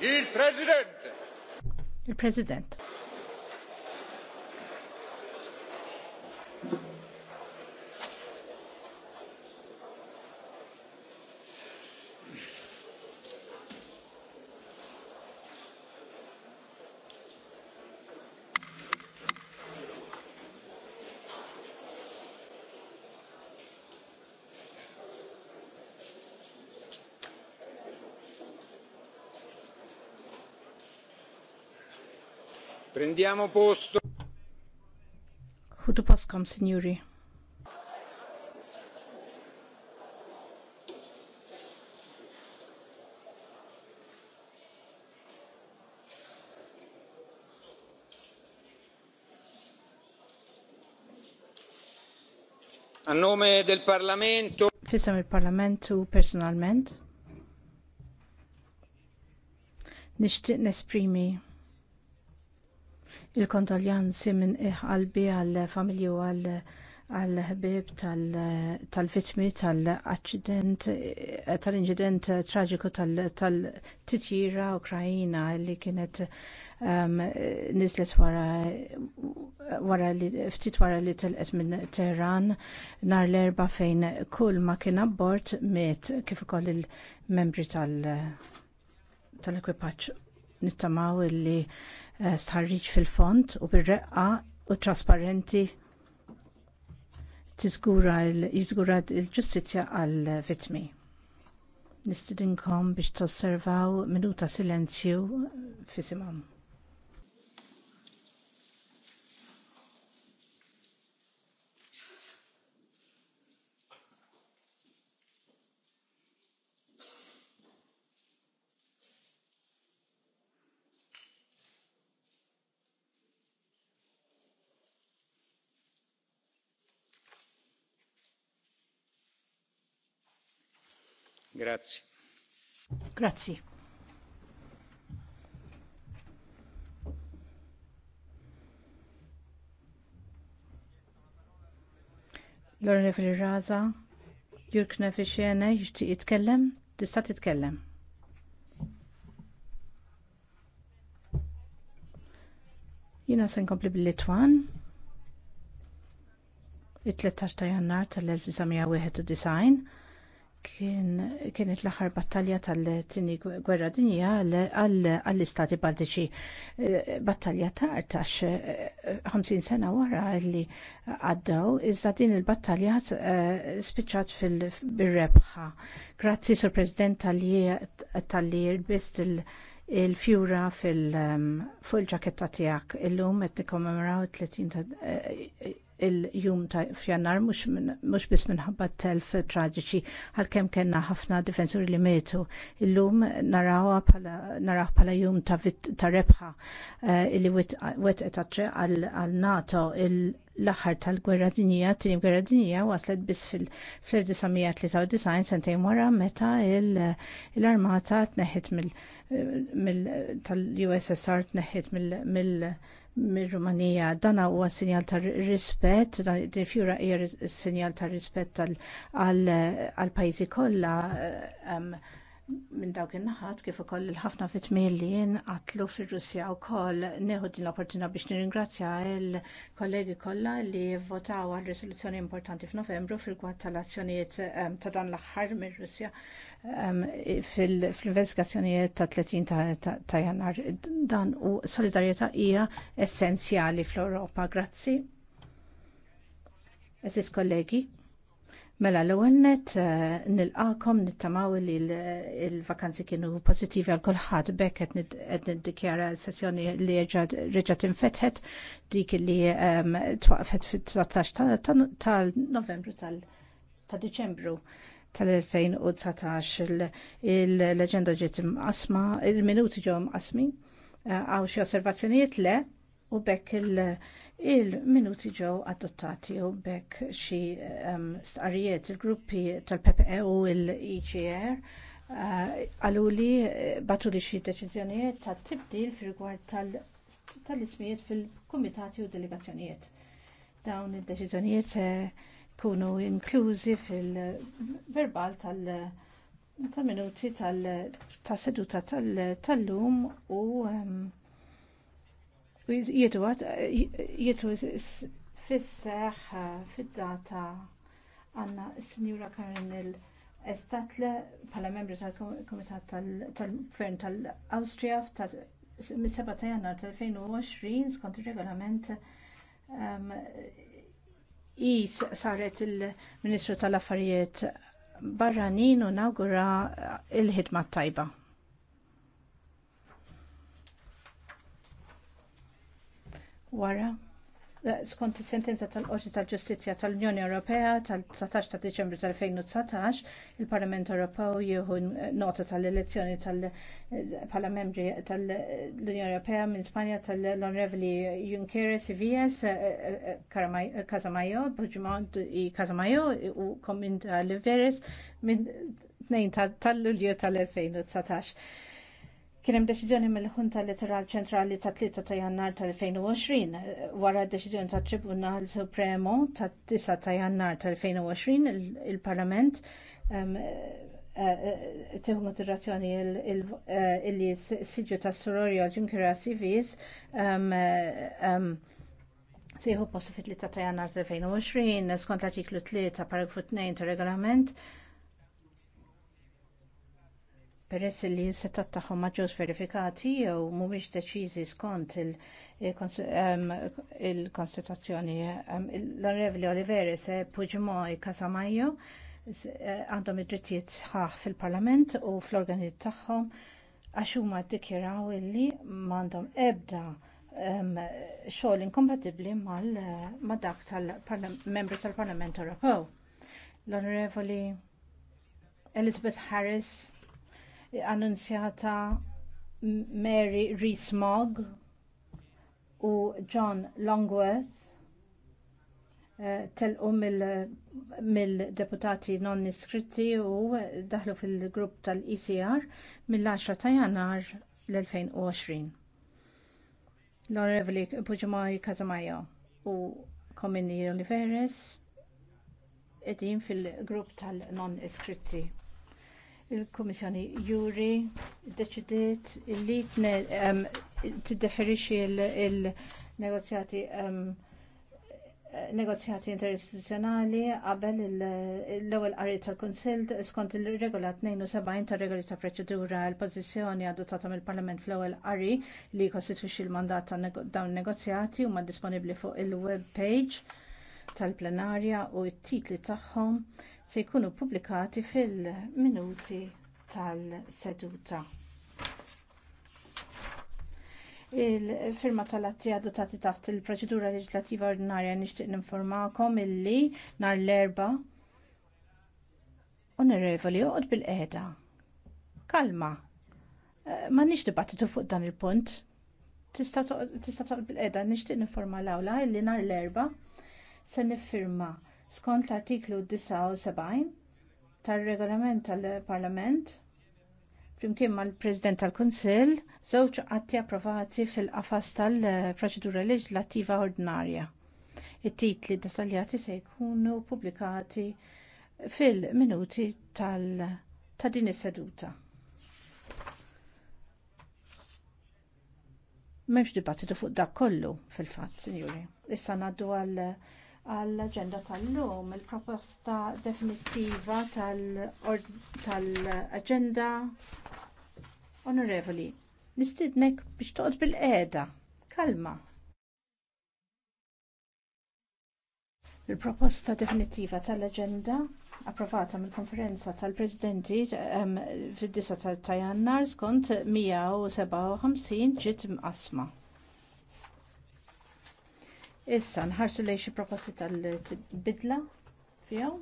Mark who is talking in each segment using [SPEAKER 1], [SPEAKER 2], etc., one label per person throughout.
[SPEAKER 1] Il-President.
[SPEAKER 2] Il-President.
[SPEAKER 1] Prendiamo posto.
[SPEAKER 2] Ħudu paskom, signori.
[SPEAKER 3] A nome del Parlamento.
[SPEAKER 2] Fissam il-Parlamentu personalment. Nishtit nesprimi il-kondoljanzi minn iħqalbi għall-familju għall-ħbib tal-vitmi tal-accident eh, tal-inġident traġiku tal-titjira Ukrajina li kienet ehm, nizlet wara li ftit wara li telqet minn Teheran nar l-erba fejn kull ma kien abbord miet kif ukoll il-membri tal-ekwipaġġ nittamaw illi eh, stħarriġ fil-font u bir-reqqa u trasparenti tiżgura jiżgura l-ġustizzja għall Nistidinkom biex tosservaw minuta silenzju fisimam. Grazzi. Grazzi. L-Onorevoli Raza, Jurkna Fixiene, jixtieq jitkellem? Tista' titkellem. Jina se nkompli bil-Litwan. It-13 ta' jannar tal-1991 kienet l-aħħar battalja tal-tini gwerra dinja għall-istati baltiċi. Eh, battalja tartax 50 eh, sena wara li għaddaw, iżda din il-battalja eh, spiċċat fil-rebħa. Grazzi, Sur President, tal-li rbist il-fjura fil-ġaketta tijak. Illum et nikkommemoraw 30 il-jum ta' fjannar mhux biss minħabba telf traġiċi għalkemm kellna ħafna difensuri li metu. Illum narawha bħala jum ta' ta' rebħa eh, li wetqet għatre għal NATO l-aħħar tal-gwerra dinija, tieni gwerra dinija waslet biss fil-1993 sentejn wara meta l-armata tneħħet mill-USSR tneħħet mill eh, mir-Rumanija. Dan huwa sinjal ta' rispett, din fjura hija sinjal ta' rispett għall pajzi kollha eh, minn dawk in-naħat kif ukoll il-ħafna vitmi li għatlu fir-Russja wkoll neħu din l-opportunità biex nirringrazzja l-kollegi kollha li votaw għal risoluzzjoni importanti f'Novembru fil-kwad tal-azzjonijiet ehm, ta' dan l-aħħar mir-Russja ehm, fil-investigazzjonijiet ta' 30 ta' Jannar. Dan u solidarjetà hija essenzjali fl-Ewropa. Grazzi. Eżis kollegi Mela l-ewwel nil eh, nilqakom nittamaw li l-vakanzi kienu pozitivi għal kulħadd bekk qed niddikjara l-sessjoni li reġgħet infetħet dik li ehm, twaqfet fit-19 tal-Novembru ta' Diċembru tal-2019 l-leġenda ġiet imqasma, il-minuti ġew asmi eh, għaw xi osservazzjonijiet le u bekk il- Il-minuti ġew adottati u bekk xi um, il-gruppi tal-PPE u l-ICR eh, għalu uh, li eh, batu li xi deċiżjonijiet ta' tibdil fil-rigward tal-ismijiet tal ismijiet fil kumitati u delegazzjonijiet. Dawn id-deċiżjonijiet uh, kunu inklużi fil-verbal tal- tal-minuti tal-seduta tal-lum u um, jietu għat, jietu eh, fid-data għanna s-Sinjura Karin il-Estatle pala membri tal-Komitat tal-Gvern tal-Austria mis-7 tal-2020 skont il-regolament is saret il-Ministru tal-Affarijiet barranin u nawgura il-ħidma tajba. wara eh, skont is-sentenza tal-Qorti tal-Ġustizzja tal-Unjoni Ewropea tal-19 ta' Diċembru tal-2019, il-Parlament Ewropew jieħu eh, nota tal-elezzjoni tal eh, membri tal-Unjoni Ewropea minn Spanja tal-Onorevoli i Vies, Casamajo, Buġmont i Casamajo u Kominda Liveres minn 2 tal-Lulju tal-2019. Kien hemm deċiżjoni mill-Ħunta Elettoral Ċentrali ta' 3 ta' Jannar tal-2020 eh, wara d-deċiżjoni tat Tribunal Supremo ta' 9 ta' Jannar tal-2020 il-Parlament eh, eh, tieħu motivazzjoni illi siġu ta' Sororio Junkera Civis Sieħu posu fit-3 ta' Jannar 2020 skont l-artiklu 3 paragrafu 2 ta' regolament Peress li s-setat tagħhom ma ġewx verifikati jew mhumiex deċiżi skont il-Konstituzzjoni. L-Onorevoli Oliveri se Puġmoj Kasamajo eh, għandhom id-drittijiet sħaħ fil-Parlament u fl-organit tagħhom għax huma ddikjaraw illi m'għandhom ebda xogħol inkompatibbli mal dak tal membri tal-Parlament Ewropew. L-Onorevoli Elizabeth Harris annunzjata Mary Rees-Mogg u John Longworth eh, telqu mill-deputati mil non iskritti u daħlu fil-grupp tal-ECR mill-10 ta' jannar l-2020. L-Onorevoli Puġmaj Kazamajo u Komini Oliveres edin fil-grupp tal-non iskritti il-Komissjoni Juri deċidiet li t-deferixi il-negozjati negozjati interistituzjonali qabel l-ewwel qari tal-Kunsill skont il-regola 72 tar-regoli ta' proċedura l-pożizzjoni adottata mill-Parlament fl-ewwel qari li jkostitwixxi l-mandat ta' dawn negozjati huma disponibbli fuq il-web page tal-plenarja u t-titli tagħhom se jkunu publikati fil-minuti tal-seduta. Il-firma tal-atti dotati taħt il-proċedura leġislativa ordinarja nixtieq informakom illi nhar l-erba onorevoli joqgħod bil-qeda. Kalma, eh, ma nix dibattitu fuq dan il-punt. Tista' toqgħod bil-qeda nixtieq ninforma l-awla illi nhar l-erba se niffirma skont l-artiklu 79 tar-regolament tal-Parlament flimkien mal-President tal-Kunsill żewġ qatti approvati fil-qafas tal-proċedura leġislattiva ordinarja. It-titli dettaljati se jkunu pubblikati fil-minuti ta' din is-seduta. M'hemmx dibattitu fuq dak kollu fil-fatt, sinjuri. Issa ngħaddu għal għall-agenda tal-lum, il-proposta definittiva tal-agenda onorevoli. Nistidnek biex toqgħod bil-qeda, kalma. Il-proposta definittiva tal-agenda approvata mill-konferenza tal-presidenti ehm, fid-9 ta' jannar skont 157 ġiet mqasma Issa, nħarsu lej xie proposti tal-bidla fijaw.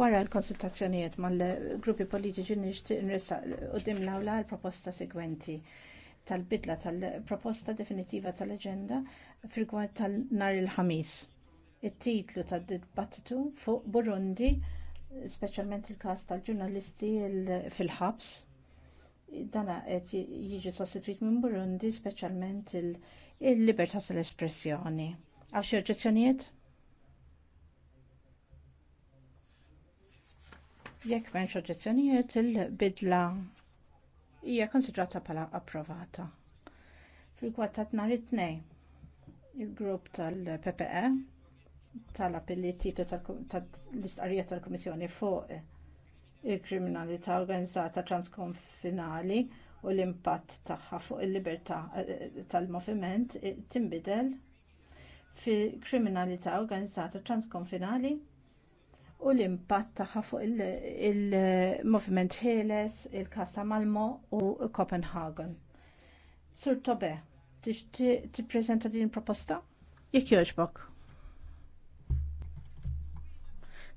[SPEAKER 2] Wara l-konsultazzjonijiet mal-gruppi politiċi nixtieq nressa qudiem l-awla l-proposta segwenti tal-bidla tal-proposta definitiva tal agenda fil tal-nar il-ħamis. It-titlu tad-dibattitu fuq Burundi, speċjalment il-każ tal-ġurnalisti fil-ħabs, dana qed jiġi sostituit minn Burundi, speċjalment il-, -il il-libertà tal-espressjoni. Għaw xi oġġezzjonijiet? Jekk m'hemmx oġġezzjonijiet, il-bidla hija konsidrata bħala approvata. Fil-kwattat nhar it-tnej, il-grupp tal-PPE tal-appelli tal-istqarrija tal-Kummissjoni fuq il-kriminalità organizzata transkonfinali u l-impatt tagħha fuq il-libertà eh, tal-moviment eh, tinbidel fi kriminalità organizzata transkonfinali u l-impatt tagħha fuq il-moviment il ħieles, il-Kassa Malmo u Copenhagen. Sur Tobe, tixtieq tippreżenta din proposta? Jekk jogħġbok.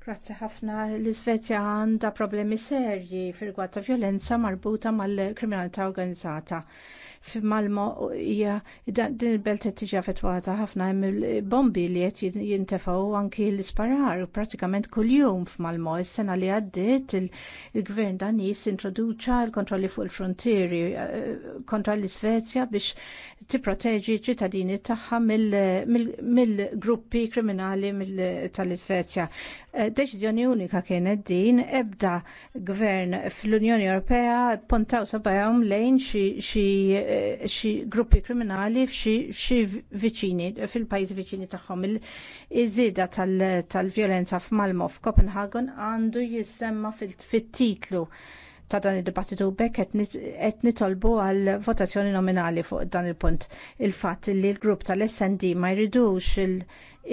[SPEAKER 2] Grazzi ħafna. L-Iżvezja għandha problemi serji fil ta' violenza marbuta mal-kriminalità organizzata fi Malmo hija din il-belt tiġa fetwata ħafna hemm bombi li qed jintefgħu anki l-isparar pratikament kuljum f'Malmo. Is-sena li għaddiet il-gvern Danis introduċa l-kontrolli fuq il-frontieri eh, kontra l-Isvezja biex tipproteġi ċittadini tagħha mill-gruppi kriminali tal-Isvezja. Eh, deċiżjoni unika kienet din ebda gvern fl-Unjoni Ewropea pontaw sabajhom lejn xi Eh, xi gruppi kriminali f'xi viċini fil pajjiżi viċini tagħhom. Iż-żieda tal-vjolenza f'Malmo f'Copenhagen għandu jissemma fit-titlu ta' dan id-dibattitu bekk qed nitolbu għal votazzjoni nominali fuq dan il-punt. Il-fatt li l-grupp tal-SND ma jridux il-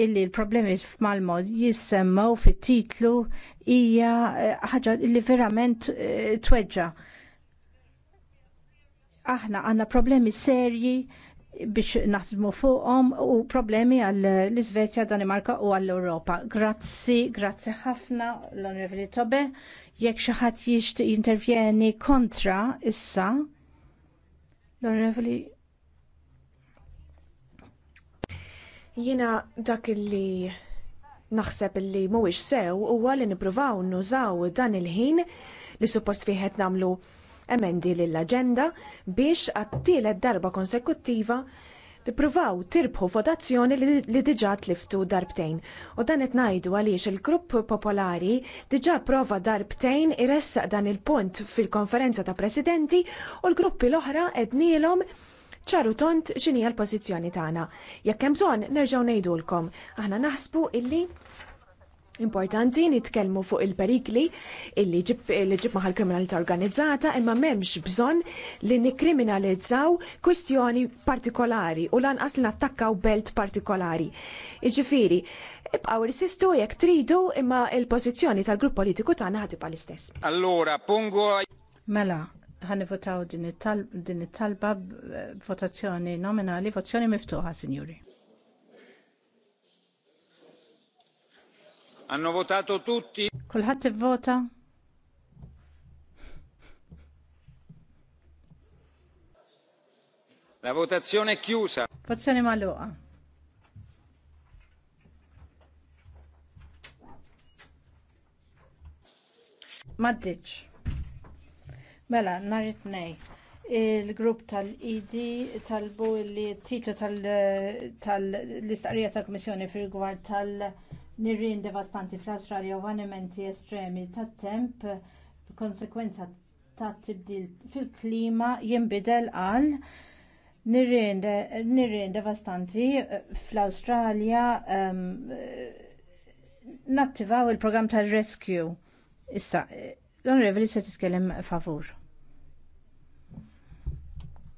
[SPEAKER 2] illi l-problemi f'Malmo jissemmaw fit-titlu hija eh, ħaġa li verament eh, tweġġa' aħna għandna problemi serji biex naħdmu fuqhom u problemi għall iżvezja Danimarka u għall europa Grazzi, grazzi ħafna l-Onorevoli Tobe. Jekk xi ħadd jixtieq jintervjeni kontra issa
[SPEAKER 4] l-Onorevoli Jiena dak li naħseb li mhuwiex sew huwa li nippruvaw nużaw dan il-ħin li suppost qed nagħmlu emendi lill-aġenda biex għat-tielet darba konsekuttiva tippruvaw tirbħu votazzjoni li diġà tliftu darbtejn. U dan qed ngħidu għaliex il-Grupp Popolari diġà prova darbtejn iressaq dan il-punt fil-konferenza ta' presidenti u l-gruppi l-oħra qednielhom ċaru tont x'inhi l-pożizzjoni tagħna. Jekk hemm bżonn nerġgħu ngħidulkom, aħna naħsbu illi Importanti nitkellmu fuq il-perikli illi ġib maħal kriminalità organizzata imma memx bżon li nikriminalizzaw kwistjoni partikolari u lanqas li nattakkaw belt partikolari. Iġifiri, ibqaw resistu jekk tridu imma il-pożizzjoni tal-grupp politiku tagħna ħad l-istess.
[SPEAKER 3] Allura pungu
[SPEAKER 4] Mela, votaw
[SPEAKER 2] din it-talba votazzjoni nominali, votazzjoni miftuħa, sinjuri.
[SPEAKER 3] Hanno votato tutti?
[SPEAKER 2] Kulħadd ivvota?
[SPEAKER 3] La votazione è chiusa.
[SPEAKER 2] Votazione maloa. Maddiċ. Mela, narrit nej. Il-grupp tal-ID talbu li titlu tal listarija tal-Komissjoni fil-gwar tal-, -tal, -tal, -tal, -tal, -tal, -tal, -tal nirrien devastanti fl-Awstralja u avvenimenti estremi tat temp konsekwenza ta' tibdil fil-klima jinbidel għal nirrien devastanti eh, fl-Awstralja um, ehm, eh, nattivaw il-programm tal-rescue. Issa, eh, l-onrevoli se titkellem favur.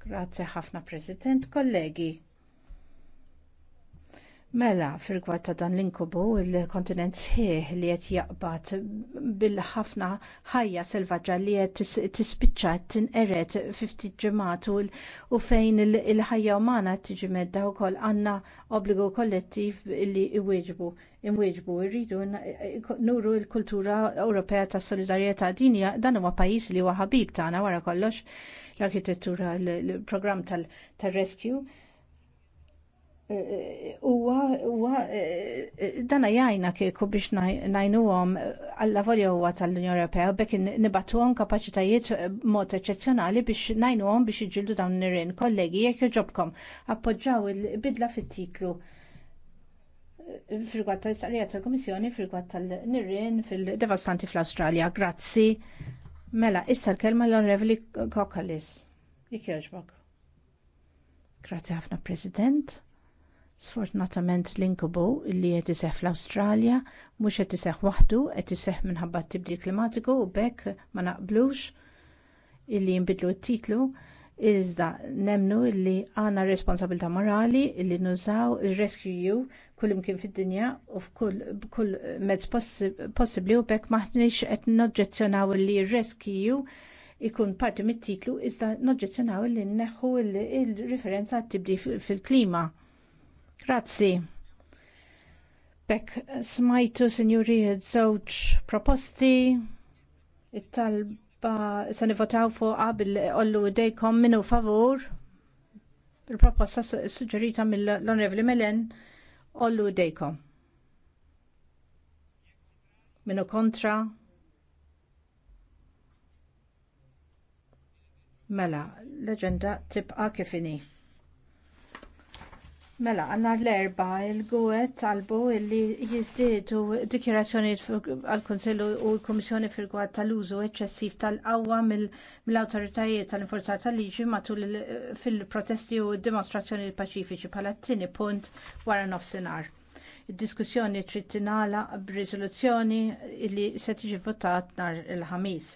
[SPEAKER 2] Grazie ħafna President, kollegi. Mela, fil-gwad ta' dan l-inkubu, il-kontinent sħiħ li qed jaqbad bil-ħafna ħajja selvaġġa li qed t tinqeret fifti ġimgħat u fejn il-ħajja umana tiġi medda wkoll għandna obbligu kollettiv li iwieġbu imwieġbu rridu nuru l-kultura Ewropea ta' solidarjetà din dan huwa pajjiż li huwa ħabib tagħna wara kollox l-arkitettura l-programm tal-rescue. tal rescue huwa dana jajna kieku biex għom għall volja huwa tal-Unjoni Ewropea bekk għom kapaċitajiet mod eċċezzjonali biex għom biex iġildu dawn nirin. Kollegi, jekk joġobkom, appoġġaw il-bidla fit-titlu fil tal-istarija tal-Komissjoni fil tal nirin fil-devastanti fl australia Grazzi. Mela, issa l-kelma l-Onrevli Kokalis. Jek joġbok. Grazzi ħafna, President. Sfortunatament l-inkubu li qed iseħħ fl-Awstralja mhux qed iseħħ waħdu, qed iseħħ minħabba t-tibdil klimatiku u bekk ma naqblux illi jinbidlu t-titlu iżda nemnu li għandna responsabilità morali li nużaw il-rescue kullimkien fid-dinja u f'kull mezz possibbli u bekk maħniex qed noġġezzjonaw li rescue ikun parti mit-titlu iżda noġġezzjonaw li nneħħu il-referenza għat-tibdi fil-klima. Grazzi. Bekk smajtu, sinjuri, żewġ proposti, it-talba se nivotaw fuq qabel ollu dejkom minnu favur. Il-proposta suġġerita mill-Onorevoli Melen ollu dejkom. Minnu kontra. Mela, l-leġenda tibqa' kif inhi. Mela, għanna l-erba il-għuet talbu li jizdietu dikjerazzjoni għal-Konsellu u l-Komissjoni fil għuet tal-użu eċċessiv tal-qawwa mill-autoritajiet tal inforzat tal-liġi matul fil-protesti u dimostrazzjoni paċifiċi pala t-tini punt wara nofsinar. Id-diskussjoni trid tingħala b'riżoluzzjoni li se tiġi votat nar il-ħamis.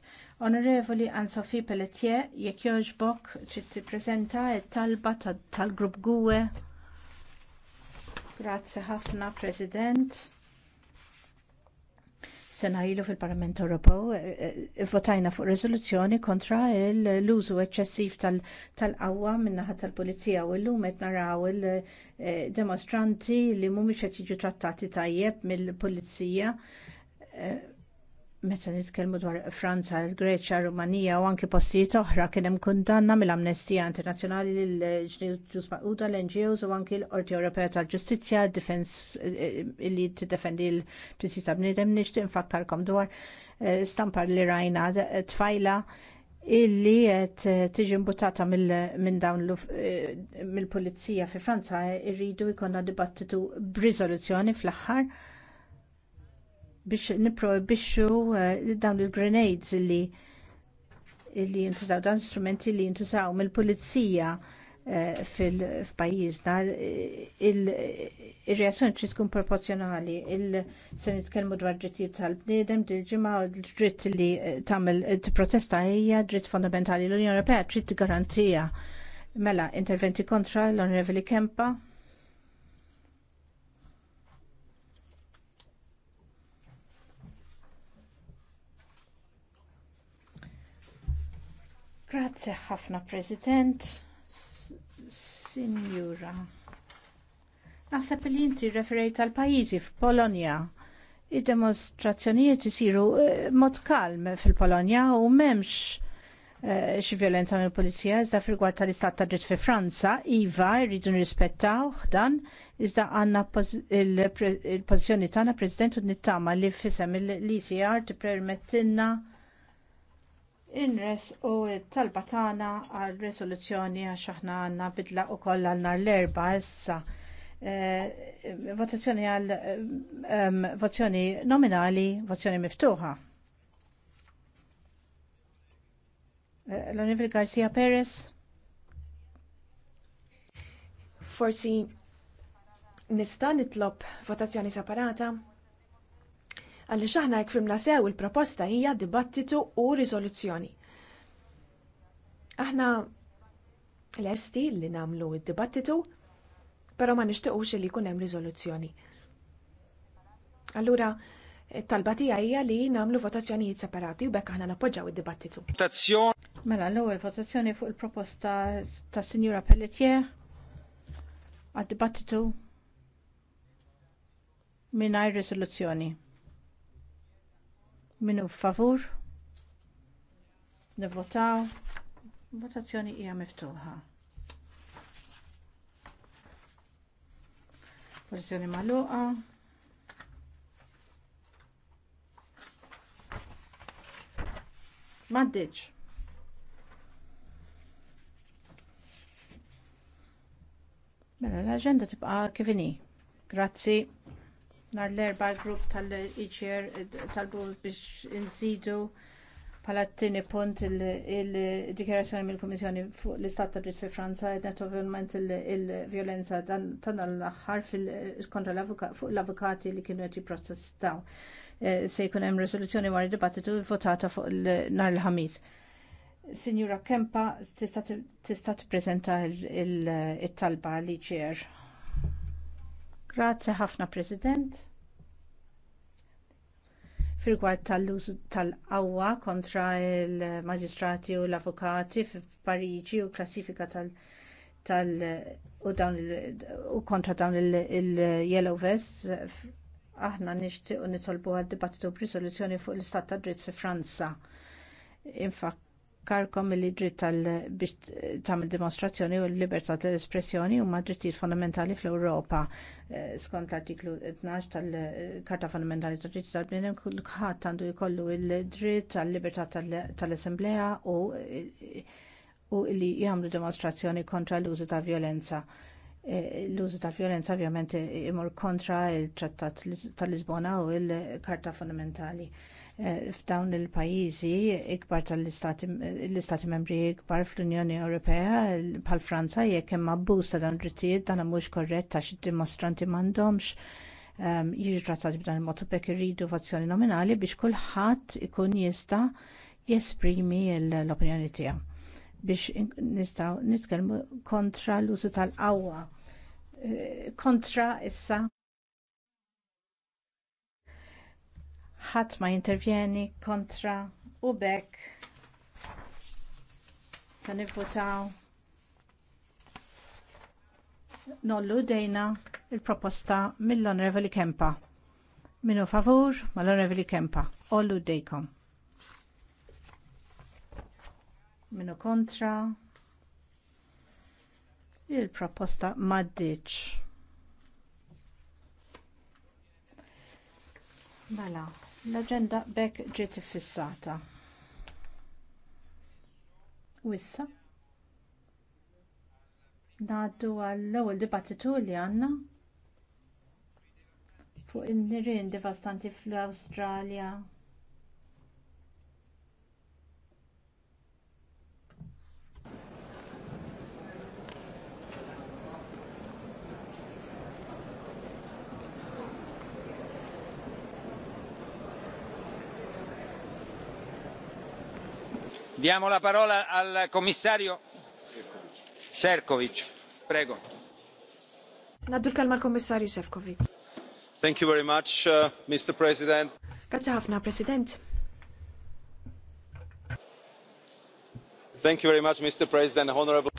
[SPEAKER 2] Onorevoli Ansofi Pelletier, jekk jogħġbok trid tippreżenta t talba tal-grupp Gwe Grazzi ħafna, President. Sena ilu fil-Parlament Ewropew eh, eh, votajna fuq rezoluzzjoni kontra l-użu eċċessiv tal-qawwa tal min-naħa tal-Pulizija u llum qed naraw il-demostranti eh, li mhumiex qed jiġu trattati tajjeb mill-Pulizija Meta nitkellmu dwar Franza, Greċja, Rumanija u anki postijiet oħra kien hemm kundanna mill-Amnestija Internazzjonali lil ġnus maquda l-NGOs u anki l-Qorti Ewropea tal-Ġustizzja, difens eh, li tiddefendi l-drittijiet ta' bniedem nixtieq infakkarkom dwar eh, stampar li rajna tfajla illi qed eh, tiġi mbutata minn dawn mill-pulizija fi Franza irridu jkollna dibattitu b'riżoluzzjoni fl-aħħar biex niprojbixxu eh, dawn il-grenades li li jintużaw dan strumenti li jintużaw mill-pulizija eh, fil pajizna eh, il-reazzjoni trid tkun proporzjonali. Se nitkellmu dwar drittijiet tal-bniedem dil-ġimgħa dritt li tagħmel tipprotesta hija dritt fondamentali l-Unjoni Ewropea trid tigarantija. Mela, interventi kontra l-Onorevoli Kempa. Grazie ħafna, President. Signora. Naħseb li inti referejt għal pajjiżi f'Polonja. Id-demonstrazzjonijiet isiru eh, mod kalm fil-Polonja u memx eh, xi violenza mill pulizija iżda fil tal-istat ta' dritt fi Franza, iva jridu nirrispettaw dan, iżda għandna il-pożizzjoni tagħna President u nittama li fisem l icr tippermettilna Inres u talba tagħna għal resoluzjoni għax aħna għandna bidla u koll għal nar l-erba issa. Eh, votazzjoni għal votazzjoni nominali, votazzjoni miftuħa. Eh, L-Onivri Garcia
[SPEAKER 4] Perez. Forsi nista' nitlob votazzjoni separata għalli xaħna jek fimna sew il-proposta hija dibattitu u rizoluzzjoni. Aħna l-esti li namlu id-dibattitu, pero ma nishtiqux li kunem rizoluzzjoni. Allura, talbatija hija li namlu votazzjonijiet separati u bekk aħna nappoġġaw id-dibattitu. Mela l-ewwel votazzjoni
[SPEAKER 2] fuq il-proposta ta' Sinjura Pelletier għad-dibattitu mingħajr risoluzzjoni. Minu favur? Nivvotaw. Votazzjoni hija miftuħa. Votazzjoni magħluqa. Maddiċ. Mela, l-agenda tibqa kif inhi. Grazzi. Nar l-erba l-grupp tal-ICR tal-grupp biex insidu bħala t tieni punt il-dikjerazzjoni mill kummissjoni fuq l-Istat ta' dritt fi Franza qed ovvjament il-vjolenza tan l-aħħar kontra fuq l-avukati li kienu qed jipprotestaw. Eh, se jkun hemm resoluzzjoni wara dibattitu votata fuq nhar il-ħamis. Sinjura Kempa tista' tippreżenta il-talba li ċer Grazzi ħafna President. Firgward tal-użu tal-qawwa kontra il-maġistrati u l-avukati f'Pariġi u klassifika tal- tal- u, dawn u kontra dawn il-Yellow Vests aħna nixtiequ nitolbu għad-dibattitu b'risoluzzjoni fuq l-istat ta' dritt fi Franza. Infak Karkom il dritt tal biex tagħmel dimostrazzjoni u l-libertà tal-espressjoni huma drittijiet fondamentali fl-Ewropa eh, skont l-artiklu 12 tal-Karta Fondamentali tad Dritti tal kull kulħadd għandu jkollu l-dritt tal-libertà tal assemblea u u li jagħmlu dimostrazzjoni kontra l-użu ta' violenza. Eh, l-użu ta' violenza ovvjament imur kontra il-Trattat tal-Lisbona u l-Karta Fondamentali Eh, f'dawn il-pajjiżi ikbar tal-istati membri ikbar fl-Unjoni Ewropea bħal Franza jekk hemm abbuż ta' dawn drittijiet dan mhux korrett għax id-dimostranti m'għandhomx ehm, jiġu trattati b'dan il-mod bekk irridu vozzjoni nominali biex kulħadd ikun jista' jesprimi l-opinjoni tiegħu biex nistgħu nitkellmu kontra l-użu tal-qawwa eh, kontra issa ħadd ma jintervjeni kontra u bekk se nivvutaw nollu dejna il-proposta mill-Onorevoli Kempa. Minu favur mal-Onorevoli Kempa. Ollu dejkom. Minu kontra il-proposta maddiċ. Mela, L-agenda bekk ġiet fissata. Wissa. Naddu għall-ewwel dibattitu li għandna fuq in-nirien devastanti fl-Awstralja
[SPEAKER 3] Diamo la parola al commissario Sefcovic. Prego.
[SPEAKER 4] Naddu l-kelma l
[SPEAKER 3] Thank you very much, uh, Mr. President.
[SPEAKER 4] Grazie ħafna, President.
[SPEAKER 5] Thank you very much, Mr. President, Honorable.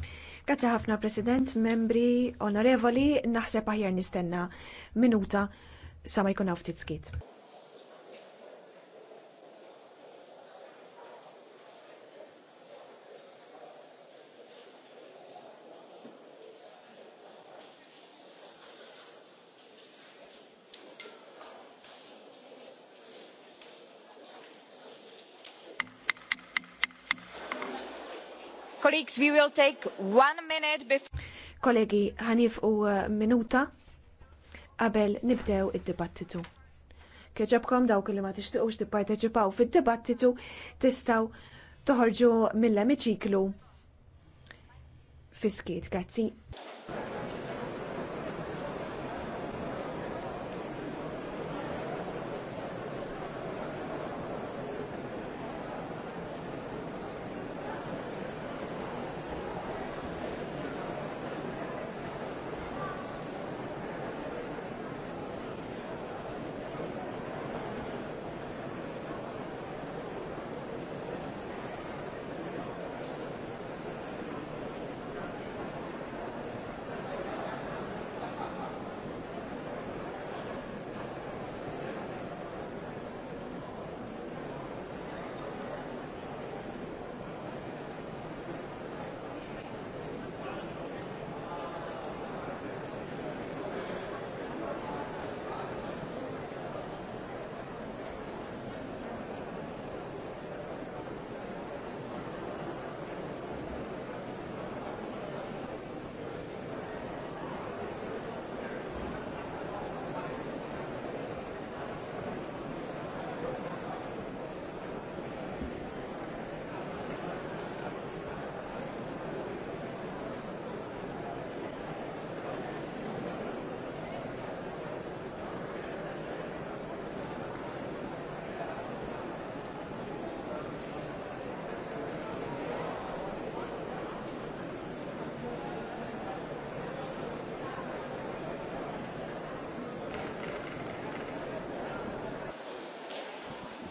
[SPEAKER 4] Grazie ħafna, President, membri onorevoli, naħseb aħjar nistenna minuta sa ma jkun ftit skit. Colleagues, we will take one minute before... Kollegi, ħanifqu uh, minuta qabel nibdew id-dibattitu. Kieġabkom dawk li ma tixtiqux tipparteċipaw fid-dibattitu tistaw toħorġu mill-emiċiklu fiskiet. Grazzi.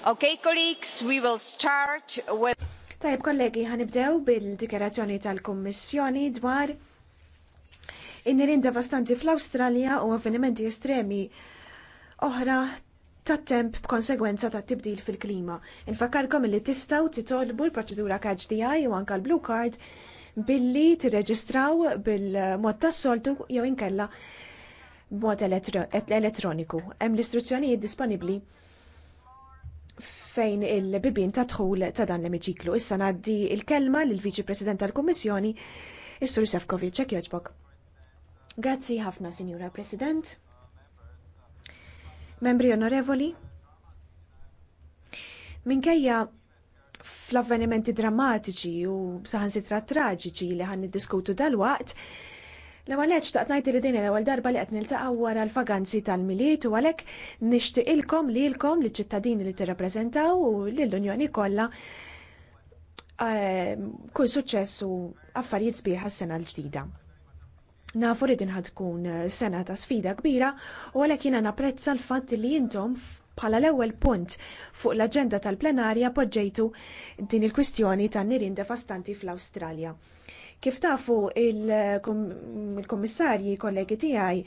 [SPEAKER 4] Okay, colleagues, we will start with... Tajib kollegi, ħanibdew bil-dikerazzjoni tal-Kommissjoni dwar in-nirin devastanti fl-Awstralja u avvenimenti estremi oħra ta' temp b'konsegwenza ta' tibdil fil-klima. Infakkarkom li tistaw titolbu l-proċedura KHDI u anka l-Blue Card billi tirreġistraw bil-mod tas-soltu jew inkella b'mod elettroniku. Hemm l-istruzzjonijiet disponibbli fejn il-bibin ta' tħul ta' dan l-emiċiklu. Issa naddi il-kelma l-Viċi President tal-Kommissjoni, Issur sur Sefkovic, ċek joġbok. Grazzi ħafna, Signora President. Membri onorevoli, minkejja fl-avvenimenti drammatiċi u saħansitra traġiċi li ħan diskutu dal-waqt, L-ewwel taqt ngħid li din l-ewwel darba li qed niltaqgħu wara l faganzi tal-miliet u għalhekk nixtieqilkom lilkom liċ-ċittadini li tirrappreżentaw u lill-Unjoni kollha eh, kull suċċess u affarijiet sbieħ għas-sena l-ġdida. Nafu li din tkun eh, sena ta' sfida kbira u għalhekk jiena napprezza l-fatt li intom bħala l-ewwel punt fuq l-aġenda tal-plenarja poġġejtu din il-kwistjoni tan nirien devastanti fl-Awstralja. Kif tafu il-kommissarji kollegi tiegħi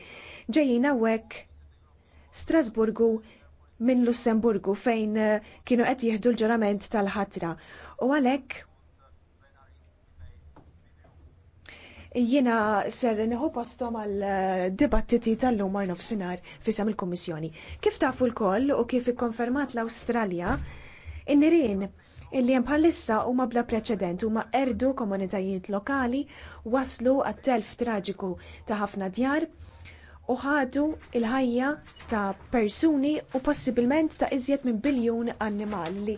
[SPEAKER 4] ġejjina għawek Strasburgu minn Lussemburgu fejn eh, kienu qed jieħdu l-ġurament tal-ħatra. U għalhekk jiena ser neħu postom għal eh, dibattiti tal-lum għal nofsinar fisam il-Kommissjoni. Kif tafu l-koll u kif ikkonfermat l-Awstralja, in-nirien illi hemm bħalissa huma bla preċedent huma erdu komunitajiet lokali waslu għat-telf traġiku ta' ħafna djar u ħadu il-ħajja ta' persuni u possibilment ta' iżjed minn biljun annimali li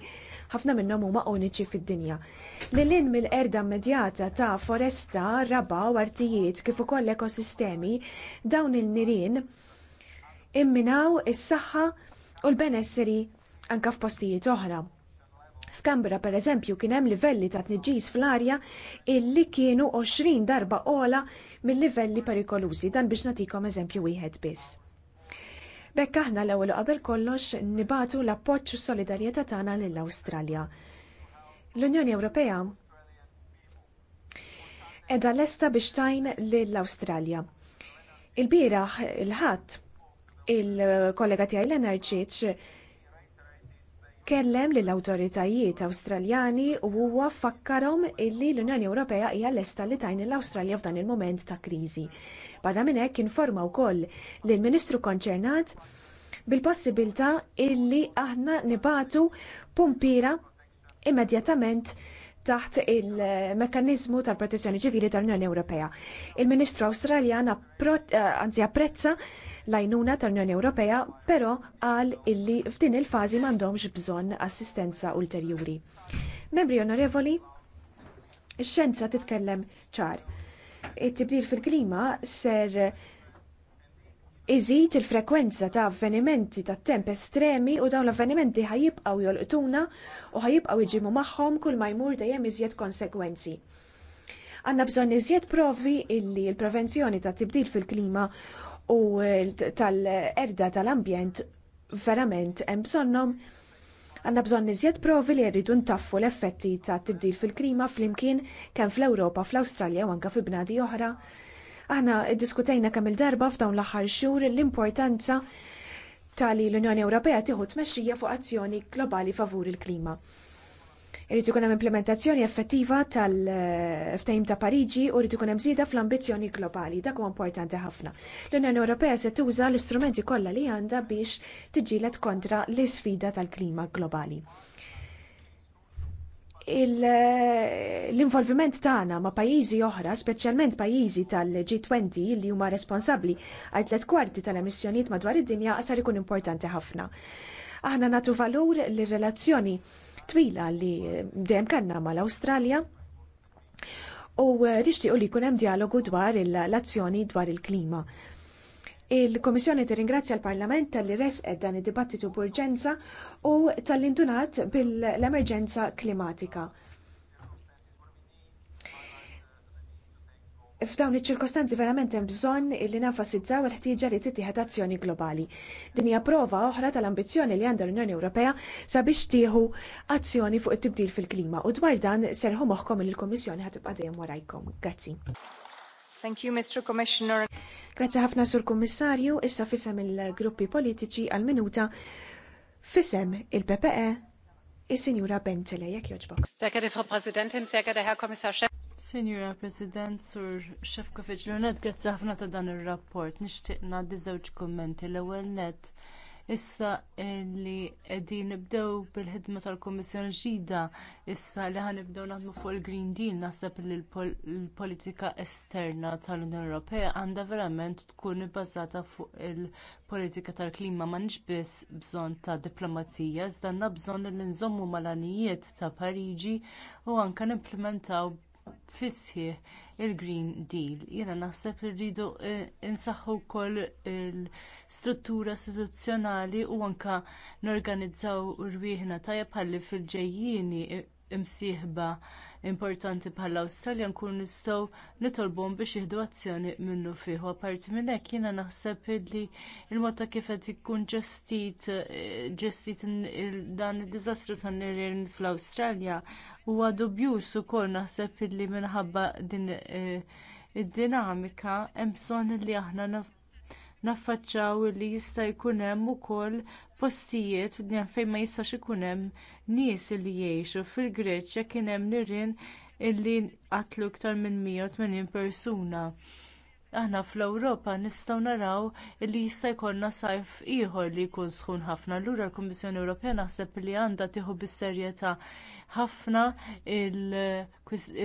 [SPEAKER 4] ħafna minnhom huma uniċi fid-dinja. Lilin mill-erda immedjata ta' foresta, raba u artijiet kif ukoll ekosistemi dawn il-nirien imminaw is-saħħa u l-benesseri anke f'postijiet oħra. F'Kambra per eżempju kien hemm livelli ta' tniġġis fl-arja illi kienu 20 darba ola mill-livelli perikolużi dan biex natikom eżempju wieħed biss. Bekk aħna l-ewwel qabel kollox nibatu l-appoġġ u solidarjetà tagħna lill-Awstralja. L-Unjoni Ewropea edha lesta biex tajn lill australja Il-biraħ, il ħadd il-kollega tiegħi l-enerġiċ, kellem lill awtoritajiet Awstraljani u huwa fakkarhom illi l-Unjoni Ewropea hija lesta li tajni l-Awstralja f'dan il-moment ta' kriżi. Barra minn hekk informa wkoll lill ministru konċernat bil-possibilità illi aħna nibatu pumpira immedjatament taħt il mekkaniżmu tal-protezzjoni ċivili tal-Unjoni Ewropea. Il-Ministru Awstraljan eh, anzi apprezza l-għajnuna tal-Unjoni Ewropea, però qal illi f'din il-fażi m'għandhomx bżonn assistenza ulterjuri. Membri onorevoli, ix titkellem ċar. It-tibdil fil-klima ser iżid il-frekwenza ta' avvenimenti ta' temp estremi u dawn l-avvenimenti ħajibqaw jolqtuna u ħajibqaw iġimu magħhom kull ma jmur dejjem iżjed konsekwenzi. Għanna bżonn iżjed provi illi l-prevenzjoni ta' tibdil fil-klima u tal-erda tal-ambjent verament hemm bżonnhom għandna bżonn iżjed provi li jridu ntaffu l-effetti ta' tibdil fil-klima flimkien kemm fl-Ewropa, fl-Awstralja u anke fi bnadi oħra. Aħna ddiskutejna kemm il-darba f'dawn l-aħħar xhur l-importanza tali l-Unjoni Ewropea tieħu tmexxija fuq azzjoni globali favur il-klima. Irrid ikun hemm implementazzjoni effettiva tal-ftehim eh, ta' Pariġi u rrid ikun hemm żieda fl-ambizzjoni globali. Dak huwa importanti ħafna. L-Unjoni Ewropea se tuża l-istrumenti kollha li għandha biex tiġilet kontra l-isfida tal-klima globali. Eh, l-involviment tagħna ma' pajjiżi oħra, speċjalment pajjiżi tal-G20 li huma responsabbli għal tliet kwarti tal-emissjonijiet madwar id-dinja sar ikun importanti ħafna. Aħna natu valur lir relazzjoni twila li dejjem kellna mal-Awstralja u eh, nixtiequ li jkun hemm dialogu dwar l-azzjoni dwar il-klima. Il-Komissjoni tirringrazzja l-Parlament tal-li resqed dan id-dibattitu b'urġenza u tal-indunat bil-emerġenza klimatika. f'dawn iċ-ċirkostanzi verament hemm bżonn li nenfasizzaw il-ħtieġa li tittieħed azzjoni globali. Din hija prova oħra tal-ambizzjoni li għandha l-Unjoni Ewropea sabiex tieħu azzjoni fuq it-tibdil fil-klima u dwar dan serħu moħħkom li l-Kummissjoni ħatibqa' dejjem warajkom. Grazzi. Thank you, Mr. Commissioner. Grazzi ħafna sur Kummissarju, issa fisem il-gruppi politiċi għal-minuta fisem il-PPE is-Sinjura Bentele, jekk jogħġbok.
[SPEAKER 6] Sehr geehrte Frau Präsidentin, sehr geehrter Herr Kommissar Senjura President, Sur Shefkovic, l-unet grazzi ħafna ta' dan ir rapport Nixtieq ngħaddi żewġ kummenti. l ewwel nett issa li qegħdin nibdew bil-ħidma tal kummissjoni ġida, issa li ħan nibdew naħdmu fuq il-Green Deal, naħseb li l-politika esterna tal-Unjoni Ewropea għandha verament tkun ibbażata fuq il-politika tal-klima nix biss bżonn ta' diplomazija, iżda għandna bżonn li nżommu mal-anijiet ta' Pariġi u anke nimplementaw fisħieħ il-Green Deal. Jiena naħseb li rridu eh, insaħħu wkoll il-struttura istituzzjonali u anke norganizzaw rwieħna tajjeb ħalli fil-ġejjieni imsieħba importanti bħall awstralja nkunu nistgħu nitolbhom biex jieħdu azzjoni minnu fih. Apparti minn hekk jiena naħseb li l-mod ta' kif qed ikun ġestit eh, ġestit dan id-diżastru tan-nirien fl-Awstralja huwa dubjus ukoll naħseb illi minħabba din eh, id-dinamika hemm bżonn li aħna naffaċċaw li jista' jkun hemm ukoll postijiet fid-dinja fejn ma jistax ikun hemm nies li jgħixu fil-Greċja kien hemm nirien illi qatlu iktar minn 180 persuna. Aħna fl-Ewropa nistgħu naraw li jista' jkollna sajf ieħor li jkun sħun ħafna. Allura l-Kummissjoni Ewropea naħseb li għandha tieħu bis-serjetà ħafna il-,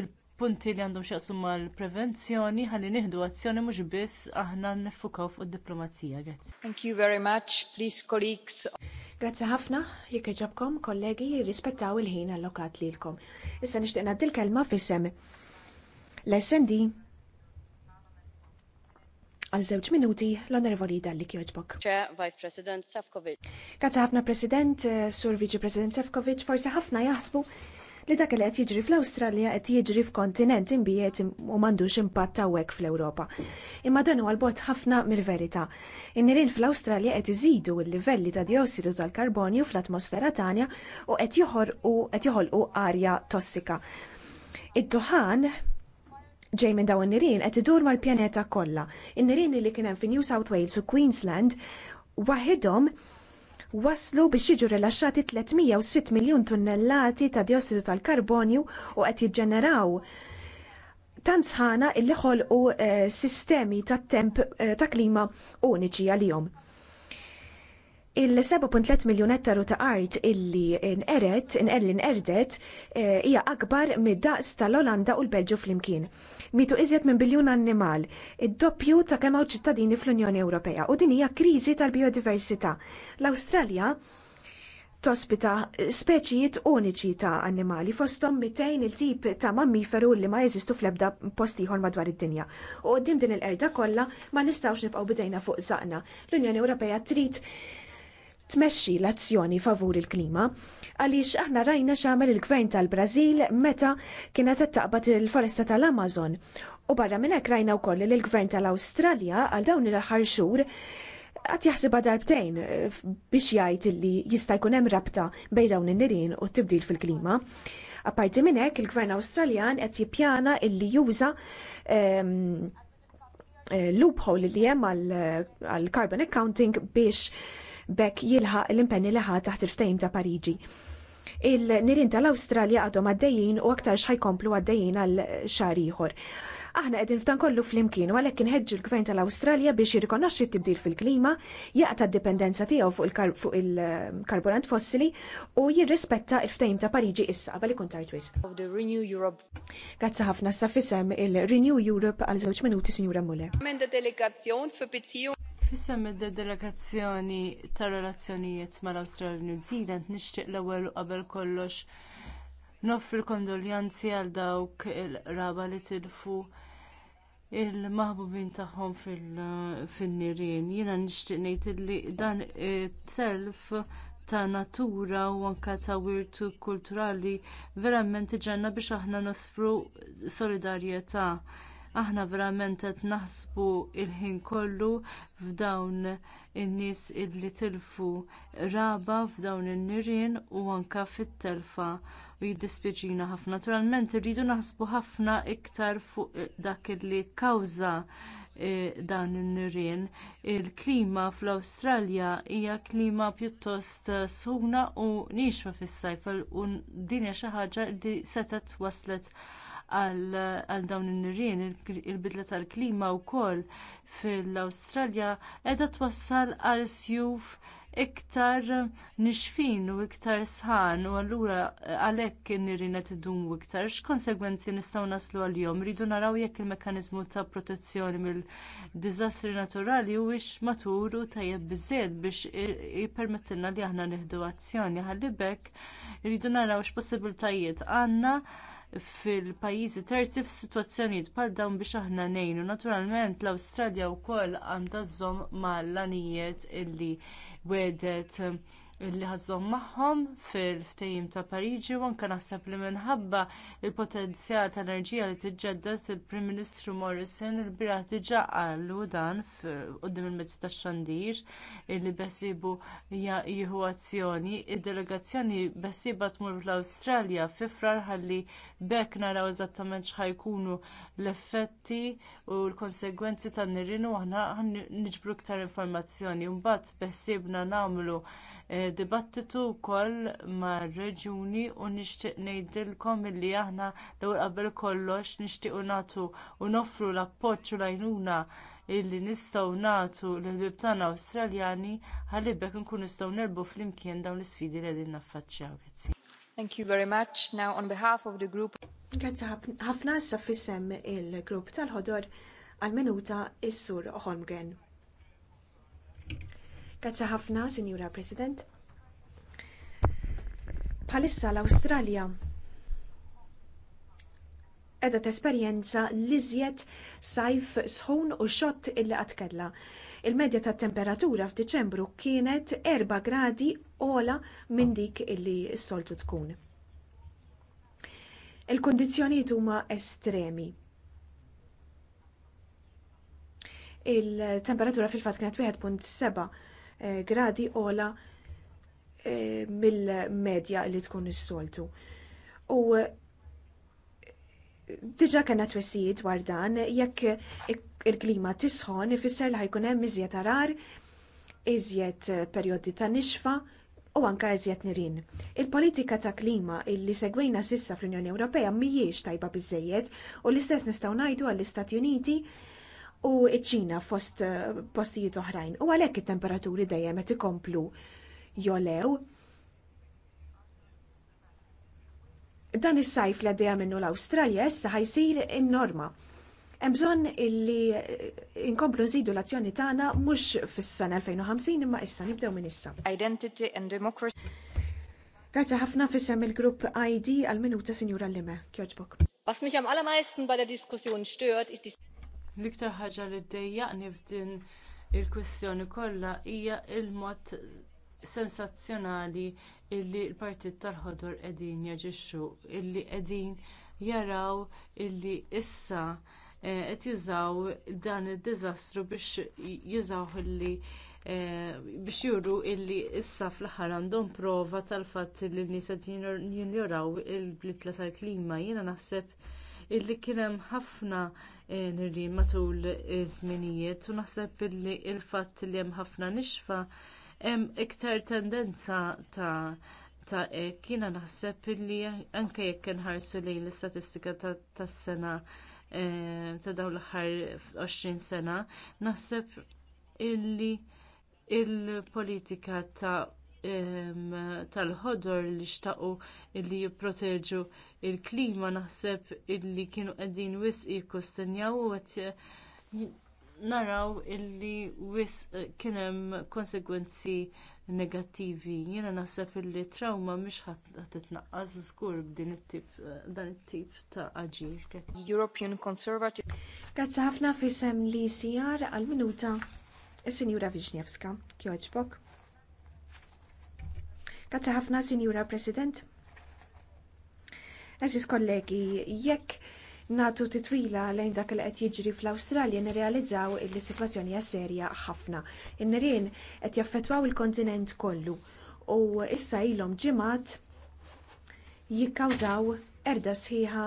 [SPEAKER 6] il punti li għandhom xaqsum mal-prevenzjoni ħalli nieħdu azzjoni mhux biss aħna nifukaw fuq id-diplomazija. Grazzi.
[SPEAKER 4] Thank you very much. Please, colleagues. Grazzi ħafna, jekk ġabkom kollegi jirrispettaw il-ħin allokat lilkom. Issa nixtieq ngħaddi l-kelma fis-sem. L-SND għal żewġ minuti l-onorevoli dalli kjoġbok.
[SPEAKER 7] Ċe, Vice President Sefcovic.
[SPEAKER 4] Grazzi ħafna President, eh, Sur Vice President Sefcovic, forsi ħafna jaħsbu li dak li qed jiġri fl-Awstralja qed jiġri f'kontinent imbiet u m'għandux impatt hawnhekk fl-Ewropa. Imma dan huwa l-bot ħafna mill-verità. In-nirien fl-Awstralja qed iżidu l-livelli ta' diossidu tal-karbonju fl-atmosfera tagħna u qed u qed joħolqu arja tossika. Id-duħan ġej minn dawn nirien qed idur mal-pjaneta kollha. In-nirien li kien hemm fi New South Wales u Queensland waħidhom waslu biex jiġu rilaxxati 306 miljun tunnellati ta' diossidu tal-karbonju u qed jiġġeneraw tant sħana illi ħolqu eh, sistemi ta' temp eh, ta' klima uniċi għalihom. Il-7.3 miljon ettaru ta' art illi nqeret, nqerli nqerdet, eh, hija akbar mid-daqs tal-Olanda u l-Belġu flimkien. Mitu iżjed minn biljun annimal, id-doppju ta' kemm hawn ċittadini fl-Unjoni Ewropea u din hija kriżi tal-biodiversità. L-Awstralja tospita speċijiet uniċi ta' annimali fosthom 200 il-tip ta' mammiferu li ma jeżistu fl-ebda postiħor madwar id-dinja. U qdim din il-qerda kollha ma nistawx nibqgħu bidejna fuq saqna. L-Unjoni Ewropea trid tmexxi l-azzjoni favur il-klima għaliex aħna rajna x'għamel il-gvern tal-Brażil meta kienet qed taqbad il-foresta tal-Amazon. U barra minn hekk rajna wkoll li l-gvern tal-Awstralja għal dawn il-aħħar xhur qatt jaħsibha darbtejn eh, biex jgħid li jista' jkun hemm rabta bejn dawn in-nirien u t-tibdil fil-klima. Apparti minn hekk il-Gvern Awstraljan qed jippjana illi juża ehm, eh, loophole li hemm għal eh, carbon accounting biex bekk jilħaq l-impenni liħa taħt il ftajm ta' Pariġi. Il-nirin tal-Awstralja għadhom għaddejjin u aktarx ħajkomplu għaddejjin għal xar ieħor. Aħna qegħdin f'dan kollu flimkien għalhekk inħeġġu l-Gvern tal-Awstralja biex jirrikonoxxi t-tibdil fil-klima, jaqta' d-dipendenza tiegħu fuq il-karburant fossili u jirrispetta l-ftehim ta' Pariġi issa qabel ikun tard wisq. Grazzi ħafna sa fisem il-Renew Europe għal żewġ minuti Sinjura Mulle.
[SPEAKER 6] Fissem id-delegazzjoni ta' relazzjonijiet mal-Australia New Zealand nixtieq l-ewwel qabel kollox noffri kondoljanzi għal dawk il-raba li tilfu il-maħbubin tagħhom fin-nirien. Jiena nixtieq ngħid li dan it-telf ta' natura u anke ta' wirtu kulturali verament iġenna biex aħna nosfru solidarjetà aħna verament qed naħsbu l ħin kollu f'dawn in-nies illi tilfu raba f'dawn in-nirien u anke fit-telfa u jiddispjaċina ħafna. Naturalment irridu naħsbu ħafna iktar fuq dak illi kawża eh, dan in-nirien. Il-klima fl-Awstralja hija klima pjuttost eh, suna u nixfa fis-sajf u din hija xi ħaġa li setgħet waslet għal dawn in-nirien il-bidla tal-klima wkoll fil-Awstralja qiegħda twassal għal sjuf iktar nixfin u iktar sħan u allura għalhekk in-nirien qed idumu iktar x'konsegwenzi nistgħu naslu għalihom rridu naraw jekk il-mekkaniżmu ta' protezzjoni mill-diżastri naturali huwiex matur u tajjeb biżżejjed biex jippermettilna li aħna nieħdu azzjoni ħalli iridu rridu naraw x'possibiltajiet għandna fil-pajjiżi terzi f'sitwazzjonijiet bħal dawn biex aħna ngħinu. Naturalment l-Awstralja wkoll għandha żomm mal-lanijiet illi wedet illi ħazzom magħhom fil-ftehim ta' Pariġi u anke naħseb li minħabba l potenzjal ta' enerġija li tiġġedded il-Prim Ministru Morrison il-bira diġà għallu dan qudiem il mezzi tax-xandir illi besibu jieħu azzjoni. Id-delegazzjoni besiba tmur fl-Awstralja fi frar ħalli bekk naraw eżattament x'ħajkunu l-effetti u l-konsegwenzi tan nirien u aħna niġbru aktar informazzjoni. Mbagħad beħsiebna nagħmlu Eh, dibattitu wkoll mar-reġjuni u nixtieq ngħidilkom milli aħna l-ewwel qabel kollox nixtiequ nagħtu u noffru l-appoġġ u l-għajnuna illi nistgħu nagħtu lill-ħbieb tagħna Awstraljani ħalli inkunu nistgħu nerbu flimkien dawn l-isfidi li qegħdin naffaċċjaw.
[SPEAKER 4] Thank you very much. Now on behalf of the group Grazie ħafna issa il-grupp tal-ħodor għal-minuta is-sur Holmgren. Grazzi ħafna, Sinjura President. Bħalissa l-Awstralja edha tesperjenza liżjed sajf sħun u xott illi għatkella. Il-medja tat temperatura f'Diċembru kienet 4 gradi ola minn dik illi s-soltu tkun. il kundizzjonijiet huma estremi. Il-temperatura fil-fatt kienet 1.7 Eh, gradi ola eh, mill-medja li tkun is-soltu. U eh, diġa kena twessijiet dwar dan, jekk il-klima tisħon, ifisser li ħajkun hemm iżjed arar, iżjed perjodi ta' nixfa u anka iżjed nirin. Il-politika ta' klima illi segwejna sissa fl-Unjoni Ewropea mhijiex tajba biżejjed u l-istess nistgħu ngħidu għall-Istati Uniti u ċ-Ċina fost eh, postijiet oħrajn. U għalhekk it-temperaturi dejjem qed ikomplu jolew. Dan is-sajf li għaddejja minnu l-Awstralja issa ħajsir in-norma. Hemm bżonn illi eh, inkomplu nżidu l-azzjoni tagħna mhux fis-sena 2050 imma issa nibdew minn issa. Identity and Democracy. Grazzi ħafna fissem il-grupp ID għal-minuta Sinjura Lime. Kjoġbok.
[SPEAKER 6] Was mich am allermeisten bei der Diskussion stört, ist die L-iktar ħaġa li ddejjaqni f'din il-kwistjoni kollha hija l mod sensazzjonali illi l-partit tal-ħodor qegħdin jaġixxu illi qegħdin jaraw illi issa eh, qed jużaw dan id-diżastru biex jużaw illi eh, biex juru illi issa fl-aħħar għandhom prova tal-fatt li n-nies qed jinjoraw il-blitla tal-klima jiena naħseb illi kien hemm ħafna eh, nirien matul iż-żminijiet u naħseb illi il-fatt li hemm ħafna nixfa hemm iktar tendenza ta' ta' hekk jiena naħseb illi anke jekk inħarsu lejn l-istatistika tas-sena eh, ta' dawn l-aħħar 20 sena, naħseb illi il-politika ta' tal-ħodor li xtaqu illi jipproteġu il-klima naħseb illi kienu qegħdin wisq jikkustenjaw u naraw illi wisq kien hemm konsegwenzi negattivi. Jiena naħseb illi trauma mhix ħadd titnaqqas żgur b'din it-tip dan it-tip ta' aġir. European Conservative.
[SPEAKER 4] Grazzi ħafna fisem li sijar għal-minuta is-Sinjura Viġnevska. Kjoġbok. Grazzi ħafna, Sinjura President. Aziz kollegi, jekk natu titwila lejn dak li qed jiġri fl-Awstralja nirrealizzaw li s-sitwazzjoni hija serja ħafna. In-nirien qed jaffettwaw il-kontinent kollu u issa ilhom ġimgħat jikkawżaw erda sħiħa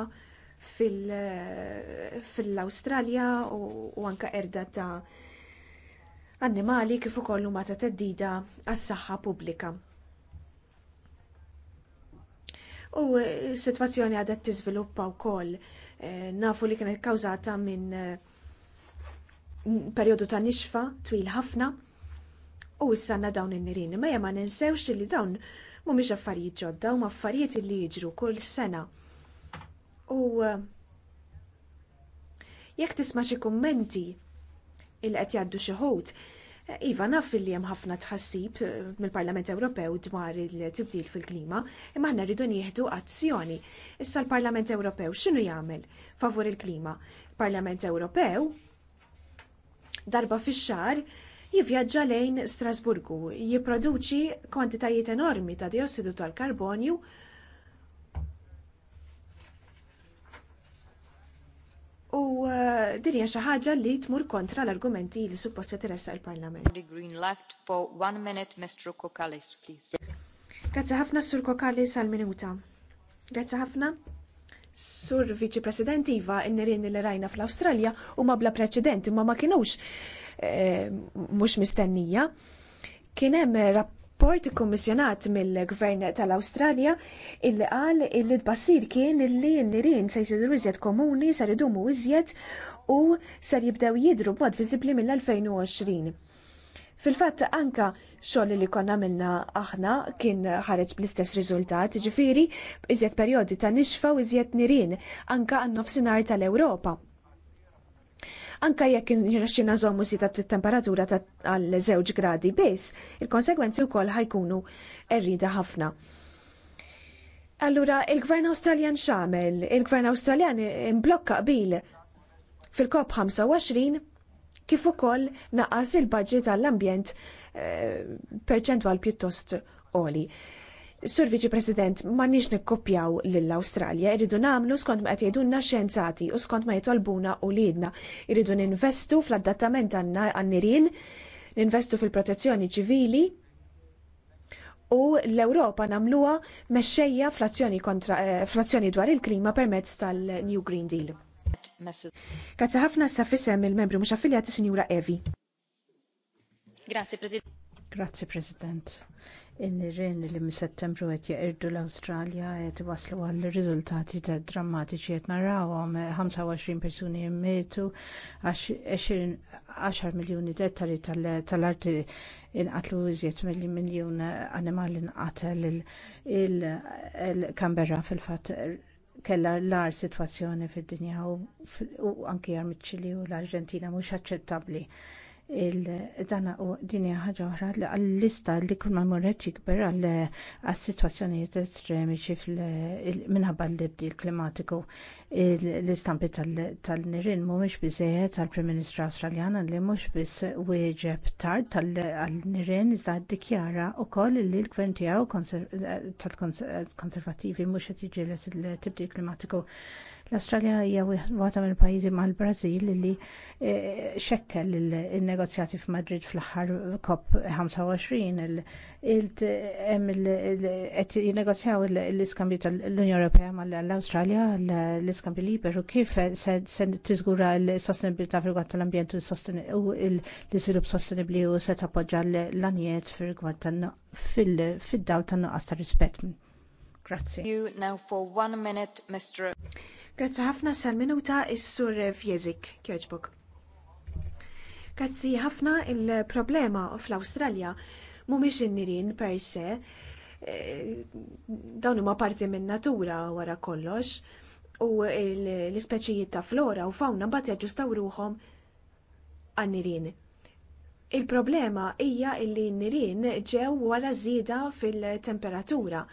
[SPEAKER 4] fil-Awstralja u anke erda ta' annimali kif ukoll huma ta' teddida għas-saħħa pubblika u s-situazzjoni eh, għadet tiżviluppa wkoll. Eh, nafu li kienet kawzata minn eh, perjodu ta' nixfa twil ħafna u s-sanna dawn in-nirin. Ma ma ninsewx li dawn mhumiex affarijiet ġodda huma affarijiet li jiġru kull sena. U jekk tisma' xi kummenti il qed jgħaddu xi ħut, Iva, naf li hemm ħafna tħassib eh, mill-Parlament Ewropew dwar il-tibdil fil-klima, imma aħna rridu nieħdu azzjoni. Issa l-Parlament Ewropew x'inhu jagħmel favur il-klima? Parlament Ewropew darba fix-xar jivvjaġġa lejn Strasburgu, jipproduċi kwantitajiet enormi ta' diossidu tal-karbonju U eh, dinja xi ħaġa li tmur kontra l-argumenti li supposta teressa l-Parlament.
[SPEAKER 8] The Green left for one minute, Mr. Kokalis, please.
[SPEAKER 4] Grazzi ħafna Sur Kokalis għal minuta. Grazzi ħafna. Sur Viċi President Iva, n-nirin li rajna fl-Awstralja u ma bla preċedenti, ma ma kienux eh, mhux mistennija. Kien hemm rapport kommissjonat mill-Gvern tal-Awstralja illi qal illi tbassir kien illi n-nirien se jsiru iżjed komuni sar idumu iżjed u sar jibdew jidru b'mod viżibbli mill-2020. Fil-fatt anka xogħol li konna minna aħna kien ħareġ bl-istess riżultat, ġifiri, iżjed perjodi ta' nixfa u iżjed nirien anka għan-nofsinhar tal-Ewropa. Anka jekk nirrexxina żommu si ta' temperatura ta' għal żewġ gradi biss, il-konsegwenzi wkoll ħajkunu errida ħafna. Allura, il-Gvern Awstraljan xamel, il-Gvern Awstraljan imblokka qbil fil-COP 25 kif ukoll naqas il-budget għall-ambjent eh, perċentwal pjuttost oli. Sur Viċi President, ma nix nekkopjaw l-Australja, irridu namlu skont ma jgħidunna xjenzati u skont ma jitolbuna u lidna. Irridu ninvestu fl-adattament għannirin, ninvestu fil-protezzjoni ċivili u l-Europa namluwa mexxejja eh, fl-azzjoni dwar il-klima permezz tal-New Green Deal. Grazie ħafna sa fissem il-membru mux affiljati Sinjura Evi.
[SPEAKER 5] Grazie President.
[SPEAKER 4] Grazie President in-nirien li mis settembru qed jeqirdu l-Awstralja
[SPEAKER 2] qed waslu għal riżultati ta' drammatiċi qed narawhom 25 persuni mietu 10 miljuni dettari tal-arti inqatlu iżjed miljun animal inqatel il kamberra fil-fatt kellha l-ar sitwazzjoni fid-dinja u anki għal u l-Arġentina mhux aċċettabbli il-dana u dinja ħaġa oħra għall-lista li kull ma morret jikber għall-situazzjonijiet estremi minħabba l-libdil klimatiku l-istampi tal-nirin mhumiex bizzejet tal-Prim Ministru Awstraljana li mhux biss wieġeb tard tal-nirin iżda ddikjara wkoll li l-gvern tiegħu tal-konservattivi mhux qed jiġilet tibdil klimatiku L-Australja hija waħda mill pajjiżi mal-Brażil li eh, xekkel il-negozjati f'Madrid fl-aħħar COP25 qed jinnegozjaw l-iskambju tal-Unjoni Ewropea mal-Awstralja l-iskambju liberu kif se tiżgura l-sostenibilità f'rigward tal-ambjent u l-iżvilupp sostenibbli u se tappoġġa l-anjiet fil fid-dawl tan-nuqqas ta' rispett.
[SPEAKER 4] Grazzi. You now for one minute, Mr. Grazzi ħafna sal-minuta is-sur Fjezik, kjoġbuk. Grazzi ħafna il-problema fl-Awstralja mhumiex in-nirien per se, eh, dawn huma parti minn natura wara kollox u l-ispeċijiet ta' flora u fauna mbagħad jaġġustaw ruhom għan-nirien. Il-problema hija li n-nirien ġew wara żieda fil-temperatura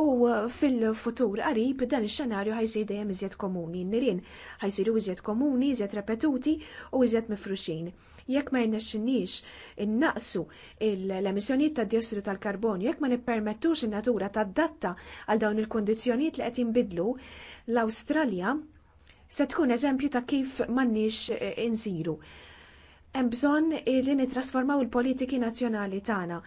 [SPEAKER 4] U fil-futur qarib dan ix-xenarju ħajsir dejjem iżjed komuni. N-nirien ħajsiru iżjed komuni, iżjed repetuti u iżjed mifruxin. Jekk ma rnexxinniex innaqsu l-emissjonijiet ta' diossidu tal-karbonju, jekk ma nippermettux in-natura tad-datta għal dawn il-kondizzjonijiet li qed jinbidlu, l-Awstralja se tkun eżempju ta' kif m'għandniex e, insiru. Hemm bżonn li nittrasformaw il-politiki nazzjonali tagħna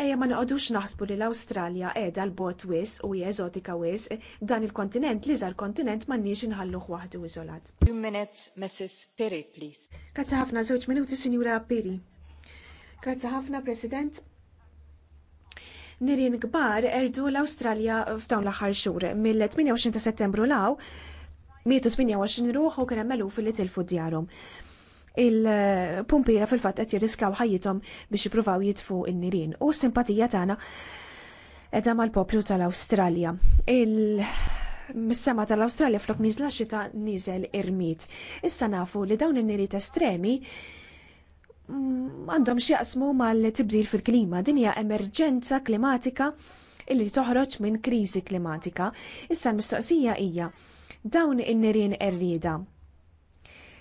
[SPEAKER 4] Ejja ma naqodux naħsbu li l-Awstralja qiegħda l bot wis u hija eżotika wis dan il-kontinent li żar kontinent m'għandniex inħalluh waħdu iżolat. Two minutes, Mrs. Piri, please. Grazzi ħafna, żewġ minuti, Sinjura Piri. Grazzi ħafna, President. Nirin kbar erdu l-Awstralja f'dawn l-aħħar xhur mill-28 ta' Settembru law mietu 28 ruħ u kien hemm fil-li tilfu djarhom il-pumpira fil-fatt qed jirriskaw ħajjithom biex jippruvaw jitfu n-nirien u s-simpatija tagħna edha mal-poplu tal-Awstralja. Il mis-sema tal-Awstralja flok niżla xita niżel irmit. Issa nafu li dawn in-niriet estremi mm, għandhom xieqsmu mal-tibdil fil-klima. Din hija emerġenza klimatika illi toħroġ minn kriżi klimatika. Issa l-mistoqsija hija dawn in-nirien errida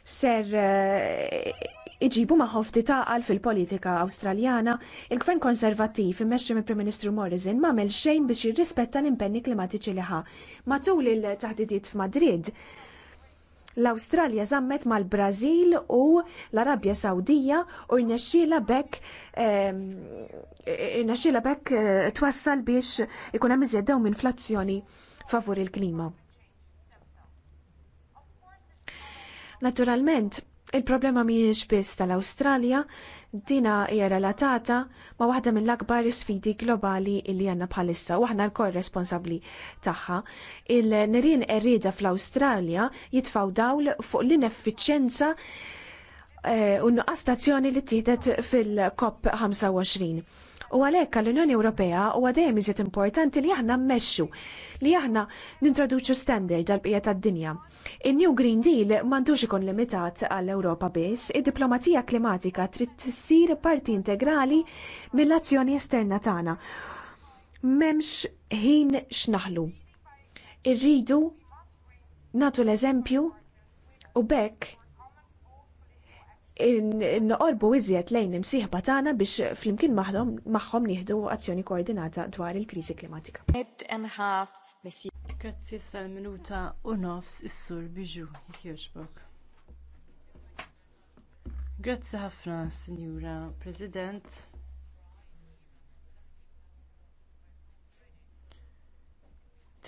[SPEAKER 4] ser eh, iġibu ma' ħofti taqal fil-politika Awstraljana, il-Gvern Konservattiv immexxi mill prim Ministru Morrison m'għamel xejn biex jirrispetta l-impenni klimatiċi li ħa. Matul il-taħdidiet f'Madrid, l-Awstralja zammet mal-Brażil u l-Arabja Sawdija u rnexxiela bekk eh, bekk eh, twassal biex ikun hemm iżjed dawn inflazzjoni favur il-klima. Naturalment, il-problema mhijiex biss tal-Awstralja, dina hija relatata ma' waħda mill-akbar sfidi globali li għandna bħalissa u aħna l kor responsabbli tagħha. Il-nirien errieda fl-Awstralja jitfaw dawl fuq l-ineffiċenza eh, u nuqqas stazzjoni li tieħdet fil-COP 25. U għalhekk għall-Unjoni Ewropea huwa dejjem iżjed importanti li aħna mmexxu li aħna nintroduċu standard għal bqija tad-dinja. In-New Green Deal m'għandux ikun limitat għall-Ewropa biss, id-diplomatija klimatika trid tissir parti integrali mill-azzjoni esterna tagħna. M'hemmx ħin x'naħlu. Irridu natu l-eżempju u bekk n noqorbu iżjed lejn imsieħba tagħna biex flimkien magħhom nieħdu azzjoni koordinata dwar il-kriżi klimatika.
[SPEAKER 6] Grazzi sal-minuta u nofs is-sur biġu jogħġbok. Grazzi ħafna, Sinjura President.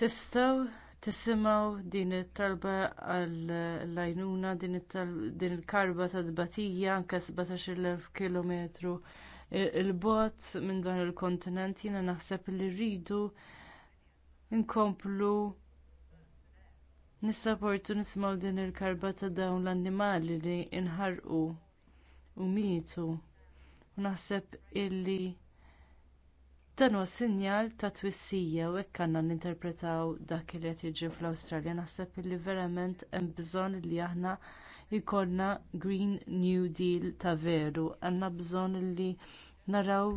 [SPEAKER 6] Tistgħu tisimaw din it-talba għall-lajnuna din il-karba ta' tbatija anke 17.000 km il-bot minn dan il-kontinent jiena naħseb li rridu nkomplu nissaportu nisimgħu din il-karba ta' dawn l-annimali li nħarqu u mietu u naħseb illi Dan huwa sinjal ta' twissija u hekk għandna ninterpretaw dak li qed jiġri fl-Awstralja naħseb li verament hemm bżonn li aħna jkollna Green New Deal ta' veru. Għandna bżonn li naraw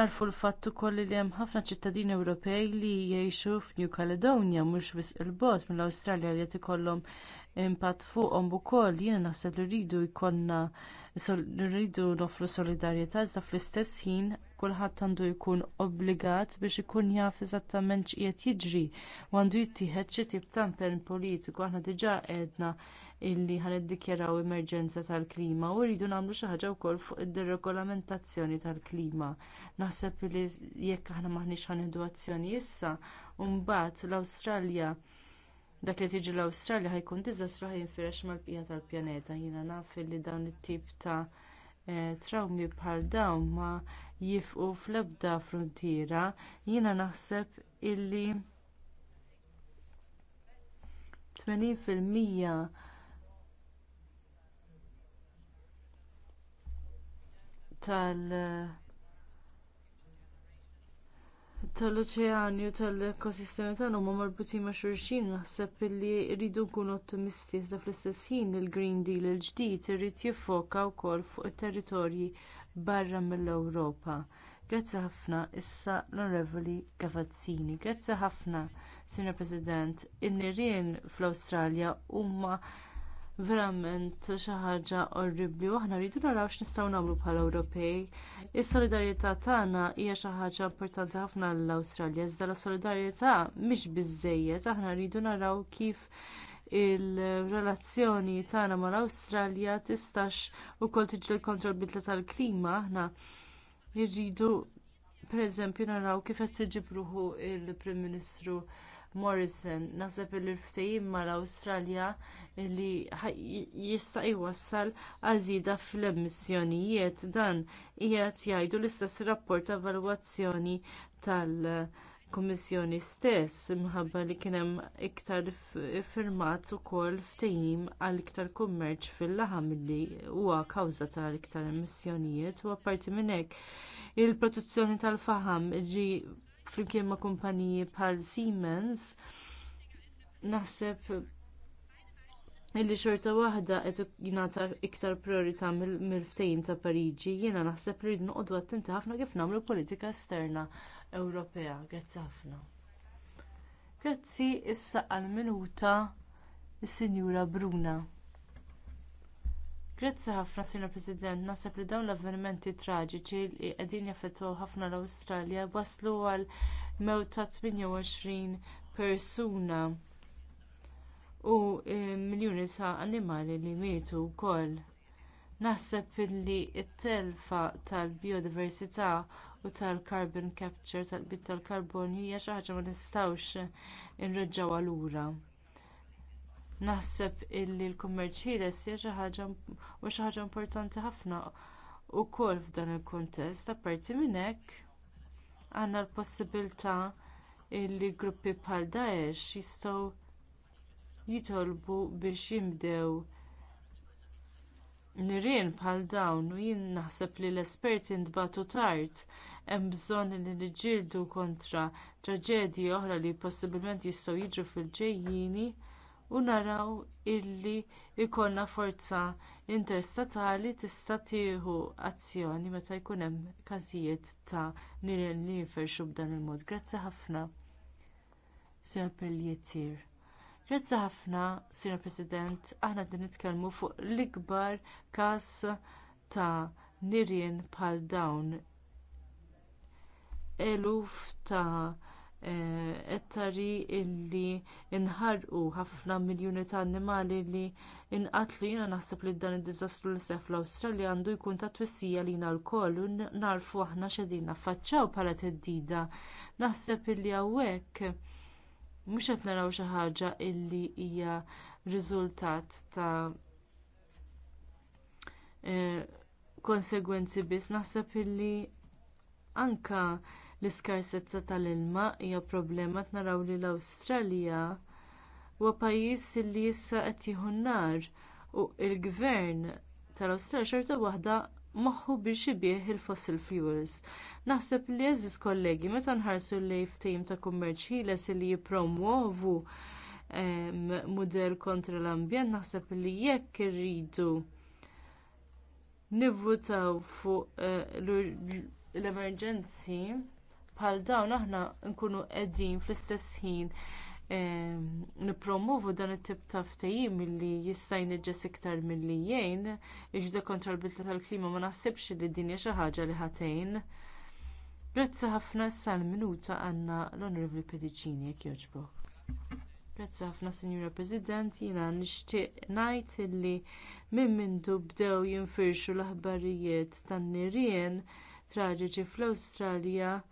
[SPEAKER 6] narfu l-fatt ukoll li hemm ħafna ċittadini Ewropej li jgħixu f'New Caledonia mhux wisq il-bot mill-Awstralja li qed ikollhom impatt fuqhom ukoll jiena naħseb li rridu jkollna rridu noflu solidarjetà iżda fl-istess ħin kulħadd għandu jkun obbligat biex ikun jaf eżattament x'qiegħed jiġri u għandu jittieħed xi tip ta' impenn politiku aħna diġà għedna illi ħaniddikjaraw emerġenza tal-klima u rridu nagħmlu xi ħaġa wkoll fuq id-deregolamentazzjoni tal-klima. Naħseb li jekk aħna maħniex ħanieħdu azzjoni issa, u mbagħad l-Awstralja dak li tiġi l-Awstralja ħajkun diżastru ħajinfirex mal-bqija tal-pjaneta. Jiena naf li dawn it-tip ta' eh, trawmi bħal dawn ma jifqu fl-ebda fruntiera. Jiena naħseb illi 80% tal- tal-oċeani u tal-ekosistemi tagħna huma marbutin ma' xulxin naħseb illi rridu nkunu ottimisti iżda fl-istess ħin il-Green Deal il-ġdid irid jiffoka wkoll fuq it-territorji barra mill-Ewropa. Grazzi ħafna issa l-Onorevoli Gavazzini. Grazzi ħafna, Sinjor President, in-nirien fl-Awstralja huma verament xi ħaġa orribbli u aħna rridu naraw x'nistgħu nagħmlu bħala Ewropej. Is-solidarjetà tagħna hija xi ħaġa importanti ħafna għall-Awstralja, iżda l-solidarjetà mhix biżżejjed, aħna rridu naraw kif il-relazzjoni tagħna mal-Awstralja tistax ukoll tiġi kontra l-bidla tal-klima aħna rridu pereżempju naraw kif qed tiġi l-Prim Ministru Morrison. Naħseb li l-ftehim mal-Awstralja li jista' jwassal għal żieda fl-emissjonijiet dan qiegħed jgħidu l-istess rapport ta' valwazzjoni tal- kummissjoni stess minħabba li kien hemm iktar iffirmat ukoll ftehim għal iktar kummerċ fil-laħam li huwa kawża ta' iktar emissjonijiet u apparti minn hekk il-produzzjoni tal-faħam ġi flimkien ma' kumpaniji bħal Siemens naħseb illi xorta waħda qed jingħata iktar priorità mill-ftehim ta' Pariġi, jiena naħseb li rridu noqogħdu attenti ħafna kif nagħmlu politika esterna Ewropea. Grazzi ħafna. Grazzi issa għall minuta is-Sinjura Bruna. Grazzi ħafna, Sina President, Naħseb li dawn l-avvenimenti traġiċi li qegħdin jaffettwaw ħafna l-Awstralja waslu għal mewt ta' 28 persuna u e, miljuni ta' annimali li mietu wkoll. Naħseb li t telfa tal-biodiversità u tal-carbon capture tal-bit tal-karbon hija xi ħaġa ma nistgħux inreġġawha lura naħseb illi l-kummerċ ħieles hija xi ħaġa importanti ħafna wkoll f'dan il-kuntest apparti minn hekk għandna l-possibilità illi gruppi bħal Daesh jistgħu jitolbu biex jimdew nirien bħal dawn u jien naħseb li l-esperti ntbagħtu tard hemm bżonn li niġġieldu kontra traġedji oħra li possibilment jistgħu jiġu fil-ġejjini u naraw illi jkollna forza interstatali tista' tieħu azzjoni meta jkun hemm każijiet ta' nirien li jinferxu b'dan il-mod. Grazzi ħafna, Sir Pelletier. Grazzi ħafna, Sir President, aħna din nitkellmu fuq l-ikbar każ ta' nirien bħal dawn eluf ta' Eh, ettari illi inħarqu ħafna miljuni ta' annimali li inqatlu jiena naħseb li dan id-diżastru li seħħ fl-Awstralja għandu jkun ta' twissija lina lkoll u narfu aħna x'qegħdin naffaċċjaw bħala theddida. Naħseb illi hawnhekk mhux qed naraw xi ħaġa illi hija riżultat ta' eh, konsegwenzi biss naħseb illi anka l iskarsetta tal-ilma hija problema naraw li l-awstralja huwa pajjiż li issa qed jieħu n-nar u l-gvern tal-awstralja xorta waħda moħħu biex ibih il-fossil fuels. Naħseb li eżis kollegi meta nħarsu lejn ftehim ta' kummerċ ħieles li jippromuovu mudell kontra l-ambjent naħseb li jekk irridu nivvutaw fuq eh, l-emerġenzi bħal dawn aħna nkunu qegħdin fl-istess ħin ehm, nipromovu dan it-tip ta' ftehim li jista' jniġġes iktar milli jgħin, iġda kontra l-bidla tal-klima ma naħsibx li din hija xi ħaġa li ħatejn. Grazzi ħafna issa l-minuta għandna l-Onorevoli Pedicini jekk jogħġbok. Grazzi ħafna Sinjura President, jiena nixtieq ngħid illi minn mindu bdew jinfirxu l-aħbarijiet tan-nirien traġiċi fl-Awstralja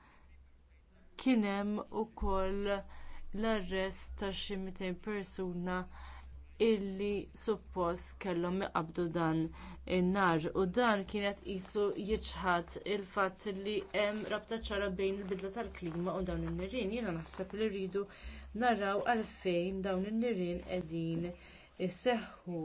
[SPEAKER 6] kien hemm ukoll l-arrest ta' xi 200 persuna illi suppost kellhom iqabdu dan in-nar u dan kienet qisu jiġħad il-fatt li hemm rabta ċara bejn il-bidla tal-klima u dawn in-nirien. Jiena naħseb li rridu naraw għalfejn dawn in-nirien qegħdin iseħħu.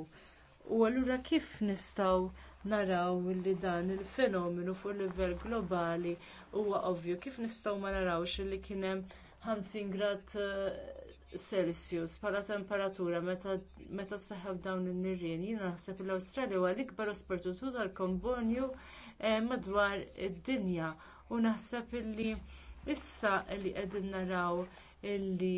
[SPEAKER 6] U allura kif nistgħu naraw li dan il-fenomenu fuq livell globali huwa ovvju kif nistgħu ma narawx li kien hemm 50 grad eh, Celsius bħala temperatura meta meta dawn in-nirien jiena naħseb l-Awstralja huwa l-ikbar osportutù tal-kombonju eh, madwar id-dinja u naħseb illi issa li qegħdin naraw illi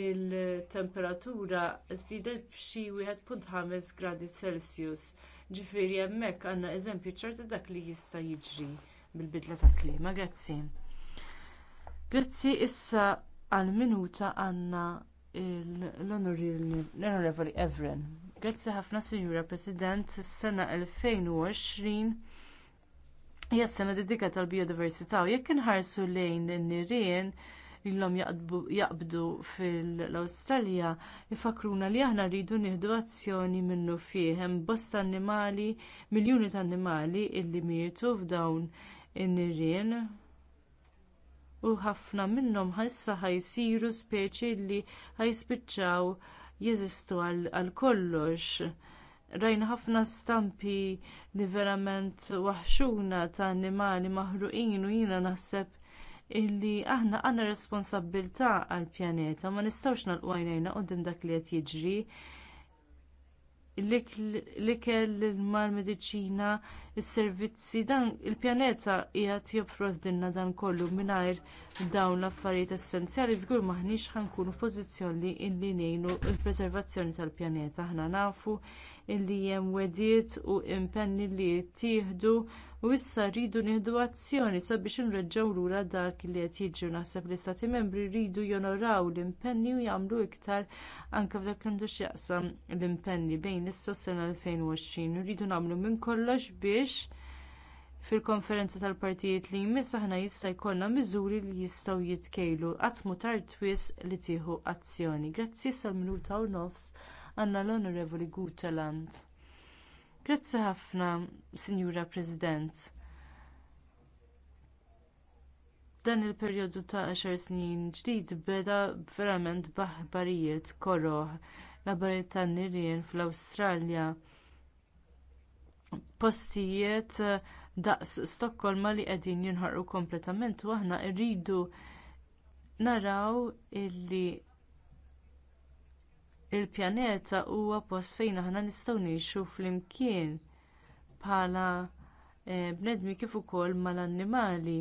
[SPEAKER 6] il-temperatura żdiedet b'xi 1.5 gradi Celsius. Ġifieri hemmhekk għandna eżempju ċerti dak li jista' jiġri bil-bidla ta' klima. Grazzi. Grazzi issa għal minuta għanna l-Onorevoli Evren. Grazzi ħafna, Sinjura President, s-sena 2020 hija s-sena dedikata għal biodiversità u jekk inħarsu lejn in-nirien illum jaqbdu fil-Awstralja ifakruna li aħna rridu nieħdu azzjoni minnu fih hemm bosta annimali, miljuni ta' annimali illi mietu f'dawn in-nirien u ħafna minnhom ħassa ħajsiru speċi li ħajspiċċaw jeżistu għal kollox. Rajna ħafna stampi li verament waħxuna ta' annimali maħruqin u jiena naħseb illi aħna għandna responsabbiltà għall pjaneta ma nistgħux nalqu għajnejna quddiem dak li qed jiġri l-ikel, il mal mediċina il-servizzi, dan il-pjaneta qiegħed jipprovdilna dan kollu mingħajr dawn l-affarijiet essenzjali żgur maħniex ħankunu f'pożizzjoni illi ngħinu l-preservazzjoni tal-pjaneta. Aħna nafu illi hemm wedijiet u impenni li jittieħdu u issa rridu nieħdu azzjoni sabiex inreġgħu lura dak li qed u naħseb li stati membri rridu jonoraw l-impenni u jagħmlu iktar anke f'dak li għandu x'jaqsam l-impenni bejn issa s-sena 2020. Rridu nagħmlu minn kollox biex fil-konferenza tal-partijiet li jmiss aħna jista' jkollna miżuri li jistgħu jitkejlu qatt mu tard li tieħu azzjoni. Grazzi sal-minuta u nofs għandna l-Onorevoli Guteland. Grazzi ħafna, Sinjura President. Dan il-perjodu ta' 10 snin ġdid beda verament baħbarijiet koroħ l-abarijiet ta' nirien fl-Awstralja. Postijiet eh, daqs Stokkolma li qegħdin jinħarqu kompletament u aħna rridu naraw illi il-pjaneta huwa post fejn aħna nistgħu ngħixu flimkien bħala eh, bnedmi kif ukoll mal-annimali.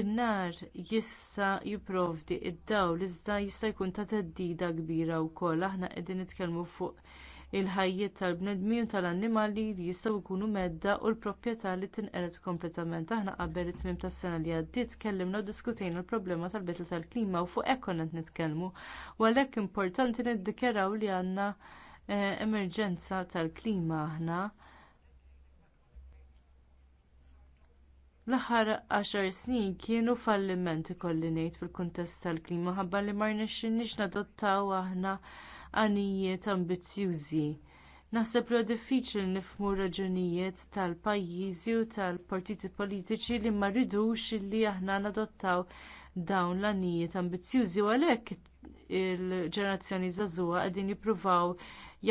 [SPEAKER 6] In-nar jista' jipprovdi d dawl iżda jista' jkun ta' theddida kbira wkoll aħna qegħdin nitkellmu fuq il-ħajjiet tal-bnedmin u tal-annimali li jistgħu jkunu medda u l-proprjetà li tinqered kompletament. Aħna qabel it-tmiem tas-sena li għaddiet tkellimna u diskutejna l-problema tal-bidla tal-klima u fuq hekk konna qed nitkellmu. U għalhekk importanti niddikjaraw li għandna eh, emerġenza tal-klima aħna. L-aħħar għaxar snin kienu fallimenti kolli ngħid fil-kuntest tal-klima ħabba li ma rnexxinniex nadottaw aħna għanijiet ambizzjużi. Naħseb li diffiċli nifhmu r raġunijiet tal-pajjiżi u tal-partiti politiċi li ma rridux li aħna nadottaw dawn l-għanijiet ambizzjużi u għalhekk il-ġenerazzjoni żagħżugħa qegħdin jippruvaw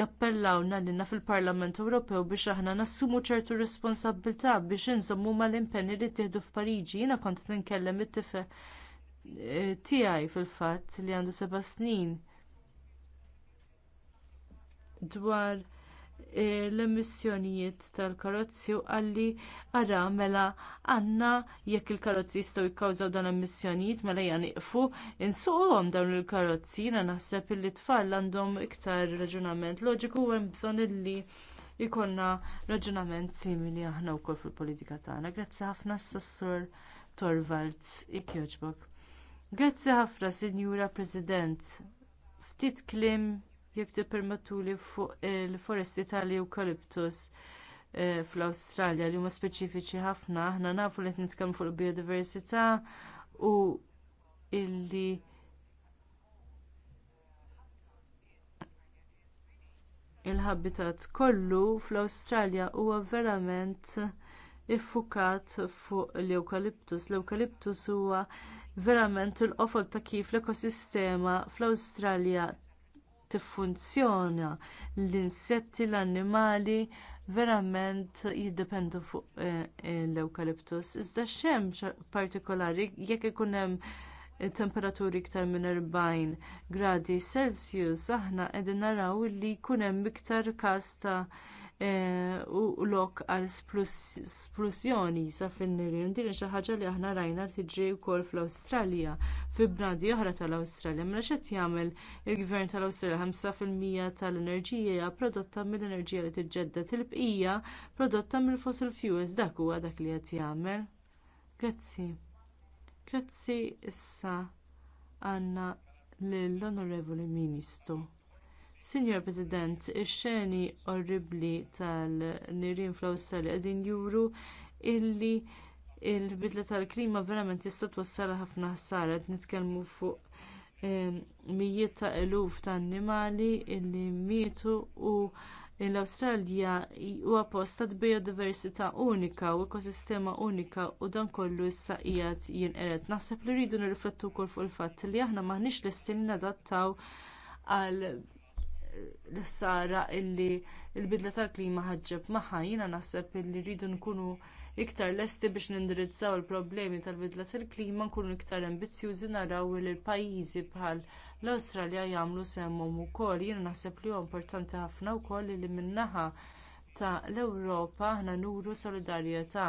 [SPEAKER 6] jappellawna lilna fil-Parlament Ewropew biex aħna nassumu ċertu responsabbiltà biex inżommu mal-impenni li ttieħdu f'Pariġi. Jiena kont nitkellem it-tifel eh, tiegħi fil-fatt li għandu seba' snin dwar eh, l-emissjonijiet tal-karozzi u għalli għara mela għandna jekk il-karozzi jistgħu jikkawżaw dan l-emissjonijiet mela janiqfu insuqhom dawn il-karozzi jiena naħseb li tfal għandhom iktar raġunament loġiku u hemm bżonn li jkollna raġunament simili aħna wkoll fil-politika tagħna. Grazzi ħafna s-sassur Torvalds ikjoġbok. Grazzi ħafna, Sinjura President. Ftit klim jekk tippermettuli fuq il-foresti tal-eukaliptus eh, fl-Awstralja li huma speċifiċi ħafna, aħna nafu li qed nitkellmu fuq biodiversità u illi il-habitat kollu fl-Awstralja huwa verament iffukat fuq l-eukaliptus. L-eukaliptus huwa verament il-qofol ta' kif l-ekosistema fl-Awstralja tiffunzjona l-insetti l-annimali verament jiddependu fuq eh, l-eukaliptus. Iżda xemx partikolari jekk ikun hemm eh, temperaturi iktar minn 40 gradi Celsius aħna qegħdin naraw li jkun hemm iktar każ ta' Eh, u lok għal splussjoni sa fin-nirien. Din xi ħaġa li aħna rajna tiġri wkoll fl-Awstralja fi bnadi oħra tal-Awstralja. Mela x'qed jagħmel il-Gvern tal-Awstralja 5% tal-enerġija prodotta mill-enerġija li tiġġedda il-bqija prodotta mill-fossil fuels dak huwa dak li qed jagħmel. Grazzi. Grazzi issa għandna lill onorevoli Ministru. Signor President, ix-xeni orribli tal-nirien fl-Awstralja qegħdin juru illi il-bidla tal-klima verament jista' twassal ħafna ħsara nitkellmu fuq eh, mijiet ta' eluf ta' annimali illi mietu u l-Awstralja huwa post ta' biodiversità unika u ekosistema unika u dan kollu issa qiegħed jinqered. Naħseb li rridu nirriflettu wkoll fuq il-fatt li aħna m'aħniex lesti nadattaw għal l-ħsara illi l-bidla tal-klima ħaġġeb magħha jiena naħseb illi rridu nkunu iktar lesti biex nindirizzaw il-problemi tal-bidla tal-klima nkunu iktar ambizzjużi naraw li l-pajjiżi bħal l-Awstralja jagħmlu semmhom ukoll. Jiena naħseb li huwa importanti ħafna wkoll li min-naħa ta' l-Ewropa aħna nuru solidarjetà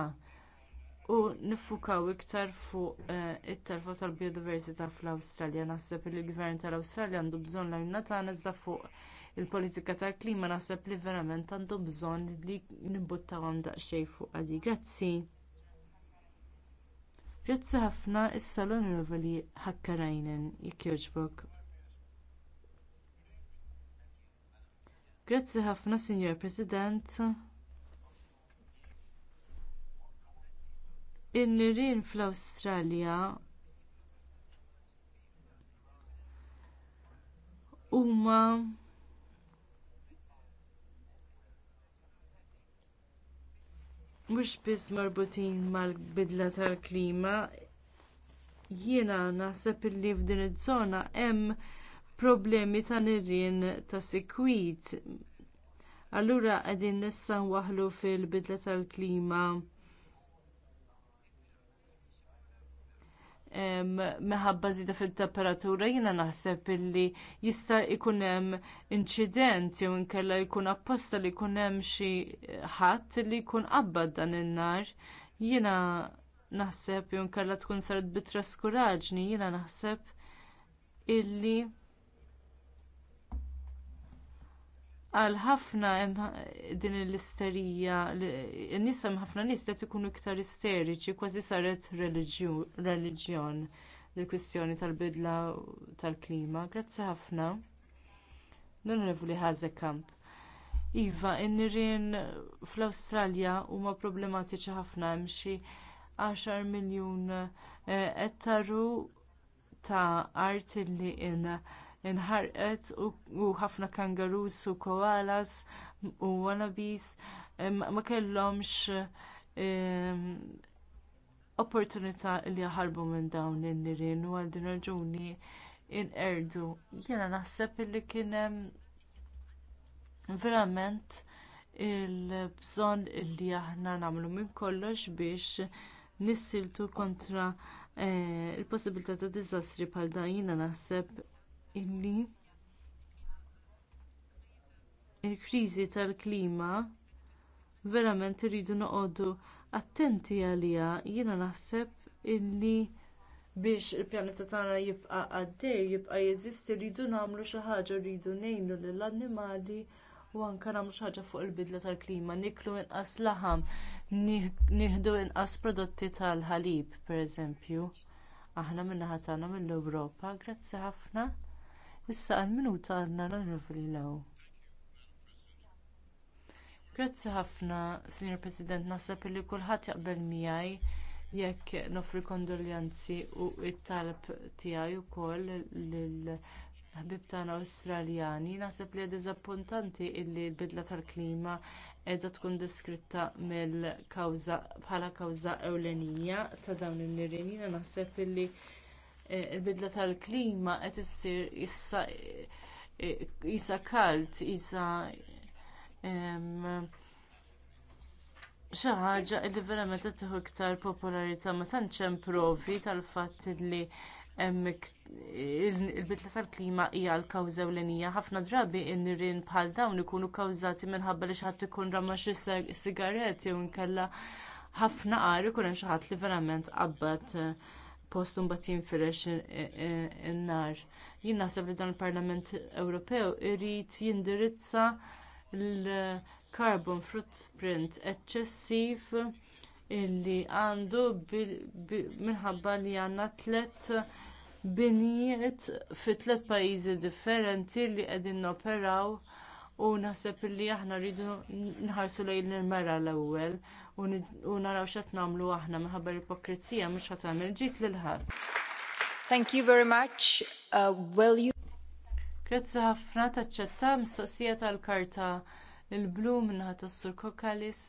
[SPEAKER 6] u niffukaw iktar fuq eh, it-telfa tal-biodiversità fl-Awstralja. Naħseb li l-gvern tal-Awstralja għandu bżonn lajna għajna tagħna fuq il-politika tal-klima naħseb li verament għandhom bżonn li nimbuttawhom daqsxejn fuq għadi. Grazzi. Grazzi ħafna issa l-onorevoli Hakkarajnen jekk jogħġbok. Grazzi ħafna, Signor President. In-nirien fl-Awstralja huma mhux biss marbutin mal-bidla tal-klima, jiena naħseb illi f'din iż-żona hemm problemi ta' nirien ta' sikwit. Allura qegħdin nissa nwaħħlu fil-bidla tal-klima meħabba zida fil-temperatura jiena naħseb illi jista' jkun hemm inċident jew inkella jkun apposta li jkun hemm xi ħadd li jkun qabbad dan in-nar. Jiena naħseb jew inkella tkun saret bitraskuraġni, jiena naħseb illi għal ħafna din l-isterija, n-nies hemm ħafna nies li qed ikunu iktar isteriċi, kważi saret reliġjon l-kwistjoni tal-bidla tal-klima. Grazzi ħafna. L-Onorevoli Ħażekamp. Iva, n-nirien fl-Awstralja huma problematiċi ħafna hemm xi 10 miljun eh, ettaru ta' art li inħarqet u ħafna kangaroos u koalas u wannabis eh, ma kellhomx eh, opportunità li jaħarbu minn dawn in-nirien u għal din raġuni inqerdu. Jiena naħseb li kien hemm verament il-bżonn li aħna nagħmlu minn kollox biex nissiltu kontra eh, l possibilità ta' diżastri bħal dan jiena naħseb illi il-kriżi tal-klima verament irridu noqogħdu attenti għaliha jiena naħseb illi biex il-pjaneta tagħna jibqa' għaddej, jibqa' jeżisti rridu nagħmlu xi ħaġa rridu ngħinu lill-annimali u anke nagħmlu xi ħaġa fuq il-bidla tal-klima, niklu inqas laħam, nieħdu inqas prodotti tal-ħalib pereżempju. Aħna min-naħa tagħna mill-Ewropa, grazzi ħafna. Issa għal-minuta għadna l-onorevoli law. Grazzi ħafna, Signor President, naħseb li kulħadd jaqbel miħaj jekk nofri kondoljanzi u t talb tiegħi wkoll lill-ħbib tagħna Awstraljani, naħseb li diżappuntanti li l-bidla tal-klima qiegħda tkun diskritta mill-kawża bħala kawża ewlenija ta' dawn il-nirin. Naħseb illi il-bidla tal-klima qed issir issa eh, isa kalt, isa xi ħaġa li verament qed tieħu iktar popolarità ma tantx hemm provi tal-fatt li il-bidla tal-klima hija l-kawża ewlenija. Ħafna drabi n-nirien bħal dawn ikunu kawżati minħabba li xi ħadd ikun rama xi sigaret jew inkella ħafna qari ikun hemm xi ħadd li verament qabbad. Eh, post mbagħad jinfirex in-nar. Jien naħseb li dan il-Parlament Ewropew irid jindirizza l-carbon footprint eċċessiv illi għandu minħabba li għanna tlet binijiet fi tliet pajjiżi differenti li qegħdin operaw u naħseb li aħna rridu nħarsu lejn il-mera l-ewwel u naraw xat nagħmlu aħna minħabba l-ipokrizija mhux xat tagħmel ġid lil ħadd. Thank you very much. Uh, will you Grazzi ħafna taċċetta mistoqsija tal-karta il-blu minnaħa tas-Sur Kokalis.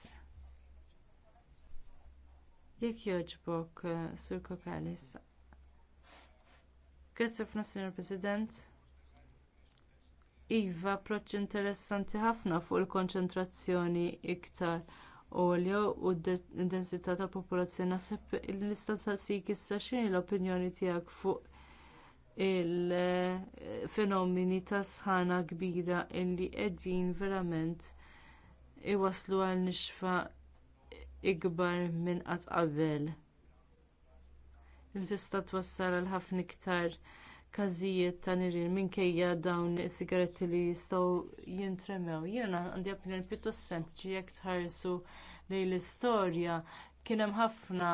[SPEAKER 6] Jekk jogħġbok, uh, Sur Kokalis. Grazzi ħafna, Sur President. Iva, proċ interessanti ħafna fuq il-konċentrazzjoni iktar għolja u d-densità tal popolazzjoni naħseb l-istanza sik issa xini l-opinjoni tiegħek fuq il-fenomeni ta' sħana kbira illi qegħdin verament iwasslu għal nixfa ikbar minn qatt qabel. Il tista' twassal għal ħafna iktar każijiet ta' nirien minkejja dawn is-sigaretti li jistgħu jintremew. Jiena għandi opinjoni pjuttost sempliċi jekk tħarsu lejn l-istorja kien hemm ħafna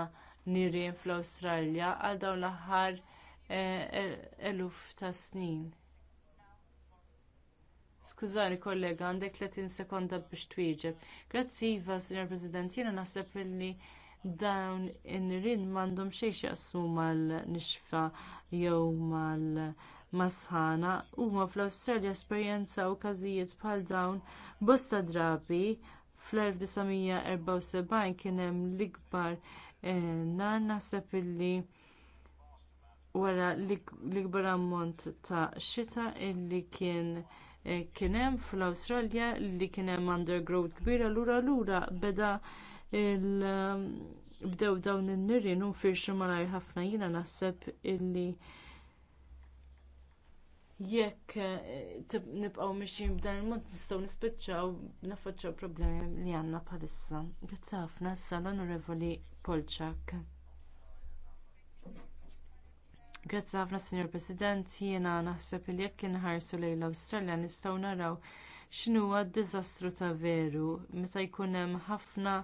[SPEAKER 6] nirien fl-Awstralja għal dawn l-aħħar e, e, eluf ta' snin. Skużani kollega, għandek 30 sekonda biex twieġeb. Grazzi, Iva, Signor President, jiena naħseb li dawn in-nirien m'għandhom xejn x'jaqsmu mal-nixfa jew mal-masħana huma fl-Awstralja esperjenzaw każijiet bħal dawn bosta drabi fl-1974 kien hemm l-ikbar eh, nar naħseb illi wara l-ikbar ammont ta' xita illi kien eh, kien hemm fl-Awstralja li kien hemm undergrowth kbira lura lura beda il-bdew dawn in-nirien u nfirxu malajr ħafna jiena naħseb illi jekk eh, nibqgħu mixjin b'dan il-mod nistgħu nispiċċaw naffaċċaw problemi li għandna bħalissa. Grazzi ħafna sal onorevoli Polczak. Grazzi ħafna, Signor President, jiena naħseb li jekk inħarsu lejn l-Awstralja nistgħu naraw x'inhuwa d-diżastru ta' veru meta jkun hemm ħafna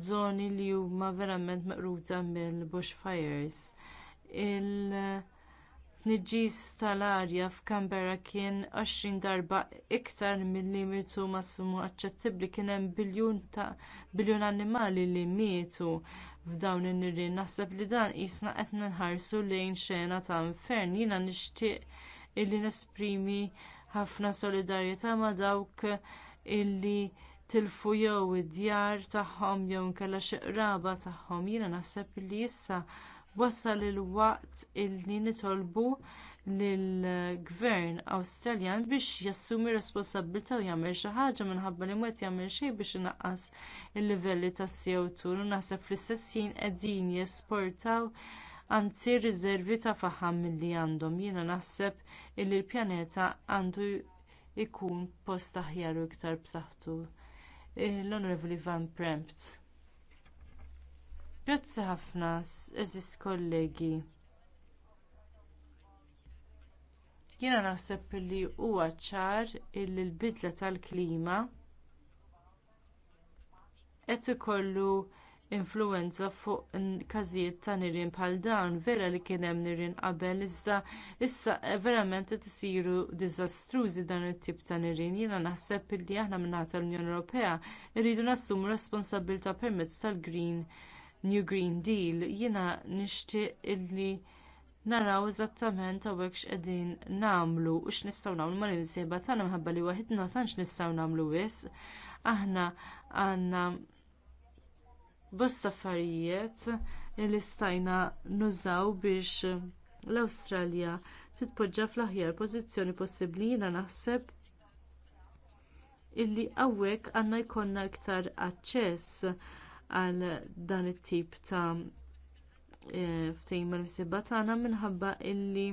[SPEAKER 6] żoni li huma verament meqruda mill-bushfires. Il-nġis tal-arja f'Kambera kien 20 darba iktar mill-limitu massimu aċċettabbli kien hemm biljun ta' biljun annimali li mietu f'dawn in-nirien. Naħseb li dan qisna qed nħarsu lejn xena ta' infern jiena nixtieq illi nesprimi ħafna solidarjetà ma' dawk illi tilfu jew id-djar tagħhom jew nkella xi qraba tagħhom jiena naħseb li issa wassal il-waqt illi nitolbu lill-Gvern Awstraljan biex jassumi r-responsabbilta u jagħmel xi ħaġa minħabba li mwed jagħmel xejn biex inaqqas il-livelli tas-CO2 u naħseb fl-istess ħin qegħdin jesportaw anzi riservi ta' faħam milli għandhom. Jiena naħseb li l-pjaneta għandu jkun post aħjar u iktar b'saħħtu l-Onorevoli Van Prempt. Grazzi ħafna, eżis kollegi. Jiena naħseb li huwa ċar il bidla tal-klima qed ikollu influwenza fuq każijiet ta' nirien bħal dawn vera li kien hemm nirien qabel iżda issa eh, verament qed isiru diżastrużi dan it-tip ta' nirien jiena naħseb illi aħna minnaħa tal-Unjoni Ewropea rridu nassumu responsabilità permezz tal-Green New Green Deal jiena nixtieq illi naraw eżattament hawnhekk x'qegħdin nagħmlu u x'nistgħu nagħmlu ma nimsieba tagħna minħabba li waħedna tantx nistgħu nagħmlu wis, Aħna għandna bosta affarijiet li stajna nużaw biex l-Awstralja titpoġġa fl-aħjar pożizzjoni possibbli jiena naħseb illi hawnhekk għandna jkollna iktar aċċess għal dan it-tip ta' eh, ftehim mal-msibba tagħna minħabba illi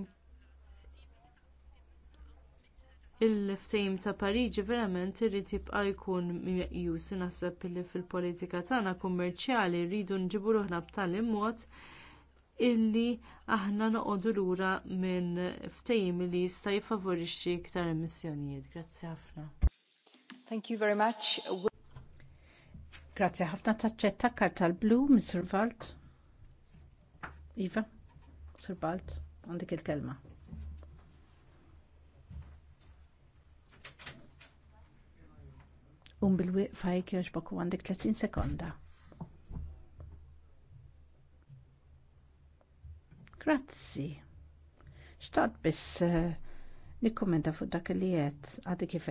[SPEAKER 6] il-ftejm ta' Pariġi verament irid jibqa' jkun meqjus naħseb li fil-politika tagħna kummerċjali rridu nġibu ruħna b'tali mod illi aħna noqogħdu lura minn ftehim li jista' jifavorixxi iktar emissjonijiet. Grazzi ħafna.
[SPEAKER 8] Thank you very much.
[SPEAKER 2] Grazzi ħafna taċċetta karta l-blu, Mr. Valt. Iva, Sir Valt, għandik il-kelma. un um bil-wiqfa jek joġbok u għandek 30 sekonda. Grazzi. Xtaqt biss uh, eh, nikkommenta fuq dak li qed għadi kif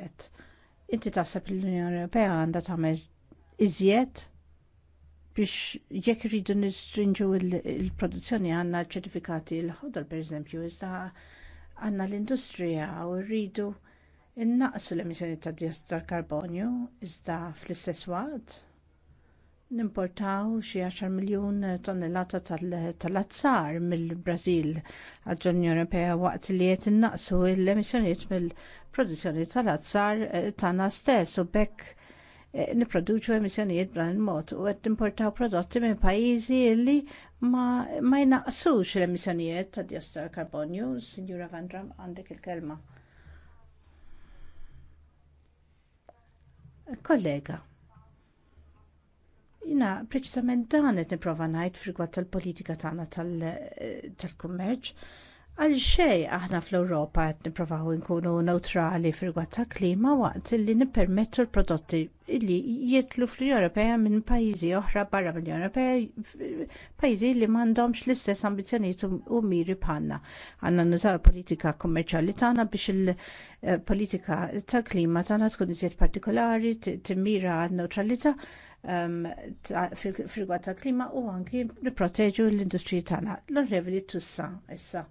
[SPEAKER 2] Inti taħseb l-Unjoni Ewropea għandha tagħmel iżjed biex jekk rridu nistrinġu il-produzzjoni għanna ċertifikati l-ħodol per eżempju, iżda għanna l-industrija u rridu innaqsu l-emissjoni ta' dijossidu tal-karbonju, iżda fl-istess waqt nimportaw xi 10 miljun tonnellata tal-azzar mill-Brażil għall-Unjoni Ewropea waqt li qed innaqsu l-emissjonijiet mill-produzzjoni tal-azzar eh, tagħna stess u bekk eh, nipproduċu emissjonijiet b'dan il-mod u qed importaw prodotti minn pajjiżi li ma, jnaqsux l-emissjonijiet ta' dijossidu tal-karbonju. Sinjura Vandram, għandek il-kelma. kollega. Jina, preċisament dan qed niprofa ngħid frigwat tal-politika tagħna eh, tal-kummerċ. tal politika tagħna tal kummerċ Għal xej aħna fl-Ewropa qed nipprovaw nkunu neutrali fil ta' klima waqt li nippermettu l-prodotti li jitlu fl-Unjoni Ewropea minn pajjiżi oħra barra mill-Unjoni Ewropea, pajjiżi li m'għandhomx l-istess ambizzjonijiet u miri bħalna. Għandna nużaw politika kommerċjali tagħna biex il-politika eh, ta' klima tagħna tkun iżjed partikolari, timmira għal neutralità ehm, fil-gwatt ta' klima u anki nipproteġu l-industriji tagħna. L-onrevoli tussa issa.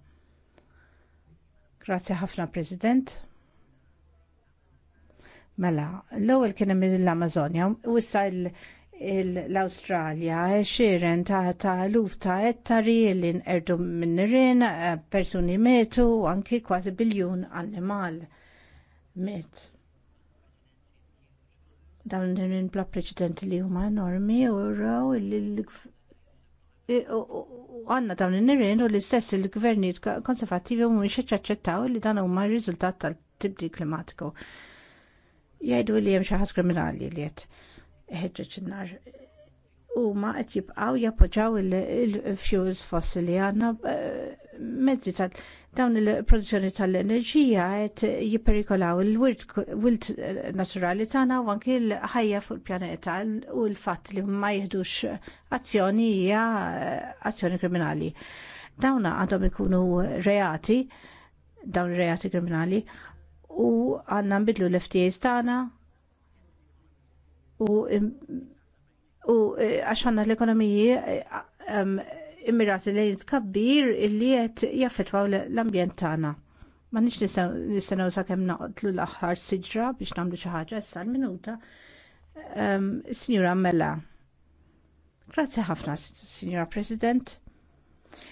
[SPEAKER 2] Grazzi ħafna, President. Mela, l-ewwel kien hemm l-Amazonja u issa l-Awstralja xiren ta' ta' luf ta' ettari li nqerdu minn nirien, eh, persuni metu, anki kważi biljun animal met. Dawn din bla preċedenti li huma enormi u raw il għanna dawn il-nirin u l-istess il-gvernijiet konservativi u mux ċaċċettaw li dan huma r-riżultat tal tibdi klimatiku. Jgħidu li hemm xi ħadd kriminali li qed ħedġeċ il nar Huma qed jibqgħu jappoġġaw il-fuels fossili għandna eh, mezzi tal- Dawn il-produzzjoni tal-enerġija qed jipperikolaw il-wilt naturali tagħna u anki l-ħajja fuq il-pjaneta u l-fatt li ma jihdux azzjoni hija eh, azzjoni kriminali. Dawna għadhom ikunu reati, dawn reati kriminali, u għanna nbidlu l-FTAs tagħna u għaxħanna eh, għax l-ekonomiji eh, immirati lejn tkabbir illi qed jaffetwaw l-ambjent tagħna. Ma nix sa' kem naqtlu l-aħħar siġra biex nagħmlu xi ħaġa issa l-minuta. Ehm, Signora Mela. grazie ħafna, Signora President.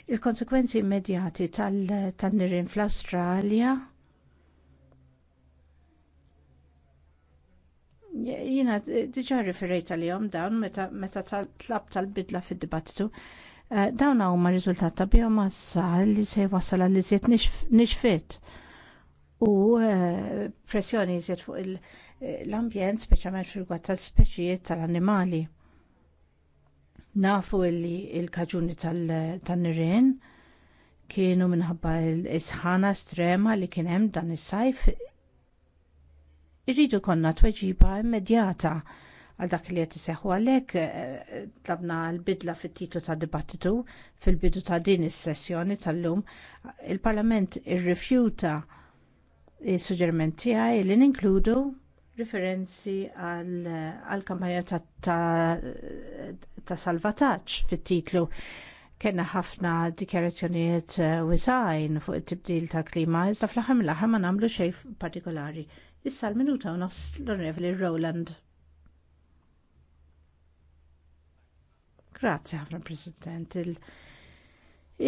[SPEAKER 2] Il-konsekwenzi immedjati tal-nirin fl australia jina diġa referejt għal-jom dawn meta tal-tlab tal-bidla fil dibattitu Eh, dawn huma riżultat ta' biomassa li se jwassal li żied nixfit u eh, pressjoni jżied fuq l-ambjent, speċjalment fil-gwatt tal-speċijiet tal-annimali. Nafu li il-kaġuni tal-nirien kienu minħabba l-isħana strema li kien hemm dan is-sajf irridu konna tweġiba immedjata għal dak li qed iseħħu għalhekk eh, tlabna l-bidla fit-titlu tad dibattitu fil-bidu ta' din is-sessjoni tal-lum il-Parlament irrifjuta s-suġġerimenti tiegħi li ninkludu referenzi għal kampanja ta' salvataġġ fit-titlu Kenna ħafna dikjarazzjonijiet eh, wisajn fuq it-tibdil ta' klima iżda fl-aħħar mill-aħħar ma nagħmlu xejn partikolari. Issa l-minuta u nofs l-Onorevoli Rowland. Grazzi ħafna President.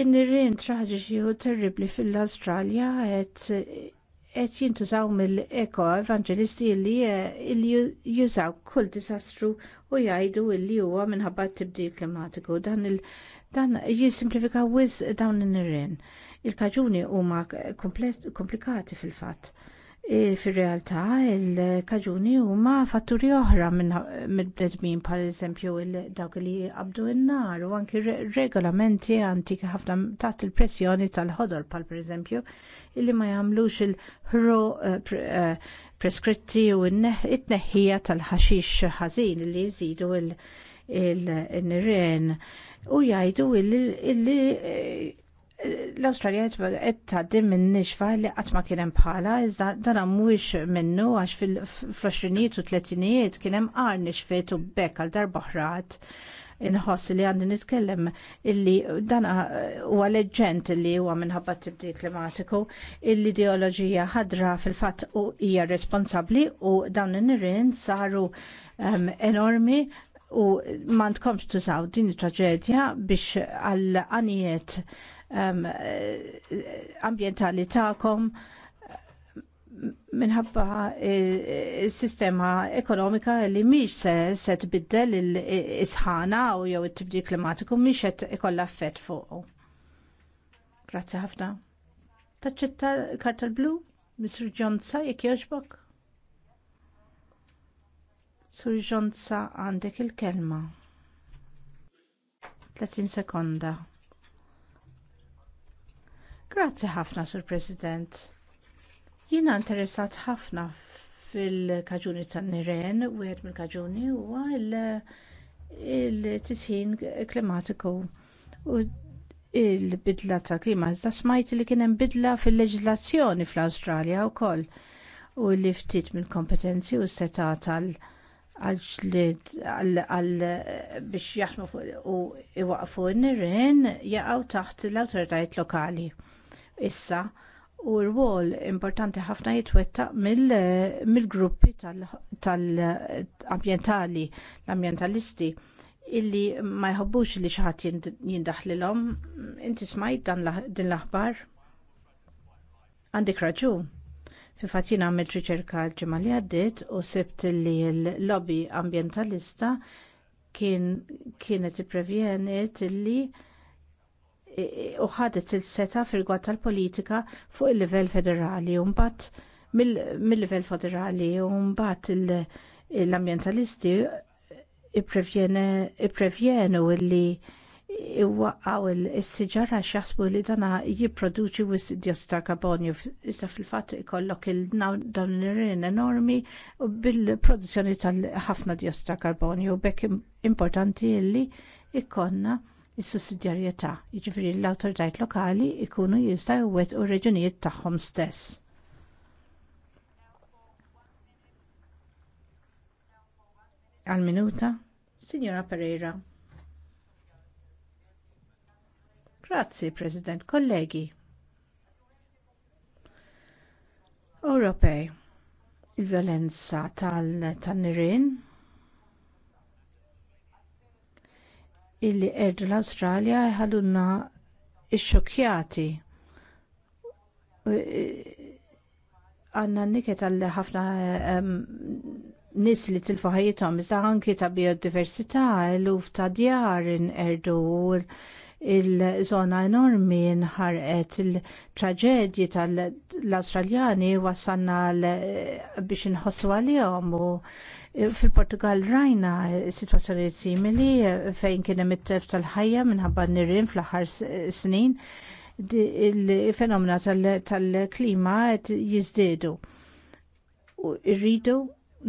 [SPEAKER 2] Il in traġiġi u terribli fil-Australja qed jintużaw mill-eko evangelisti li jużaw kull disastru u jgħidu li huwa minħabba t-tibdil klimatiku. Dan il- dan jisimplifika wiz dawn in nirin Il-kaġuni huma komplikati fil-fatt. Fir-realtà il-kaġuni huma fatturi oħra mill bledmin par eżempju dawk li għabdu il nar u anki regolamenti antiki ħafna taħt il-pressjoni tal-ħodor pal per eżempju illi ma jagħmlux il-ħro eh, eh, preskritti u it-neħħija tal-ħaxix ħażin li jżidu il nirren u jgħidu illi eh, l-Australja qed tgħaddi minn nixfa li qatt ma kien hemm bħala, iżda dan mhuwiex minnu għax fl-20 u 30 kien hemm qar nixfiet u bekk għal darbaħrat inħoss li għandi nitkellem illi dan huwa leġġent illi huwa minħabba tibdil klimatiku l-ideoloġija ħadra fil-fatt u hija responsabbli u dawn in-nirien saru um, enormi u ma tkomx tużaw din it-traġedja biex għal anijiet um, ambientali ta'kom minħabba il-sistema eh, eh, ekonomika li miex se, se tbiddel il-isħana u jew it-tibdil klimatiku miex qed ikolla fett fuq. Grazzi ħafna. Taċċetta karta l-blu, Mr. Jonza, jekk jogħġbok? Sur Jonza għandek il-kelma. 30 sekonda. Grazzi ħafna, Sur President. Jina interessat ħafna fil-kaġuni tan-niren, u għed mill-kaġuni huwa il-tisħin klimatiku u il-bidla ta' klima. Iżda smajt li kien hemm bidla fil-leġilazzjoni fl-Awstralja wkoll u li ftit mill-kompetenzi u s-seta tal- għal biex jaħmu u iwaqfu n-nirin jaqgħu taħt l awtoritajiet lokali issa u r-wol importanti ħafna jitwettaq mill-gruppi tal-ambientali, l-ambientalisti illi ma jħobbux li xaħat jindaħlilhom. Inti smajt dan din l-aħbar? Għandik raġu. Fi fatina għamilt riċerka ġemal li u sebt li l-lobby ambientalista kien kienet ipprevjenet illi u ħadet il-seta fil-gwad tal-politika fuq il level federali un mbagħad mill-livell federali u mbagħad l-ambientalisti ipprevjenu illi iwaqqaw il-sigara xaxbu li dana jipproduċi wis dioxid ta' karbonju. issa fil-fatt ikollok il dan l rin enormi bil-produzzjoni tal-ħafna dioxid ta' karbonju. Bekk importanti li ikonna is-sussidjarjetà, jiġifieri l-awtoritajiet lokali jkunu jistgħu jwettqu r-reġunijiet tagħhom stess. Għal minuta, Signora Pereira. Grazzi, President, kollegi. Ewropej, il-violenza tal-nirien, tal illi erdu l-Australja ħalluna xokjati. E, għanna niket għalli ħafna nis li tilfu ħajitom, iżda anki ta' biodiversità, l-uf ta' djar erdu il-zona enormi nħarqet il-traġedji tal-Australjani wasanna biex nħossu għalihom u Fil-Portugal rajna situazzjoni simili eh, fejn kien hemm it-tef tal-ħajja minħabba nirien fl-aħħar snin il-fenomena tal-klima qed jiżdiedu. Irridu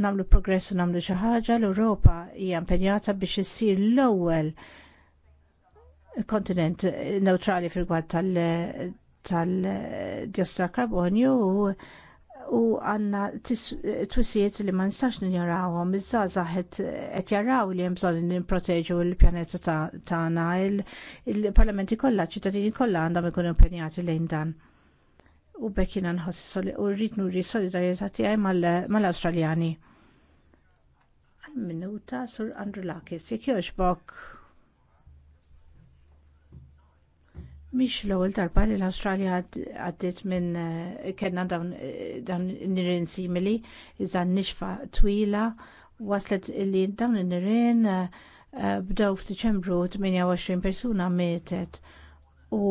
[SPEAKER 2] nagħmlu progress u nagħmlu xi ħaġa l-Ewropa hija impenjata biex issir l-ewwel kontinent neutrali fil-gwad tal-diossida tal karbonju u għanna twissiet li ma nistax ninjarawhom, iż-żgħażagħ eh, qed jaraw li hemm n nipproteġu l-pjaneta tagħna, il-parlamenti kollha, ċittadini kollha għandhom ikunu impenjati lejn dan. U bekkina jiena nħoss u rrid nuri solidarieta tiegħi mal-Awstraljani. Għal minuta sur Andrew Lakis, jekk jogħġbok. Mix l-ewwel darba li l-Awstralja għaddiet minn eh, kellna dawn in eh, nirien simili, iżda nixfa twila waslet li dawn in-nirien eh, bdew f'Diċembru 28 persuna mietet u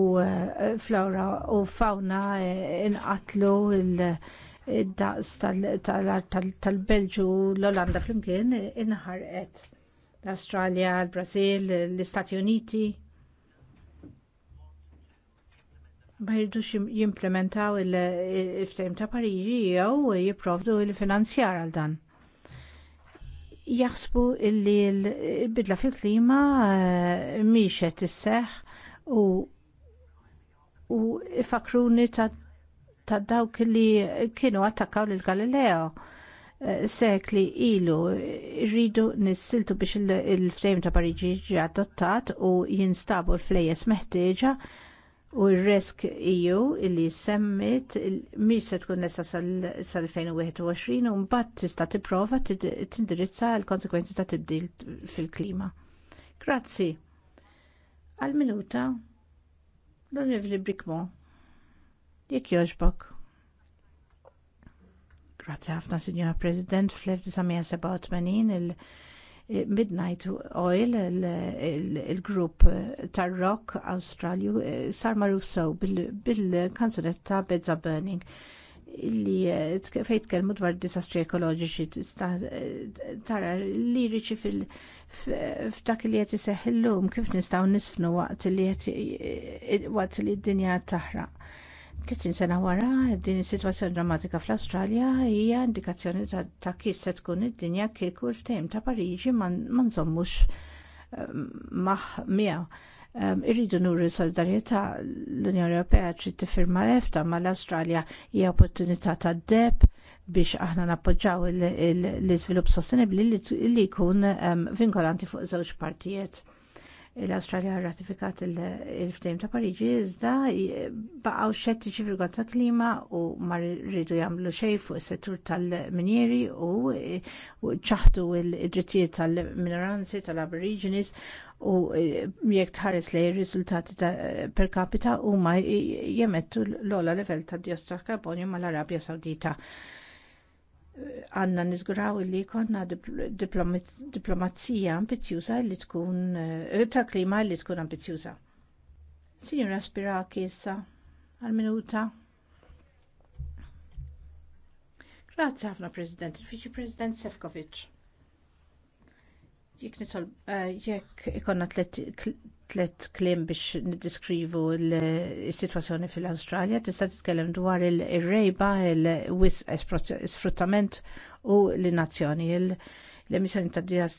[SPEAKER 2] flora u fauna inqatlu il-daqs tal-Belġu l-Olanda flimkien inħarqet l-Awstralja, l-Brażil, l-Istati Uniti. ma jirdux jimplementaw il ftajm ta' Pariġi jew jipprovdu il-finanzjar għal dan. Jaħsbu illi l-bidla fil-klima eh, miexet isseħ u u ifakruni ta' dawk li kienu attakkaw l Galileo eh, li ilu rridu nissiltu biex il-frame ta' Pariġi ġi adottat u jinstabu l-flejes meħtieġa U r-resk EU illi semmit mis se tkun nessa sal-2021 u mbagħad tista' tipprova tindirizza l-konsekwenzi ta' tibdil fil-klima. Grazzi. Għal-minuta l-Onorevoli Brikmo. Jekk jogħġbok. Grazzi ħafna, Signora President, fl-1987 il- Midnight Oil, il-grupp tar-rock Australju, eh, sar maruf sew bil-kanzunetta Beds are Burning li eh, fejt kelmu dwar disastri ekoloġiċi eh, tara li fil- f'dak li qed iseħħ illum kif nistgħu nisfnu waqt li qed waqt li d-dinja taħraq 30 sena wara din is-sitwazzjoni drammatika fl-Awstralja hija indikazzjoni ta', kif se tkun id-dinja kieku l-ftehim ta' Pariġi ma nżommux ehm, maħ miegħu. Ehm, irridu nuru solidarjetà l-Unjoni Ewropea trid tiffirma EFTA ma l-Awstralja hija opportunità ta' deb biex aħna nappoġġaw l-iżvilupp sostenibbli li jkun ehm, vinkolanti fuq żewġ partijiet l australia ratifikat il ftim ta' Pariġi iżda baqgħu xettiċi fil ta' klima u ma rridu jagħmlu xej fuq is-settur tal minieri u ċaħtu il drittijiet tal-minoranzi tal-Aborigines u e, jekk tħares li ir-riżultati per capita huma jemettu l ogħla level ta' dios karbonju mal-Arabja Sawdita għanna nizguraw li konna diplomazija ambizjuza li tkun, eh, ta' klima li tkun ambizjuza. Signora Spiraki issa, għal-minuta. Grazie għafna, President, il-Viċi President Sefkovic. Jek nitol, eh, ikonna tlet klim biex nidiskrivu l-situazzjoni fil australia Tista' titkellem dwar il-rejba, il-wis sfruttament u l-nazzjoni. L-emissjoni ta' dijas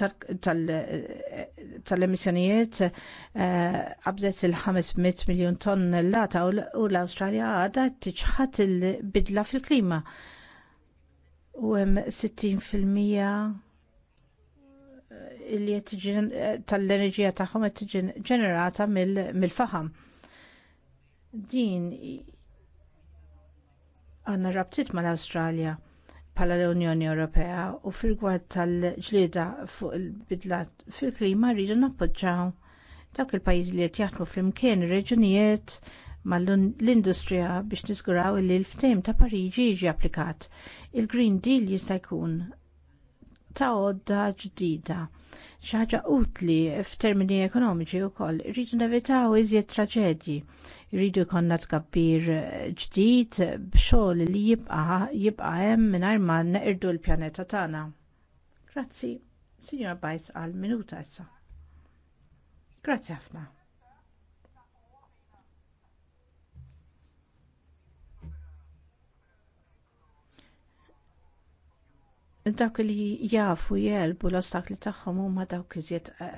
[SPEAKER 2] tal-emissjonijiet għabżet eh, il-500 miljon l-lata u l-Australja għadha tiċħat il-bidla fil-klima. U hemm 60 fil-mija li eh, tal-enerġija tagħhom qed tiġi ġenerata mill-faħam. Din għandna rabtiet mal-Awstralja bħala l-Unjoni Ewropea u fil-gwad tal-ġlieda fuq il-bidla fil-klima rridu nappoġġaw dawk il-pajjiżi li qed jaħdmu flimkien ir-reġunijiet mal-industrija biex niżguraw il l-ftehim ta' Pariġi jiġi applikat. Il-Green Deal jista' jkun ta' odda ġdida. Xaġa utli f'termini ekonomiċi u koll, rridu nevitaw iżjed traġedji, rridu konna tkabbir ġdid b'xogħol li jibqa jibqa hemm mingħajr ma neqirdu l-pjaneta tagħna. Grazzi, Signor Bajs għal minuta issa. Grazzi ħafna. Dawk li jafu jelbu l-ostakli tagħhom huma dawk iżjed eh,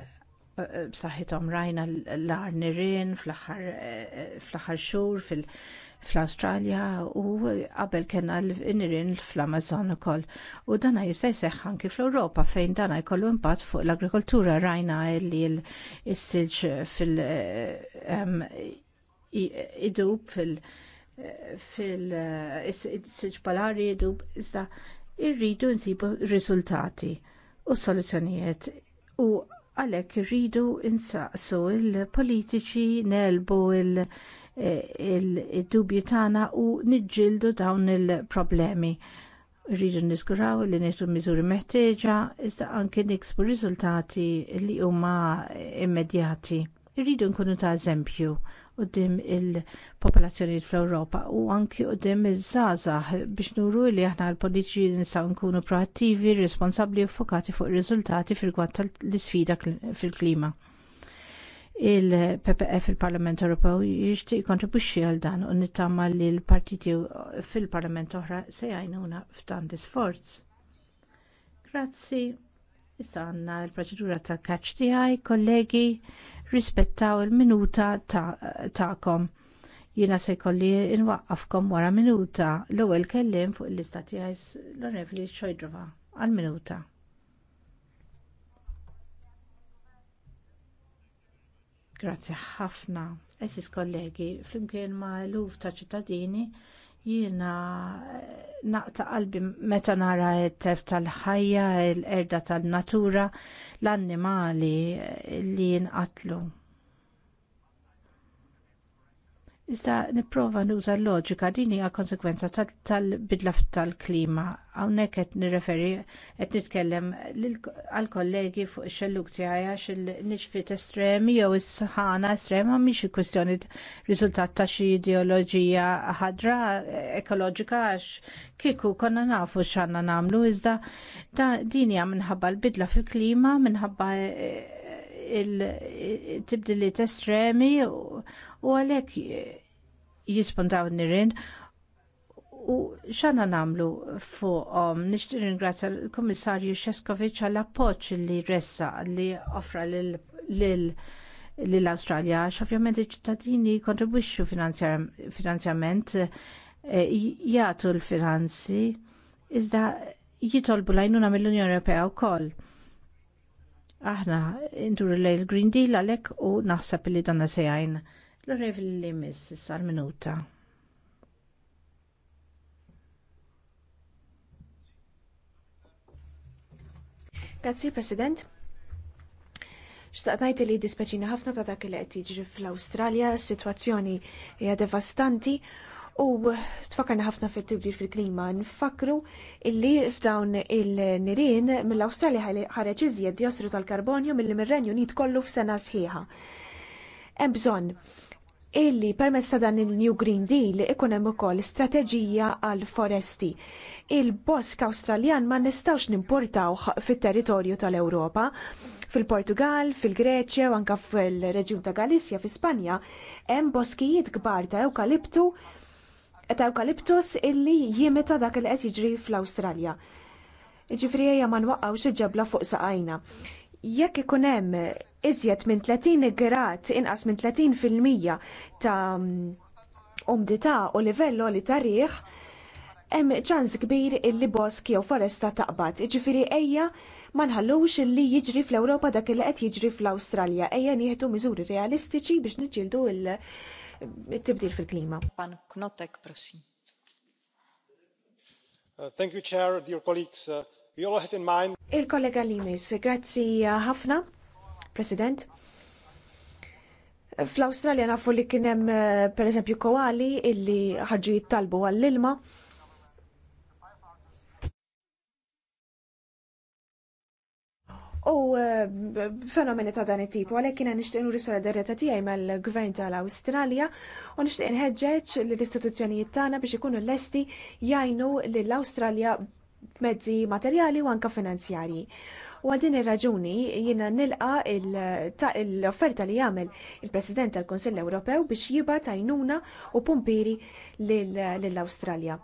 [SPEAKER 2] eh, b'saħħithom rajna l-ar nirien eh, fl-aħħar xhur fl-Awstralja u qabel kena l-nirien fl-Amazon ukoll. U dana jista' jseħħ anki fl-Ewropa fejn dana jkollu impatt fuq l-agrikoltura rajna li l-silġ fil- idub fil- fil-silġ polari idub iżda irridu nsibu riżultati u soluzzjonijiet u għalhekk irridu insaqsu il-politiċi nelbu il-, il-dubji tagħna u niġġieldu dawn il-problemi. Rridu niżguraw li nitu miżuri meħtieġa iżda anke niksbu riżultati li huma immedjati. Rridu nkunu ta' eżempju qudiem il-popolazzjonijiet fl-Ewropa u anki qudiem iż-żgħażagħ biex nuru li aħna l-politiċi nistgħu nkunu proattivi, responsabbli u fokati fuq ir-riżultati fil-gwatt tal-isfida fil-klima. Il-PPF e il-Parlament Ewropew jixtieq kontribuxxi għal dan u nittama li l-partiti fil-Parlament oħra se jgħinuna f'dan l-isforz. Grazzi. Issa għandna l-proċedura tal-kaċ tiegħi, kollegi rispettaw il-minuta ta'kom. Ta Jina se kolli inwaqqafkom wara minuta l-ewwel kellim fuq l-lista tiegħi l-Onorevoli Xojdrova għal-minuta. Grazzi ħafna. Essis kollegi, flimkien ma' eluf ta' ċittadini Jiena eh, naqta qalbi meta nara t-tef tal-ħajja, l-erda tal-natura, l-annimali eh, li jinqatlu Iżda nipprova nuża l-loġika din hija konsekwenza tal-bidla tal-klima. Hawnhekk qed nirreferi qed nitkellem għall-kollegi fuq ix-xelluk għax il-niġfiet estremi jew is-sħana estrema mhix kwistjoni riżultat ta' xi ideoloġija ħadra eh, ekoloġika għax kieku konna nafu x'għandna nagħmlu iżda din hija minħabba l-bidla fil-klima minħabba eh, il-tibdiliet estremi u għalhekk jispuntaw nirin u xana namlu fuqom nixtieq ringrazzja l-Kummissarju Xeskovic għall appoġġ li ressa li offra lill awstralja għax ovvjament iċ-ċittadini kontribwixxu finanzjament eh, jagħtu l-finanzi iżda jitolbu lajnuna mill-Unjoni Ewropea wkoll aħna indur il Green Deal għalek u naħseb li danna sejajn. L-rev li miss sal minuta.
[SPEAKER 4] Grazzi, President. Xtaqnajt li dispeċina ħafna ta' dak li qed fl-Awstralja, situazzjoni hija devastanti u tfakarna ħafna fit-tibdil fil-klima nfakru illi f'dawn il-nirien mill-Awstralja ħareġ iżjed diossidu tal-karbonju milli mir-Renju Unit kollu f'sena sħiħa. Hemm bżonn illi permezz ta' dan il-New Green Deal ikun hemm ukoll strateġija għal foresti. Il-bosk Awstraljan ma nistgħux nimportawh fit-territorju tal-Ewropa fil-Portugal, fil-Greċja u anka fil-Reġjun ta' Galizja fi Spanja hemm boskijiet kbar ta' eukaliptu ta' eukaliptus illi jimeta dak il qed jiġri fl-Awstralja. Ġifri ejja ma nwaqqawx ġebla fuq saqajna. Jekk ikun hemm iżjed minn 30 grad inqas minn 30 fil-mija ta' umdità u livell li ta' hemm ċans kbir illi bosk jew foresta taqbad. Ġifri ejja ma nħallux illi jiġri fl-Ewropa dak li qed jiġri fl-Awstralja. Ejja nieħdu miżuri realistiċi biex niġġieldu il- tibdil fil-klima. Pan Knotek, prosim.
[SPEAKER 1] Uh, thank you, Chair, dear colleagues. Uh, we all
[SPEAKER 4] have in mind. Il-kollega Limis, grazzi uh, ħafna, President. Fl-Australja nafu li kienem, per eżempju, koali illi ħarġu jittalbu għall-ilma U eh, fenomeni ta' dan it-tipu, għalhekk jiena nixtieq nuri solidarjetà tiegħi mal-Gvern tal-Awstralja u nixtieq inħeġġeġ lill-istituzzjonijiet tagħna biex ikunu lesti jgħinu lill-Awstralja mezzi materjali u anke finanzjarji. U għadin ir-raġuni jiena nilqa l-offerta li jagħmel il-President tal-Kunsill Ewropew biex jibat għajnuna u pumpiri lill-Awstralja.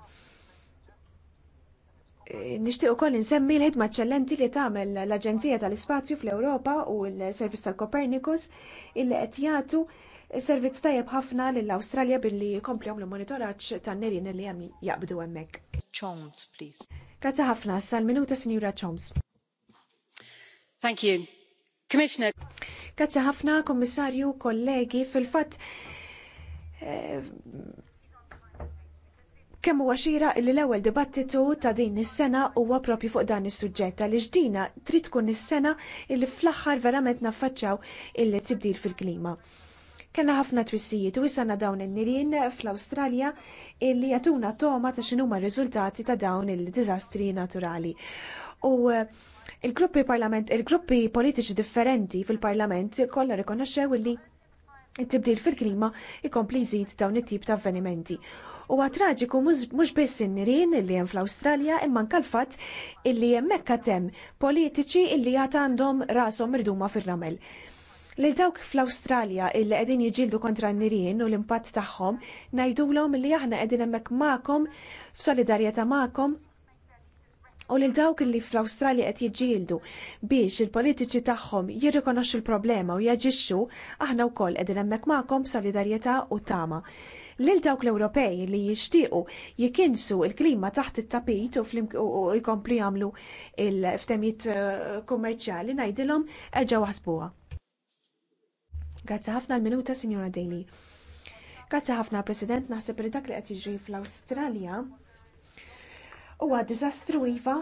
[SPEAKER 4] Nishtiq ukoll insemmi l-ħidma ċellenti li tagħmel l-Aġenzija tal-Ispazju fl-Ewropa u l-Servizz tal-Copernicus illi qed jagħtu servizz tajjeb ħafna lill-Awstralja billi jkomplihom l-monitoraġġ tan-nerien li hemm jaqbdu hemmhekk. Choms, please. Grazzi ħafna, sal-minuta Sinjura Choms. Thank you. Commissioner. Grazzi ħafna, Kommissarju, kollegi, fil-fatt eh, Kemm huwa xira li l-ewwel dibattitu ta' din is-sena huwa propju fuq dan is-suġġett għaliex dina trid tkun is-sena li fl-aħħar verament naffaċċaw illi tibdil fil-klima. Kellna ħafna twissijiet u isana dawn in-nirien fl-Awstralja illi jagħtuna toma ta' x'inhuma r-riżultati ta' dawn il-diżastri naturali. U eh, il-gruppi parlament, il-gruppi politiċi differenti fil-parlament kollha rikonoxxew illi it-tibdil fil-klima ikompli jżid dawn it-tip ta' avvenimenti. U għatraġiku mux biss in-nirien illi jem fl-Australja imma nkalfat illi jemmek katem politiċi illi għata għandhom rasom irduma fil-ramel. Lil dawk fl-Australja illi qegħdin jiġildu kontra n-nirien u l-impatt tagħhom ngħidulhom illi aħna qegħdin hemmhekk f f'solidarjetà maħkom, U lil dawk li fl-Awstralja qed jiġġieldu biex il-politiċi tagħhom jirrikonoxxu l-problema u jaġixxu aħna wkoll qegħdin hemmhekk magħkom b'solidarjetà u tama lil dawk l-Ewropej li jixtiequ jikinsu il-klima taħt it-tapit u jkompli jagħmlu il-ftemijiet eh, kummerċjali ngħidilhom erġgħu ħasbuha. Grazie ħafna l-minuta, Signora Daly. Grazie ħafna, President, naħseb li dak li qed jiġri fl-Awstralja huwa diżastru iva,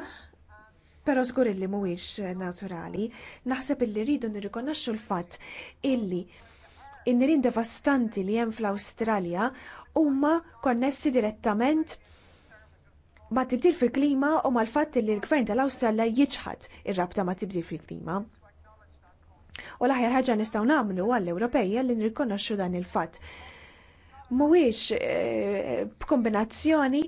[SPEAKER 4] Pero żgur illi mhuwiex naturali, naħseb illi rridu nirrikonoxxu l-fatt illi in nirien devastanti li hemm fl-Awstralja huma konnessi direttament ma tibdil fil-klima u mal fatt li l-gvern tal-Awstralja jiġħad ir-rabta ma tibdil fil-klima. U l-aħjar ħaġa nistgħu nagħmlu għall-Ewropejja li nirrikonoxxu dan il-fatt. Mhuwiex eh, b'kombinazzjoni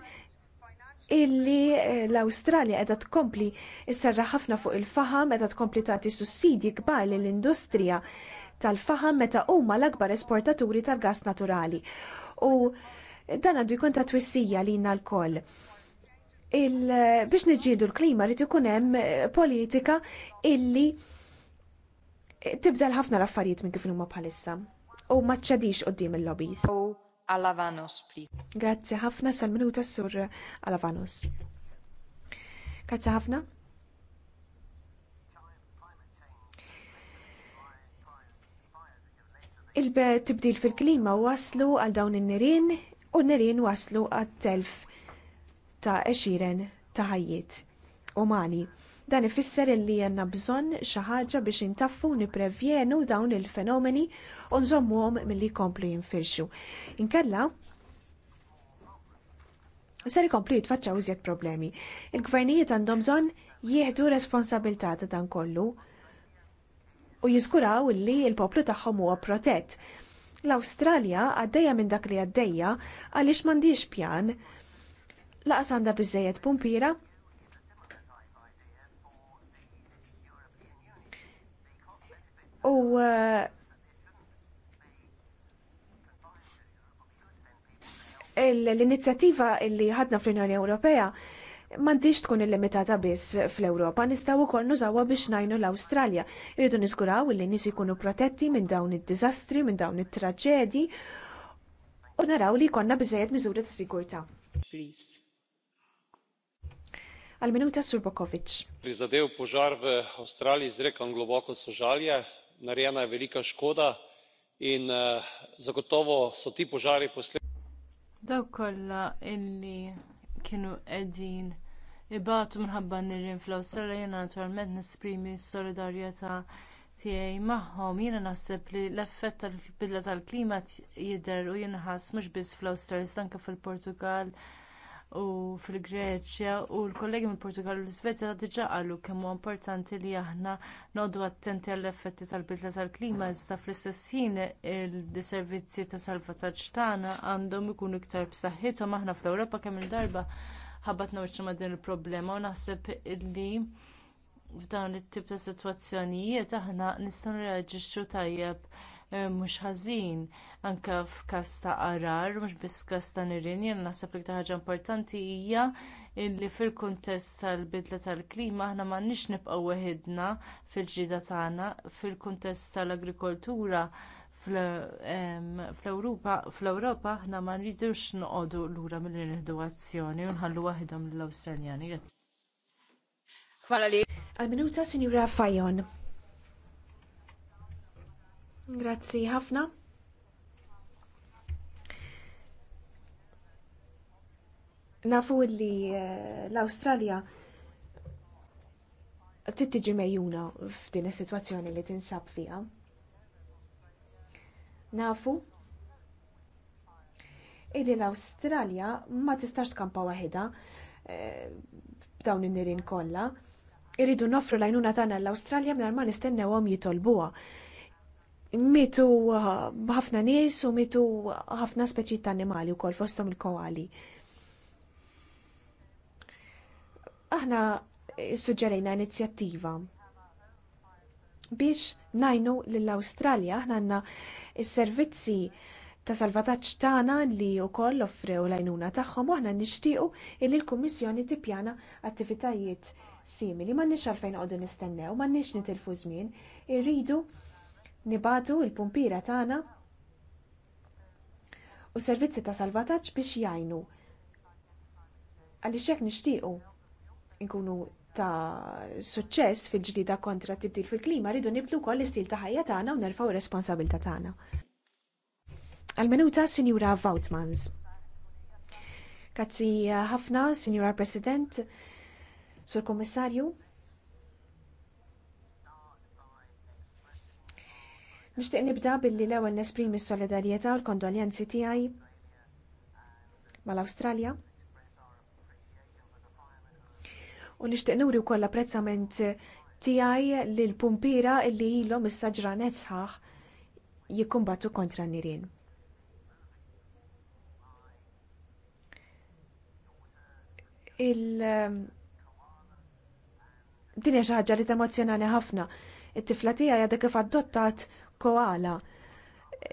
[SPEAKER 4] illi eh, l-Awstralja qiegħda tkompli issarra ħafna fuq il-faham, qiegħda tkompli tagħti sussidji kbar lill-industrija tal-faħam meta huma l-akbar esportaturi tal-gas naturali. U dan għandu jkun ta' twissija li jina l-koll. biex nġidu l-klima li ikun hemm eh, politika illi tibdel ħafna l-affarijiet minn kif huma bħalissa. U ma tċadix qoddim il-lobbies. U
[SPEAKER 9] Alavanos, please.
[SPEAKER 4] Grazzi ħafna sal-minuta s-sur Alavanos. Grazzi ħafna. Il-tibdil fil-klima waslu għal dawn in-nirien u n-nirien waslu għat-telf ta' eċiren ta' ħajjiet umani. Dan ifisser illi għanna bżonn xi ħaġa biex intaffu niprevjenu dawn il-fenomeni u nżommuhom milli jkomplu jinfirxu. Inkella ser jkomplu jitfaċċaw iżjed problemi. Il-gvernijiet għandhom bżonn jieħdu responsabilità ta' dan kollu u jiżguraw li l-poplu tagħhom huwa protett. L-Awstralja għaddejja minn dak li għaddejja għaliex m'għandix pjan laqas għandha biżejjed pumpira u eh, l-inizjattiva li ħadna fl-Unjoni Ewropea mandiġ tkun illimitata biss fl-Ewropa, nistaw ukoll nużawha biex najnu l-Awstralja. Irridu niżguraw li nies ikunu protetti minn dawn id-diżastri, minn dawn it-traġedji u naraw li jkollna biżejjed miżuri ta' sigurtà. Għal minuta Sur Bokovic.
[SPEAKER 1] Prizadel požar v Avstraliji izrekam globoko sožalje, narejena je velika škoda in eh, zagotovo so ti požari posledica.
[SPEAKER 6] Daw kollha illi kienu qegħdin ibatu minħabba nirien fl-Awstralja jiena naturalment nesprimi s-solidarjetà tiegħi magħhom. Jiena naħseb li l-effett tal-bidla tal-klima jidher u jinħass mhux biss fl-Awstralja anke fil-Portugal u fil-Greċja u l-kollegi mill portugal u l-Svezja diġà qalu kemm huwa importanti li aħna noqogħdu attenti għall-effetti tal-bidla tal-klima iżda fl-istess ħin il-servizzi ta' salvataġġ tagħna għandhom ikunu iktar b'saħħithom aħna fl-Ewropa kemm il-darba ħabatna wiċċu ma' din il-problema u naħseb illi f'dawn it-tip ta' sitwazzjonijiet aħna nistgħu nreaġixxu tajjeb Eh, mhux ħażin anke f'każ ta' qarar mhux biss f'każ ta' nirien jien naħseb li ħaġa importanti hija li fil-kuntest tal-bidla tal-klima aħna m'għandniex nibqgħu weħidna fil-ġida tagħna fil-kuntest tal-agrikoltura fl-Ewropa aħna ma nridux noqogħdu lura milli nieħdu azzjoni u nħallu waħedhom lill-Awstraljani.
[SPEAKER 4] Għal minuta Sinjura Fajon. Grazzi ħafna. Nafu li eh, l-Awstralja tittiġi mejjuna f'din is-sitwazzjoni li tinsab fiha. Nafu illi l-Awstralja ma tistax tkampa waħda b'dawn eh, in-nirien kollha. Iridu noffru l-għajnuna tagħna l-Awstralja mingħajr ma nistennewhom jitolbuha mitu uh, ħafna nies u mitu ħafna speċi ta' animali u kol fostom il-koali. Aħna suġġerejna inizjattiva biex najnu l australia aħna għanna s-servizzi ta' salvataġġ tagħna li wkoll offrew l-għajnuna tagħhom u aħna nixtiequ li l-Kummissjoni tippjana attivitajiet simili. M'għandniex għalfejn qogħdu nistennew, m'għandniex nitilfu żmien, irridu nibatu l pumpira tagħna u servizzi ta' salvataġġ biex jgħinu. Għaliex hekk nixtiequ nkunu ta' suċċess fil-ġdida kontra tibdil fil-klima rridu nibdlu wkoll l-istil ta' ħajja tagħna u nerfgħu ir responsabilità tagħna. Għal-minuta Sinjura Vautmans. Grazzi ħafna, Sinjura President, Sur Kommissarju, Nixtieq nibda billi l-ewwel nesprimi s-solidarjetà u l-kondoljenzi tiegħi mal-Awstralja. U nixtieq nuri wkoll apprezzament tiegħi lil pumpira li ilhom issa ġranet sħaħ jikkumbattu kontra n-nirien. Il- ehm, dinja xi ħaġa li temozjonani ħafna. It-tifla tiegħi għadha kif adottat koala.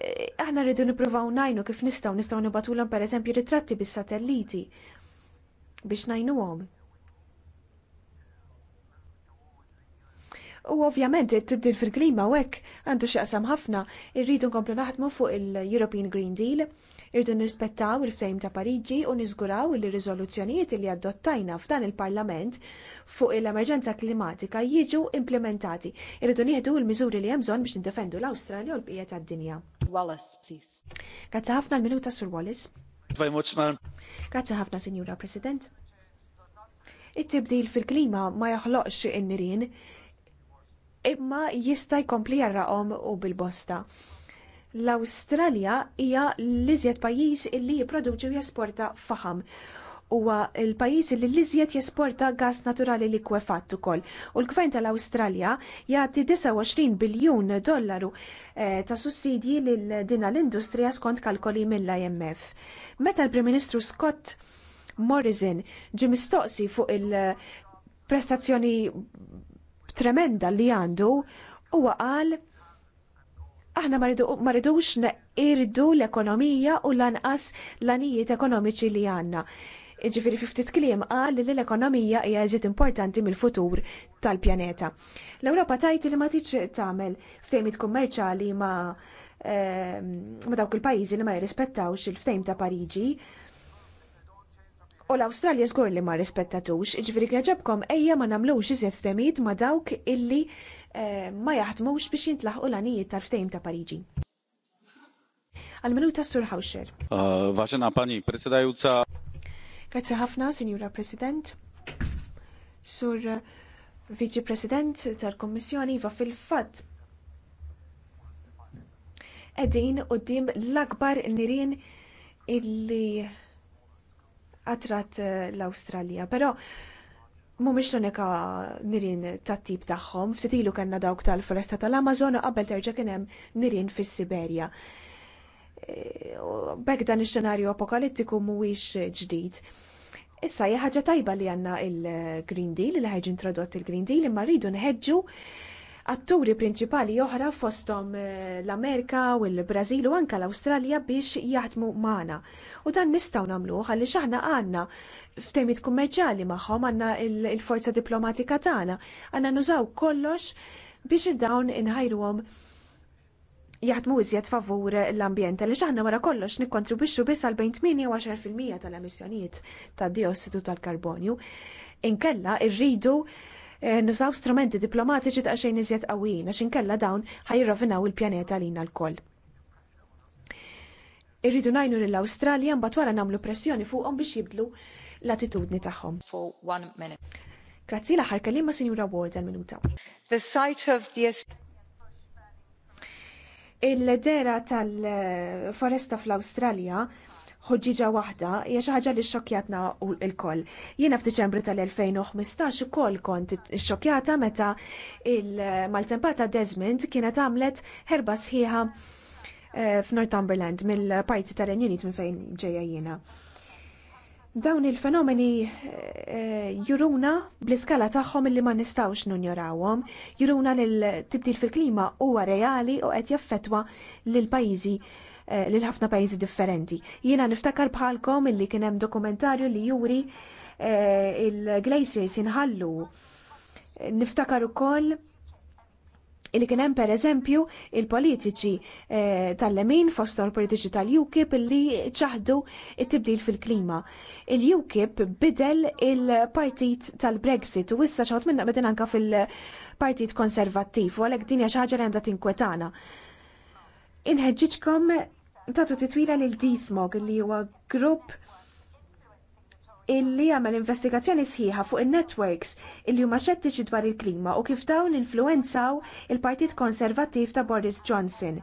[SPEAKER 4] Eh, aħna rridu nippruvaw najnu kif nistgħu nistgħu nibatulhom pereżempju ritratti bis-satelliti biex najnuhom. U ovvjament it-tibdil fil-klima u hekk għandu x'jaqsam ħafna irridu nkomplu naħdmu fuq il-European Green Deal, irridu nirrispettaw il-ftehim ta' Pariġi u niżguraw li riżoluzzjonijiet li adottajna f'dan il-Parlament fuq l-emerġenza klimatika jiġu implementati. Irridu nieħdu l-miżuri li hemm bżonn biex nindefendu l-Awstralja u l-bqija tad-dinja. Wallace, please. Grazzi ħafna l-minuta Sur Wallace.
[SPEAKER 3] Grazzi
[SPEAKER 4] ħafna, Sinjura President. It-tibdil fil-klima ma jaħloqx in-nirien, imma jista' jkompli jarraqhom u bil-bosta. L-Awstralja hija l-iżjed pajjiż illi jipproduċi u jesporta faħam huwa l-pajjiż li l-iżjed jesporta gas naturali likwefatt ukoll. U l-Gvern tal-Awstralja jagħti 29 biljun dollaru eh, ta' sussidji lil dina l-industrija skont kalkoli mill-IMF. Meta l-Prim Ministru Scott Morrison ġie mistoqsi fuq il prestazzjoni tremenda li għandu huwa qal aħna ma rridux irdu l-ekonomija u lanqas l-anijiet ekonomiċi li għanna. Ġifiri fiftit kliem għal li l-ekonomija hija ġiet importanti mill-futur tal-pjaneta. L-Ewropa tajt li ma tiċ tagħmel ftehmiet kummerċali ma eh, ma dawk il-pajjiżi li ma jirrispettawx il ftejm ta' Pariġi U l-Awstralja żgur li ma rispettatux, ġifieri kieġabkom ejja ma nagħmlux iżjed temijiet ma dawk illi eh, ma jaħdmux biex jintlaħqu l-anijiet tal-ftejm ta' Pariġi. Għal-minuta Sur Hawxer.
[SPEAKER 5] Ah, Vaxena pani, presidajuza.
[SPEAKER 4] Grazie ħafna, Sinjura President. Sur eh, Viċi President tal-Kommissjoni va fil-fatt edin u l-akbar nirien illi attrat eh, l-Awstralja. Però mhumiex l-unika nirien tat-tip tagħhom, ftit ilu kellna dawk tal-foresta tal-Amazon qabel terġa' kien hemm nirien fis-Siberja. Eh, b'hekk dan ix-xenarju apokalittiku mhuwiex ġdid. Issa hija ħaġa tajba li għandna il-Green Deal, li ħajġi introdott il-Green Deal, imma rridu nħeġġu atturi prinċipali oħra fostom eh, l-Amerika u l-Brażil u anke l-Awstralja biex jaħdmu magħna. U dan nistgħu nagħmluh għaliex aħna għandna f'temiet kummerċjali magħhom għandna il-forza diplomatika tagħna, għandna nużaw kollox biex dawn inħajruhom jaħdmu iżjed favur l-ambjent li xaħna wara kollox nikkontribwixxu biss għal bejn 8 u mija tal-emissjonijiet tad diossidu tal-karbonju. Inkella rridu Eh, Nusaw strumenti diplomatiċi ta' xejn iżjed qawwin għax inkella dawn ħajrrovinaw il-pjaneta lina l-koll. Irridu najnu lill-Awstralja mbagħad wara nagħmlu pressjoni fuqhom biex jibdlu l-attitudni tagħhom. Grazzi l-aħħar kelliema Sinjura Ward għal-minuta. The site of the Il-dera tal-foresta fl-Awstralja ħoġġiġa waħda hija xi ħaġa li xokjatna l-koll. Jiena f'Diċembru tal-2015 ukoll kont xokjata meta il-maltempata Desmond kienet għamlet herba sħiħa eh, f'Northumberland mill-parti tal-Renju Unit minn fejn ġejja jiena. Dawn il-fenomeni eh, juruna bl-iskala tagħhom li ma nistgħux nunjorawhom, juruna lil tibdil fil-klima huwa reali u qed jaffettwa lil pajjiżi Eh, lil ħafna pajjiżi differenti. Jiena niftakar bħalkom illi kien hemm dokumentarju li juri eh, il-glaciers inħallu. Niftakar ukoll illi kien hemm pereżempju il-politiċi eh, tal-lemin fosthom politiċi tal-UKIP li ċaħdu it-tibdil fil-klima. Il-UKIP bidel il-partit tal-Brexit u issa xogħod minna bidin anka fil- partit konservattiv, u għalek dinja xaħġa li għandha tinkwetana inħedġiċkom tatu titwila lil Dismog li huwa grupp illi għamel investigazzjoni sħiħa fuq il-networks illi huma xettiċi dwar il-klima u kif dawn influenzaw il-Partit Konservattiv ta' Boris Johnson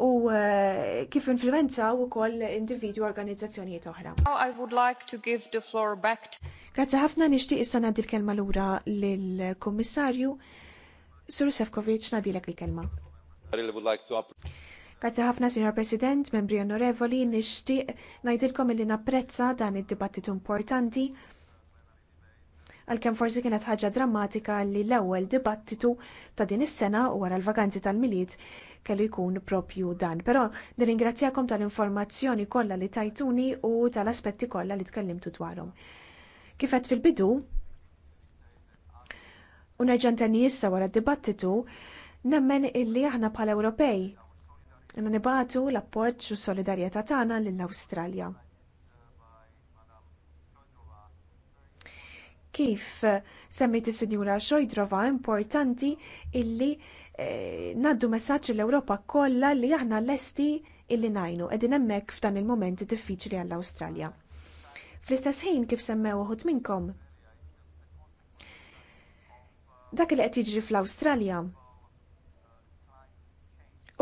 [SPEAKER 4] u eh, kif influenzaw ukoll individwi organizzazzjonijiet oħra. I would like to give the floor back to... Grazzi ħafna nishti issa kelma l ura lura lill-Kummissarju Sur Sefkovic nadilek il-kelma. Grazie ħafna, Signor President, membri onorevoli, nixtieq ngħidilkom illi napprezza dan id-dibattitu importanti għalkemm forsi kienet ħaġa drammatika li l-ewwel dibattitu ta' din is-sena wara l vaganzi tal-miliet kellu jkun propju dan. Però nirringrazzjakom tal-informazzjoni kollha li tajtuni u tal-aspetti kollha li tkellimtu dwarhom. Kifet fil-bidu, u tani issa wara d-dibattitu, nemmen illi aħna bħala Ewropej Imma nibatu l-appoġġ u s-solidarjetà tagħna lill-Awstralja. Kif semmit is-Sinjura Xojdrova importanti illi eh, naddu messaġġ l-Ewropa kollha li aħna lesti illi najnu qegħdin hemmhekk f'dan il mument diffiċli għall-Awstralja. Fl-istess ħin kif semmew uħud minnkom. Dak li qed jiġri fl-Awstralja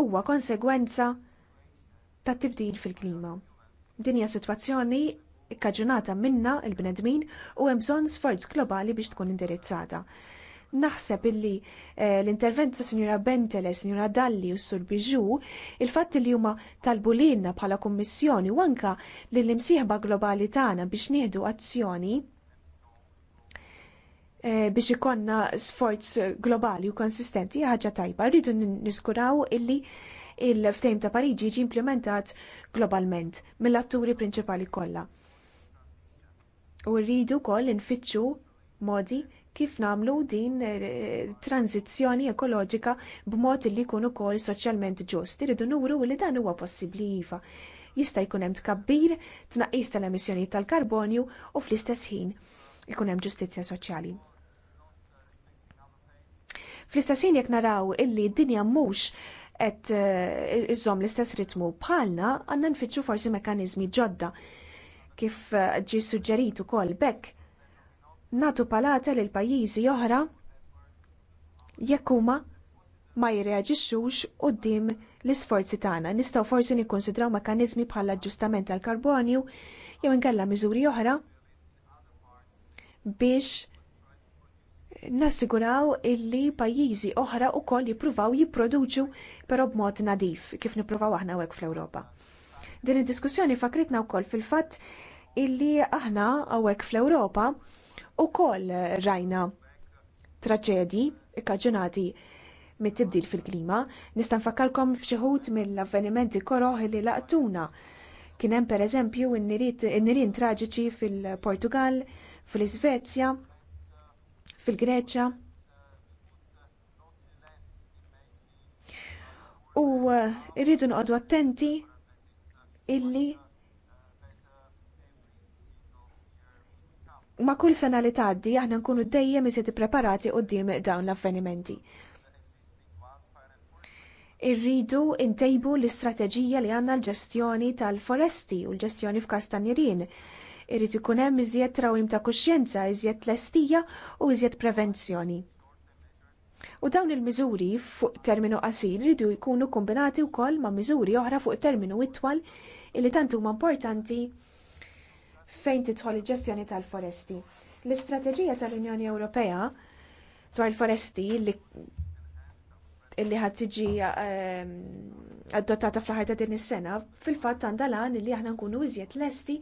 [SPEAKER 4] huwa konsegwenza ta' tibdil fil-klima. Din hija sitwazzjoni kkaġunata minna il-bnedmin u hemm bżonn sforz globali biex tkun indirizzata. Naħseb illi eh, l-intervent ta' Sinjura Bentele, Sinjura Dalli u Sur Biġu, il-fatt li huma talbu bħala kummissjoni u anka lill-imsieħba globali tagħna biex nieħdu azzjoni Eh, biex ikonna sforz globali u konsistenti ħaġa tajba. Rridu niskuraw illi il-ftejm ta' Pariġi ġi implementat globalment mill-atturi prinċipali kollha. U rridu koll infittxu modi kif namlu din eh, tranzizjoni ekoloġika b'mod li jkun ukoll soċjalment ġust. Irridu nuru li dan huwa possibbli iva. Jista' jkun hemm tkabbir, tnaqqis tal-emissjoni tal-karbonju u fl-istess ħin ikun hemm ġustizzja soċjali. Fl-istessin jekk naraw illi d-dinja mhux qed eh, iżżomm l-istess ritmu bħalna għandna nfittxu forsi mekkaniżmi ġodda kif eh, ġi suġġerit ukoll bekk natu palata lil pajjiżi oħra jekk huma ma jirreaġixxux quddiem l-isforzi tagħna. Nistgħu forsi nikkonsidraw mekkaniżmi bħala aġġustament tal-karbonju jew inkella miżuri oħra biex nassiguraw illi pajjiżi oħra wkoll jippruvaw jipproduċu però b'mod nadif kif nippruvaw aħna hawnhekk fl-Ewropa. Din id-diskussjoni fakritna wkoll fil-fatt illi aħna hawnhekk fl-Ewropa wkoll rajna traċedji ikkaġunati mit-tibdil fil-klima, nista' nfakkarkom f'xi mill-avvenimenti koroħi li laqtuna. Kien hemm pereżempju n-nirien traġiċi fil-Portugal, fil-Iżvezja, fil-Greċja. U eh, rridu noqogħdu attenti illi ma kull sena li tgħaddi aħna nkunu dejjem iżid ippreparati quddiem dawn l-avvenimenti. Irridu ntejbu l-istrateġija li għandna l-ġestjoni tal-foresti u l-ġestjoni f'kastanjerin. tal foresti u l ġestjoni f'kastanjerin Irrid ikun hemm iżjed trawim ta' kuxjenza, iżjed tlestija u iżjed prevenzjoni. U dawn il-miżuri fuq terminu qasir ridu jkunu kombinati wkoll ma' miżuri oħra fuq terminu itwal illi tant huma importanti fejn tidħol il-ġestjoni tal-foresti. L-istrateġija tal-Unjoni Ewropea dwar il-foresti li ħad tiġi ehm, adottata fl-ħar ta' din is-sena, fil-fatt għandha lan li aħna nkunu iżjed lesti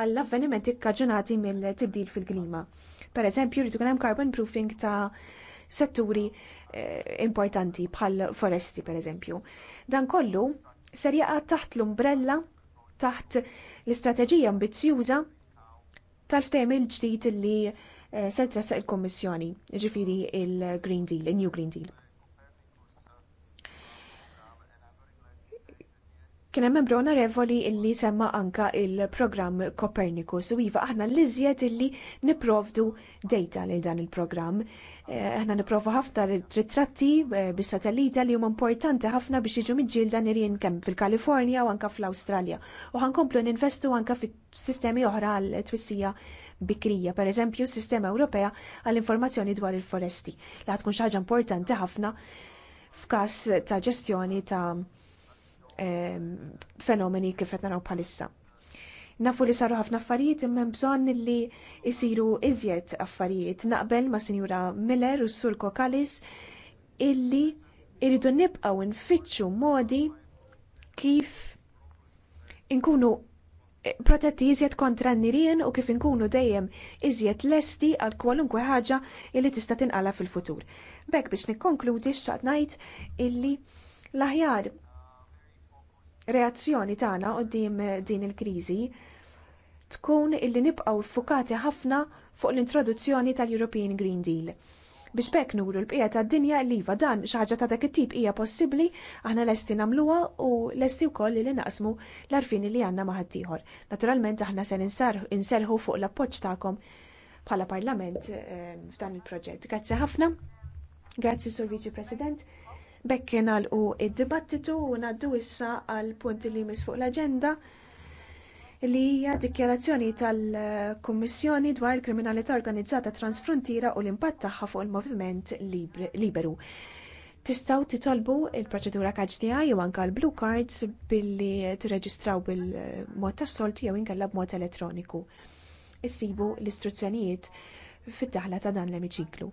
[SPEAKER 4] għall avvenimenti kkaġunati mill-tibdil fil-klima. Per eżempju, rridu hemm carbon proofing ta' setturi eh, importanti bħal foresti, per eżempju. Dan kollu ser jaqa' taħt l-umbrella taħt l-istrateġija ambizzjuża tal-ftehim il-ġdid li eh, se il-Kommissjoni, ġifiri il-Green Deal, il-New Green Deal. Kien hemm membru onorevoli illi semma anka il-programm Copernicus u iva aħna l-iżjed illi niprovdu data lil dan il-programm. Eh, aħna niprovu ħafna ritratti eh, bis-satellita li huma importanti ħafna biex jiġu miġġielda nirien kemm fil-Kalifornja u anka fl-Awstralja. U ħankomplu ninvestu anka fit-sistemi oħra għal twissija bikrija, per eżempju s-Sistema Ewropea għall-informazzjoni dwar il-foresti. Laħat tkun ħaġa importanti ħafna f'każ ta' ġestjoni ta' fenomeni kif qed naraw bħalissa. Nafu li saru ħafna affarijiet imma bżonn li jsiru iżjed affarijiet naqbel ma' Sinjura Miller u Sur Kokalis illi irridu nibqgħu nfittxu modi kif inkunu eh, protetti iżjed kontra n-nirien u kif inkunu dejjem iżjed lesti għal kwalunkwe ħaġa illi tista' tinqala fil-futur. Bek biex nikkonkludi x'saqt ngħid illi l-aħjar reazzjoni tagħna qudiem eh, din il-kriżi tkun illi nibqgħu ffukati ħafna fuq l-introduzzjoni tal-European Green Deal. Biex bekk nuru l-bqija tad-dinja li iva dan xi ħaġa ta' dak it-tip hija possibbli, aħna lesti nagħmluha u lesti wkoll li naqsmu l-arfin li għandna ma' ħaddieħor. Naturalment aħna se inserħu fuq l-appoġġ tagħkom bħala Parlament eh, f'dan il-proġett. Grazzi ħafna. Grazzi Sur Viċi President. Bekk u id-dibattitu u ngħaddu issa għal punti li jmiss fuq l-aġenda li hija dikjarazzjoni tal-Kummissjoni dwar il-Kriminalità Organizzata Transfrontiera u l-impatt tagħha fuq il-Moviment Liberu. Tistgħu titolbu il-proċedura kaġdijaj jew anke l-Blue Cards billi tirreġistraw bil-mod tas-soltu jew inkella b'mod elettroniku. Issibu l-istruzzjonijiet fid-daħla ta' dan l-emiċiklu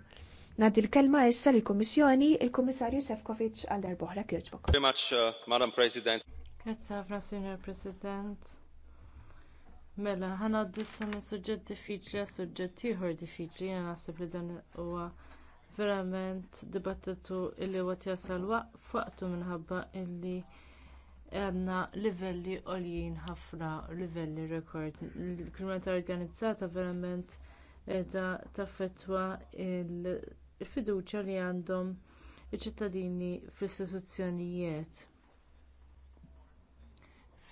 [SPEAKER 4] nadil kelma issa l-Komissjoni, il-Komissarju Sefkovic għal darbohra kjoġbok.
[SPEAKER 5] Very much, uh, Madam President.
[SPEAKER 4] Grazie, ħafna, Signor President. Mela, ħana d-dissa minn
[SPEAKER 6] suġġett diffiċli għal suġġett diffiċli, jena naħseb li dan huwa verament dibattitu illi għat jasal waqtu minħabba illi għandna livelli għoljin ħafna livelli rekord. Il-kriminalità organizzata verament edha taffetwa l il-fiduċja li għandhom iċ-ċittadini fl-istituzzjonijiet.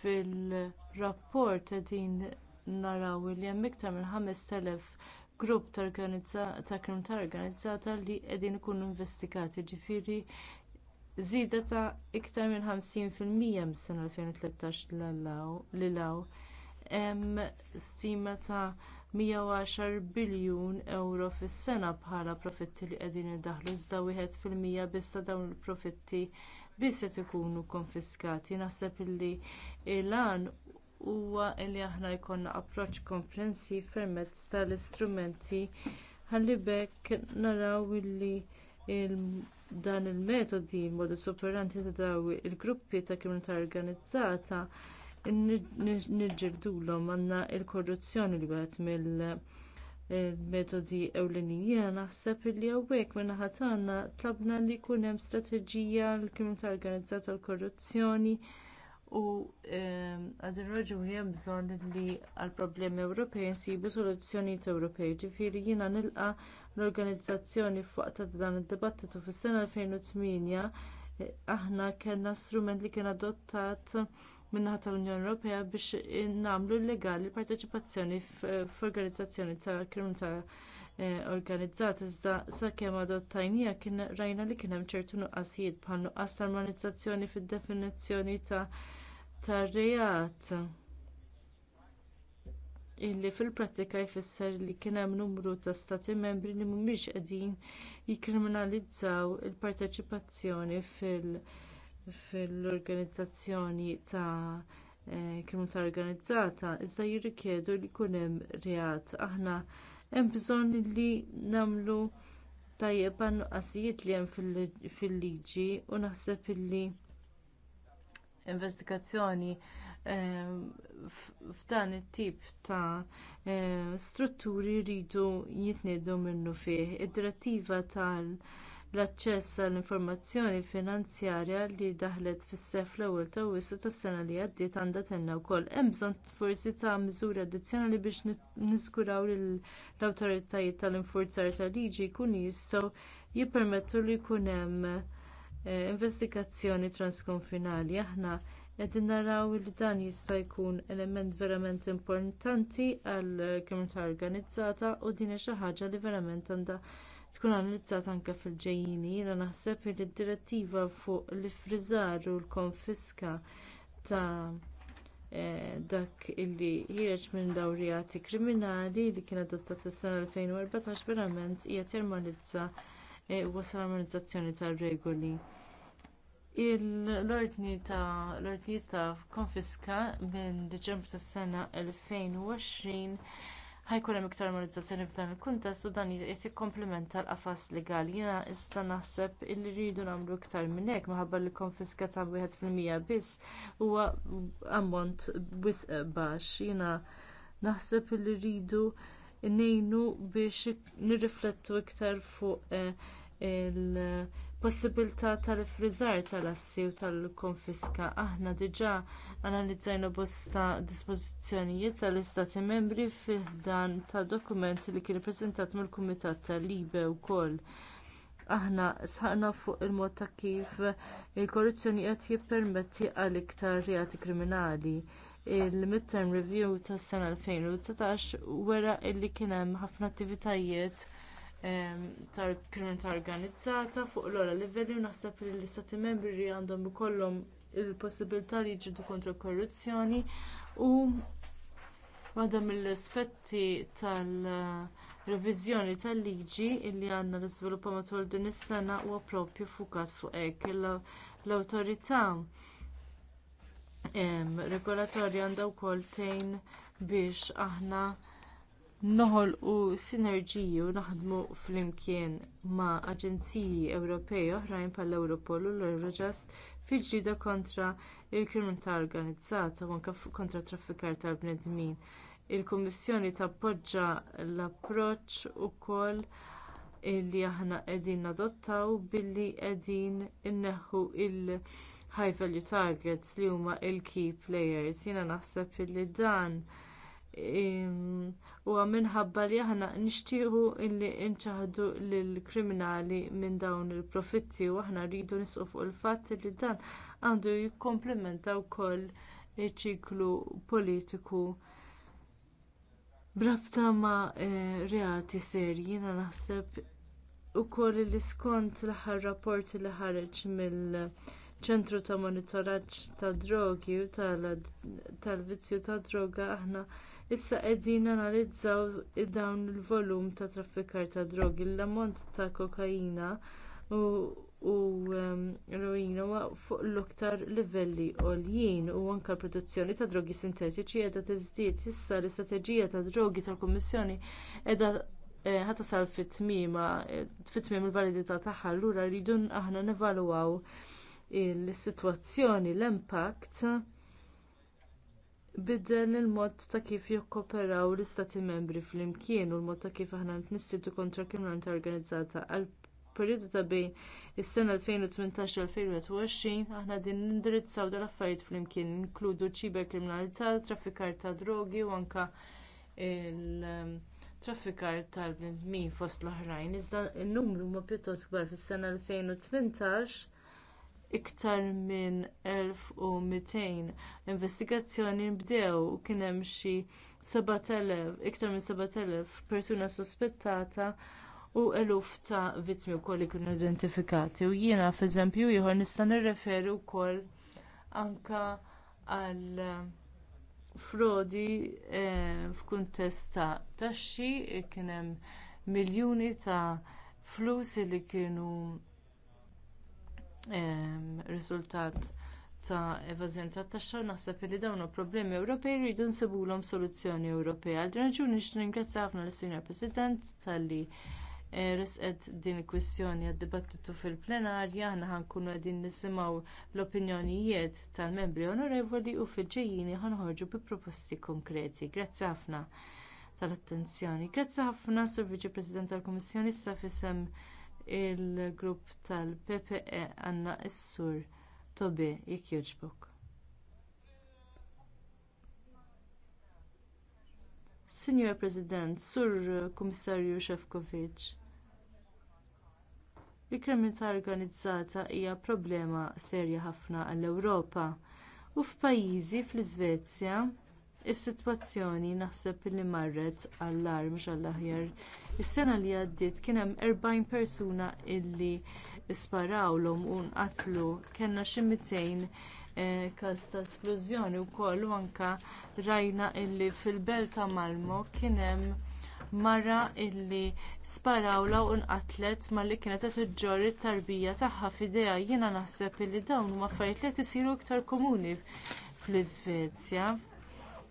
[SPEAKER 6] Fil-rapport qegħdin naraw li hemm iktar minn 5,000 grupp ta' kriminalità organizzata li qegħdin ikunu investigati ġifieri żieda ta' iktar minn 50% mis-sena 2013 li law hemm stima ta' 110 biljun euro fis-sena bħala profitti li qegħdin idaħħlu iżda wieħed fil-mija biss ta' dawn il-profitti biss qed ikunu konfiskati. Naħseb illi l-għan huwa li aħna jkollna approċċ komprensiv permezz tal-istrumenti ħalli bekk naraw illi dan il-metodi, il-modu superanti ta' daw il-gruppi ta' kriminalità organizzata nirġirdulhom għandna l-korruzzjoni li wieħed mill-metodi ewlenija Jiena naħseb li hawnhekk min-naħa tagħna tlabna li jkun hemm strateġija l-kriminalità organizzata u l-korruzzjoni u għadin raġuni hemm bżonn li għall problemi Ewropej insibu soluzzjonijiet Ewropej. Ġifieri jiena nilqa l-organizzazzjoni fuq ta' dan id-dibattitu fis-sena 2008 aħna kellna strument li kien adottat min-naħa tal-Unjoni Ewropea biex nagħmlu legali l-parteċipazzjoni f'organizzazzjoni ta' kriminalità eh, organizzata, iżda sakemm adottajnija kien rajna li kien hemm ċertu nuqqasijiet bħal nuqqas tal armonizzazzjoni fid-definizzjoni ta' reat illi fil-prattika jfisser li kien hemm numru ta' stati membri li mhumiex qegħdin jikkriminalizzaw il-parteċipazzjoni fil- fil-organizzazzjoni ta' eh, kriminalità organizzata iżda jirrikjedu li jkun hemm reat. Aħna hemm bżonn li nagħmlu tajjeb għan li hemm fil-liġi u naħseb illi investigazzjoni eh, f'dan it-tip ta' eh, strutturi jridu jitniedu minnu fih. Id-direttiva tal- l-aċċess għall-informazzjoni finanzjarja li daħlet fis-seħħ fl-ewwel ta' Awwissu tas-sena li għaddiet għandha tenna wkoll hemm bżonn forsi ta' miżuri addizzjonali biex niżguraw li l-awtoritajiet tal-infurzar tal-liġi jkunu jistgħu jippermettu li jkun hemm eh, investigazzjoni transkonfinali aħna qegħdin naraw li dan jista' jkun element verament importanti għall kriminalità organizzata u din hija xi ħaġa li verament għandha tkun analizzat anke fil-ġejjini. Jiena naħseb li d-direttiva fuq l-ifriżar u l-konfiska ta' eh, dak illi ħireġ minn dawrijati kriminali li kien adottat fis-sena 2014 verament hija termalizza eh, wasal armonizzazzjoni tar-regoli. L-ordni ta' l-ordni ta' konfiska minn Deċembru tas-sena 2020 ħajkun hemm iktar armonizzazzjoni f'dan il-kuntest u dan qed jikkomplementa l-qafas legali. Jiena issa naħseb illi rridu nagħmlu iktar minn hekk minħabba li konfiska ta' wieħed fil-mija biss huwa ammont wisq baxx. Jiena naħseb illi rridu ngħinu biex nirriflettu iktar fuq eh, il- possibilità tal-ifriżar tal-assi u tal-konfiska aħna diġà analizzajna bosta dispożizzjonijiet tal-istati membri fih dan tad-dokument li kien ippreżentat mill-kumitat tal-libe wkoll aħna sħaqna fuq il-mod ta' kif il-korruzzjoni qed jippermetti għal iktar reati kriminali il-midterm review tas-sena 2019 wera li kien hemm ħafna attivitajiet tal-kriminalità organizzata fuq l ogħla livelli u naħseb li l-istati membri għandhom ikollhom il-possibilità li jġibdu kontra korruzzjoni u waħda mill-aspetti tal-reviżjoni tal-liġi li għandna l-iżviluppa matul din is-sena huwa proprju fukat fuq hekk l-awtorità regolatorja għandha wkoll tgħin biex aħna noħol u u naħdmu flimkien ma' aġenziji Ewropej oħrajn bħall Europol u l-Eurojust fil-ġrida kontra l kriminalità organizzata u anke kontra traffikar tal-bnedmin. Il-Kummissjoni tappoġġa l-approċċ ukoll illi aħna qegħdin nadottaw billi qegħdin inneħħu l high value targets li huma l key players. Jiena naħseb illi dan huwa minħabba li aħna nixtiequ illi nċaħdu lill kriminali minn dawn il-profitti u aħna rridu nisqu fuq il-fatt li dan għandu jikkomplementa wkoll iċ-ċiklu politiku brabta ma' eh, reati seri jiena naħseb ukoll li skont l-aħħar rapporti li ħareġ mill- ċentru ta' monitoraġġ tad drogi u tal-vizzju tad droga aħna Issa qegħdin analizzaw dawn il-volum ta' traffikar ta' drogi, l-ammont ta' kokaina u u heroina fuq l-iktar livelli għoljin u anke l-produzzjoni ta' drogi sintetiċi qiegħda tiżdied issa l-istrateġija ta' drogi tal-Kummissjoni qiegħda eh, ħatasal e, fit-tmima fit-tmiem il-validità tagħha lura rridu aħna nevalwaw is-sitwazzjoni l-impatt Biddel il-mod ta' kif jokkoperaw l-istati membri flimkien u l-mod ta' kif aħna nissidu kontra kriminalità organizzata għal perjodu ta' bejn is-sena 2018-2020 aħna din nindirizzaw dal affarijiet flimkien inkludu ċiber kriminalità, traffikar ta' drogi u anke il-traffikar tal-bnedmin fost l-oħrajn. Iżda n-numru ma' pjuttost kbar fis-sena 2018 iktar minn 1200 investigazzjoni bdew u kien hemm xi 7000 iktar minn 7000 persuna sospettata u eluf ta' vittmi wkoll li kienu identifikati. U jiena f'eżempju ieħor nista' nirreferi wkoll anke għal frodi eh, f'kuntest ta' taxxi kien hemm miljuni ta' flus li kienu riżultat ta' evażjoni tat taxxa u naħseb li dawn problemi Ewropej jridu nsibulhom soluzzjoni Ewropea. Għal din raġuni nirringrazzja ħafna lis-Sinjor President talli eh, resqed din il-kwistjoni għad-dibattitu fil-plenarja aħna ħankunu qegħdin nisimgħu l-opinjonijiet tal-membri onorevoli u fil-ġejjini ħanħorġu bi proposti konkreti. Grazzi ħafna tal-attenzjoni. Grazzi ħafna Sur Viċi President tal-Kummissjoni issa il-grupp tal-PPE għandna s-sur Tobi jekk jogħġbok. Signor President, Sur Kummissarju Shevkovic, il-kriminalità organizzata hija problema serja ħafna għall-Ewropa u f'pajjiżi fl-Iżvezja Is-sitwazzjoni naħseb li marret għal ar mhux għall-aħjar. Is-sena li għaddiet kien hemm 40 persuna illi sparawlhom u nqatlu kellna xi 200 eh, każ ta' splużjoni wkoll u anke rajna illi fil-belt ta' Malmo kien hemm mara illi sparawla u nqatlet malli kienet qed iġġorr it-tarbija tagħha f'idejha jiena naħseb illi dawn huma affarijiet li qed isiru iktar komuni fl-Iżvezja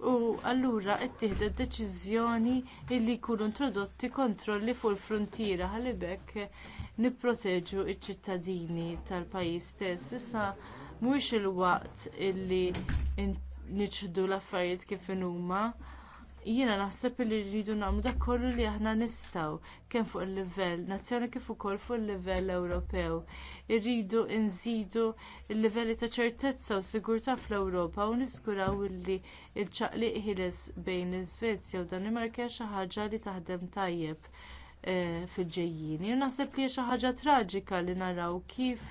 [SPEAKER 6] u allura ttieħdet deċiżjoni li jkunu introdotti kontrolli fuq il-fruntiera ħalibek nipproteġu ċ-ċittadini tal-pajjiż stess. Issa mhuwiex il-waqt illi niċħdu l-affarijiet kif huma jiena naħseb li rridu nagħmlu dak kollu li aħna nistgħu kemm fuq il-livell nazzjonali kif ukoll fuq il-livell Ewropew. Irridu nżidu l-livelli ta' ċertezza u sigurtà fl-Ewropa u niżguraw li l-ċaqliq ħieles bejn l-Iżvezja u Danimarka xi ħaġa li taħdem tajjeb. E, fil-ġejjini. Naħseb li xi ħaġa traġika li naraw kif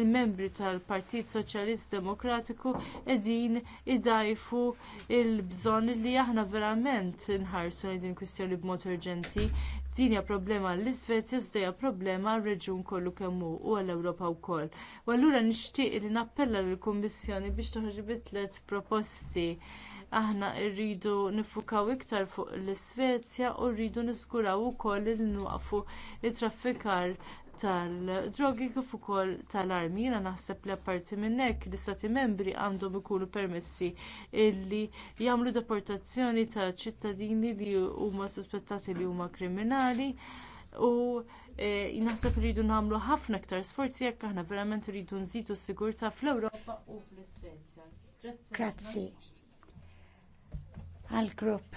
[SPEAKER 6] il-membri tal-Partit Soċjalist Demokratiku qegħdin idajfu l bżonn li aħna verament nħarsu li din kwistjoni b'mod urġenti. Din hija problema l-Iżvezja iżda hija problema għar-reġjun kollu kemm hu u għall-Ewropa wkoll. U allura nixtieq li nappella lill-Kummissjoni biex toħroġ bi tliet proposti aħna rridu nifukaw iktar fuq l-Svezja u rridu niżguraw ukoll li nwaqfu t traffikar tal-drogi kif ukoll tal-armi. Jiena naħseb li apparti minn hekk l-istati membri għandhom ikunu permessi illi jagħmlu deportazzjoni ta' ċittadini li huma suspettati li huma kriminali u e, naħseb rridu nagħmlu ħafna iktar sforzi jekk aħna verament rridu nżidu s-sigurtà fl-Ewropa u fl-Ispezja. Grazzi għal-grupp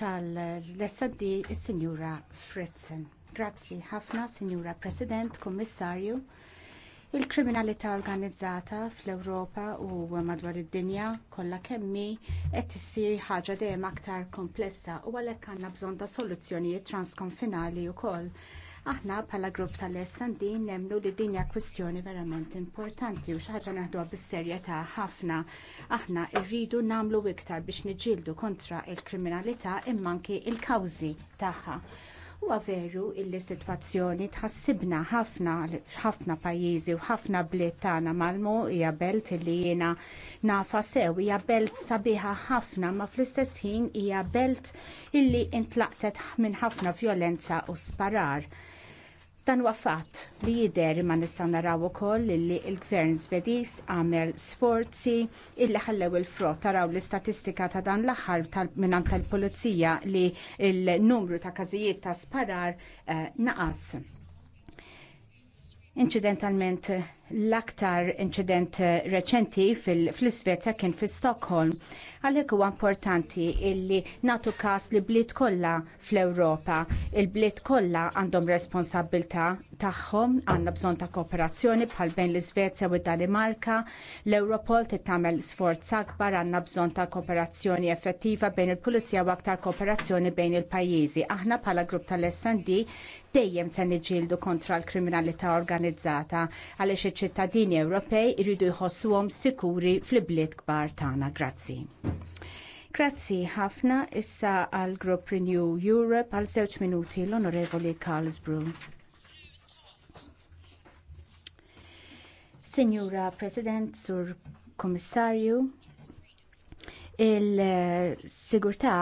[SPEAKER 7] tal sd il-Sinjura Fritzen. Grazzi ħafna, Sinjura President, Kommissarju. Il-kriminalità organizzata fl-Ewropa u madwar id-dinja kollha kemmi qed issir ħaġa dejjem aktar komplessa u għalhekk għandna bżonn ta' soluzzjonijiet transkonfinali wkoll Aħna bħala grupp tal-SND nemlu li dinja kwistjoni verament importanti u xaħġa naħduha bis-serjetà ħafna. Aħna rridu namlu iktar biex niġildu kontra il-kriminalità imma anke il-kawżi tagħha. Huwa veru il situazzjoni tħassibna ħafna ħafna pajjiżi u ħafna bliet tagħna malmu hija belt li jiena nafa sew hija belt sabiħa ħafna ma fl-istess ħin hija belt illi intlaqtet minn ħafna vjolenza u sparar. Dan huwa fatt li jidher ma nistgħu naraw ukoll li l-Gvern Svediż għamel sforzi illi ħallew il-frott taraw l-istatistika ta' dan l-aħħar tal minant tal-Pulizija li l-numru ta' każijiet ta' sparar eh, naqas. Incidentalment l-aktar incident eh, reċenti fil-Svezja kien fi Stockholm Għalhekk huwa importanti illi nagħtu każ li bliet kollha fl-Ewropa. Il-bliet kollha għandhom responsabilità tagħhom, għandna bżonn ta' kooperazzjoni bħal bejn l-Iżvezja u d-Danimarka. L-Europol tittamel sforz akbar għandna bżonn ta' kooperazzjoni effettiva bejn il-Pulizija u aktar kooperazzjoni bejn il-pajjiżi. Aħna bħala grupp tal-SND dejjem se niġġieldu kontra l-kriminalità organizzata għaliex iċ-ċittadini Ewropej iridu jħossuhom sikuri fl-bliet kbar tagħna. Grazzi. Grazzi ħafna issa għal Group Renew Europe għal żewġ minuti l-Onorevoli Carlsbrew. Signora President, Sur Komissarju, il-sigurtà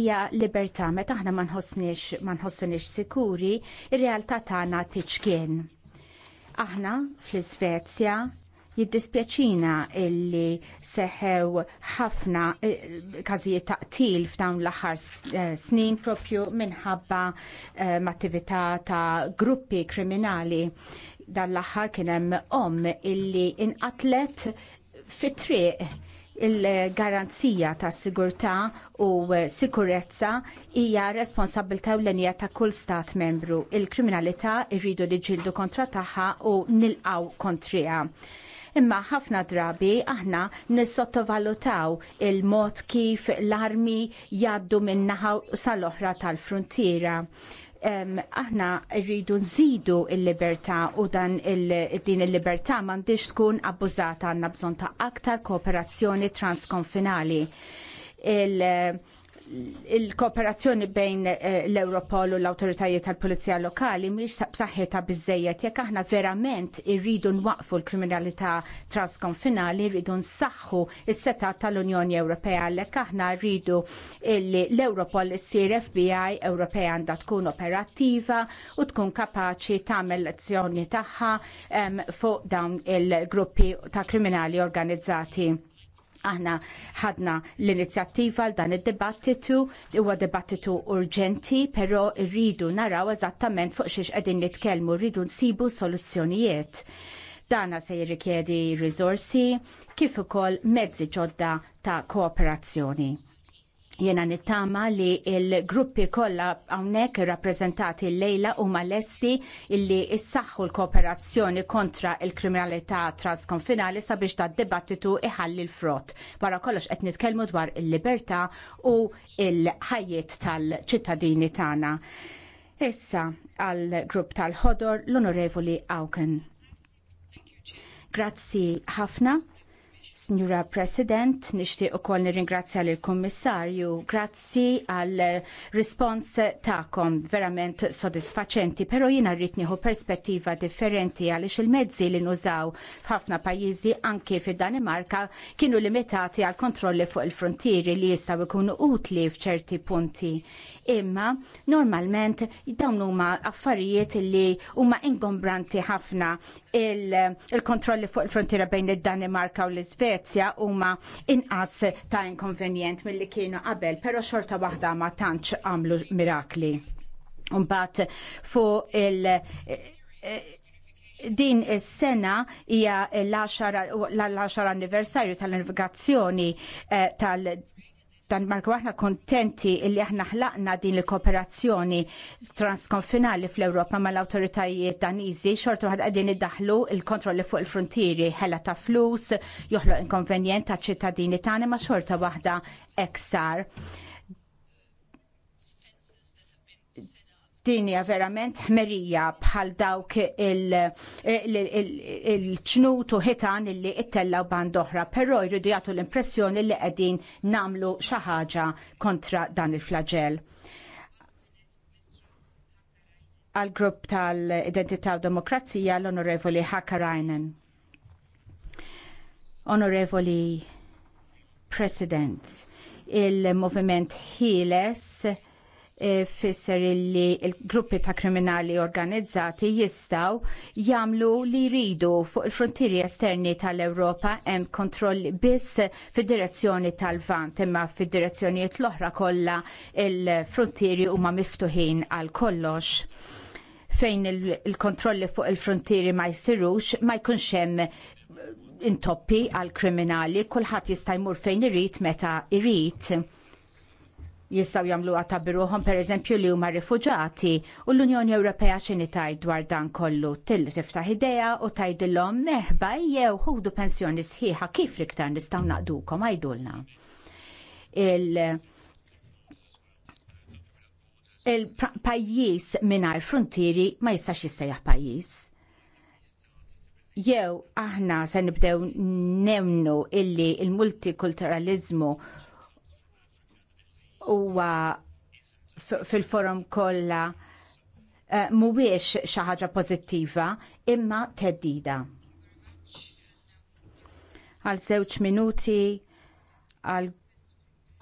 [SPEAKER 7] hija libertà meta aħna ma nħossniex nħossunix sikuri, ir-realtà tagħna tiċkien. Aħna fl-Iżvezja jiddispjaċina illi seħew ħafna eh, każijiet ta' qtil f'dawn l-aħħar eh, snin propju minħabba mattività eh, ta' gruppi kriminali. Dan l-aħħar kien hemm omm illi inqatlet fit-triq il-garanzija ta' sigurtà u sikurezza hija responsabilta ewlenija ta' kull stat membru. Il-kriminalità irridu li ġildu kontra tagħha u nilqaw kontriha. Imma ħafna drabi aħna nissottovalutaw il-mod kif l-armi jaddu minnaħa sal-oħra tal-frontiera um, aħna rridu nżidu il-libertà u dan il din il-libertà m'għandix tkun abbużata għandna bżonn ta' aktar kooperazzjoni transkonfinali. Il- il-kooperazzjoni bejn eh, l-Europol u l-autoritajiet tal-Polizija Lokali miex b'saħħitha biżejjed jekk aħna verament irridu nwaqfu l-kriminalità transkonfinali, irridu nsaħħu s-seta tal-Unjoni Ewropea għalhekk aħna rridu l-Europol issir FBI Ewropea għandha tkun operattiva u tkun kapaċi tagħmel lezzjoni tagħha fuq dawn il-gruppi ta' kriminali organizzati aħna ħadna l-inizjattiva l dan id-dibattitu, huwa dibattitu urġenti, però rridu naraw eżattament fuq xiex għedin nitkellmu, rridu nsibu soluzzjonijiet. Dana se jirrikjedi risorsi kif ukoll mezzi ġodda ta' kooperazzjoni. Jena nittama li il-gruppi kolla għawnek rappresentati l-lejla u mal-esti illi issaħħu l-kooperazzjoni kontra il-kriminalità transkonfinali sabiex ta' debattitu iħalli l-frott. Barra kollox qed nitkellmu dwar il-libertà u il-ħajjiet tal-ċittadini tagħna. Issa għal grupp tal-ħodor l-Onorevoli Auken. Grazzi ħafna Signora President, u ukoll nirringrazzja lill kummissarju Grazzi għal respons tagħkom verament sodisfaċenti, però jina rrid nieħu perspettiva differenti għaliex il-mezzi li nużaw f'ħafna pajjiżi anke fid-Danimarka kienu limitati għal kontrolli fuq il-frontieri li jistgħu jkunu utli f'ċerti punti imma normalment dawn huma affarijiet li huma ingombranti ħafna il-kontrolli fuq il-frontiera bejn id-Danimarka u l-Iżvezja huma inqas ta' inkonvenjent milli kienu qabel, però xorta waħda ma tantx għamlu mirakli. Mbagħad fuq il- eh, din is-sena hija l-10 anniversarju tal-navigazzjoni eh, tal Dan Danmarku aħna kontenti illi aħna ħlaqna din il-kooperazzjoni transkonfinali fl-Ewropa mal awtoritajiet daniżi xorta waħda qegħdin iddaħlu il-kontrolli fuq il-frontieri ħela ta' flus, joħloq inkonvenjent ta' ċittadini tagħna ma' xorta waħda eksar. dinja verament ħmerija bħal dawk il-ċnut u ħitan illi ittellaw band oħra, però jridu jagħtu l-impressjoni li qegħdin namlu xi ħaġa kontra dan il-flagell. Għal grupp tal-Identità u Demokrazija l-Onorevoli Hakarainen. Onorevoli President, il-Moviment Hiles E, fisser li il-gruppi ta' kriminali organizzati jistaw jamlu li jridu fuq il-frontieri esterni tal-Europa hemm kontroll biss fid-direzzjoni tal-vant imma fid-direzzjonijiet l-oħra kollha il-frontieri huma miftuħin għal kollox fejn il-kontrolli fuq il-frontieri ma jsirux ma jkunx hemm intoppi għal kriminali kulħadd jista' jmur fejn irid meta irid jistaw jamlu għata biruħom per eżempju li huma rifuġati u l-Unjoni Ewropea xini tajd dwar dan kollu till tiftaħ idea u tajdillom meħba jew ħudu pensjoni sħiħa kif riktar nistaw naqdukom għajdulna. Il- il-pajjiż mingħajr frontieri ma jistax jistajja pajjiż. Jew aħna se nibdew nemnu illi il-multikulturalizmu il multikulturalizmu huwa fil-forum kollha eh, mhuwiex xi ħaġa pożittiva imma teddida. Għal żewġ minuti għal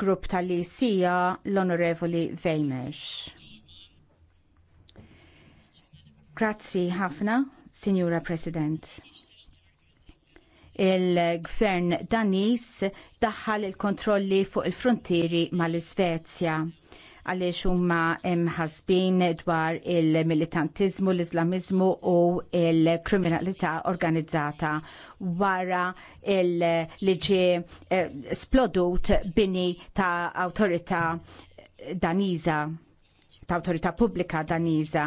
[SPEAKER 7] grupp tal-lisija l-Onorevoli Vejmex. Grazzi ħafna, Signora President il-gvern Danis daħħal il-kontrolli fuq il-frontieri mal-Iżvezja għaliex huma ħasbin dwar il-militantiżmu, l-Islamiżmu u l-kriminalità organizzata wara li ġie eh, splodut bini ta' awtorità daniża, ta' awtorità pubblika daniża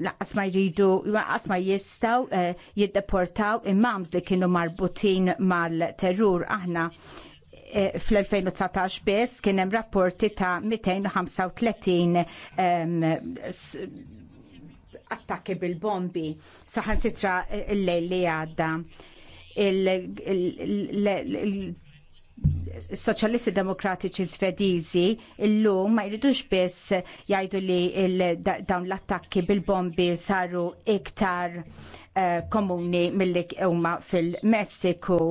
[SPEAKER 7] laqas ma jridu, laqas ma jistaw eh, jiddeportaw imams li kienu marbutin mal-terrur aħna eh, fl-2019 biss kien hemm rapporti ta' 235 attakki bil-bombi saħan sitra l lejli għadda soċjalisti demokratiċi svedizi illum ma jridux biss jgħidu li dawn l-attakki bil-bombi saru iktar uh, komuni mill-li huma fil-Messiku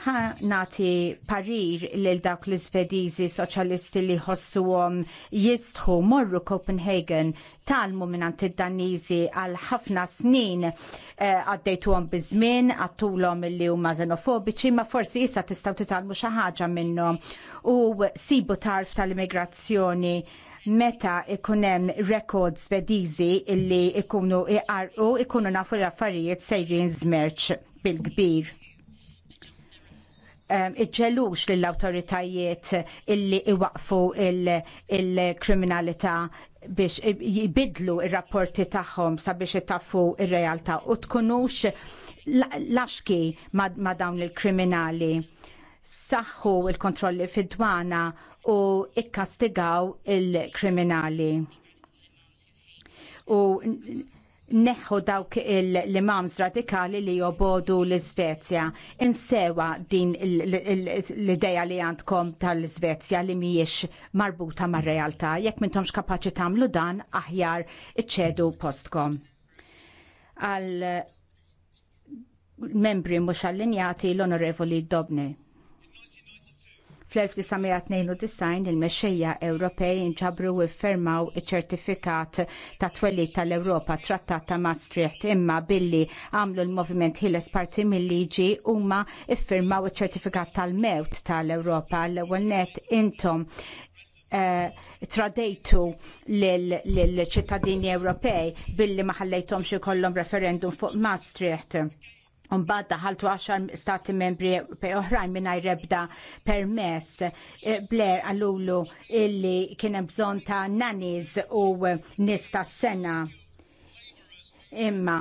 [SPEAKER 7] Ħa nati parir lil dawk l svedizi soċjalisti li għom jistħu morru Copenhagen talmu minant id-Daniżi għal ħafna snin eh, għaddejtuhom e, biżmien, għattulhom li huma xenofobiċi, ma forsi issa tistgħu titalmu xi ħaġa minnhom u sibu tarf tal-immigrazzjoni meta ikun hemm rekord svedizi illi ikunu iqarqu ikunu nafu l-affarijiet sejrin żmerċ bil-kbir. Um, iġġelux lill awtoritajiet illi iwaqfu il-kriminalità biex jibidlu r rapporti tagħhom sabiex itaffu ir realtà u tkunux laxki ma' dawn il-kriminali saħħu l kontrolli fid-dwana u ikkastigaw il-kriminali. U neħħu dawk l-imams radikali li jobodu l-Svezja. Insewa din l-ideja li għandkom tal-Svezja li miex marbuta mar realtà Jekk mintomx kapaċi tamlu dan, aħjar iċċedu postkom. Għal membri mux allinjati l-onorevoli Dobni. Fl-1992 il-mexxejja Ewropej inġabru u fermaw iċ-ċertifikat ta' twelli tal-Ewropa trattat ta' Maastricht imma billi għamlu l-moviment Hilles parti mill-liġi huma iffirmaw iċ-ċertifikat tal-mewt tal-Ewropa l-ewwel net intom eh, tradejtu lill-ċittadini Ewropej billi ma maħallejtom xi referendum fuq Maastricht Mbagħad daħaltu 10 stati membri oħrajn mingħajr ebda permess e, bler għallulu illi kien hemm bżonn ta' nannies u nies tas-sena. Imma,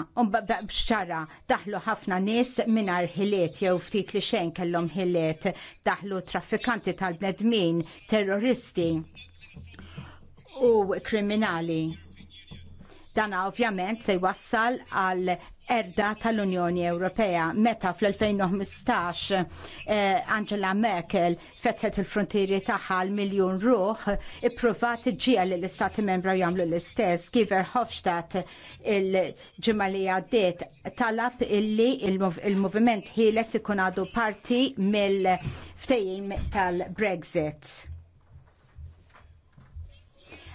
[SPEAKER 7] bċċara, daħlu ħafna nies mingħajr ħiliet jew ftit li xejn kellhom ħiliet, daħlu traffikanti tal-bnedmin, terroristi u kriminali Dan ovvjament se jwassal għal erda tal-Unjoni Ewropea. Meta fl-2015 eh, Angela Merkel fetħet il-frontieri tagħha l-miljun ruħ, ipprovat ġija li l-istati membra jagħmlu l-istess. Giver Hofstadt il-ġimgħa li għaddiet talab illi il-moviment ħieles ikun għadu parti mill-ftejim tal-Brexit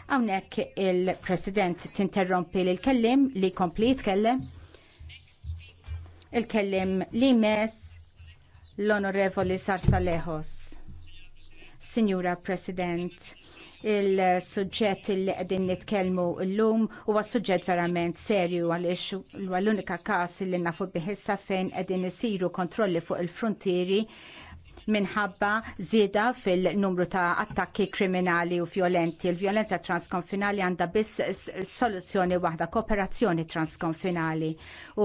[SPEAKER 7] Hawnhekk il-President tinterrompi l kellim li kompli jitkellem. Il-kellim li mes l-Onorevoli Sarsalehos. Signora President, il sujġet il qegħdin nitkellmu llum huwa suġġett verament serju għal huwa l-unika każ li nafu biħissa fejn qegħdin isiru kontrolli fuq il-frontieri minħabba zieda fil-numru ta' attakki kriminali u vjolenti. Il-vjolenza transkonfinali għandha biss soluzzjoni waħda, kooperazzjoni transkonfinali.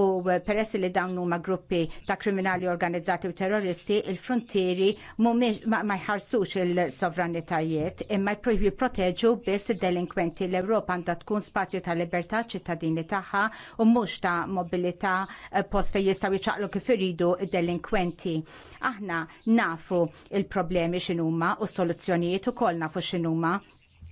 [SPEAKER 7] U peress li dawn huma gruppi ta' kriminali organizzati u terroristi, il-frontieri ma jħarsux il-sovranitajiet imma jipproteġu biss id-delinkwenti l-Ewropa għandha tkun spazju ta' libertà ċittadini tagħha u mhux ta' mobilità eh, post fejn jistgħu jiċaqlu kif iridu id-delinkwenti. Aħna na nafu il-problemi x'inhuma u s-soluzzjonijiet ukoll nafu x'inhuma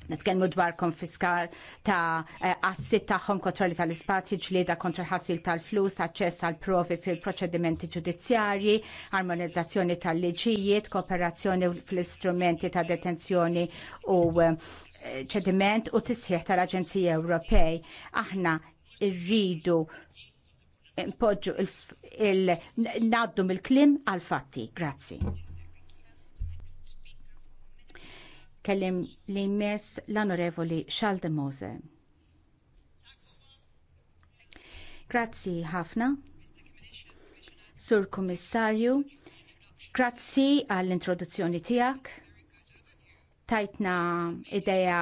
[SPEAKER 7] Netkellmu dwar konfiskar ta' eh, assi tagħhom kontrolli tal ispazji ġlieda kontra ħassil tal-flus, aċċess għal provi fil-proċedimenti ġudizzjarji, armonizzazzjoni tal-liġijiet, kooperazzjoni fl-istrumenti ta' detenzjoni u eh, ċediment u tisħiħ tal-Aġenziji Ewropej. Aħna rridu npoġġu il-naddu mill-klim għal fatti. Grazzi. kellim li mess l-Onorevoli Schaldemose. Grazzi ħafna. Sur Kummissarju, grazzi għall-introduzzjoni tijak. Tajtna idea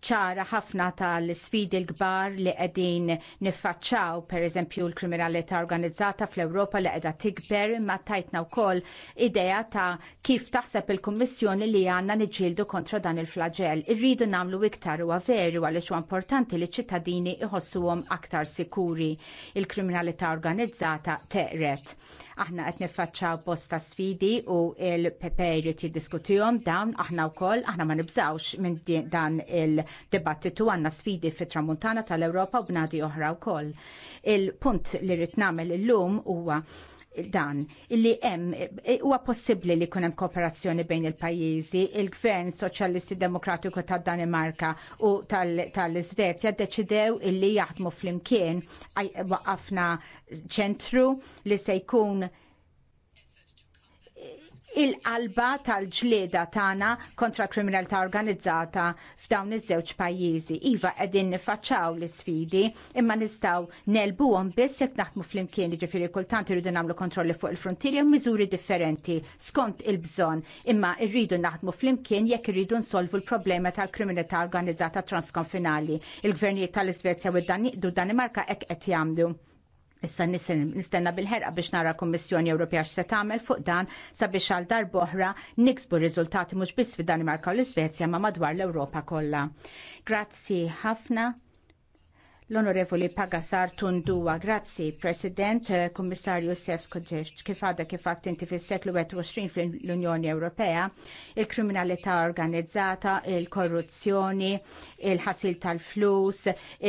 [SPEAKER 7] ċara ħafna tal-sfidi l-kbar li qegħdin niffaċċaw, pereżempju l-kriminalità organizzata fl-Ewropa li qiegħda tikber, imma tajtna wkoll idea ta' kif taħseb il-Kummissjoni li għandna niġġieldu kontra dan il-flagell. Irridu nagħmlu iktar u għaveru għaliex huwa importanti li ċittadini iħossuhom aktar sikuri. Il-kriminalità organizzata teqret aħna qed niffaċċaw bosta sfidi u il-PP ti jiddiskutihom dawn aħna wkoll aħna ma nibżawx minn dan il-dibattitu għandna sfidi fit-tramuntana tal-Ewropa u bnadi oħra wkoll. Il-punt li rrid nagħmel illum huwa dan illi hemm e, huwa possibbli li jkun hemm kooperazzjoni bejn il-pajjiżi, il-Gvern Soċjalisti Demokratiku tad Danimarka u tal-Iżvezja deċidew illi jaħdmu flimkien waqafna ċentru li se jkun il-qalba tal-ġlieda tagħna kontra kriminalità organizzata f'dawn iż-żewġ pajjiżi. Iva qegħdin nifaċċaw l-isfidi imma nistgħu nelbuhom biss jekk naħdmu flimkien jiġifieri kultant irridu nagħmlu kontrolli fuq il-frontieri u miżuri differenti skont il-bżonn imma rridu naħdmu flimkien jekk irridu nsolvu l-problema tal-kriminalità organizzata transkonfinali. Il-gvernijiet tal-Iżvezja u d-Danimarka hekk qed jagħmlu Issa nistenna bil-ħerqa biex nara Kummissjoni Ewropea x'se tagħmel fuq dan sabiex għal dar boħra niksbu riżultati mhux biss fid-Danimarka u l-Iżvezja ma madwar l-Ewropa kollha. Grazzi ħafna. L-Onorevoli Pagasar Tundua, grazzi, President, eh, Kommissarju Sef Kodġeċ, kif għadha kif għadt inti fis-seklu 21 fl-Unjoni Ewropea, il-kriminalità organizzata, il-korruzzjoni, il-ħasil tal-flus,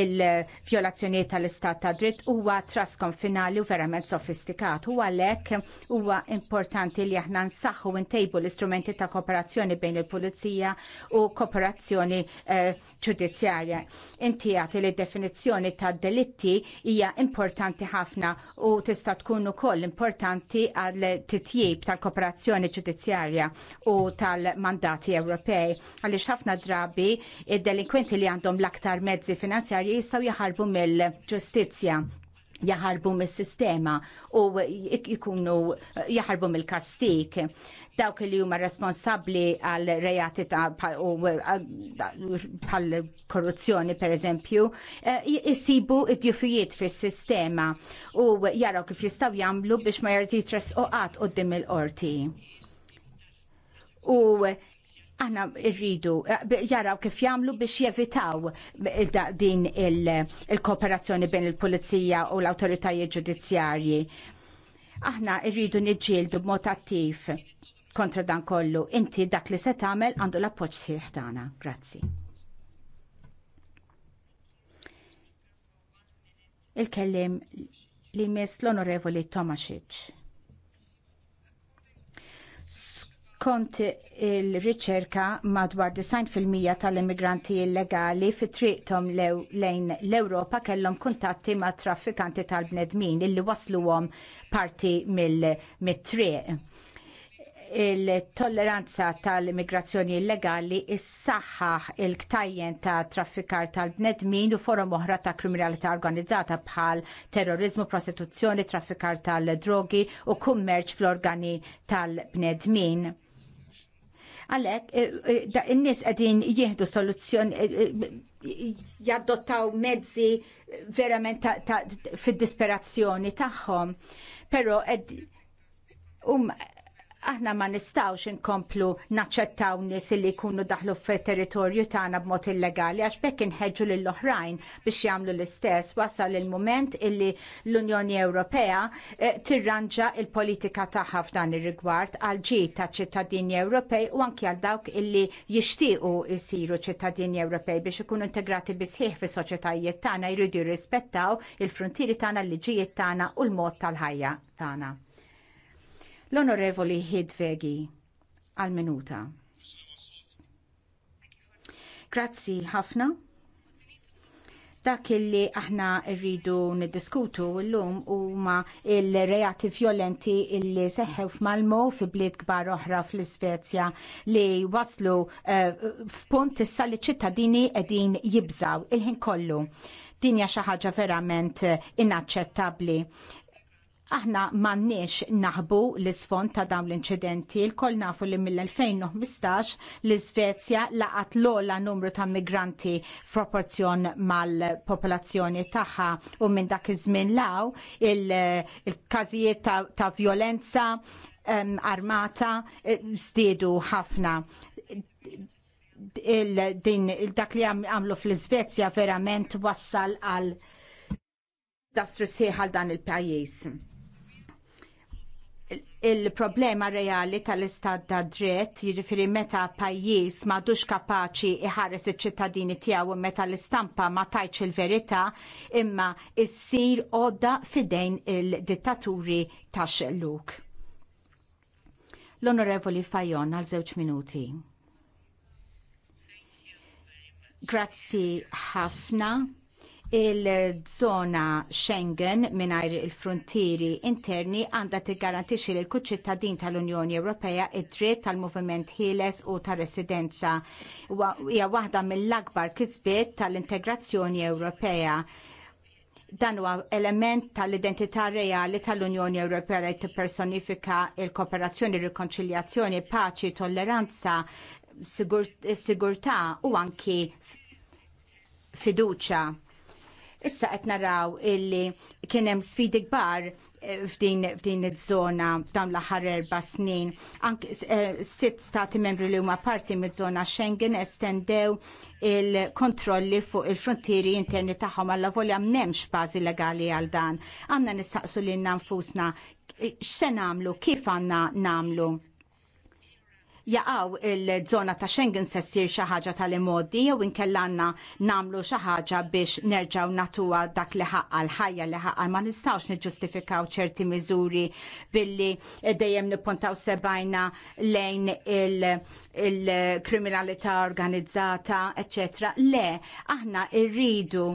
[SPEAKER 7] il violazzjoni tal-istat ta' dritt huwa trasconfinali u verament sofistikat. Huwa għalhekk huwa importanti li aħna nsaħħu ntejbu l-istrumenti ta' kooperazzjoni bejn il-pulizija u kooperazzjoni eh, ġudizzjarja. Inti għati li definizzjoni prevenzjoni ta' delitti hija importanti ħafna u tista' tkun ukoll importanti għal titjib tal-kooperazzjoni ġudizzjarja u tal-mandati Ewropej. Għaliex ħafna drabi id-delinkwenti li għandhom l-aktar mezzi finanzjarji jistgħu jaħarbu mill-ġustizzja jaħarbu mis-sistema u jikunu eh, jaħarbu mill-kastik. Dawk li huma responsabbli għal rejati bħal eh, korruzzjoni per eżempju, jisibu eh, id-djufijiet fis-sistema u jaraw kif jistaw jagħmlu biex ma jardi jitresqoqat qudiem il-qorti. U aħna rridu eh, jaraw kif jagħmlu biex jevitaw din il-kooperazzjoni bejn il-pulizija u l-awtoritajiet ġudizzjarji. Aħna rridu niġġieldu b'mod attiv kontra dan kollu. Inti dak li se tagħmel għandu l-appoġġ sħiħ tagħna. Grazzi. Il-kellim li miss l-Onorevoli Tomasic. kont il-riċerka madwar 90% tal-immigranti illegali fit triqtom lejn l-Ewropa kellhom kuntatti ma' traffikanti tal-bnedmin illi wasluhom parti mill-triq. Il-tolleranza tal-immigrazzjoni illegali issaħħaħ il-ktajjen ta' traffikar tal-bnedmin u forum oħra ta' kriminalità organizzata bħal terrorizmu, prostituzzjoni, traffikar tal-drogi u kummerċ fl-organi tal-bnedmin Għalhekk eh, eh, in-nies qegħdin jieħdu soluzzjoni eh, jaddottaw mezzi verament fid-disperazzjoni tagħhom. Però um aħna ma nistawx inkomplu naċċettaw nies li jkunu daħlu fit-territorju tagħna b'mod illegali għax bekk inħeġġu lill oħrajn biex jagħmlu l-istess wasal il-mument illi l-Unjoni Ewropea eh, tirranġa il-politika tagħha f'dan ir-rigward għal ġi ta' ċittadini Ewropej u anke għal dawk illi jixtiequ jsiru ċittadini Ewropej biex ikunu integrati bisħieħ fis-soċjetajiet tagħna jridu jirrispettaw il-frontieri tagħna, l-liġijiet tagħna u l-mod tal-ħajja tagħna. L-Onorevoli Hidvegi għal-minuta. Grazzi ħafna. Dak illi aħna rridu niddiskutu l-lum huma il-reati violenti illi seħħew f'Malmo fi bliet kbar oħra fl-Iżvezja li waslu eh, f'punt issa li ċittadini qegħdin jibżaw il-ħin kollu. Din hija xi ħaġa verament inaċċettabbli. Aħna m'għandniex naħbu l-isfond ta' dawn l-inċidenti. Lkoll nafu li mill-2015 l-Iżvezja laqat l-ola numru ta' migranti f'proporzjon mal-popolazzjoni tagħha u minn dak iż-żmien law il-każijiet ta', ta violenza um, armata stiedu eh, ħafna il-din il-dak li għamlu fl-Svezja verament wassal għal dastru sieħal dan il-pajis il-problema reali tal-istat da dritt, jiġifieri meta pajjiż m'għadux kapaċi iħares iċ-ċittadini tiegħu meta l-istampa ma tajtx il-verità imma ssir għodda fidejn il-dittaturi ta' xelluk. L-Onorevoli Fajon għal żewġ minuti. Grazzi ħafna il-zona Schengen mingħajr il-frontieri interni għandha tiggarantixxi lill kull ċittadin tal-Unjoni Ewropea id-dritt tal-moviment ħieles u tar-residenza. Hija waħda mill-akbar kisbiet tal-integrazzjoni Ewropea dan huwa element tal-identità reali tal-Unjoni Ewropea li tippersonifika l kooperazzjoni rikonċiljazzjoni, paċi, tolleranza, sigurtà u anki fiduċja Issa qed naraw illi kien hemm sfidi kbar eh, f'din f'din iż-żona f'dawn l-aħħar erba' snin. Anke eh, sitt stati membri li huma parti miż-żona Schengen estendew il-kontrolli fuq il-frontieri interni tagħhom alla volja m'hemmx bażi legali għal dan. Għandna nistaqsu lil nfusna eh, x'se nagħmlu, kif għandna nagħmlu jaqaw il-żona ta' Schengen se ssir xi ħaġa tal-imodi jew inkellanna nagħmlu xi ħaġa biex nerġgħu natuwa dak li ħaqqa l-ħajja li ħaqqa ma nistgħux niġġustifikaw ċerti miżuri billi dejjem nippuntaw sebajna lejn il-kriminalità organizzata, eccetera. Le, aħna rridu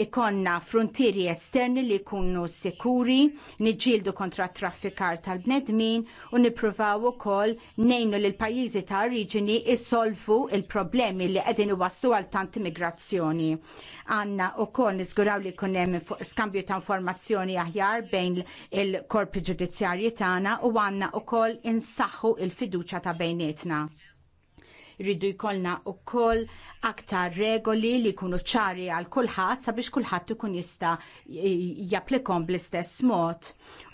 [SPEAKER 7] ikonna frontieri esterni li jkunu sikuri, niġġieldu kontra t traffikar tal-bnedmin u nippruvaw ukoll li l pajjiżi ta' oriġini issolvu l problemi li qegħdin iwassu għal tant immigrazzjoni. u wkoll niżguraw li jkun hemm skambju ta' informazzjoni aħjar bejn il-korpi ġudizzjarji tagħna u għandna wkoll insaħħu l fiduċja ta' bejnietna rridu jkollna u koll aktar regoli li kunu ċari għal kulħadd sabiex kulħadd ikun jista japplikom bl-istess mod.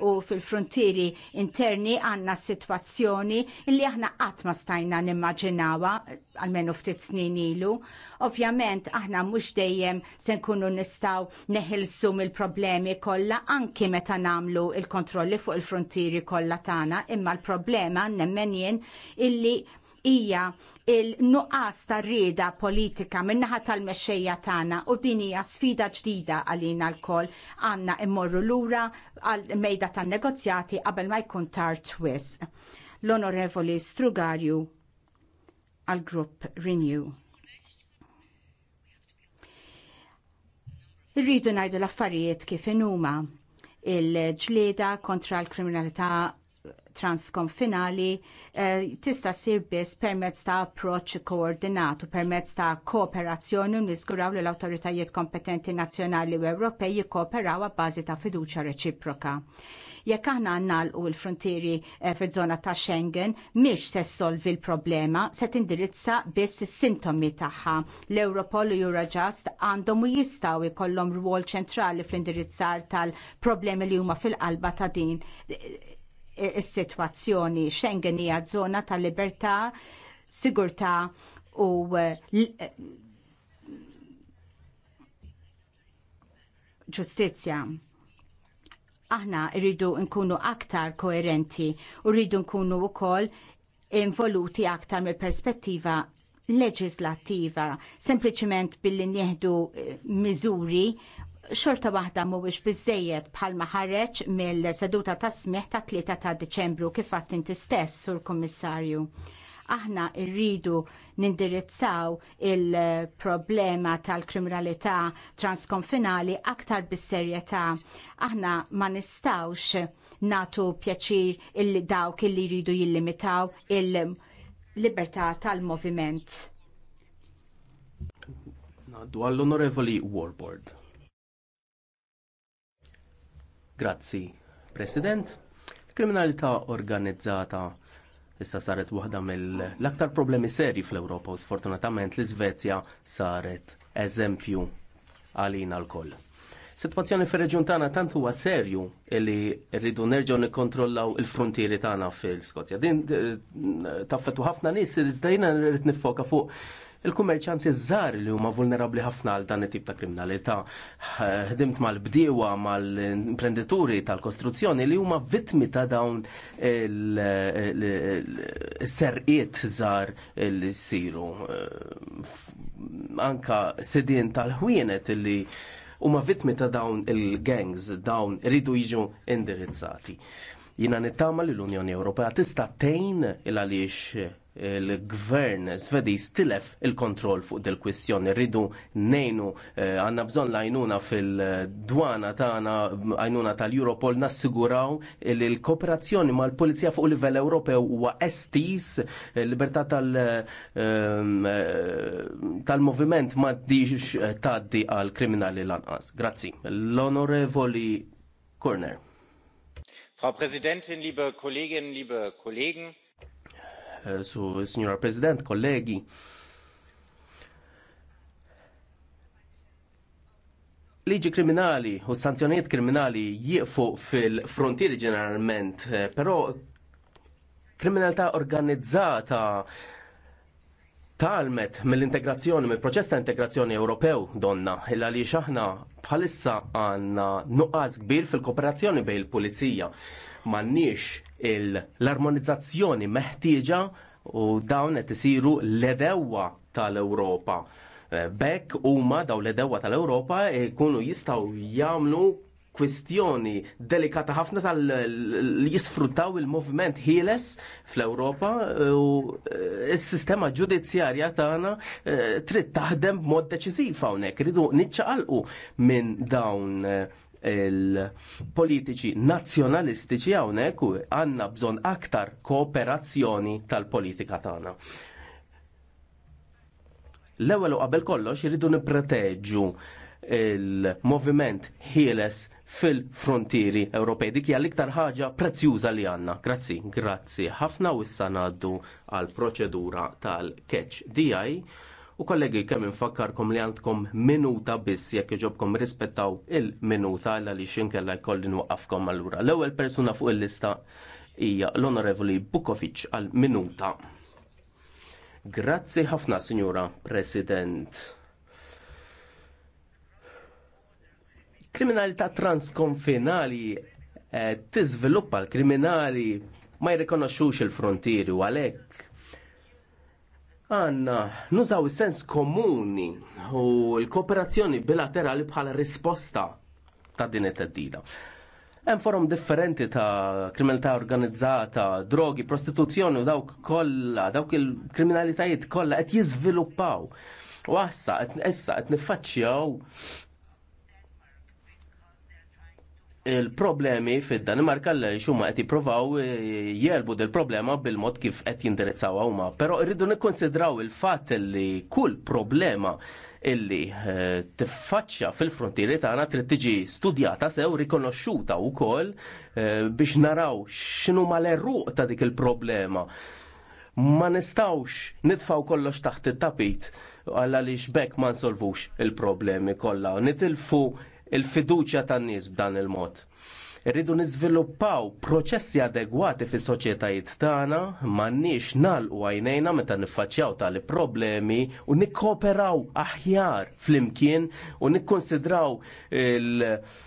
[SPEAKER 7] U fil-frontieri interni għanna situazzjoni li aħna qatt ma stajna nimmaġinawa għalmenu ftit snin ilu. Ovvjament aħna mhux dejjem se nkunu nistgħu neħilsu mill-problemi kollha anki meta nagħmlu il-kontrolli fuq il-frontieri kollha tagħna, imma l-problema nemmen jien illi hija il-nuqqas ta' rieda politika min-naħa tal-mexxejja tagħna u din hija sfida ġdida għalina lkoll għandna immorru lura għal mejda tan-negozjati qabel ma jkun tard twiss. L-Onorevoli Strugarju għall grupp Renew. Irridu ngħidu l-affarijiet kif inhuma il-ġlieda kontra l-kriminalità transkonfinali eh, tista' ssir biss permezz ta' approċċ koordinatu, permezz ta' kooperazzjoni u niżguraw li l-awtoritajiet kompetenti nazzjonali u Ewropej jikkooperaw għabbażi ta' fiduċja reċiproka jekk aħna nagħlqu l-frontieri eh, fiż-żona ta' Schengen mhix se solvi l-problema, se tindirizza biss is-sintomi tagħha. L-Europol u Eurojust għandhom u jistgħu jkollhom rwol ċentrali fl-indirizzar tal-problemi li huma fil-qalba ta' din is-sitwazzjoni. Schengen hija żona ta' libertà, sigurtà u eh, ġustizzja aħna rridu nkunu aktar koerenti u rridu nkunu wkoll involuti aktar mill perspettiva leġislattiva, sempliċement billi nieħdu eh, miżuri xorta waħda mhuwiex biżejjed bħalma ħareġ mill-seduta ta' smigħ ta' 3 ta' Deċembru kif għadt inti stess sur Kummissarju. Aħna rridu nindirizzaw il-problema tal-kriminalità transkonfinali aktar bis-serjetà. Aħna ma nistawx natu pjaċir il dawk illi jridu jillimitaw il-libertà tal-moviment.
[SPEAKER 5] Naddu għall-Onorevoli Warboard. Grazzi, President. Kriminalità organizzata issa saret waħda mill-aktar problemi seri fl-Ewropa u sfortunatament l-Iżvezja saret eżempju għalina l-koll. Situazzjoni fir-reġjun tagħna tant huwa serju li rridu nerġgħu nikkontrollaw il-frontieri tagħna fil-Skozja. Din eh, taffetu ħafna nies iżda jiena rrid nifoka fuq il-kummerċanti żgħar li huma vulnerabbli ħafna għal dan it-tip ta' kriminalità. Ħdimt mal-bdiewa mal-imprenditori tal-kostruzzjoni li huma vittmi ta' dawn il-serqiet żgħar li siru. Anka sedien tal-ħwienet li huma vittmi ta' dawn il-gangs, dawn iridu jiġu indirizzati. Jina nittama li l-Unjoni Ewropea tista' tejn il għaliex il-gvern svediż tilef il-kontroll fuq del kwistjoni rridu nejnu eh, għandna bżonn lajnuna fil-dwana tagħna għajnuna tal-Europol nassiguraw li l-kooperazzjoni mal polizja fuq livell Ewropew huwa estis libertà ehm, eh, tal-moviment ma diġ taddi għal kriminali lanqas. Grazzi. L-Onorevoli Corner.
[SPEAKER 10] Frau Präsidentin, liebe Kolleginnen, liebe Kollegen!
[SPEAKER 5] Eh, su signora President, kollegi. liġi kriminali u sanzjonijiet kriminali jieqfu fil-frontieri ġeneralment, eh, però kriminalità organizzata talmet mill-integrazzjoni, mill-proċess ta' integrazzjoni Ewropew donna, illa li xaħna bħalissa għanna nuqqas kbir fil-kooperazzjoni bejn il-pulizija. Mannix l-armonizzazzjoni meħtieġa u dawn qed isiru l-edewwa tal-Ewropa. Eh, bekk huma daw l-edewwa tal-Ewropa jkunu jistgħu jagħmlu kwistjoni delikata ħafna tal li jisfruttaw il-movement ħieles fl-Ewropa u eh, s-sistema ġudizzjarja tagħna eh, trid taħdem b'mod deċiżiv hawnhekk. Ridu niċċaqalqu minn dawn il-politiċi nazzjonalistiċi hawnhekk u għandna bżonn aktar kooperazzjoni tal-politika tagħna. L-ewwel u qabel kollox iridu nipproteġġu il-moviment ħieles fil-frontieri Ewropej. Dik hija l-iktar ħaġa prezzjuża li għandna. Grazzi, grazzi. Ħafna u issa ngħaddu għall proċedura tal-catch DI U kollegi, kemm infakkarkom li għandkom minuta biss jekk iġobkom rispettaw il-minuta għalla li xinkella jkollin waqafkom allura. L-ewwel persuna fuq il-lista hija l-Onorevoli Bukovic għal minuta. Grazzi ħafna, Sinjura President. Kriminalità transkonfinali eh, tiżviluppa l-kriminali ma jirrikonoxxux il-frontieri u għalhekk Għanna, nużaw sens komuni u l-kooperazzjoni bilaterali bħala risposta ta' din it-teddida. Hemm forum differenti ta' kriminalità organizzata, drogi, prostituzzjoni u dawk kollha, dawk il-kriminalitajiet kollha qed jiżviluppaw. U assa qed issa qed niffaċċjaw il-problemi fid-Danimarka li xumma qed jippruvaw eh, jelbu del problema bil-mod kif qed jindirizzaw huma. Però rridu nikkonsidraw il-fatt li kull problema illi eh, tiffaċċja fil frontiri tagħna trid tiġi studjata sew rikonoxxuta wkoll eh, biex naraw x'inhu mal-erruq ta' dik il-problema. Ma nistawx nitfaw kollox taħt it-tapit għalla li xbek ma nsolvux il-problemi kollha. Nitilfu il-fiduċja tan-nies b'dan il-mod. Irridu niżviluppaw proċessi adegwati fis-soċjetajiet tagħna m'għandniex nagħlqu għajnejna meta niffaċċjaw tali problemi u nikkooperaw aħjar flimkien u nikkonsidraw il-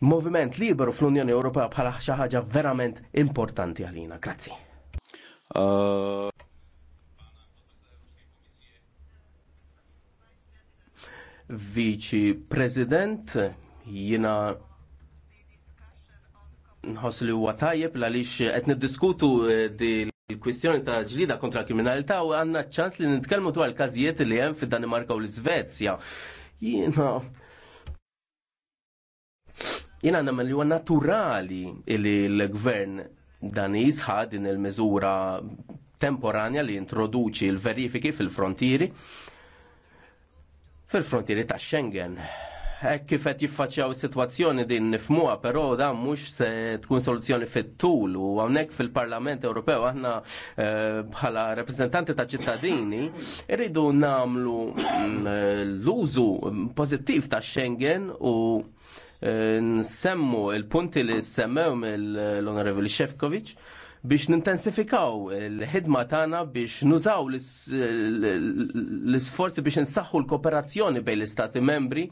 [SPEAKER 5] Moviment liberu fl-Unjoni Ewropea bħala xi ħaġa verament importanti għalina. Grazzi. Uh... viċi president jina nħoss li huwa tajjeb għaliex qed niddiskutu eh, di l-kwistjoni ta' ġlida kontra kriminalità u għandna ċans li nitkellmu dwar każijiet li hemm fid-Danimarka u l-Iżvezja. Jiena jiena nagħmel li huwa naturali li l-gvern dan ħad din il-miżura temporanja li introduċi l-verifiki fil-frontieri fil-frontieri ta' Schengen. Eh, kif qed jiffaċċjaw situazzjoni din nifmuha, però dan mhux se tkun soluzzjoni fit-tul u hawnhekk fil-Parlament Ewropew aħna eh, bħala rappreżentanti ta' ċittadini rridu nagħmlu mm, l-użu pożittiv ta' Schengen u eh, nsemmu il-punti li semmew mill-Onorevoli Shevkovic biex nintensifikaw il-ħidma tagħna biex nużaw l-isforzi biex nsaħħu l-kooperazzjoni bejn l-istati membri.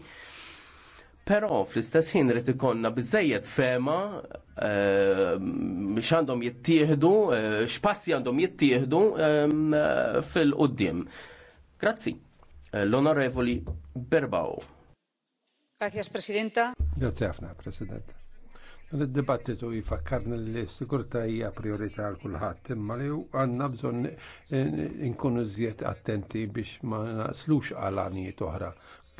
[SPEAKER 5] Però fl-istess ħin rrid ikollna biżejjed fema biex eh, għandhom jittieħdu, eh, x'passi għandhom jittieħdu eh, fil-qudiem. Grazzi. L-Onorevoli Berbaw.
[SPEAKER 2] Grazie, Presidenta.
[SPEAKER 5] Grazie, ħafna, Presidenta
[SPEAKER 11] il dibattitu jifakkarni li s-sigurta hija priorità għal kulħadd, imma li għandna bżonn inkunu żjed attenti biex ma naslux għal għanijiet oħra.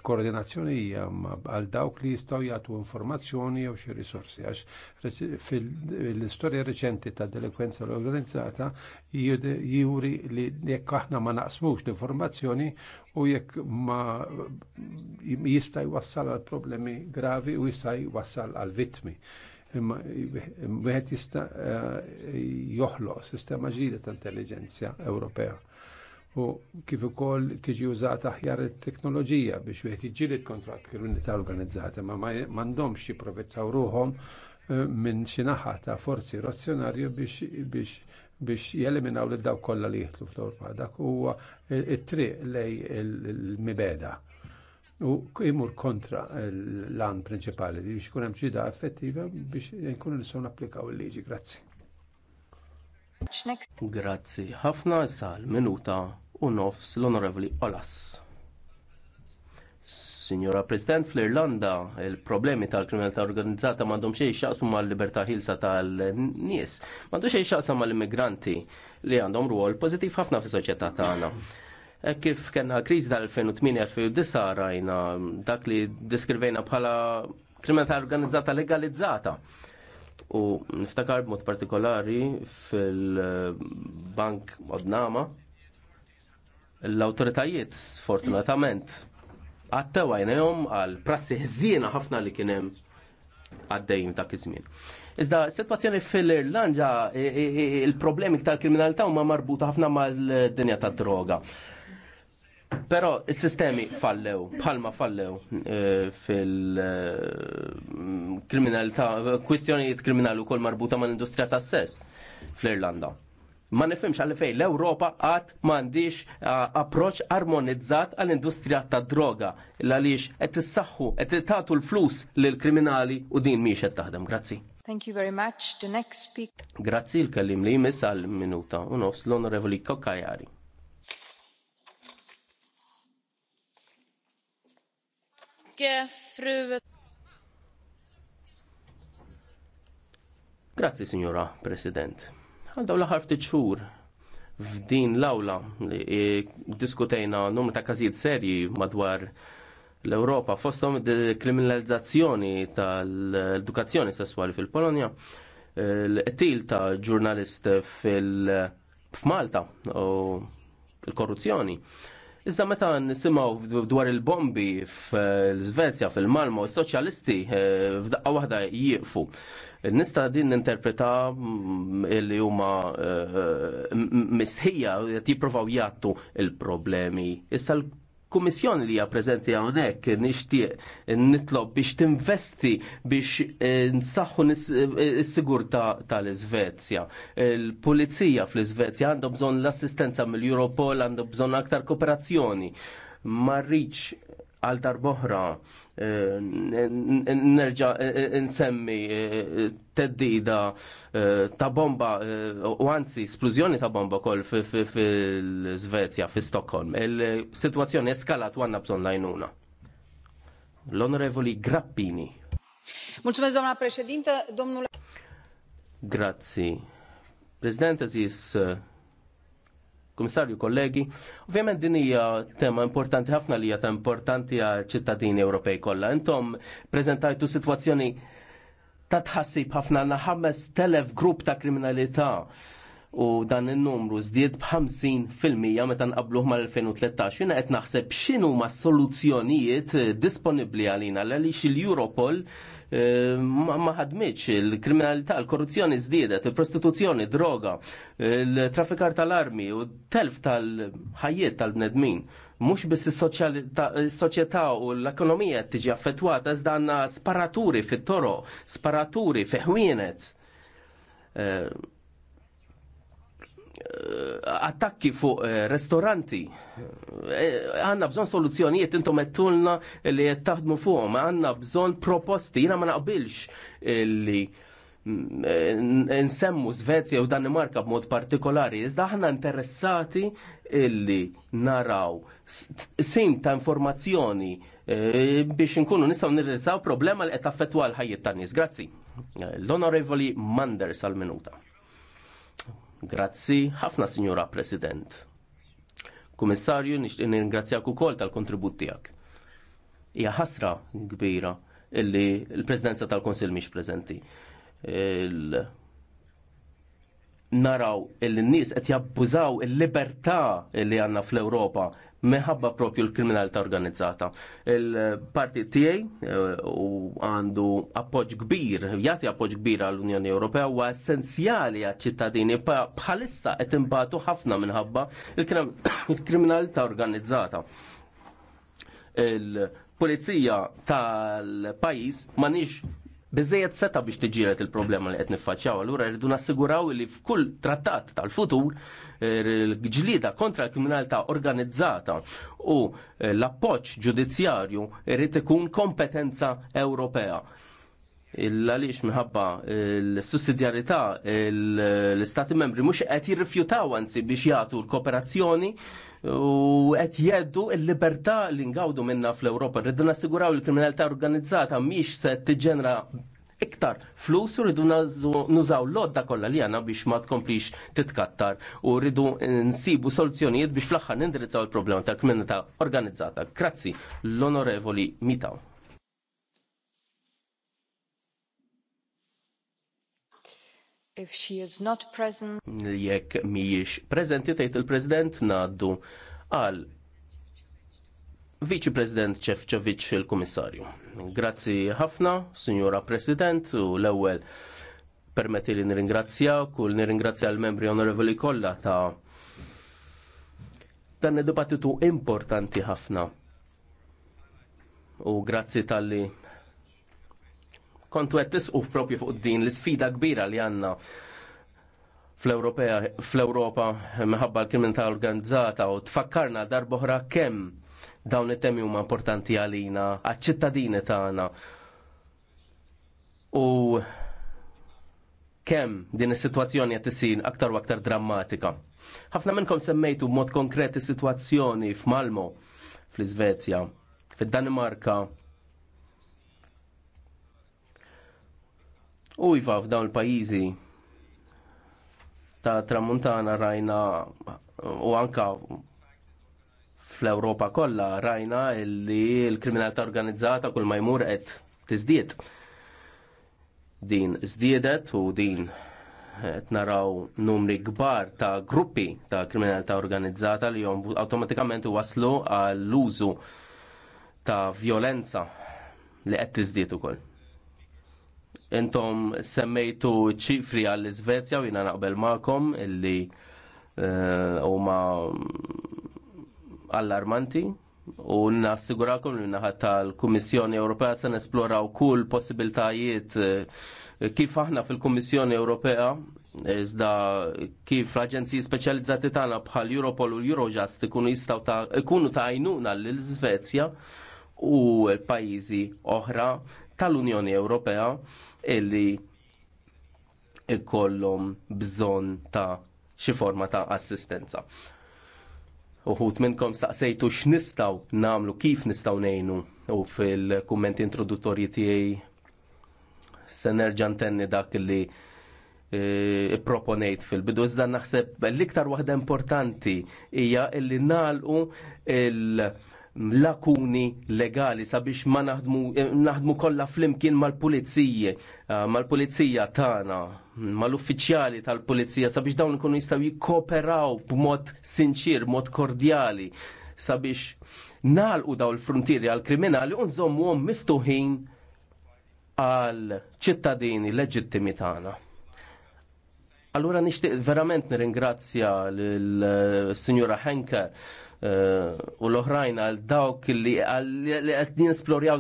[SPEAKER 11] Koordinazzjoni hija għal dawk li jistgħu jagħtu informazzjoni jew xi risorsi għax fil-istorja reċenti ta' delikwenza organizzata juri li jekk aħna ma naqsmux l-informazzjoni u jekk ma jista' jwassal għal problemi gravi u jista' jwassal għal vittmi imma wieħed jista' joħloq sistema ġdida ta' intelligenza Ewropea. U kif ukoll tiġi użata aħjar it-teknoloġija biex wieħed jiġġieled kontra kriminalità organizzata, ma m'għandhomx jipprovettaw ruhom eh, minn xi naħa ta' forzi razzjonarju biex biex jeliminaw lil dawk kollha li jieħdu fl-Ewropa. Dak huwa it-triq lej il-mibeda u imur kontra l-lan prinċipali li biex kunem ġida effettiva biex nkunu nistgħu napplikaw il-liġi. Grazzi.
[SPEAKER 5] Grazzi. Ħafna sal minuta u nofs l-Onorevoli Olas. Signora President, fl-Irlanda il-problemi tal-kriminalità organizzata m'għandhom xejn xaqsmu mal-libertà ħilsa tal-nies, m'għandhom xejn ma mal-immigranti li għandhom ruol pożittiv ħafna fis-soċjetà tagħna. Eh, kif kena kriz dal-2008-2009 rajna dak li diskrivejna bħala kriminalità organizzata legalizzata. U niftakar b'mod partikolari fil-bank Odnama l-autoritajiet sfortunatament għattew għajnejhom għal prassi ħzina ħafna li kien hemm għaddejjim dak iż-żmien. Iżda s fil-Irlanda il-problemi tal-kriminalità huma marbuta ħafna mal-dinja tad-droga. Però s-sistemi fallew, bħalma fallew eh, fil-kriminalità, eh, kwistjonijiet kriminali kol marbuta mal-industrija ta' sess fl-Irlanda ma nifimx għal fej l-Europa għat mandiċ eh, approċ armonizzat għall-industrija ta' droga l-għalix għet tissaxħu, għet tatu l-flus l-kriminali u din miex għet taħdem. Grazzi.
[SPEAKER 8] Thank you very much. The next speaker.
[SPEAKER 5] Grazzi l-kellim li jmiss għal minuta u nofs l-onorevoli Kokajari.
[SPEAKER 6] fru...
[SPEAKER 5] Grazzi, Signora President. Għaldaw laħar ftit xhur f'din l-awla li e, diskutejna numru ta' każijiet serji madwar l-Ewropa fosthom kriminalizzazzjoni tal-edukazzjoni sesswali fil-Polonja, e, l-qtil ta' ġurnalist fil-Malta u l-korruzzjoni. Iżda meta nisimgħu dwar il-bombi fl-Svezja, fil-Malmo, s soċjalisti eh, f'daqqa waħda jieqfu. Nista din ninterpreta mm, li huma eh, eh, mistħija jipprovaw jattu il-problemi. Issa l kummissjoni li hija preżenti hawnhekk nixtieq nitlob biex tinvesti biex eh, nsaħħu is eh, sigurtà tal-Iżvezja. Il-pulizija fl-Iżvezja għandhom bżonn l-assistenza mill-Europol, għandhom bżonn aktar kooperazzjoni. Ma rridx għal darboħra nerġa nsemmi eh, teddida eh, ta' bomba eh, u għanzi, splużjoni ta' bomba kol fil-Svezja, fi Stockholm. Il-situazzjoni eskalat u għanna bżon lajnuna. L-Onorevoli Grappini.
[SPEAKER 10] Mulțumesc, doamna președintă,
[SPEAKER 5] domnule. Grazzi. President, eżis Komissarju, kollegi, ovvjament din hija tema importanti ħafna li hija importanti għal ċittadini Ewropej kollha. Intom preżentajtu sitwazzjoni ta' tħassib ħafna na ħames telef grupp ta' kriminalità u dan il-numru żdied b'50% meta nqabluh mal-2013. Jiena qed naħseb x'inhuma s soluzzjonijiet disponibbli għalina għaliex il-Europol Eh, ma ħadmitx il-kriminalità, l-korruzzjoni żdiedet, il-prostituzzjoni, droga, il-traffikar tal-armi u telf tal-ħajiet tal-bnedmin. Mhux biss is-soċjetà u l-ekonomija tiġi affettwata iżda għandna sparaturi fit-toro, sparaturi fi ħwienet. Eh, attakki fuq eh, ristoranti. Eh, għanna bżon soluzzjonijiet intom għettulna li jettaħdmu fuqom, għanna bżon proposti, jina ma naqbilx eh, li mm, nsemmu Svezja u Danimarka b'mod partikolari, iżda aħna interessati illi naraw sim ta' informazzjoni biex nkunu nistgħu nirrisaw problema li qed taffettwa l-ħajjiet tan-nies. Grazzi. L-Onorevoli Manders għal-minuta. Grazzi ħafna, Signora President. Kummissarju, nixtieq ningrazzjak ukoll tal-kontribut tiegħek. Hija ħasra kbira illi l-Presidenza tal-Konsil mhix preżenti. Il naraw il-nis qed jabbużaw il-libertà li għandna fl-Ewropa meħabba propju l-kriminalità organizzata. Il-partit tiegħi eh, u għandu appoġġ kbir, jagħti appoġġ kbir għall-Unjoni Ewropea huwa essenzjali għaċ-ċittadini bħalissa qed imbatu ħafna minħabba il-kriminalità organizzata. Il-Pulizija tal-pajis ma nix Bizzejet seta biex tiġilet il-problema li qed niffaċċjaw, allura rridu nassiguraw li f'kull trattat tal-futur eh, l-ġlida kontra l-kriminalità organizzata u eh, l-appoġġ ġudizzjarju rrid ikun kompetenza Ewropea. Għaliex minħabba eh, l-sussidjarità l istati membri mhux qed jirrifjutaw anzi biex jagħtu l-kooperazzjoni u qed jeddu l-libertà li ngawdu minna fl-Ewropa. Rridu nassiguraw il l-kriminalità organizzata mhix se tiġġenera iktar flus u rridu nużaw lodda kollha li għana biex ma tkomplix titkattar u rridu nsibu soluzzjonijiet biex fl-aħħar nindirizzaw il-problema tal-kriminalità organizzata. Grazzi l-onorevoli Mitaw.
[SPEAKER 10] If she is not present.
[SPEAKER 5] Jekk mhijiex preżenti tgħid il-President ngħaddu għal Viċi President Ċefċovic il-Kummissarju. Grazzi ħafna, Sinjora President, u l-ewwel permetti li nirringrazzja kull nirringrazzja l-membri onorevoli kollha ta' dan id-dibattitu importanti ħafna. U grazzi tal-li kontu qed tisqu propju fuq din l-sfida kbira li għandna fl-Ewropa minħabba l-kriminalità organizzata u tfakkarna darboħra kemm dawn it-temi huma importanti għalina, għal ċittadini tagħna. U kemm din is-sitwazzjoni qed isir aktar u aktar drammatika. Ħafna minnkom semmejtu b'mod konkreti sitwazzjoni f'Malmo, fl-Iżvezja, fid-Danimarka, U iva f'dawn il-pajjiżi ta' tramuntana rajna u anka fl-Ewropa kollha rajna li l-kriminalità organizzata kull ma jmur qed tiżdied. Din żdiedet u din qed naraw numri kbar ta' gruppi ta' kriminalità organizzata li jom awtomatikament waslu għall użu ta' violenza li qed tiżdied ukoll. Intom semmejtu ċifri għall iżvezja u jina naqbel ma'kom illi eh, huma allarmanti u nassigurakom li naħat tal-Kummissjoni Ewropea se nesploraw kull possibiltajiet eh, kif aħna fil-Kummissjoni Ewropea iżda kif l-aġenziji speċjalizzati tagħna bħal Europol u Eurojust ikunu jistgħu ta' ikunu ta' għajnuna lill-Svezja u l-pajjiżi oħra tal-Unjoni Ewropea illi ikollhom bżonn ta' xi forma ta' assistenza. Uħut minnkom staqsejtu x'nistgħu nagħmlu kif nistgħu ngħinu u fil-kummenti introduttorji tiegħi se nerġa' ntenni dak li e, proponejt fil-bidu. Iżda naħseb l-iktar waħda importanti hija illi nagħlqu il- lakuni legali sabiex ma naħdmu, eh, naħdmu kollha flimkien mal-pulizija, eh, mal-pulizija tagħna, mal-uffiċjali tal-pulizija sabiex dawn ikunu jistgħu jikkooperaw b'mod sinċir, b'mod kordjali sabiex nalqu daw l-frontieri għal-kriminali u nżommuhom miftuħin għal ċittadini leġittimi tagħna. Allura nixtieq verament nirringrazzja lill-Sinjura eh, Henke Eh, u l-oħrajn għal dawk li qed nesplorjaw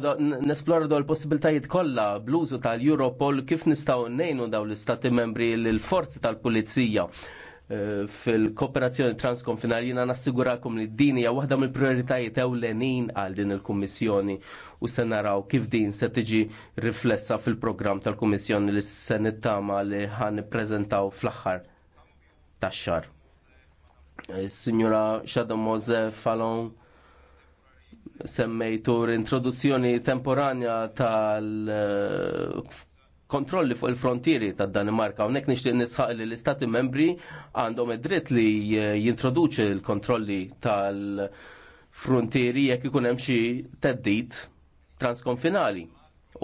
[SPEAKER 5] l-possibiltajiet kollha bl tal-Europol kif nistgħu nnejnu daw l-istati membri l-forzi tal-pulizija eh, fil-kooperazzjoni transkonfinal nassigurakom li din hija waħda mill-prioritajiet ewlenin għal din il-Kummissjoni u se naraw kif din se tiġi riflessa fil-programm tal-Kummissjoni li se nittama li ħan prezentaw fl-aħħar tax-xar. Eh, signora Shadow Mose Fallon semmejtu l-introduzzjoni temporanja tal eh, kontrolli fuq il-frontieri tad Danimarka. Unek nixtieq nisħaq li l-istati membri għandhom id-dritt li eh, jintroduċi l-kontrolli tal-frontieri jekk ikun hemm xi teddit transkonfinali.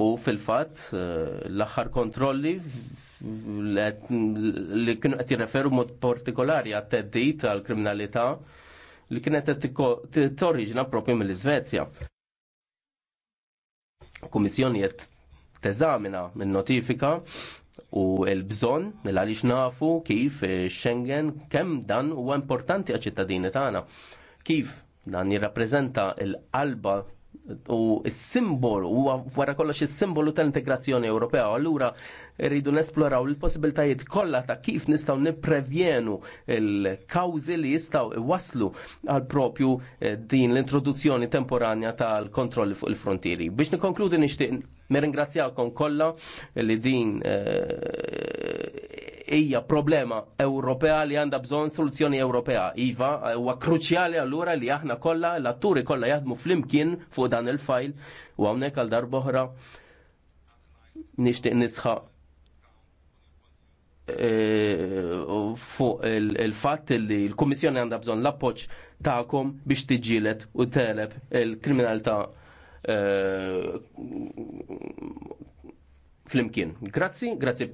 [SPEAKER 5] U fil-fatt l-aħħar kontrolli li kienu qed jirreferu mod partikolari għat teddit għal kriminalità li kienet qed torriġna propju mill-Iżvezja. Kummissjoni qed teżamina min-notifika u l-bżonn l għaliex nafu kif Schengen kemm dan huwa importanti għal ċittadini tagħna. Kif dan jirrappreżenta l-qalba u s-simbolu, huwa wara kollox is-simbolu tal-integrazzjoni Ewropea. Allura rridu nesploraw il-possibiltajiet kollha ta' kif nistgħu nipprevjenu il-kawżi li jistgħu waslu għal propju eh, din l-introduzzjoni temporanja tal-kontrolli fuq il-frontieri. Biex nikkonkludi nixtieq nirringrazzjawkom kollha li din eh, hija problema Ewropea li għandha bżonn soluzzjoni Ewropea. Iva, huwa kruċjali allura li aħna kollha l-atturi kollha jaħdmu flimkien fuq dan il-fajl u hawnhekk għal darboħra nixtieq nisħaq Eh, fuq il-fatt li l-Kummissjoni għandha bżonn l-appoġġ tagħkom biex tiġġieled u teleb il-kriminalità eh, flimkien. Grazzi, grazzi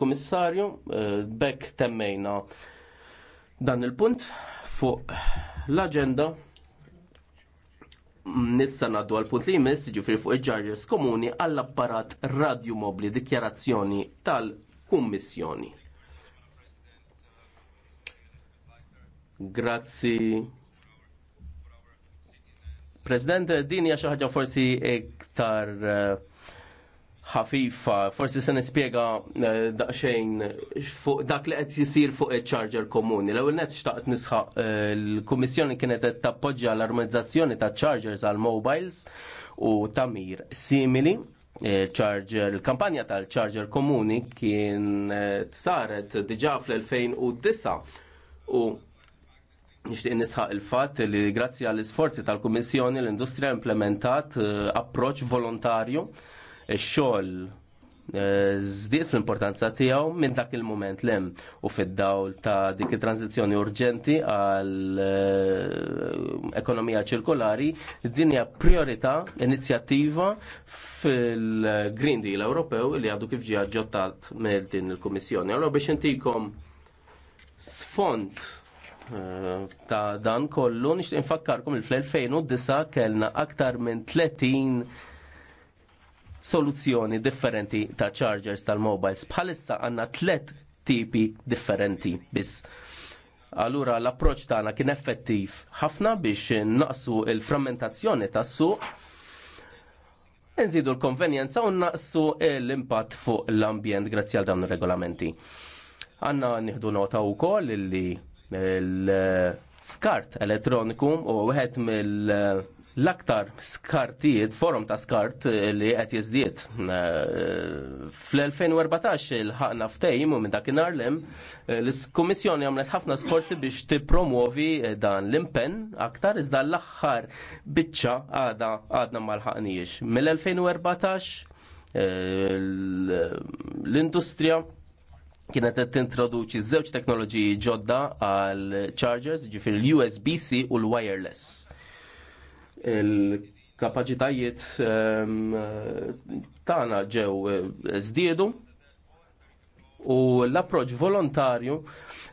[SPEAKER 5] Kummissarju, eh, bekk temmejna dan il-punt fuq l-agenda nissa naddu għal punt li jmiss ġifri fuq i-ġarġes komuni għall-apparat radio mobli dikjarazzjoni tal- kummissjoni. Grazzi. President, din hija xi ħaġa forsi iktar eh, ħafifa, forsi se nispjega eh, daqsxejn fuq dak li qed jisir fuq iċ-charger komuni. L-ewwel nett xtaqt nisħaq eh, l-Kummissjoni kienet qed tappoġġja l-armonizzazzjoni ta' chargers għal mobiles u tamir simili charger, il-kampanja tal-charger komuni kien eh, saret diġa fl-2009 u nixtieq nisħaq il-fatt li grazzi għall isforzi tal-Kummissjoni l-Industrija implementat eh, approċ volontarju ix-xogħol Zdiet fl-importanza tiegħu minn dak il-moment lem u fid-dawl ta' dik it-tranzizzjoni urġenti għal eh, ekonomija ċirkolari din hija priorità inizjattiva fil-Green Deal Ewropew li għadu kif ġie aġġottat mill din il-Kummissjoni. Allora biex intikom sfond eh, ta' dan kollu nixtieq infakkarkom il fl-2009 kellna aktar minn 30 soluzzjoni differenti ta' chargers tal-mobiles. Bħalissa għandna tliet tipi differenti biss. Allura l approċċ tagħna kien effettiv ħafna biex naqsu l frammentazzjoni tas-suq, nżidu l-konvenjenza u naqsu l-impatt fuq l-ambjent grazzi għal dawn ir-regolamenti. Għanna nieħdu nota wkoll li l-skart elettroniku u wieħed mill- l-aktar skartijiet, forum ta' skart eh, li qed jizdiet. Eh, fl-2014 il-ħakna ftejm u minn dakinhar lem eh, l-Kummissjoni għamlet ħafna sforzi biex tippromuovi dan l-impenn aktar iżda l-aħħar biċċa għadha għadna ma l Mill-2014 l-industrija kienet qed tintroduċi żewġ teknoloġiji ġodda għal chargers, ġifir l-USB-C u l-wireless il-kapacitajiet ehm, tagħna ġew zdiedu eh, u l-approċ volontarju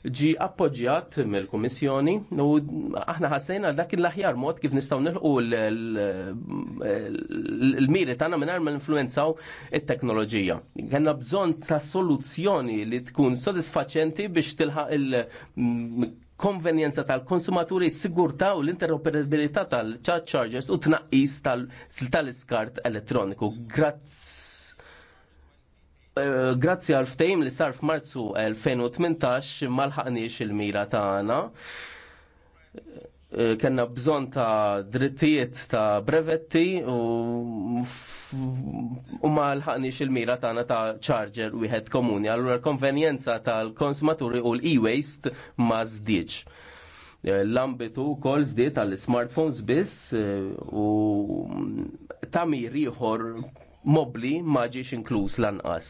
[SPEAKER 5] ġi appoġġjat mill-Kummissjoni u aħna ħassejna dak l-aħjar mod kif nistgħu nilħu l-miri tagħna mingħajr ma influenzaw it-teknoloġija. Kenna bżonn ta' soluzzjoni li tkun sodisfaċenti biex tilħaq il konvenjenza tal-konsumaturi sigurta u l-interoperabilità tal-chat chargers u tnaqqis tal-iskart elettroniku. Eh, grazzi għal ftejm li sar f'Marzu 2018 malħaqniex il-mira tagħna. Eh, kena bżon ta' drittijiet ta' brevetti u ma l-ħanix il-mira tagħna ta' charger wieħed komuni. Allura l-konvenjenza tal-konsumaturi u l-e-waste ma zdiċ. Eh, l-ambitu wkoll żdied tal-smartphones biss eh, u tamir ieħor mobli ma ġiex inkluż lanqas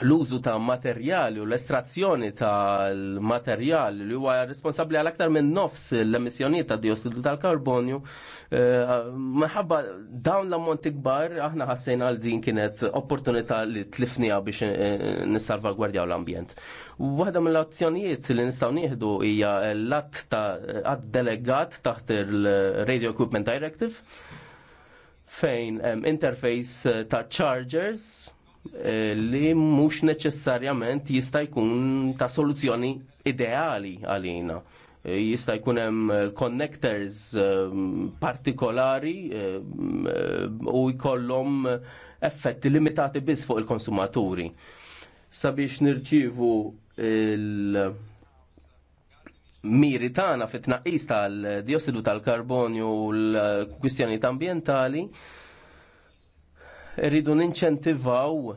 [SPEAKER 5] l-użu ta' materjali u l-estrazzjoni tal-materjali li huwa responsabbli għal aktar minn nofs l-emissjonijiet ta' diossidu tal-karbonju. Eh, maħabba dawn l-ammonti kbar aħna ħassejna għal din kienet opportunità li tlifnija biex eh, nissalvagwardjaw l-ambjent. Waħda mill-azzjonijiet li nistgħu nieħdu hija l-att ta' għad delegat taħt il-Radio Equipment Directive fejn eh, interface ta' chargers Eh, li mhux neċessarjament jista' jkun ta' soluzzjoni ideali għalina. Eh, jista' jkun hemm eh, connectors partikolari u jkollhom effetti limitati biss fuq il-konsumaturi. Sabiex nirċivu il- miri tagħna fit-tnaqqis tal-diossidu tal-karbonju u l-kwistjonijiet ambjentali, rridu ninċentivaw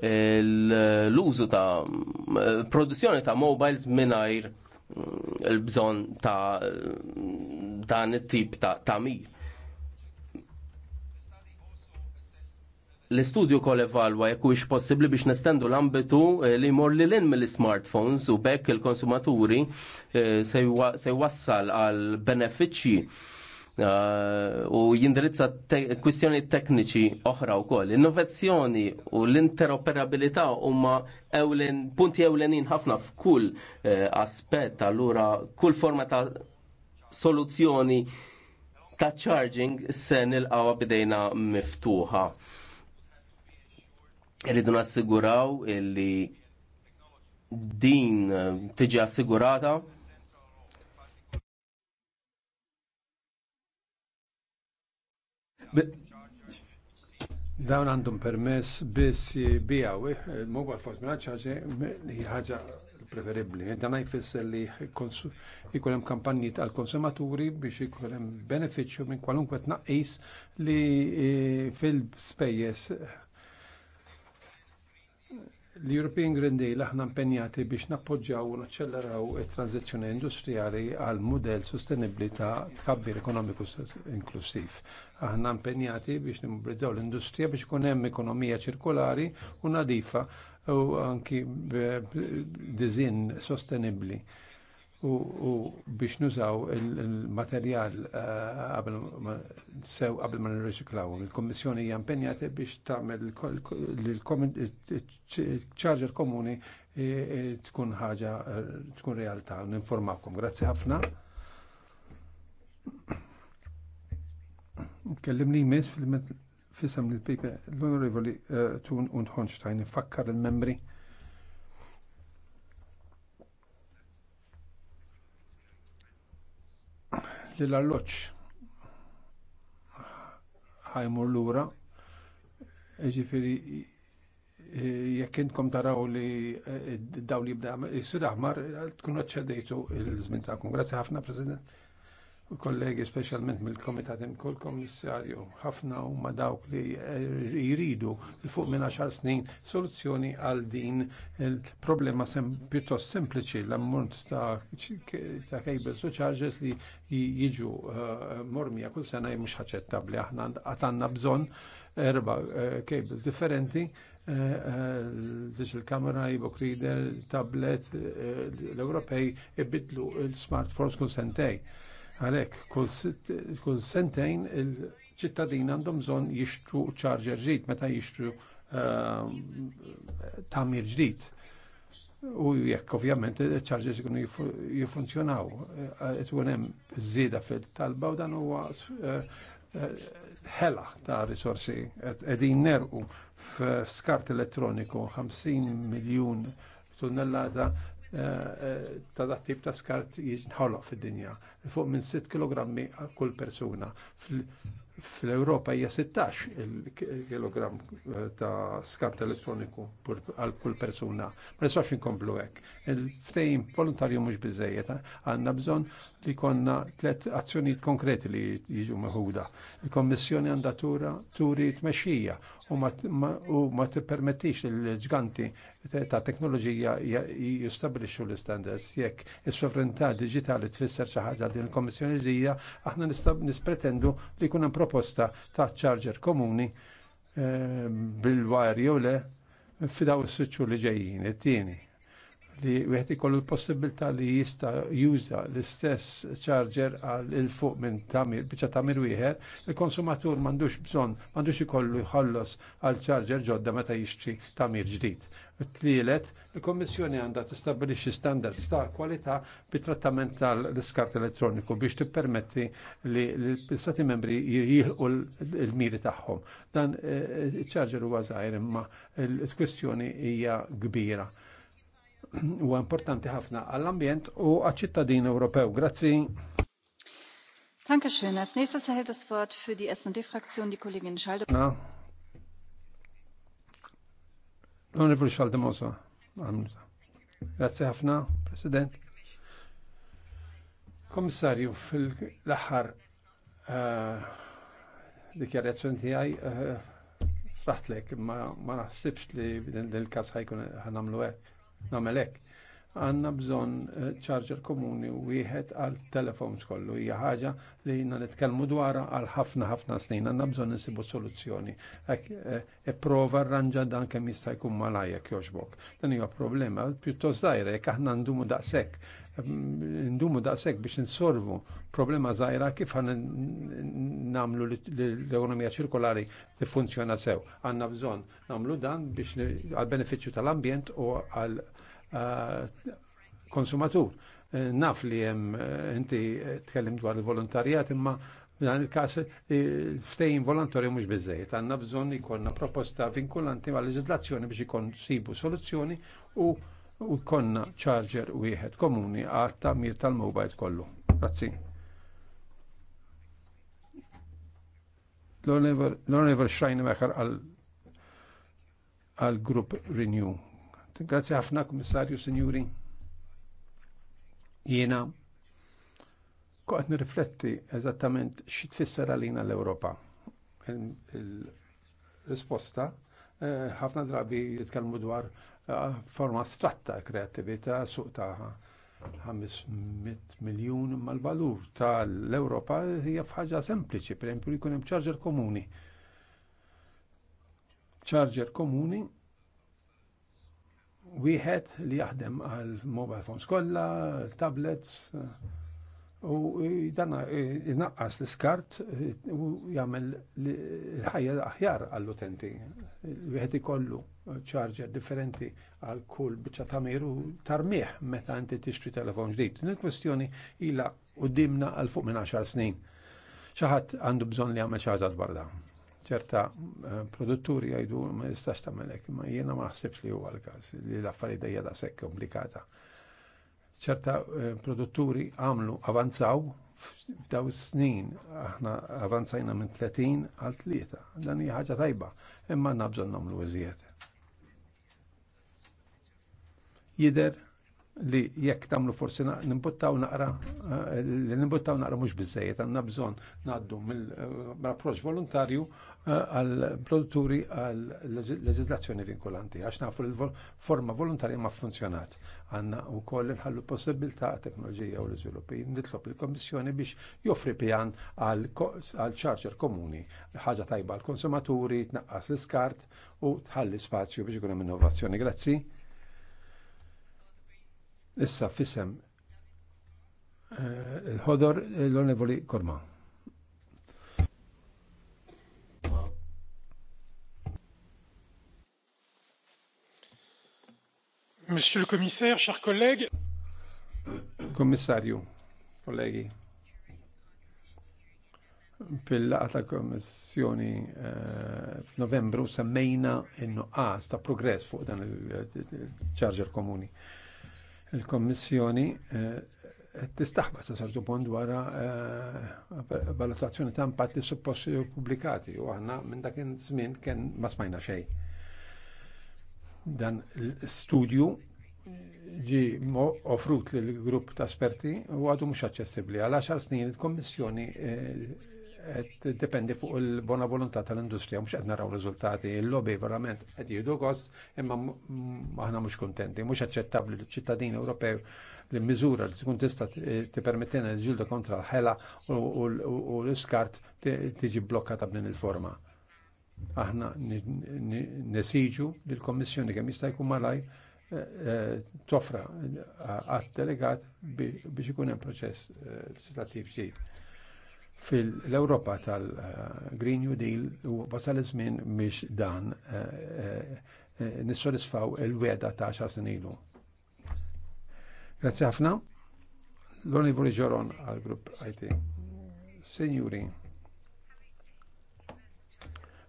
[SPEAKER 5] l-użu ta' produzzjoni ta' mobiles minajr mm, l bżon ta' dan it-tip ta' tamir. L-istudju kol evalwa jekk huwiex possibbli biex nestendu l-ambitu eh, li mor li lin mill-smartphones u bekk il-konsumaturi eh, se jwassal għal benefiċċji Eh, u jindirizza kwistjoni tekniċi oħra wkoll. Innovazzjoni u l-interoperabilità huma ewlen, punti ewlenin ħafna f'kull eh, aspett allura kull forma ta' soluzzjoni ta' charging se nilqawa bidejna miftuħa. Irridu nassiguraw illi din eh, tiġi assigurata
[SPEAKER 9] Dawn
[SPEAKER 11] għandhom permess biss bijaw, il-mobile force minna ċaġe ħaġa preferibli. Eh, dan jfisser li jkun hemm kampanji tal-konsumaturi biex jkun hemm benefiċċju minn kwalunkwe tnaqqis li eh, fil-spejjeż eh, l-European Green Deal aħna impenjati biex nappoġġaw u naċċelleraw it-tranzizzjoni industrijali għal mudell sostenibbli ta' tkabbir ekonomiku inklusiv. Aħna impenjati biex nimmobilizzaw l-industrija biex ikun hemm ekonomija ċirkolari u nadifa u anki dizin sostenibbli u biex nużaw il-materjal eh, sew qabel ma nirriċiklaw. Il-Kommissjoni hija impenjati biex tagħmel il-charger komuni eh, eh, tkun ħaġa tkun realtà. Ninformawkom. Grazzi ħafna. Kellimni jmiss fil li l pipe l-Onorevoli eh, Tun und Honstein, fakkar il-membri. Li l-alloċ ħajmur l-ura, eġifiri eh, jekk intkom taraw li eh, daw li jibda jisir aħmar, tkun ċedejtu il-żmien ta' Grazie ħafna, President kollegi specialment mill-Komitat imkoll Kommissarju ħafna huma dawk li eh, jridu il fuq minn 10 snin soluzzjoni għal din il-problema sem pjuttost sempliċi l-ammont ta' cables u charges li jiġu eh, mormija kull sena mhux ħaċċettabbli aħna għatanna bżonn erba eh, cables differenti Diġ il-kamera, jibok rider, tablet, l-Ewropej ibidlu l-smartphones kull sentej Għalhekk kull sentejn il-ċittadin għandhom bżonn jixtru ċarġer ġdid meta jixtru ehm, tamir ġdid. U jekk ovvjament ċarġer ċarġers ikunu jifunzjonaw. Eh, Tkun hemm zida fil-talba u dan huwa eh, ħela ta' risorsi Għedin nerqu f'skart elettroniku 50 miljun tunnellata Eh, eh, ta' dat tip ta' skart jitħoloq fid-dinja. Fuq minn 6 kg kull persuna. Fl-Europa hija 16 kg eh, ta' skart elettroniku għal kull persuna. Ma nistax inkomplu hekk. Il-ftejn volontarju mhux biżejjed għandna bżonn li konna tliet azzjonijiet konkreti li jiġu meħuda. Il-Kommissjoni għandha tura turi tmexxija u ma tippermettix il-ġganti ta' teknoloġija jistabilixu l-standards jekk is-sovranità digitali tfisser xi ħaġa din il-Kommissjoni ġdida aħna nispretendu li jkun hemm proposta ta' charger komuni eh, bil wajr jew le fidaw is-siċċu li ġejjin it-tieni li wieħed ikollu l-possibilità li jista' juża l-istess charger għal il fuq minn tamir biċa tamir wieħed, il-konsumatur m'għandux bżonn, m'għandux ikollu jħallos għal charger ġodda meta jixtri tamir ġdid. Tlielet, il-Kommissjoni għandha tistabbilixxi standards ta' kwalità bi trattament tal-iskart elettroniku biex tippermetti li l-Stati membri jilqu l-miri tagħhom. Dan eh, iċ-charger huwa żgħir imma l-kwestjoni hija kbira u importanti ħafna għall-ambjent u għal ċittadin Ewropew. Grazzi.
[SPEAKER 10] Dankeschön. Als nächstes erhält das Wort für die SD-Fraktion die Kollegin Schalde.
[SPEAKER 11] Na. L-Onorevoli Schalde Mosa. Grazie ħafna, President. Komissarju, fil-laħħar eh, dikjarazzjoni tiegħi eh, fraħtlek ma naħsibx li din il-każ ħajkun ħanamlu hekk namelek. Għanna bżon ċarġer eh, komuni u wieħed għal telefons kollu. Hija ħaġa li jina nitkellmu dwarha għal ħafna ħafna snin. Għanna bżon nisibu soluzzjoni. E ipprova rranġa dan kemm jista' jkun malajek joġbok. Dan hija problema pjuttost żgħira jekk aħna ndumu daqshekk ndumu daqshekk biex insolvu problema zaħira kif għan namlu l-ekonomija ċirkolari funzjona sew. Għanna bżon namlu dan biex għal-benefiċċju tal-ambjent u għal eh, konsumatur. Eh, naf li jem eh, inti tkellim dwar il-volontarijat imma dan il-kas ftejn volontarju mhux bizzejt. Għanna bżonn ikollna proposta vinkulanti għal leġizlazzjoni biex ikon sibu soluzzjoni u u konna charger wieħed komuni għatta mir tal-mobile kollu. Grazzi. L-Onever Schreinemecher għal grupp Renew. Grazzi ħafna, Komissarju, Signori. Jena, koqat nirrifletti eżattament xi tfisser għalina l-Ewropa. Il-risposta eh, ħafna drabi jitkellmu dwar forma stratta kreativita suq ta' 500 miljun mal-valur tal-Europa hija f'ħaġa sempliċi, per esempio jkun hemm charger komuni. Charger komuni wieħed li jaħdem għal mobile phones kollha, tablets, u e, danna e, inaqqas l-iskart e, u jagħmel l-ħajja aħjar għall-utenti. Wieħed ikollu charger differenti għal kull biċċa tamir u tarmieħ meta inti tixtri telefon ġdid. Il-kwestjoni ilha qudiemna għal fuq minn 10 snin. Xi ħadd għandu bżonn li jagħmel xi ħaġa dwar ċerta produtturi għajdu ma jistax tamelek, ma jena ma li huwa l-każ, li l-affarijiet dejja da sekk komplikata ċerta eh, produtturi għamlu avanzaw f'daw snin aħna avanzajna minn 30 għal 3. Dan hija ħaġa tajba, imma nabżon nagħmlu iżjed. Jider li jekk tagħmlu forsi nimbuttaw naqra eh, li nimbuttaw naqra mhux biżejjed għandna bżonn ngħaddu mill-approċċ eh, volontarju għal produtturi għal leġizlazzjoni vinkolanti, għax nafu l-forma volontarja ma funzjonat. Għanna u koll nħallu possibilità teknoloġija u l-izviluppi. Nitlob il-Kommissjoni biex joffri pjan għal ċarġer komuni, ħaġa tajba għal konsumaturi, tnaqqas l-iskart u tħalli spazju biex ikun hemm innovazzjoni. Grazzi. Issa fissem
[SPEAKER 9] eh, il-ħodor
[SPEAKER 11] l-onevoli Korman.
[SPEAKER 1] Monsieur le Commissaire, chers collègues.
[SPEAKER 11] Kommissarju, kollegi. fil ta' tal-Kommissjoni eh, f'Novembru semmejna in-nuqqas ta' progress fuq dan il-ċarġer komuni. Il-Kommissjoni eh, tistaħba ta' sarġu bond wara eh, valutazzjoni ta' impatti supposti pubblikati u aħna minn dakin żmien kien ma smajna xejn Dan l-studju ġi offrut li l-grupp ta' esperti u għadu mux aċċessibli. Għal 10 snin il-Kommissjoni eh, dependi fuq il-bona volontà tal-industrija, mux għedna raw rizultati, il-lobby verament għed jidu kost, imma maħna mux kontenti, mux aċċettabli l-ċittadin Ewropew li mizura li tkun tista t eh, permettena l-ġilda kontra l-ħela u l-skart tiġi blokkata b'din il-forma. Aħna nesiġu li l komissjoni kemm jista' jkun malaj eh, eh, tofra għad delegat biex ikun hemm proċess eh, legislattiv ġdid. Fil-Ewropa tal-Green New Deal wasal iż-żmien biex dan nissodisfaw il-weda ta' xa snilu. Grazie ħafna. L-Oni Ġoron għal-Grupp IT. Signori,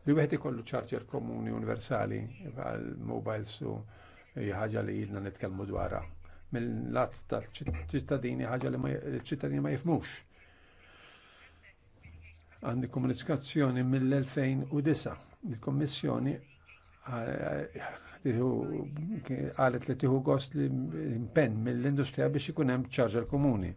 [SPEAKER 11] li wieħed ikollu charger komuni universali għal mobile su ħaġa li jilna nitkellmu dwarha. Mill-lat tal-ċittadini ħaġa li ċittadini ma jifmux. Għandi komunikazzjoni mill-2009. Il-Kommissjoni għalet eh, li tiħu gost li impenn mill-industrija biex ikun hemm charger komuni.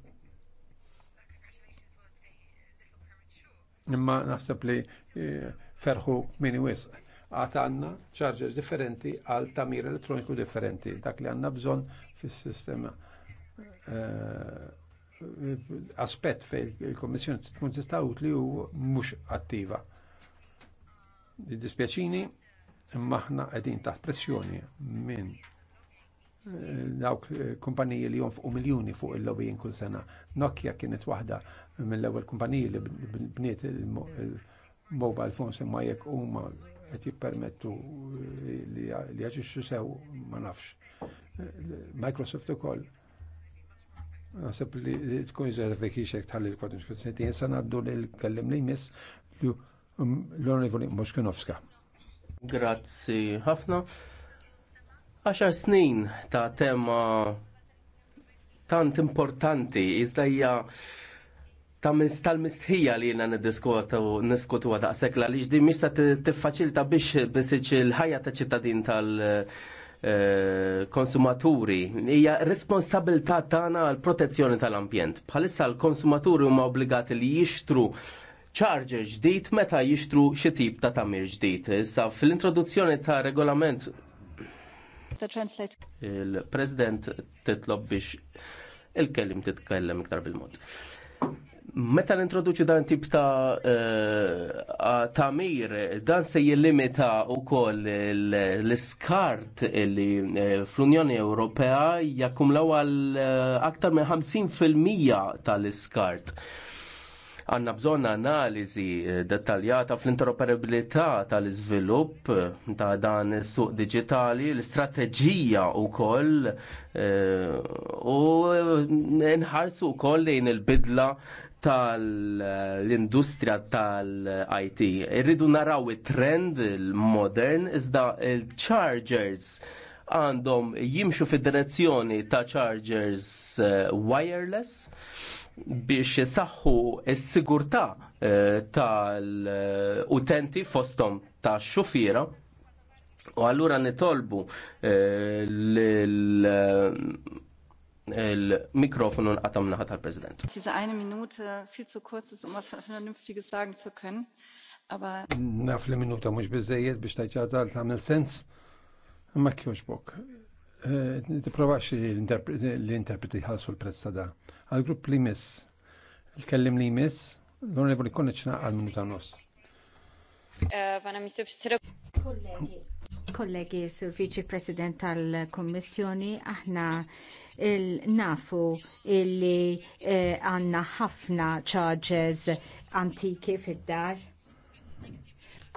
[SPEAKER 11] Imma naħseb li eh, ferħu minn wisq. Għat għanna ċarġers differenti għal tamir elettroniku differenti. Dak li għanna bżon fis-sistema eh, aspett fej il-Kommissjoni tkun tista' li hu mhux attiva. Dispjaċini imma aħna qegħdin taħt pressjoni minn
[SPEAKER 9] eh,
[SPEAKER 11] dawk eh, kumpaniji li jonfqu miljuni fuq il-lobbying kull sena. Nokia kienet waħda mill-ewwel kumpaniji li bniet il mobile phones imma jekk huma qed jippermettu eh, li jaġixxu sew ma nafx. Eh, Microsoft ukoll Nasib li tkun iżgħar dik ixek tħalli l-kodifikazzjoni tiegħi sa ngħaddu li kellim li jmiss um, l-Onorevoli Moskinovska.
[SPEAKER 5] Grazzi ħafna. Għaxar snin ta' tema tant importanti iżda hija ta' tal-mistħija li jina niskotu ta' sekla li ġdi mista tiffaċilta biex bisiċ il-ħajja ta' ċittadin tal-konsumaturi. Eh, Hija responsabilta tagħna għal protezzjoni tal-ambjent. Bħalissa l-konsumaturi huma obbligati li jixtru charger ġdid meta jixtru xi tip ta' tamir ġdid. Issa fil-introduzzjoni ta' regolament il-President titlob biex il-kellim titkellem iktar bil-mod. Meta l-introduċu dan tip ta' uh, eh, tamir, dan se jillimita u koll l-skart li eh, fl-Unjoni Ewropea jakum law għal eh, aktar minn 50% tal-skart. Għanna bżonna analizi dettaljata fl-interoperabilità tal izvilup ta' dan is-suq digitali, l-istrateġija u koll u nħarsu u koll lejn il-bidla tal-industrija tal-IT. Irridu naraw it-trend il-modern iżda il-chargers għandhom jimxu fid-direzzjoni ta' chargers eh, wireless biex saħħu s-sigurtà eh, tal-utenti fosthom tax xufiera u allura nitolbu eh, l il-mikrofonu nqatam naħat tal-President.
[SPEAKER 10] Diese eine Minute viel zu kurz ist, um was Vernünftiges sagen zu können. Aber.
[SPEAKER 11] Naf li minuta mux bizzejiet biex taċċata l-tamil sens. Ma kjox bok. Eh, Tiprovax l-interpreti ħalsu l-prezz ta' da. Għal-grupp li miss, il-kellim li miss, l-onorevoli konneċna għal-minuta nos.
[SPEAKER 10] Eh, vana Mr. Kollegi,
[SPEAKER 7] kollegi, sur viċi president tal-Kommissjoni, aħna il-nafu illi eh, għanna eh, ħafna charges antiki fid-dar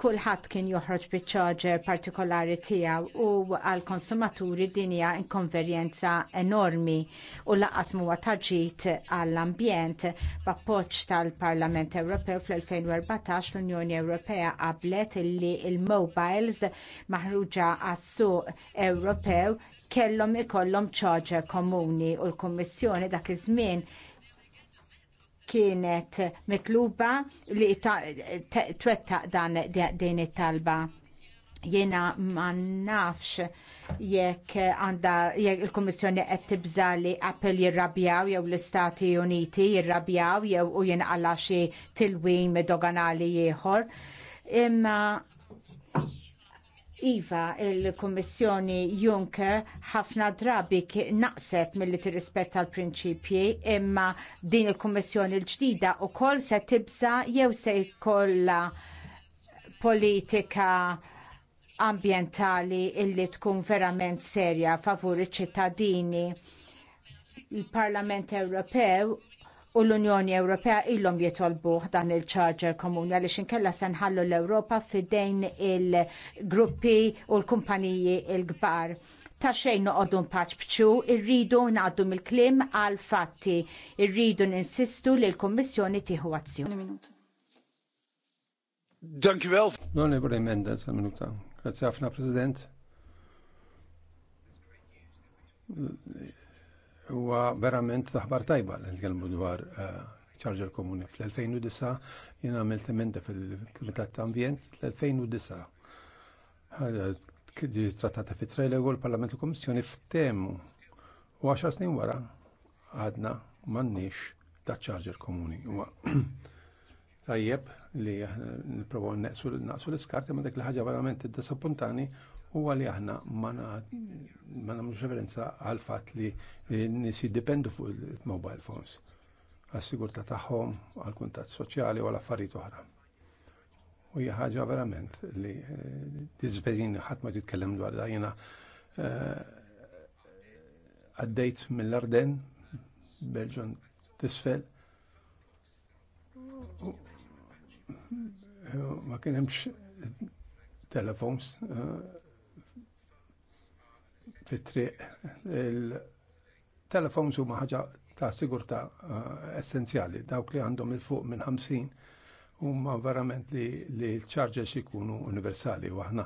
[SPEAKER 7] kulħadd kien joħroġ biċ-charger partikolari tiegħu u għall konsumaturi din hija inkonverjenza enormi u laqas huwa taġit għall-ambjent b'appoġġ tal-Parlament Ewropew fl-2014 l-Unjoni Ewropea qablet illi il-mobiles maħruġa għas-suq Ewropew kellhom ikollhom ċarġer komuni u l-Kummissjoni dak iż-żmien kienet mitluba li twettaq dan din it-talba. Jiena ma nafx jekk għanda jekk il-Kummissjoni qed tibża li Apple jirrabjaw jew l-Istati Uniti jirrabjaw jew u jinqala xi tilwim doganali ieħor. Imma Iva, il-Kommissjoni Juncker ħafna drabi naqset mill-li tirrispetta l-prinċipji, imma din il-Kommissjoni l-ġdida u kol se tibsa jew se jkollha politika ambientali illi tkun verament serja favur iċ-ċittadini. Il-Parlament Ewropew u l-Unjoni Ewropea ilhom jitolbu dan il-ċarġer komuni għaliex inkella se nħallu l-Ewropa fidejn il-gruppi u l-kumpaniji l-kbar. Ta' xejn noqogħdu paċ bċu, irridu ngħaddu mill-klim għal fatti, irridu ninsistu li l-Kummissjoni tieħu azzjoni.
[SPEAKER 12] Danki
[SPEAKER 11] wel. Non ebrem Mendes għal minuta. Grazie ħafna President huwa verament taħbar tajba li nitkellmu dwar ċarġer eh, komuni. Fl-2009 jien għamilt emenda fil-Kumitat ta' Ambjent fl-2009. Trattata fit trelego l-Parlament u Komissjoni f'temu u 10 snin wara għadna m'għandniex ta' ċarġer komuni. Tajjeb li eh, nipprovaw naqsu l-iskarti ma dak li ħagġa verament id-disappuntani huwa li aħna ma
[SPEAKER 9] nagħmlux
[SPEAKER 11] referenza għal fatt li eh, nies jiddependu fuq il-mobile phones għas-sigurtà tagħhom, għall-kuntatt soċjali u għal affarijiet oħra. U hija ħaġa verament li tiżverin eh, ħadd ma titkellem dwar da jiena eh, għaddejt mill-Arden, Belġon tisfel. Ma kien hemmx telefons fit-triq. Il-telefons huma ħaġa ta' sigurta eh, essenzjali, dawk li għandhom il-fuq minn 50 huma verament li, l-chargers ikunu universali u aħna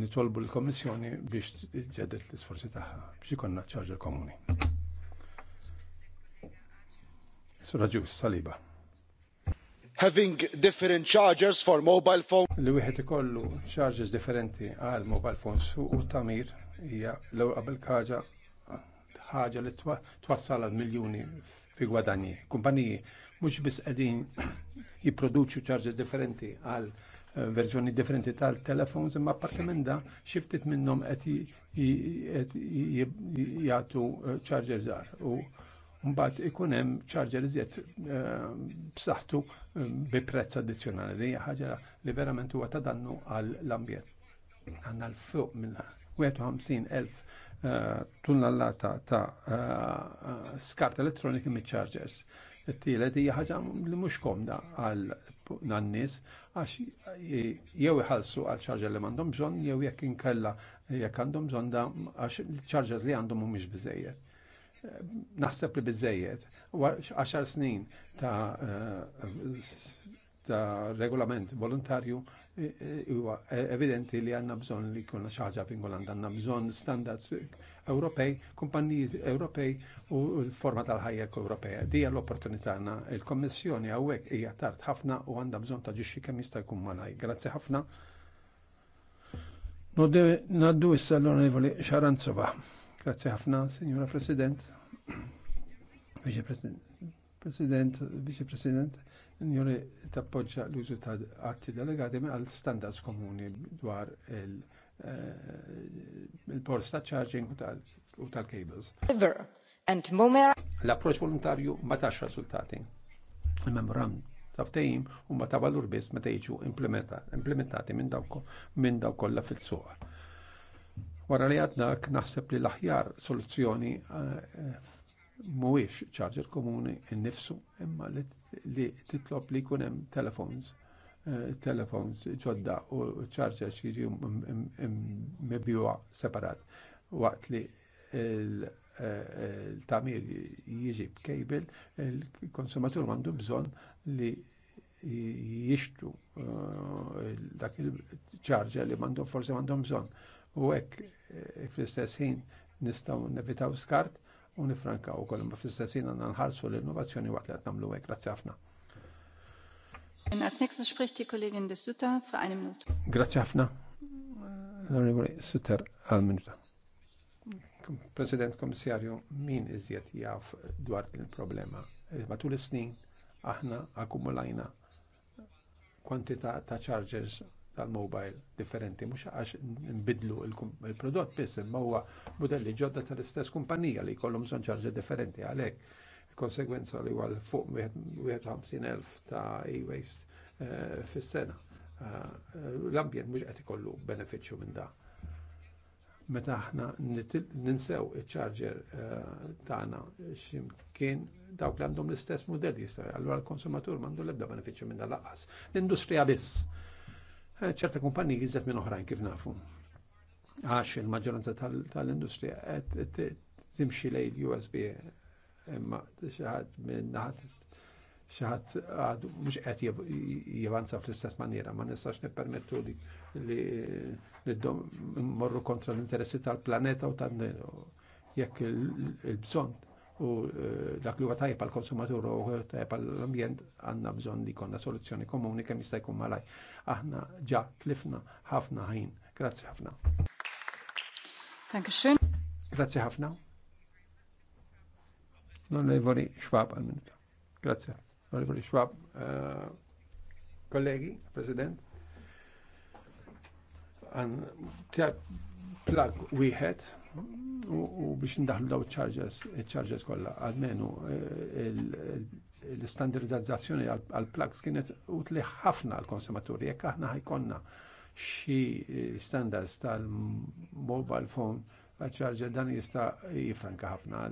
[SPEAKER 11] nitolbu l-Kommissjoni biex ġedet l-isforzi tagħha biex ikonna charger komuni. Sura ġus, saliba having different chargers for mobile phones. Li wieħed ikollu chargers differenti għal mobile phones u tamir hija l qabel kaġa ħaġa li twassal għal miljuni fi gwadanji. Kumpaniji mhux biss qegħdin jipproduċu chargers differenti għal eh, verżjoni differenti tal-telefons imma apparti minn da xiftit minnhom qed jagħtu eh, chargers żgħar Mbagħad ikun hemm charger iżjed eh, b'saħħtu eh, bi prezz addizzjonali. Din hija ħaġa li verament huwa ta' dannu għall-ambjent. Għandna l-fuq minn 51,000 eh, tunnellata ta' skart elettroniki mit chargers It-tielet hija ħaġa li mhux komda għal nannis għax jew iħallsu għal ċarġer li m'għandhom bżonn jew jekk inkella jekk għandhom bżonn da għax ċarġers li għandhom mhumiex biżejjed naħseb li bizzejiet, 10 snin ta' eh, ta' regolament volontarju eh, huwa evidenti li għanna bżon li kuna xaġa fingolanda, għanna bżon standards Ewropej, kumpanijiet Ewropej u l-forma tal-ħajja Ewropeja. Dija l-opportunità għanna il-Kommissjoni għawek hija tard ħafna u għanda bżon ta' ġiġi kemm jista' jkun malaj. Grazzi ħafna. Naddu issa l-Onorevoli Xaranzova. Grazie ħafna, Signora President, Vice President, Vice President, Njuri tappoġġa l-użu ta' atti delegati għal standards komuni dwar il-ports eh, ta' charging u tal-cables.
[SPEAKER 9] L-approċ
[SPEAKER 11] volontarju ma tax riżultati. Il-memoram ta' u ma ta' valur biss meta jiġu implementati minn dawk kollha fil-suqa Wara li għadnak naħseb li l-aħjar soluzzjoni eh, mhuwiex ċarġer komuni innifsu imma li titlob li jkun hemm telefons eh, telefons ġodda u ċarġer xiri mibjuwa separat waqt li eh, l-tamir jiġi kejbel il-konsumatur mandu bżon li jixtru dak il-ċarġer li mandu forse mandu bżon u hekk eh, fl-istess ħin nistgħu nevitaw skart u nifrankaw ukoll imma fl-istess ħin għandna nħarsu l-innovazzjoni waqt li qed nagħmlu hekk. Grazzi ħafna.
[SPEAKER 10] Als nächstes spricht die Kollegin de Sutter für eine
[SPEAKER 9] Minute.
[SPEAKER 11] Grazie ħafna.
[SPEAKER 10] L-Onorevole
[SPEAKER 11] Sutter għal minuta. President Komissarju, min iżjed jaf dwar il-problema? Eh, matul is-snin aħna akkumulajna kwantità ta' chargers tal-mobile differenti, mhux għax nbidlu il prodott biss, imma huwa modelli ġodda tal-istess kumpanija li jkollhom son ċarġi differenti għalhekk. Konsegwenza li għal fuq 51.000 ta' e-waste eh, fis-sena. Eh, l-ambjent mhux qed kollu benefiċċju minn da. Meta aħna ninsew iċ-charger eh, tagħna x'imkien dawk li għandhom l-istess modelli, allura l-konsumatur m'għandu l-ebda benefiċċju minn da laqqas. L-industrija biss Eh, ċerta kumpanji jizzet minn oħrajn kif nafu. Għax il-maġġoranza tal-industrija qed timxi lejn USB imma xaħat minn naħat xaħat għadu mux qed jivanza fl-istess maniera, ma nistax nippermettu li morru kontra l-interessi tal-planeta u tan jekk il-bżon u eh, dak li huwa tajjeb għal konsumatur u tajjeb għal ambjent għandna bżonn li konna soluzzjoni komuni kemm jista' jkun malaj. Aħna ġa tlifna ħafna ħin. Grazzi ħafna. Dankeschön. Grazzi ħafna. L-Onorevoli Schwab għal minuta. Grazzi. Onorevoli xwab. Eh, kollegi, President, għan plug wieħed u biex ndaħlu daw il-charges kolla, għalmenu eh, l-standardizzazzjoni għal-plugs kienet utli ħafna għal-konsumaturi, jekk aħna ħajkonna xi standards tal-mobile phone għal-charger dan jista jifranka ħafna,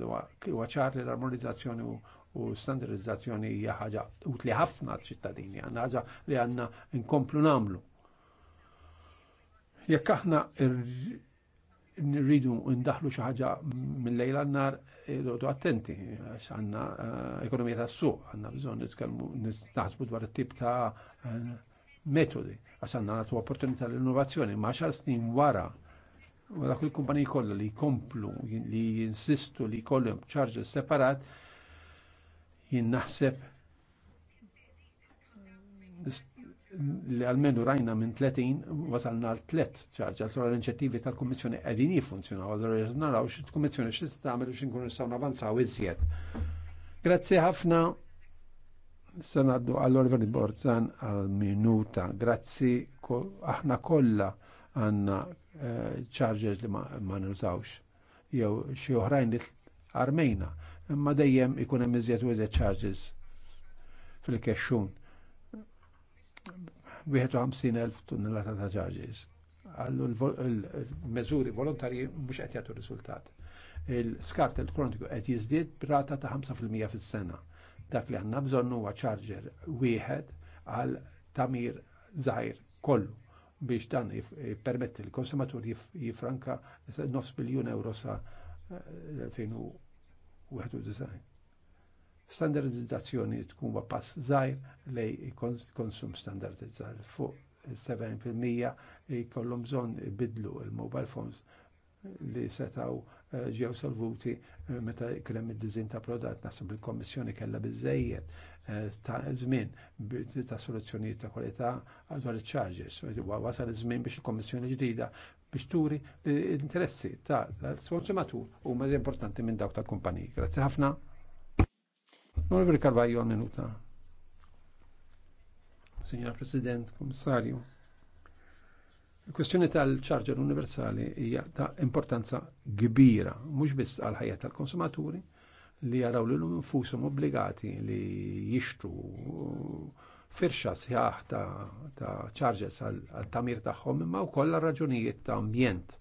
[SPEAKER 11] huwa ċar li l-armonizzazzjoni u standardizzazzjoni hija ħaġa utli ħafna ċittadini, għanna ħaġa li għandna nkomplu namlu. Jekk aħna nirridu ndaħlu xi ħaġa mill-lejla n-nar irridu eh, attenti għax għandna eh, ekonomija tas-suq, għandna bżonn nitkellmu naħsbu dwar it-tip ta' eh, metodi għax għandna nagħtu opportunità l-innovazzjoni ma' xar snin wara u dak il-kumpaniji kollha li jkomplu li jinsistu li jkollhom charges separat jinnaħseb li għalmenu rajna minn 30 wasalna għal 3 ċarġ, għal l-inċettivi tal-Kommissjoni għedin jifunzjonaw, għal naraw x-Kommissjoni x-tista tagħmel biex nkunu nistgħu navanzaw iżjed. Grazzi ħafna sanaddu għal orveri Borzan għal-minuta. Grazzi aħna kollha għandna ċarġers eh, li ma nużawx. Jew xi oħrajn li armejna, imma dejjem ikun hemm u iżjed ċarġers fil-kexxun 51,000 tonnellata ta' ġarġis. Għallu l mezzuri volontarji mux għet jgħatu riżultat. Il-skart il-kroniku qed jiżdied brata ta' 5% fil sena Dak li għanna bżonnu huwa charger wieħed għal tamir zaħir kollu biex dan jippermetti l-konsumatur jifranka nofs biljun euro sa 2021. Eh, standardizzazzjoni tkun pass żgħir lej konsum standardizzar fuq li jkollhom bżonn ibidlu il-mobile phones li setaw eh, ġew salvuti eh, meta kien hemm id-diżin ta' prodott naħseb il-Kommissjoni kellha biżejjed eh, ta' żmien ta' soluzzjonijiet ta' kwalità dwar iċ charges Wasal iż-żmien biex il-Kommissjoni ġdida biex turi l-interessi ta' l-konsumatur huma importanti minn dawk ta' kumpaniji. Grazzi ħafna. Onorevoli Carvajo, minuta. Signor President, Commissario, la kwestjoni tal charger universali hija ta' importanza kbira, mhux biss għal ħajja tal-konsumaturi li għaraw li l-lum infushom obbligati li jixtru firxa siħaħ ta' ċarġes għal tamir tagħhom imma wkoll raġunijiet ta' ambjent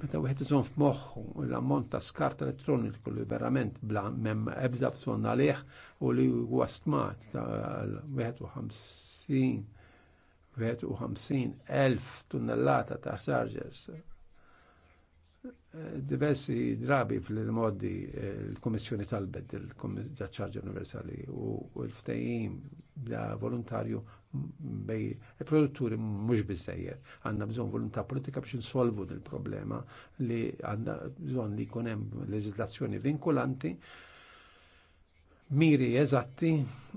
[SPEAKER 11] Meta wieħed iżon f'moħħu l-ammont ta' skart elettroniku li verament bla mem ebża bżonn għalih u li huwa stmat ta' 51 elf tunnellata ta' chargers eh, diversi drabi fil-modi eh, l kommissjoni talbet il-Charger Universali u l-ftejim da volontarju bej il-produtturi mhux biżejjed. Għandna bżonn volontà politika biex insolvu il problema li għandna bżonn li jkun hemm leġislazzjoni vinkulanti miri eżatti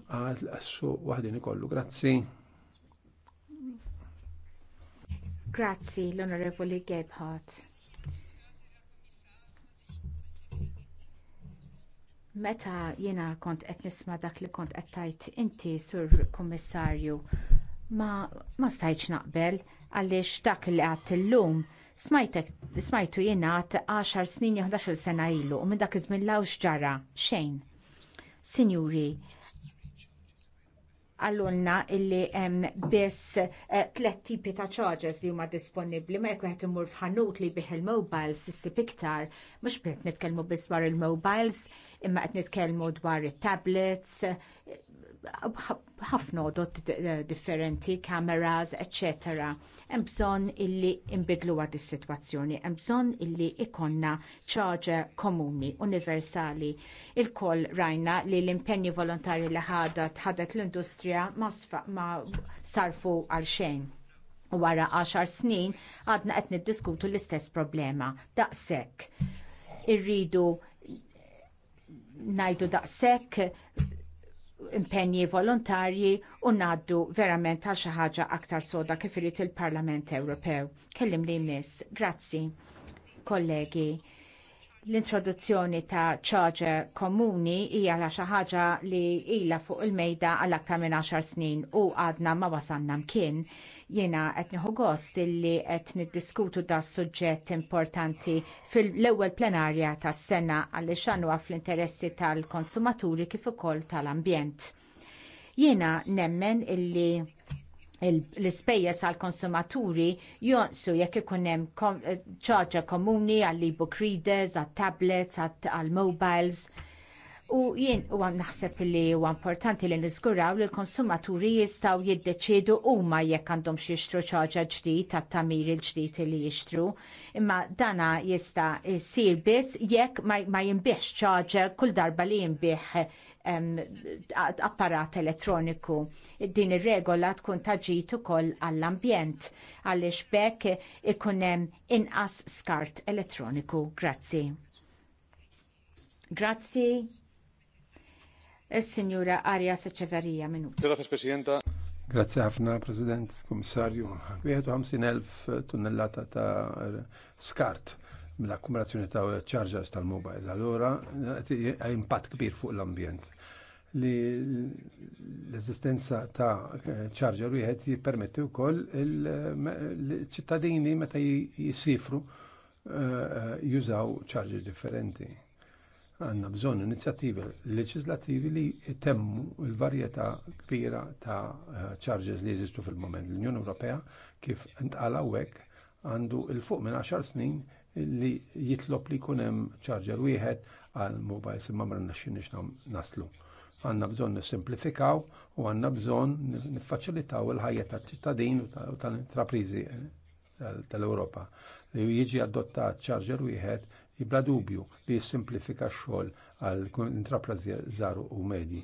[SPEAKER 11] għal su waħdin ikollu. Grazzi.
[SPEAKER 7] Grazzi l-Onorevoli Gebhardt. Meta jiena kont qed nisma dak li kont qed tajt inti sur kummissarju ma, ma stajtx naqbel għaliex dak li għat illum smajtek smajtu jiena għat 10 snin 11 sena ilu u minn dak iż-żmien lawx ġara xejn. Sinjuri, għallulna illi hemm biss eh, tlet tipi ta' charges li huma disponibbli ma jekk wieħed imur f'ħanut li bih il-mobiles issib iktar mhux qed nitkellmu biss dwar il-mobiles imma qed nitkellmu dwar it-tablets, ħafna dot differenti, kameras, etc. Hemm bżonn illi imbidlu għad il sitwazzjoni hemm bżonn illi ikonna ċaġa komuni, universali. Il-koll rajna li l-impenni volontarji li ħadat ħadet l-industrija ma sarfu għal xejn. U wara 10 snin għadna qed niddiskutu l-istess problema. Daqshekk irridu najdu daqshekk impenji volontarji u naddu verament għal xi ħaġa aktar soda kif irid il-Parlament Ewropew. Kellim li miss. Grazzi, kollegi l-introduzzjoni ta' ċaġer komuni hija xi ħaġa li ilha fuq il-mejda għal aktar minn 10 snin u għadna ma wasanna mkien. Jiena qed nieħu gost illi qed niddiskutu da' suġġett importanti fil-ewwel plenarja tas-sena għaliex għandu fl-interessi tal-konsumaturi kif ukoll tal-ambjent. Jiena nemmen illi l-ispejjeż għall konsumaturi jonqsu jekk ikun hemm ċarġa komuni għall ebook readers, għat tablets, għall mobiles U jien u għan naħseb li u importanti li nizguraw li l-konsumaturi jistaw jiddeċidu u ma jekk għandhom xiextru ċaġa ġdijt ta' tamir il-ġdijt li jixtru. Imma dana jista sir bis jekk ma jimbiex ċaġa kull darba li jimbiex apparat elettroniku. Din ir-regola tkun taġit ukoll għall-ambjent għaliex bekk ikun hemm inqas skart elettroniku. Grazzi. Grazzi il-Sinjura Arja Seċeverija minu.
[SPEAKER 1] Grazie, Presidenta.
[SPEAKER 11] Grazie ħafna, President, Komissarju. 51.000 eh, tunnellata ta' skart mill-akkumulazzjoni ta' chargers tal-mobiles. Allora, eh, eh, impatt kbir fuq l-ambjent li l-esistenza ta' charger wieħed jippermetti wkoll il-ċittadini meta jisifru jużaw charger differenti għanna bżon inizjattivi leġislativi li temmu il-varjetà kbira ta' eh, charges li jeżistu fil-moment. L-Unjoni Ewropea kif ntqala hekk għandu il-fuq minn 10 snin li jitlob li jkun hemm charger wieħed għal mobile imma ma rnexxinix naslu. Għanna bżonn nisimplifikaw u għanna bżonn niffaċilitaw il-ħajja tal-ċittadin u tal-intraprizi eh, tal-Ewropa li jiġi adottat charger wieħed Ibla dubju li jissimplifika x-xogħol għal intraprażi żaru u medji.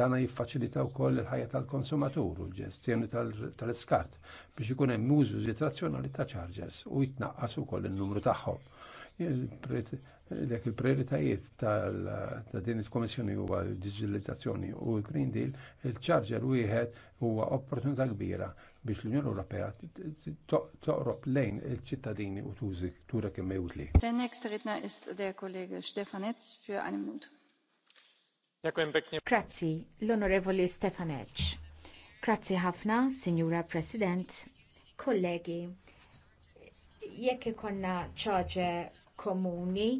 [SPEAKER 11] Tana jiffaċilita wkoll il-ħajja tal-konsumatur u l-ġestjoni tal-iskart biex ikun hemm użu razzjonali ta' chargers u jitnaqqas ukoll in-numru tagħhom. Dek il-prioritajiet ta' din il-Komissjoni huwa digitalizzazzjoni u l-Green Deal, il-charger wieħed huwa opportunità kbira biex l-Unjoni Ewropea toqrob lejn il-ċittadini u tużi tura kemm li.
[SPEAKER 10] Der next ritna ist der kollega Stefanetz für għan minut. Grazzi,
[SPEAKER 7] l-Onorevoli Stefanetz. Grazzi ħafna, Signora President, kollegi. Jekk ikonna ċaġe komuni,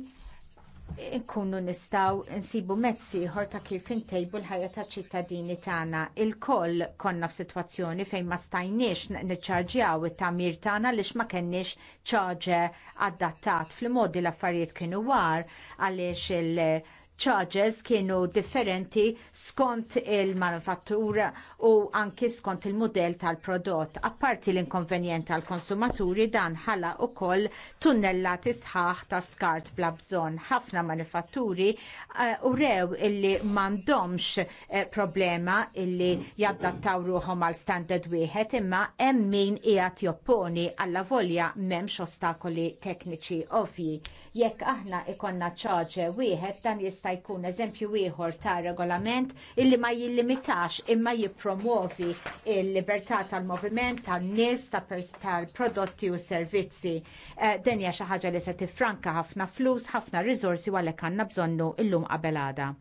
[SPEAKER 7] Inkunu nistaw nsibu mezzi ieħor ta' kif intejbu l-ħajja taċ ċittadini tagħna. Il-koll konna f'sitwazzjoni fejn ma stajniex niċċarġjaw it-tamir tagħna lix ma kenniex ċarġe adattat fl-modi l-affarijiet kienu war għaliex il- charges kienu differenti skont il-manufattura u anki skont il mudell tal-prodott. Apparti l-inkonvenjent tal-konsumaturi dan ħala u koll tunnella tisħaħ ta' skart bla bżon. Ħafna manifatturi eh, u uh, rew illi mandomx uh, problema illi jaddattaw ruħom għal standard wieħed imma hemm min jopponi għalla volja m'hemmx ostakoli tekniċi ovji. Jekk aħna ikonna ċaġe wieħed dan jista' jista' jkun eżempju ieħor ta' regolament illi ma jillimitax imma jippromovi il-libertà tal-moviment tan-nies ta' tal-prodotti u servizzi. Eh, din hija xi ħaġa li se tiffranka ħafna flus, ħafna riżorsi u għalhekk għandna bżonnu illum qabel għada.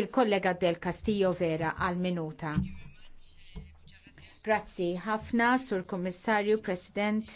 [SPEAKER 7] Il-kollega del Castillo Vera għal minuta. Grazzi ħafna, Sur Kummissarju, President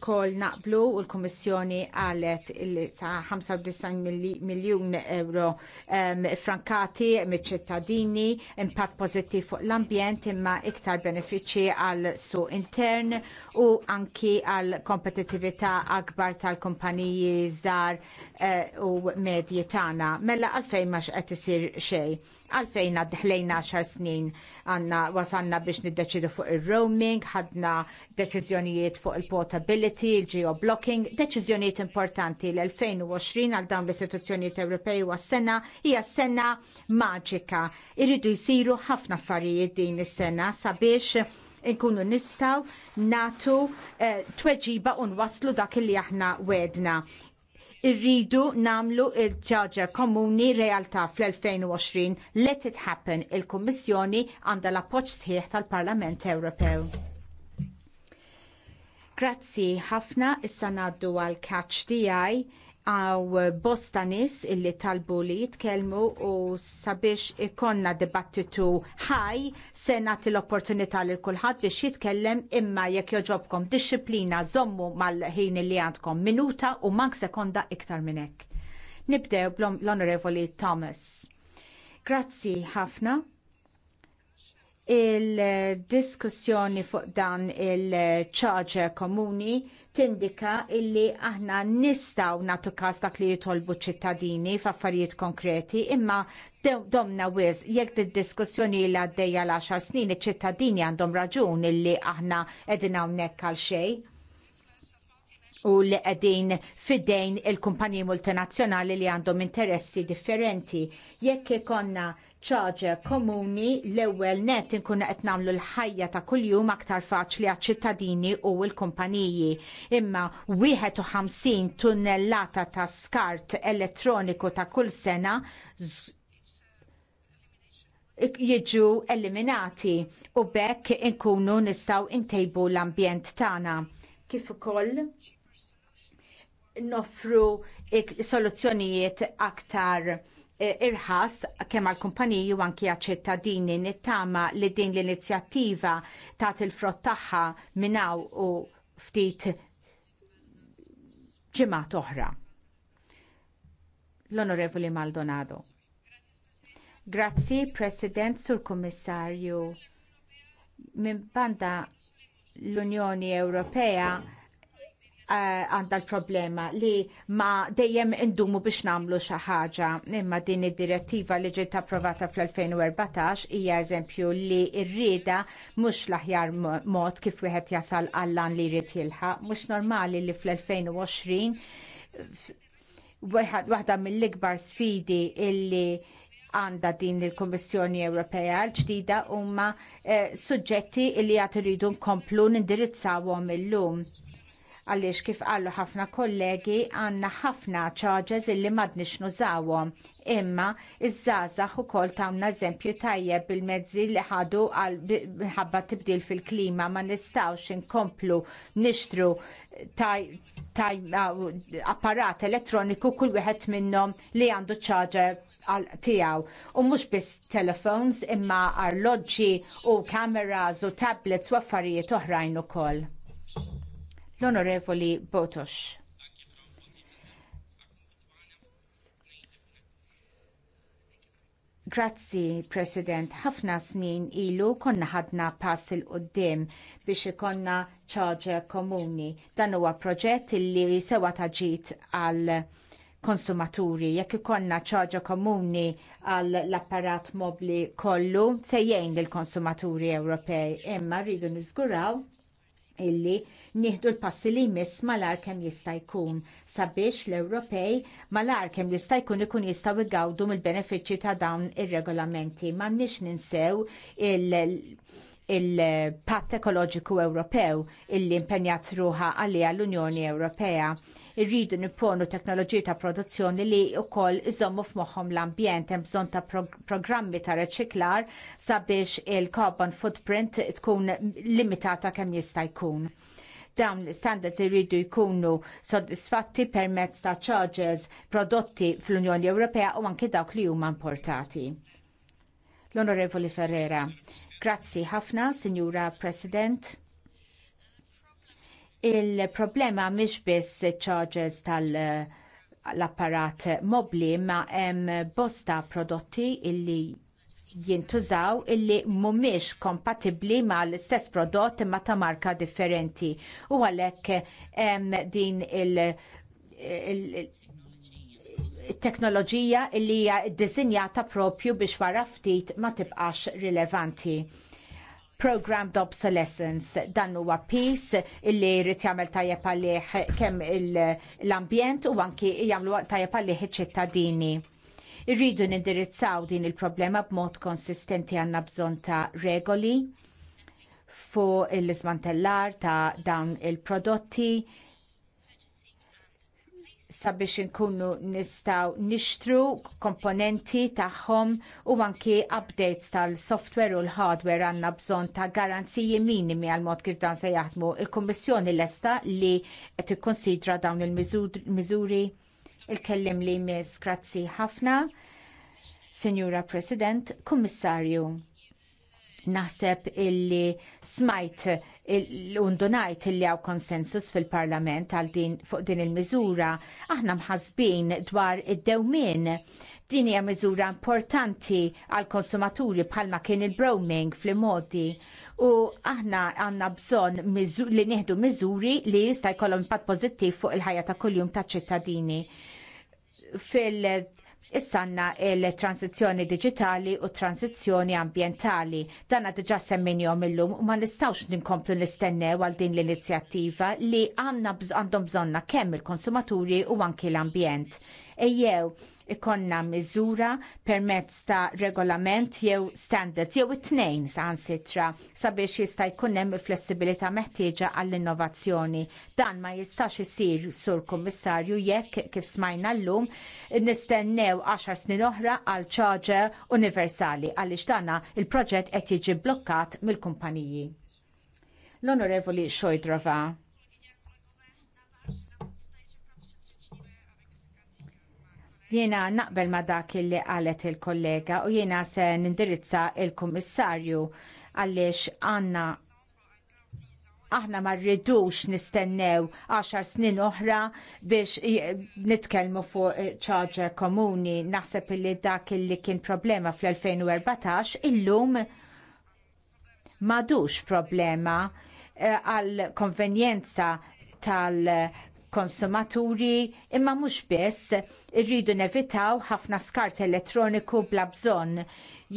[SPEAKER 7] kol naqblu u l-Komissjoni għalet il-95 miljon euro um, frankati miċ ċittadini impatt pozittiv fuq l-ambjent imma iktar benefiċi għal su intern u anki għal kompetitività akbar tal-kumpaniji żgħar uh, u medji tagħna. Mela għalfejn ma qed isir xejn għalfejn għadħlejna xar snin għanna wasanna biex niddeċidu fuq il-roaming, ħadna deċiżjonijiet fuq il-portability, il-geoblocking, deċiżjonijiet importanti l-2020 għal dawn l-istituzzjonijiet Ewropej u għas-sena hija sena maġika. Irridu jisiru ħafna affarijiet din is-sena sabiex nkunu nistaw natu eh, tweġiba un waslu dak li aħna wedna irridu namlu il ċarġa komuni realtà fl-2020. Let it happen. Il-Kummissjoni għandha l-appoġġ sħiħ tal-Parlament Ewropew. Grazzi ħafna issa ngħaddu għal catch DI għaw bosta nis illi talbu li jitkelmu u sabiex ikonna dibattitu ħaj se nagħti l-opportunità lil kulħadd biex jitkellem imma jekk joġobkom disċiplina żommu mal-ħin li għandkom minuta u mank sekonda iktar minn hekk. Nibdew l-Onorevoli Thomas. Grazzi ħafna il-diskussjoni fuq dan il-ċaġa komuni tindika illi aħna nistaw natu kas dak li jitolbu ċittadini f'affarijiet konkreti imma domna wiz jekk di diskussjoni li għaddejja l-10 snin iċ-ċittadini għandhom raġun illi aħna qegħdin hawnhekk għal xejn u li qegħdin fidejn il-kumpaniji multinazzjonali li għandhom interessi differenti. Jekk ikonna ċaġe komuni l-ewwel net inkun qed nagħmlu l-ħajja ta' kuljum aktar faċli għaċ-ċittadini u l-kumpaniji. Imma 51 tunnellata ta' skart elettroniku ta' kull sena jiġu eliminati u bekk inkunu nistgħu ntejbu l-ambjent tagħna. Kif ukoll nofru soluzzjonijiet aktar Eh, irħas kemm għall kumpaniji u anki għaċ-ċittadini nittama li din l-inizjattiva tagħti il-frott tagħha minnaw u ftit ġimat oħra. L-Onorevoli Maldonado. Grazzi, President, Sur Kommissarju. Minn banda l-Unjoni Ewropea Eh, għandha l-problema li ma dejjem indumu biex namlu xi ħaġa imma din id-direttiva li ġiet approvata fl-2014 hija eżempju li rrieda mhux l-aħjar mod kif wieħed jasal għall-an li jrid jilħaq, mhux normali li
[SPEAKER 9] fl-2020
[SPEAKER 7] waħda mill-ikbar sfidi illi għanda din il-Kommissjoni Ewropea l-ġdida huma eh, suġġetti li għat iridu nkomplu nindirizzawhom illum għaliex kif għallu ħafna kollegi għandna ħafna charges illi m'għadniex nużawhom. Imma iż-żgħażagħ ukoll tagħmilna eżempju tajjeb bil-mezzi li ħadu għal ħabba tibdil fil-klima ma nistgħux inkomplu nixtru apparat elettroniku kull wieħed minnhom li għandu charger għal tijaw. U mux biss telefons imma arloġġi u kameras u tablets u affarijiet oħrajn ukoll l-Onorevoli Botox. Grazzi, President. Ħafna snin ilu konna ħadna pass il qoddim biex ikonna ċaġa komuni. Dan huwa proġett li sewa taġit għal konsumaturi. Jekk ikonna ċaġa komuni għal l-apparat mobli kollu, sejjejn lill konsumaturi Ewropej. Imma rridu niżguraw illi nieħdu l-passi li jmiss malar kemm jista' jkun sabiex l-Ewropej malar kemm jista' jkun ikun jistgħu jgawdu mill-benefiċċji ta' dawn ir-regolamenti. M'għandniex ninsew il- il-patt ekoloġiku Ewropew illi impenjat ruħa għalija l-Unjoni Ewropea. Irridu nipponu teknoloġiji ta' produzzjoni li wkoll iżommu f'moħħom l-ambjent hemm bżonn ta' programmi ta' reċiklar sabiex il-carbon footprint tkun limitata kemm jista' jkun. Dawn l-standards irridu jkunu soddisfatti permezz ta' charges prodotti fl-Unjoni Ewropea u anke dawk li huma importati. L-Onorevoli Ferrera, grazzi ħafna, Signora President il-problema mhix biss charges tal- eh, l-apparat mobbli ma hemm bosta prodotti illi jintużaw illi mhumiex kompatibbli mal istess prodott imma ta' marka differenti. U għalhekk hemm din il-, il teknoloġija li hija ddisinjata propju biex wara ftit ma tibqax rilevanti. Programmed obsolescence dan huwa piece illi jrid jagħmel tajjeb għalih kemm l-ambjent u anki jagħmlu tajjeb għalih iċ-ċittadini Irridu nindirizzaw din il-problema b'mod konsistenti għandna bżonn ta' regoli fuq l ismantellar ta' dawn il-prodotti sabiex inkunu nistaw nixtru komponenti tagħhom u anki updates tal-software u l-hardware għandna bżonn ta' garanziji minimi għal mod kif dan se jaħdmu. Il-Kummissjoni lesta li qed ikkonsidra dawn il-miżuri Il-kellim li jmiss grazzi ħafna, Signora President, Kummissarju. Naħseb illi smajt l-undunajt illi għaw konsensus fil-parlament għal din fuq din il-mizura, aħna mħasbin dwar id-dewmin. Din hija miżura importanti għal konsumaturi bħalma kien il-browming fl-modi u aħna għanna bżon li nieħdu miżuri li jista' jkollhom impatt pożittiv fuq il-ħajja ta' kuljum ta' ċittadini fil- issanna il-transizjoni digitali u transizjoni ambientali. Dan diġa semminjom illum u ma nistawx ninkomplu nistennew għal din l-inizjattiva li għandhom bżonna kemm il-konsumaturi u anki l-ambjent. Ejjew, ikonna miżura permezz ta' regolament jew standards jew it-tnejn saħansitra sabiex jista' jkun hemm flessibilità meħtieġa għall-innovazzjoni. Dan ma jistax isir sur kummissarju jekk kif smajna llum nistennew 10 snin oħra għal charger universali għaliex dana il-proġett qed jiġi blokkat mill-kumpaniji. L-Onorevoli Xojdrova. Jiena naqbel ma dak li qalet il-kollega u jiena se nindirizza il-kummissarju għaliex għanna aħna ma rridux nistennew 10 snin oħra biex nitkellmu fuq ċarġa komuni. Naħseb illi dak illi kien problema fl-2014 illum madux problema eh, għal konvenjenza tal- konsumaturi imma mhux biss irridu nevitaw ħafna skart elettroniku bla bżonn.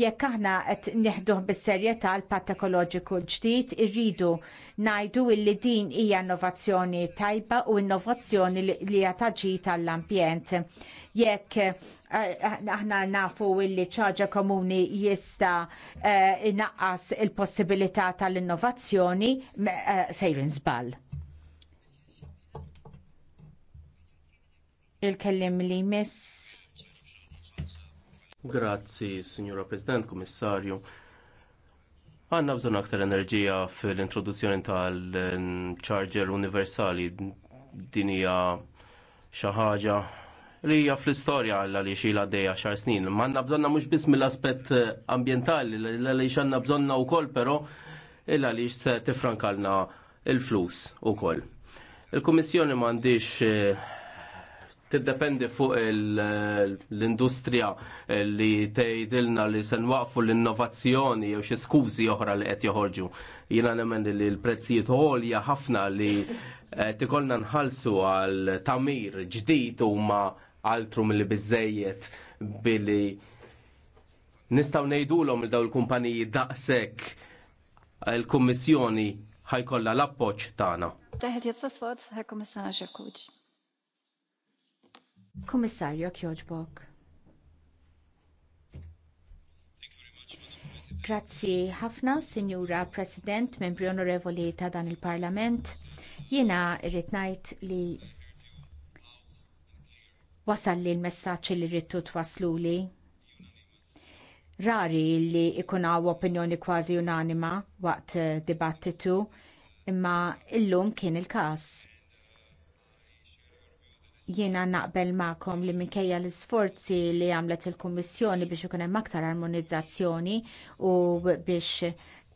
[SPEAKER 7] Jekk aħna qed nieħduh bis-serjetà l-patt ekoloġiku l-ġdid irridu ngħidu li din hija innovazzjoni tajba u innovazzjoni li hija taġi tal-ambjent. Jekk eh, aħna nafu li ċaġa komuni jista eh, inaqqas il-possibilità tal-innovazzjoni eh, sejrin żball. il-kellim li miss.
[SPEAKER 5] Grazzi, Signora President, Kummissarju. Għanna bżon aktar enerġija fil-introduzzjoni tal-charger universali dinija xaħġa li hija fl-istorja li xila dejja xar snin. Ma għanna bżonna mux biss mill-aspet ambientali, li xanna bżonna u kol, pero illa li se tifrankalna il-flus u kol. il komissjoni mandiġ eh, tiddependi fuq l-industrija li tgħidilna li se nwaqfu l-innovazzjoni jew xi skużi oħra li qed joħorġu. Jiena nemmen li l-prezzijiet għolja ħafna li tikolna nħallsu għal tamir ġdid huma altru mill-li billi nistaw nejdulom il-daw il-kumpaniji daqsek il-kommissjoni ħajkolla l-appoċ tagħna.
[SPEAKER 10] Teħed jitzas forz ħal-kommissarju Kuċ. Kummissarju Kjoġbok.
[SPEAKER 7] Grazzi ħafna, Sinjura President, membri onorevoli ta' dan il-Parlament. Jiena rrid ngħid li wasal li l-messaġġ li rritu li. Rari li ikun hawn opinjoni kważi unanima waqt dibattitu, imma illum kien il-każ. Jiena naqbel ma'kom li minkejja l-isforzi li għamlet il-Kummissjoni biex ikun hemm aktar armonizzazzjoni u biex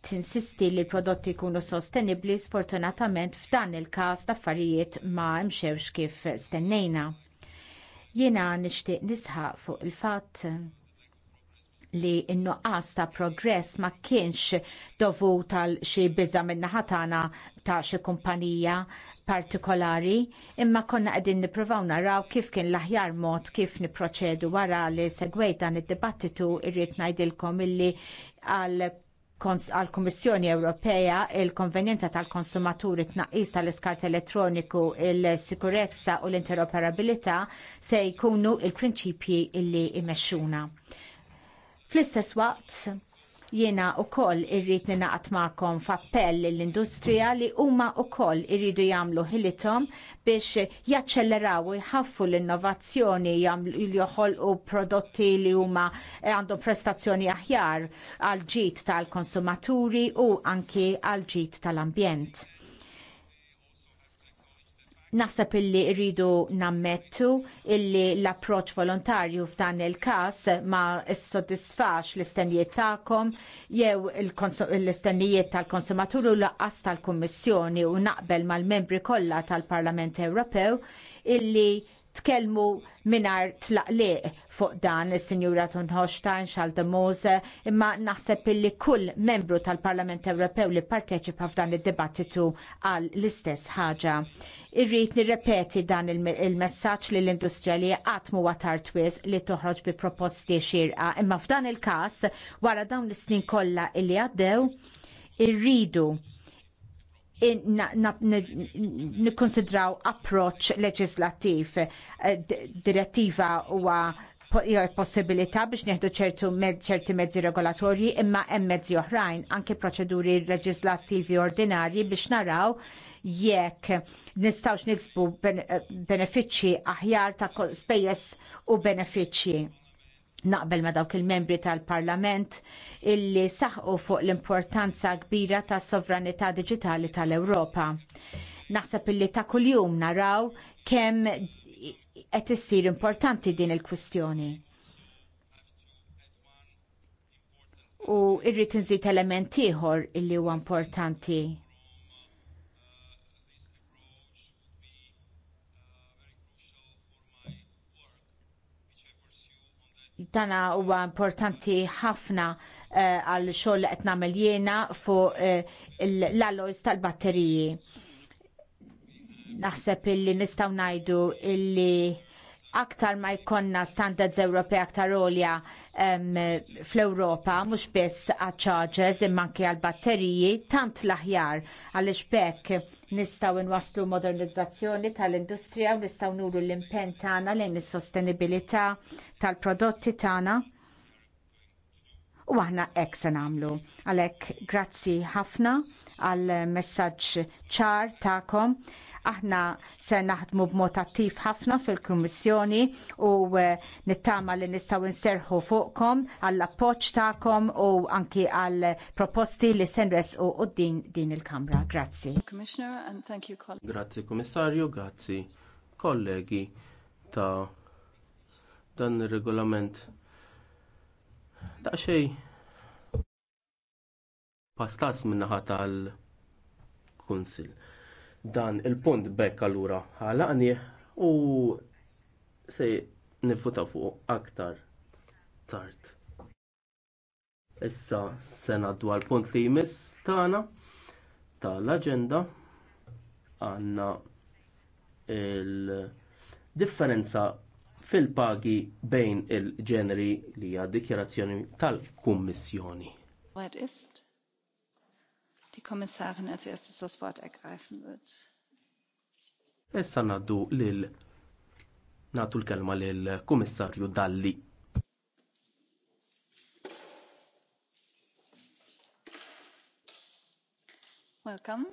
[SPEAKER 7] tinsisti li l-prodotti jkunu sostenibbli, sfortunatament f'dan il-każ l-affarijiet ma mxewx kif stennejna. Jiena nixtieq nisħaq fuq il-fatt li n-nuqqas ta' progress ma kienx dovut għal xi biża min-naħa tagħna ta' xi kumpanija partikolari, imma konna qegħdin nippruvaw naraw kif kien l-aħjar mod kif niproċedu wara li segwej dan id-dibattitu irrid ngħidilkom illi għal għal-Kummissjoni Ewropea il-konvenjenza tal-konsumaturi tnaqqis tal-iskart elettroniku il-sikurezza u l-interoperabilità se jkunu il-prinċipji illi imexxuna. Fl-istess waqt, Jiena wkoll irrid ninaqat ma'kom f'appell lill-industrija li huma wkoll irridu jagħmlu ħilithom biex jaċċelleraw u jħaffu l-innovazzjoni li joħolqu prodotti li huma eh, għandhom prestazzjoni aħjar għal ġid tal-konsumaturi u anki għal ġid tal-ambjent. Naħseb illi rridu nammettu illi l-approċ volontarju f'dan il-kas ma s-soddisfax l-istennijiet ta'kom jew l-istennijiet tal-konsumatur u laqqas tal-Kummissjoni u naqbel mal-membri kollha tal-Parlament Ewropew illi tkellmu minar tlaqliq fuq dan is-Sinjura Tunħoxtajn xalda Mose imma naħseb illi kull membru tal-Parlament Ewropew li parteċipa f'dan id-dibattitu għal l-istess ħaġa. Irrid nirrepeti dan il-messaġġ li l-industrija li qatt huwa twiz li toħroġ bi proposti xirqa imma f'dan il-każ wara dawn is-snin kollha illi għaddew irridu nikkonsidraw approċ leġislattiv eh, direttiva huwa possibilità biex neħdu ċertu ċerti mezzi regolatorji imma hemm mezzi oħrajn anke proċeduri leġislattivi ordinarji biex naraw jekk nistgħux niksbu eh, benefiċċji aħjar ta' spejjeż u benefiċċji naqbel ma dawk il-membri tal-Parlament illi saħqu fuq l-importanza kbira tas sovranità diġitali tal-Ewropa. Naħseb illi ta' kuljum naraw kemm qed issir importanti din il-kwistjoni. U irrid inżid element ieħor illi huwa importanti dana huwa importanti ħafna eh, għal xogħol li qed nagħmel jiena fuq eh, l-alloys tal-batteriji. Naħseb illi nistgħu ngħidu illi aktar ma jkonna standards Ewropej aktar olja fl-Ewropa, mhux biss għal-charges imma anke għal-batteriji, tant l-aħjar għaliex bekk nistgħu nwasslu modernizzazzjoni tal-industrija u nistgħu nuru l impenn tagħna lejn is-sostenibilità tal-prodotti tagħna. U aħna hekk se nagħmlu. Għalhekk grazzi ħafna għall messaġġ ċar tagħkom. Aħna se naħdmu b'mod attiv ħafna fil-Kummissjoni u eh, nittama li nistgħu nserħu fuqkom għall-appoġġ tagħkom u anki għall proposti li senres u din din il-Kamra.
[SPEAKER 10] Grazzi.
[SPEAKER 5] Grazzi Kummissarju, grazzi kollegi ta' dan ir-regolament da' xej pastas naħa tal-Kunsil dan il-punt bekk allura ħalaqni u se nifuta fuq aktar tard. Issa sena dwar punt li jmiss tagħna tal-aġenda għandna il-differenza fil-pagi bejn il-ġeneri li hija dikjarazzjoni tal-Kummissjoni.
[SPEAKER 10] What is? die Kommissarin als erstes das Wort ergreifen wird.
[SPEAKER 5] Issa naddu lil nagħtu l-kelma lil Kommissarju Dalli.
[SPEAKER 10] Welcome.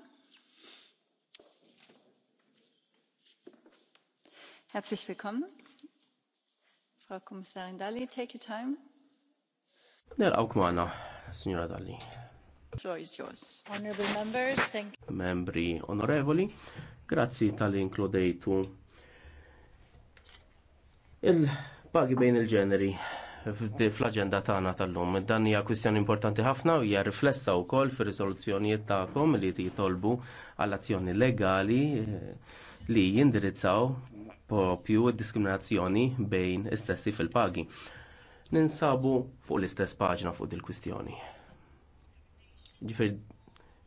[SPEAKER 10] Herzlich willkommen. Frau Kommissarin Dalli, take your time.
[SPEAKER 5] Nel Nerqawk magħna, Signora Dalli
[SPEAKER 10] is yours. Honorable members, thank
[SPEAKER 5] you. Membri onorevoli, grazzi tal-inkludejtu il-pagi bejn il-ġeneri fl-agenda tagħna tal-lum. Dan hija kwistjoni importanti ħafna u hija riflessa wkoll fir-riżoluzzjonijiet tagħkom li jitolbu għall azzjoni legali eh, li jindirizzaw propju diskriminazzjoni bejn istessi fil-pagi. Ninsabu fuq l-istess paġna fuq il kwistjoni ġifir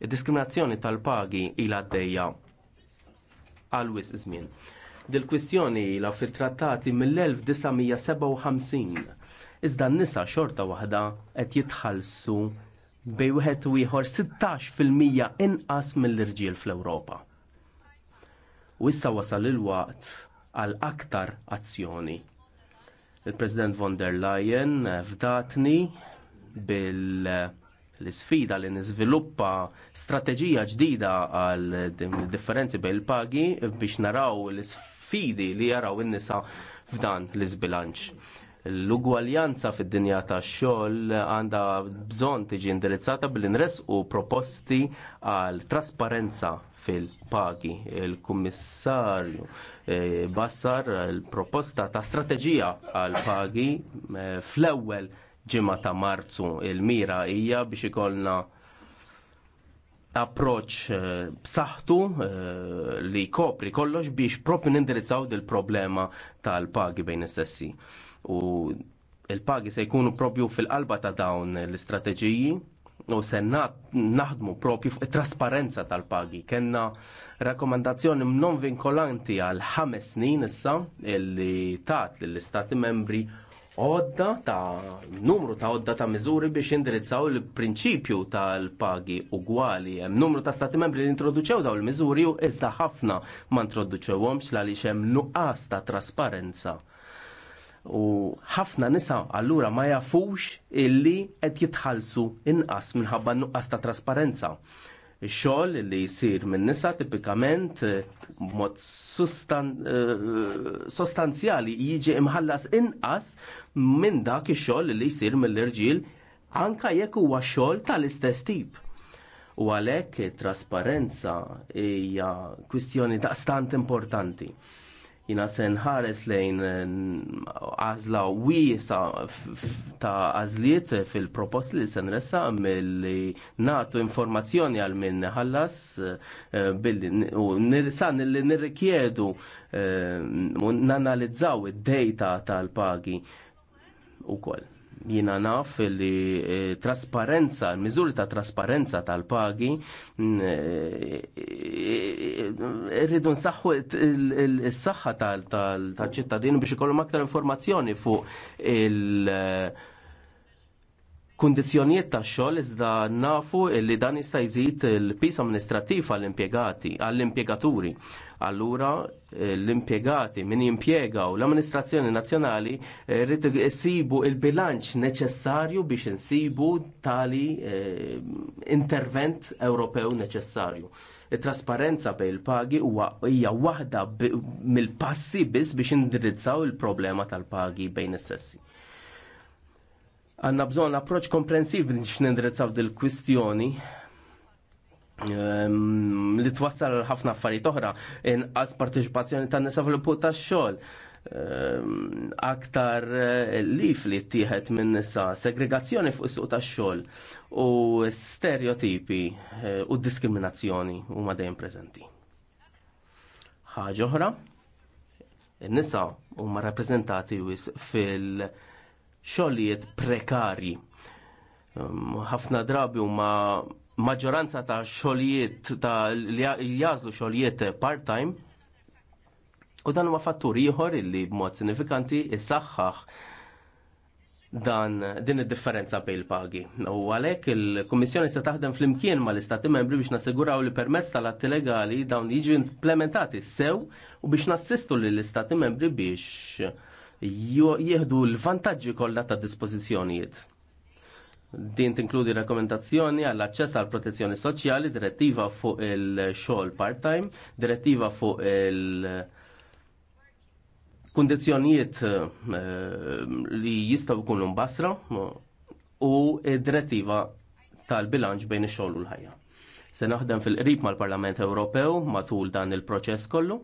[SPEAKER 5] il diskriminazzjoni tal-pagi il għaddejja għal wis żmien. Dil-kwistjoni la fil-trattati mill-1957 iżda n-nisa xorta waħda qed jitħallsu bej wieħed u ieħor 16% inqas mill-irġiel fl-Ewropa. U issa wasal il-waqt għal aktar azzjoni. Il-President von der Leyen fdatni bil- l-sfida li niżviluppa strateġija ġdida għal differenzi bejn il-pagi biex naraw l-sfidi li jaraw in-nisa f'dan l-iżbilanċ. L-ugwaljanza fid-dinja tax xogħol għandha bżonn tiġi indirizzata billi u proposti għal trasparenza fil-pagi. Il-Kummissarju eh, bassar l proposta ta' strateġija għal pagi eh, fl-ewwel ġimgħa ta' Marzu. Il-mira hija biex ikollna approċ eh, b'saħħtu eh, li kopri kollox biex propri nindirizzaw il problema tal-pagi bejn is-sessi. U il-pagi se jkunu propju fil-qalba ta' dawn l-istrateġiji u se naħdmu propju fuq trasparenza tal-pagi. Kenna rakkomandazzjoni non vinkolanti għal ħames snin issa li tat lill istati membri odda ta' numru ta' odda ta' miżuri biex indirizzaw il-prinċipju tal-pagi ugwali. Hemm numru ta' stati membri li introduċew daw il-miżuri u iżda ħafna ma introduċewhomx għaliex hemm nuqqas ta' trasparenza u ħafna nisa allura ma jafux illi qed jitħallsu inqas minħabba nuqqas ta' trasparenza xogħol li jsir minn nisa tipikament eh, b'mod eh, sostanzjali jiġi imħallas inqas minn dak ix-xogħol li jsir mill-irġiel anka jekk huwa xogħol tal-istess tip. U għalhekk it trasparenza hija kwistjoni daqstant importanti jina sen ħares lejn għazla wiesa ta' għazliet fil-propost li sen ressa mill-li natu informazzjoni għal minn ħallas eh, u nirsan li nirrikjedu u eh, nanalizzaw id-data tal-pagi u koll jina naf li eh, trasparenza, miżuri ta' trasparenza tal-pagi eh, eh, rridu nsaħħu il saħħa tal-ċittadin biex ikollhom aktar informazzjoni fuq il- Kundizzjonijiet ta' xogħol iżda nafu li dan jista' jżid il-pis amministrattiv għall-impjegati, għall-impjegaturi. Allura eh, l-impjegati min jimpjegaw l-amministrazzjoni nazzjonali eh, rrid isibu il-bilanċ neċessarju biex insibu tali eh, intervent Ewropew neċessarju it-trasparenza bej il-pagi huwa hija waħda mill-passi biss biex indirizzaw il-problema tal-pagi bejn is-sessi. Għanna bżonn approċ komprensiv biex nindirizzaw dil-kwistjoni Ehm, li twassal ħafna affarijiet oħra inqas partiċipazzjoni tan-nisa fil-punt tax-xogħol ehm, aktar eh, lif li tieħed minn nisa, segregazzjoni fuq suq tax-xogħol u stereotipi eh, u diskriminazzjoni huma dejjem preżenti. Ħaġa oħra, in-nisa huma rappreżentati fil-xogħlijiet prekarji. Ehm, ħafna drabi huma maġġoranza ta' xogħlijiet ta' li jażlu xogħlijiet part-time u dan huwa fattur ieħor illi b'mod sinifikanti issaħħaħ dan din id-differenza bejn il-pagi. U għalhekk il-Kummissjoni se taħdem flimkien mal-Istati Membri biex nasiguraw li permezz tal-atti legali dawn jiġu implementati sew u biex nassistu lill istati Membri biex jieħdu l-vantaġġi kollha tad dispożizzjonijiet. Din tinkludi rakkomendazzjoni għall aċċess għal protezzjoni soċjali, direttiva fuq il-xogħol part-time, direttiva fuq il- kondizjonijiet eh, li jistaw ikunu mbasra u direttiva tal-bilanċ bejn ix-xogħol u l-ħajja. Se naħdem fil-qrib mal-Parlament Ewropew matul dan il-proċess kollu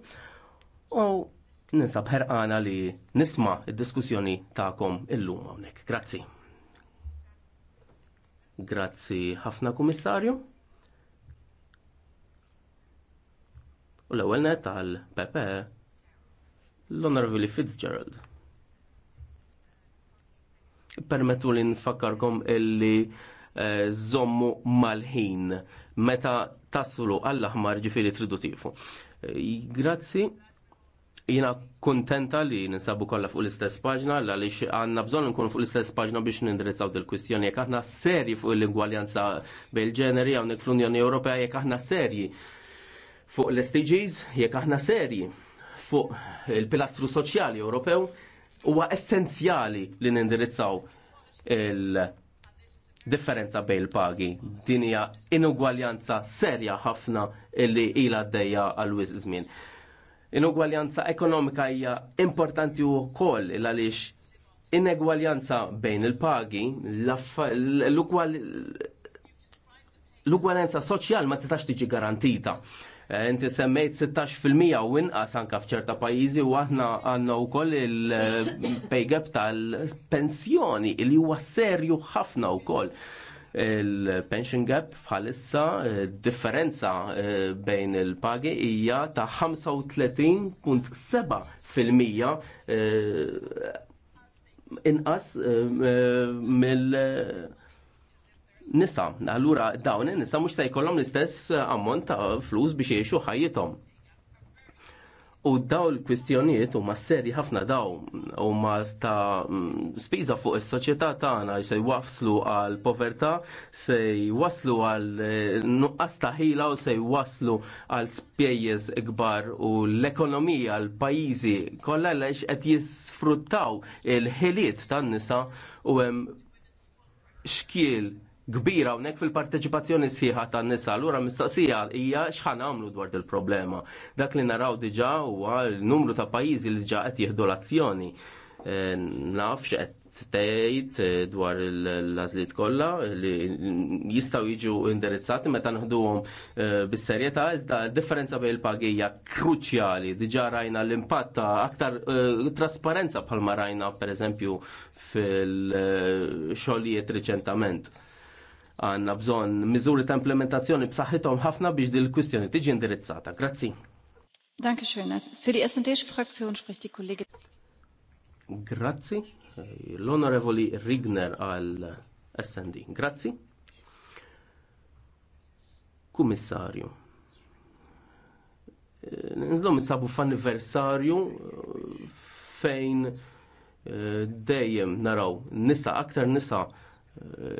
[SPEAKER 5] u ninsab ħerqana li nisma' id-diskussjoni tagħkom illum hawnhekk. Grazzi. Grazzi ħafna kummissarju. U l-ewwel net tal-Pepe l-Honorable Fitzgerald. Permettu li nfakkarkom illi eh, żommu mal-ħin meta taslu għall-aħmar ġifiri tridu tifu. Eh, grazzi jina kontenta li ninsabu kollha fuq l-istess paġna għaliex għandna bżonn nkunu fuq l-istess paġna biex nindirizzaw dil kwistjoni jekk aħna serji fuq l-ingwaljanza bejn ġeneri hawnhekk fl-Unjoni Ewropea jekk aħna serji fuq l-SDGs, jekk aħna serji fuq il-pilastru soċjali Ewropew huwa essenzjali li nindirizzaw il-differenza bejn il-pagi. Din hija inugwaljanza serja ħafna li d dejja għal żmien in-ugwaljanza ekonomika hija importanti wkoll il għaliex inegwaljanza bejn il-pagi, l l-ugwaljanza soċjal ma tistax tiġi garantita. Eh, inti semmejt 16% u inqas anka f'ċerta pajjiżi u aħna għandna wkoll il-pay eh, gap tal-pensjoni li huwa serju ħafna wkoll il-pension gap bħalissa eh, differenza eh, bejn il-pagi hija ta' 35.7 fil-mija eh, inqas mill nisa. Allura dawn in-nisa mhux se jkollhom l-istess ammont ta' flus biex jgħixu ħajjithom. U daw l-kwistjonijiet huma serji ħafna daw huma ta' spiża fuq is-soċjetà tagħna se jwaslu għal povertà, se jwaslu għal eh, nuqqas ta' ħila u se jwaslu għal spejjeż ikbar u l-ekonomija l pajjiżi kollha lex qed jisfruttaw il-ħiliet tan-nisa u hemm xkiel kbira hawnhekk fil-parteċipazzjoni sħiħa tan-nisa. Allura mistoqsija hija x'ħan għamlu dwar il-problema. Dak li naraw diġà huwa għal numru ta' pajjiżi li ġaqet qed jieħdu l-azzjoni. Eh, naf x'qed tgħid eh, dwar l azlit kollha li jistgħu jiġu indirizzati meta nħduhom eh, bis-serjetà iżda differenza bejn il-pagija kruċjali diġà rajna l-impatt ta' aktar trasparenza bħalma rajna pereżempju fil-xogħlijiet riċentament għanna bżon miżuri ta' implementazzjoni b'saħħithom ħafna biex din il-kwistjoni tiġi indirizzata. Grazzi.
[SPEAKER 10] Danke schön. Für die SD-Fraktion spricht die Kollegin.
[SPEAKER 5] Grazzi. L-Onorevoli Rigner għal SND. Grazzi. Kummissarju. Nizlom nisabu f'anniversarju eh, fejn eh, dejjem naraw nisa, aktar nisa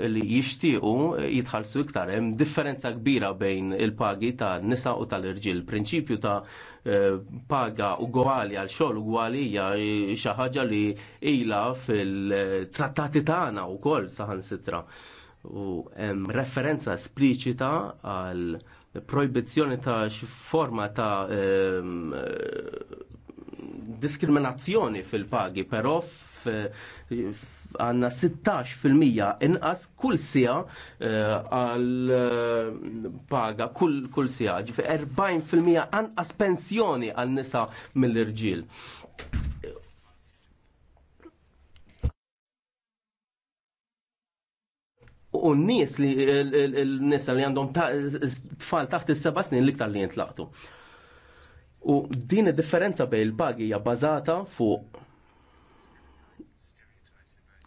[SPEAKER 5] li jixtiequ jitħallsu iktar. Hemm differenza kbira bejn il-pagi ta' nisa u tal-irġiel. Prinċipju ta' eh, paga ugwali għal xogħol ugwali hija xi ħaġa li ilha fil-trattati tagħna wkoll saħansitra. U hemm referenza spliċita għal proibizzjoni ta' xi forma ta' ehm, diskriminazzjoni fil-pagi, però għanna 16% inqas kull sija eh, għal eh, paga kull, kull sija, ġifi 40% anqas pensjoni għal nisa mill-irġil. U n-nies li n-nisa li għandhom tfal taħt is-seba' snin liktar li jintlaqtu. U din id-differenza bejn il-pagi hija bażata fuq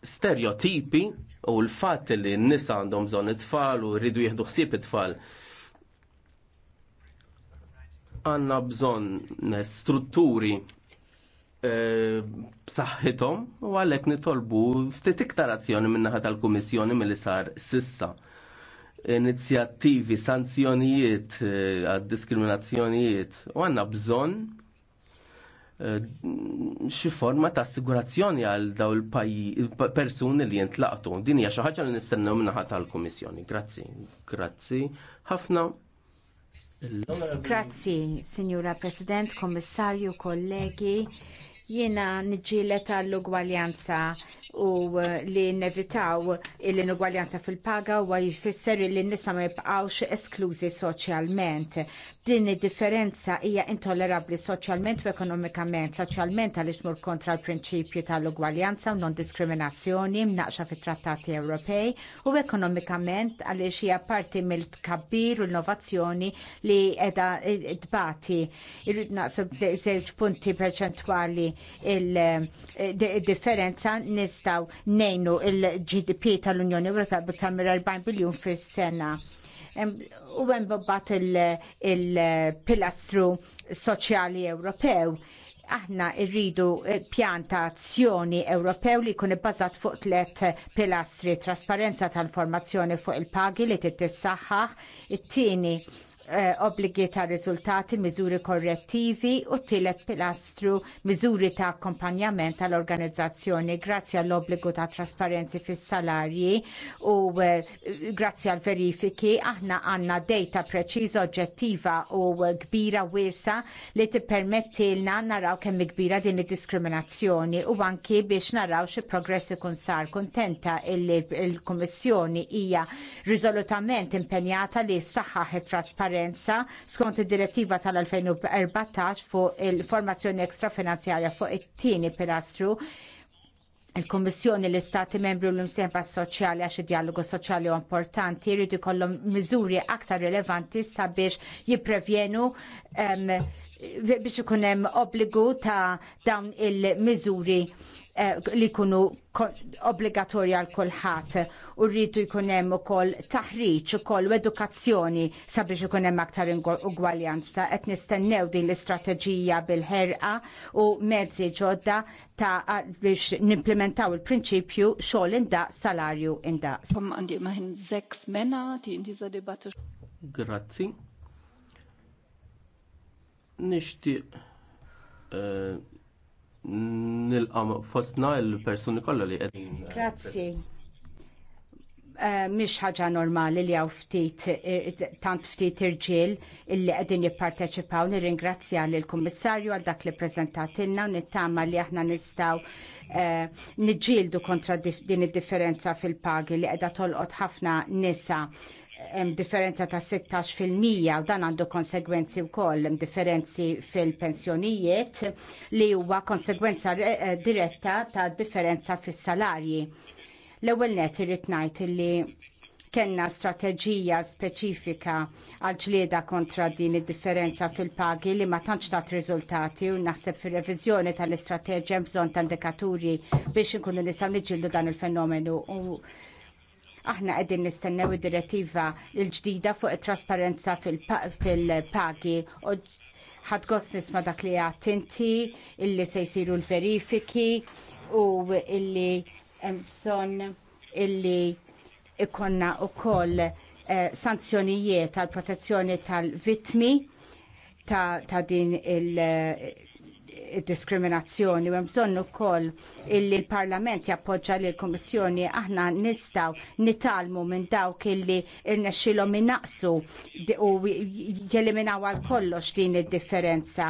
[SPEAKER 5] stereotipi u l-fatt li n-nisa għandhom bżonn it-tfal u rridu jieħdu ħsieb it-tfal għanna bżon eh, strutturi eh, b'saħħithom u għalhekk nitolbu ftit iktar azzjoni min-naħa tal-Kummissjoni milli sar sissa. Inizjattivi, sanzjonijiet eh, għad diskriminazzjonijiet u għandna bżonn Eh, xi forma ta' assigurazzjoni għal daw il-persuni li jintlaqtu. Din hija xi ħaġa li nistennew minnaħa tal-Kummissjoni. Grazzi. Grazzi ħafna.
[SPEAKER 7] Grazzi, Signora President, Kommissarju, kollegi. Jiena niġġielet għall-ugwaljanza u eh, li nevitaw l-inugwaljanza fil-paga u jfisser li nisa ma jibqawx esklużi soċjalment. Din id-differenza hija intollerabli soċjalment u ekonomikament, soċjalment għaliex mur kontra l-prinċipju tal-ugwaljanza u non-diskriminazzjoni mnaqxa fit-trattati Ewropej u ekonomikament għaliex hija parti mill kabbir u l-innovazzjoni li edha dbati. Eh, Irrid naqsu punti perċentwali il-differenza eh, nis nistgħu nejnu il-GDP tal-Unjoni Ewropea biktar mill-40 biljun fis-sena. U hemm bobbat il-pilastru soċjali Ewropew aħna rridu pjan ta' azzjoni Ewropew li kun ibbażat fuq tliet pilastri, trasparenza tal-informazzjoni fuq il-pagi li titissaħħaħ, it-tieni Eh, obbligi ta' rizultati, miżuri korrettivi u tielet pilastru miżuri ta' akkompanjament tal-organizzazzjoni grazzi għall-obbligu ta' trasparenzi fis salarji u eh, grazzi għall verifiki aħna għandna data preċiża, oġġettiva u kbira wiesa li tippermettilna naraw kemm kbira din id-diskriminazzjoni u anki biex naraw xi progress ikun sar kuntenta il-Kummissjoni hija riżolutament impenjata li s it trasparenza differenza skont id-direttiva tal-2014 fuq il-formazzjoni ekstra finanzjarja fuq it-tieni pilastru il-Kommissjoni l-Istati membri u l-imsempa soċjali għax id-dialogu soċjali u importanti jridu kollom miżuri aktar rilevanti sabiex jiprevjenu biex ikun hemm obbligu ta' dawn il-miżuri Eh, li jkunu obbligatorja għal kulħadd u rridu jkun hemm ukoll taħriġ ukoll u edukazzjoni sabiex ikun hemm aktar ugwaljanza qed nistennew din l-istrateġija bil-ħerqa u mezzi ġodda ta' biex nimplementaw il-prinċipju xogħol inda salarju inda. Sam
[SPEAKER 10] għandi maħin immerhin sechs ti die in debattu.
[SPEAKER 5] Grazzi. Nixtieq eh, nilqam fostna il-persuni kollha li qegħdin. Grazzi.
[SPEAKER 7] Eh, mhix ħaġa normali li hawn ftit eh, tant ftit irġiel illi qegħdin jipparteċipaw nirringrazzja lill kummissarju għal dak li preżentatilna u nittama li aħna nistgħu eh, niġġieldu kontra din id-differenza fil-pagi li qiegħda tolqot ħafna nisa hemm differenza ta' 16% u dan għandu konsegwenzi wkoll hemm differenzi fil-pensjonijiet li huwa konsegwenza eh, diretta ta' differenza fis-salarji. L-ewwel net irrid ngħid li kellna strateġija speċifika għal ġlieda kontra din id-differenza fil-pagi li ma tantx tat riżultati u naħseb fir-reviżjoni tal-istrateġija bżonn ta' indikaturi biex inkunu nistgħu niġġieldu dan il-fenomenu Aħna qegħdin nistennew id-direttiva l-ġdida fuq it-trasparenza fil-pagi u ħadgost nisma dak li għattinti illi se jsiru l-verifiki u illi hemm illi ikonna wkoll eh, sanzjonijiet għall protezzjoni tal-vitmi ta' din il- diskriminazzjoni u bżonn ukoll illi l-Parlament jappoġġa lil kummissjoni aħna nistgħu nitalmu minn dawk illi irnexxilhom innaqsu u jeliminaw għal kollox din id-differenza.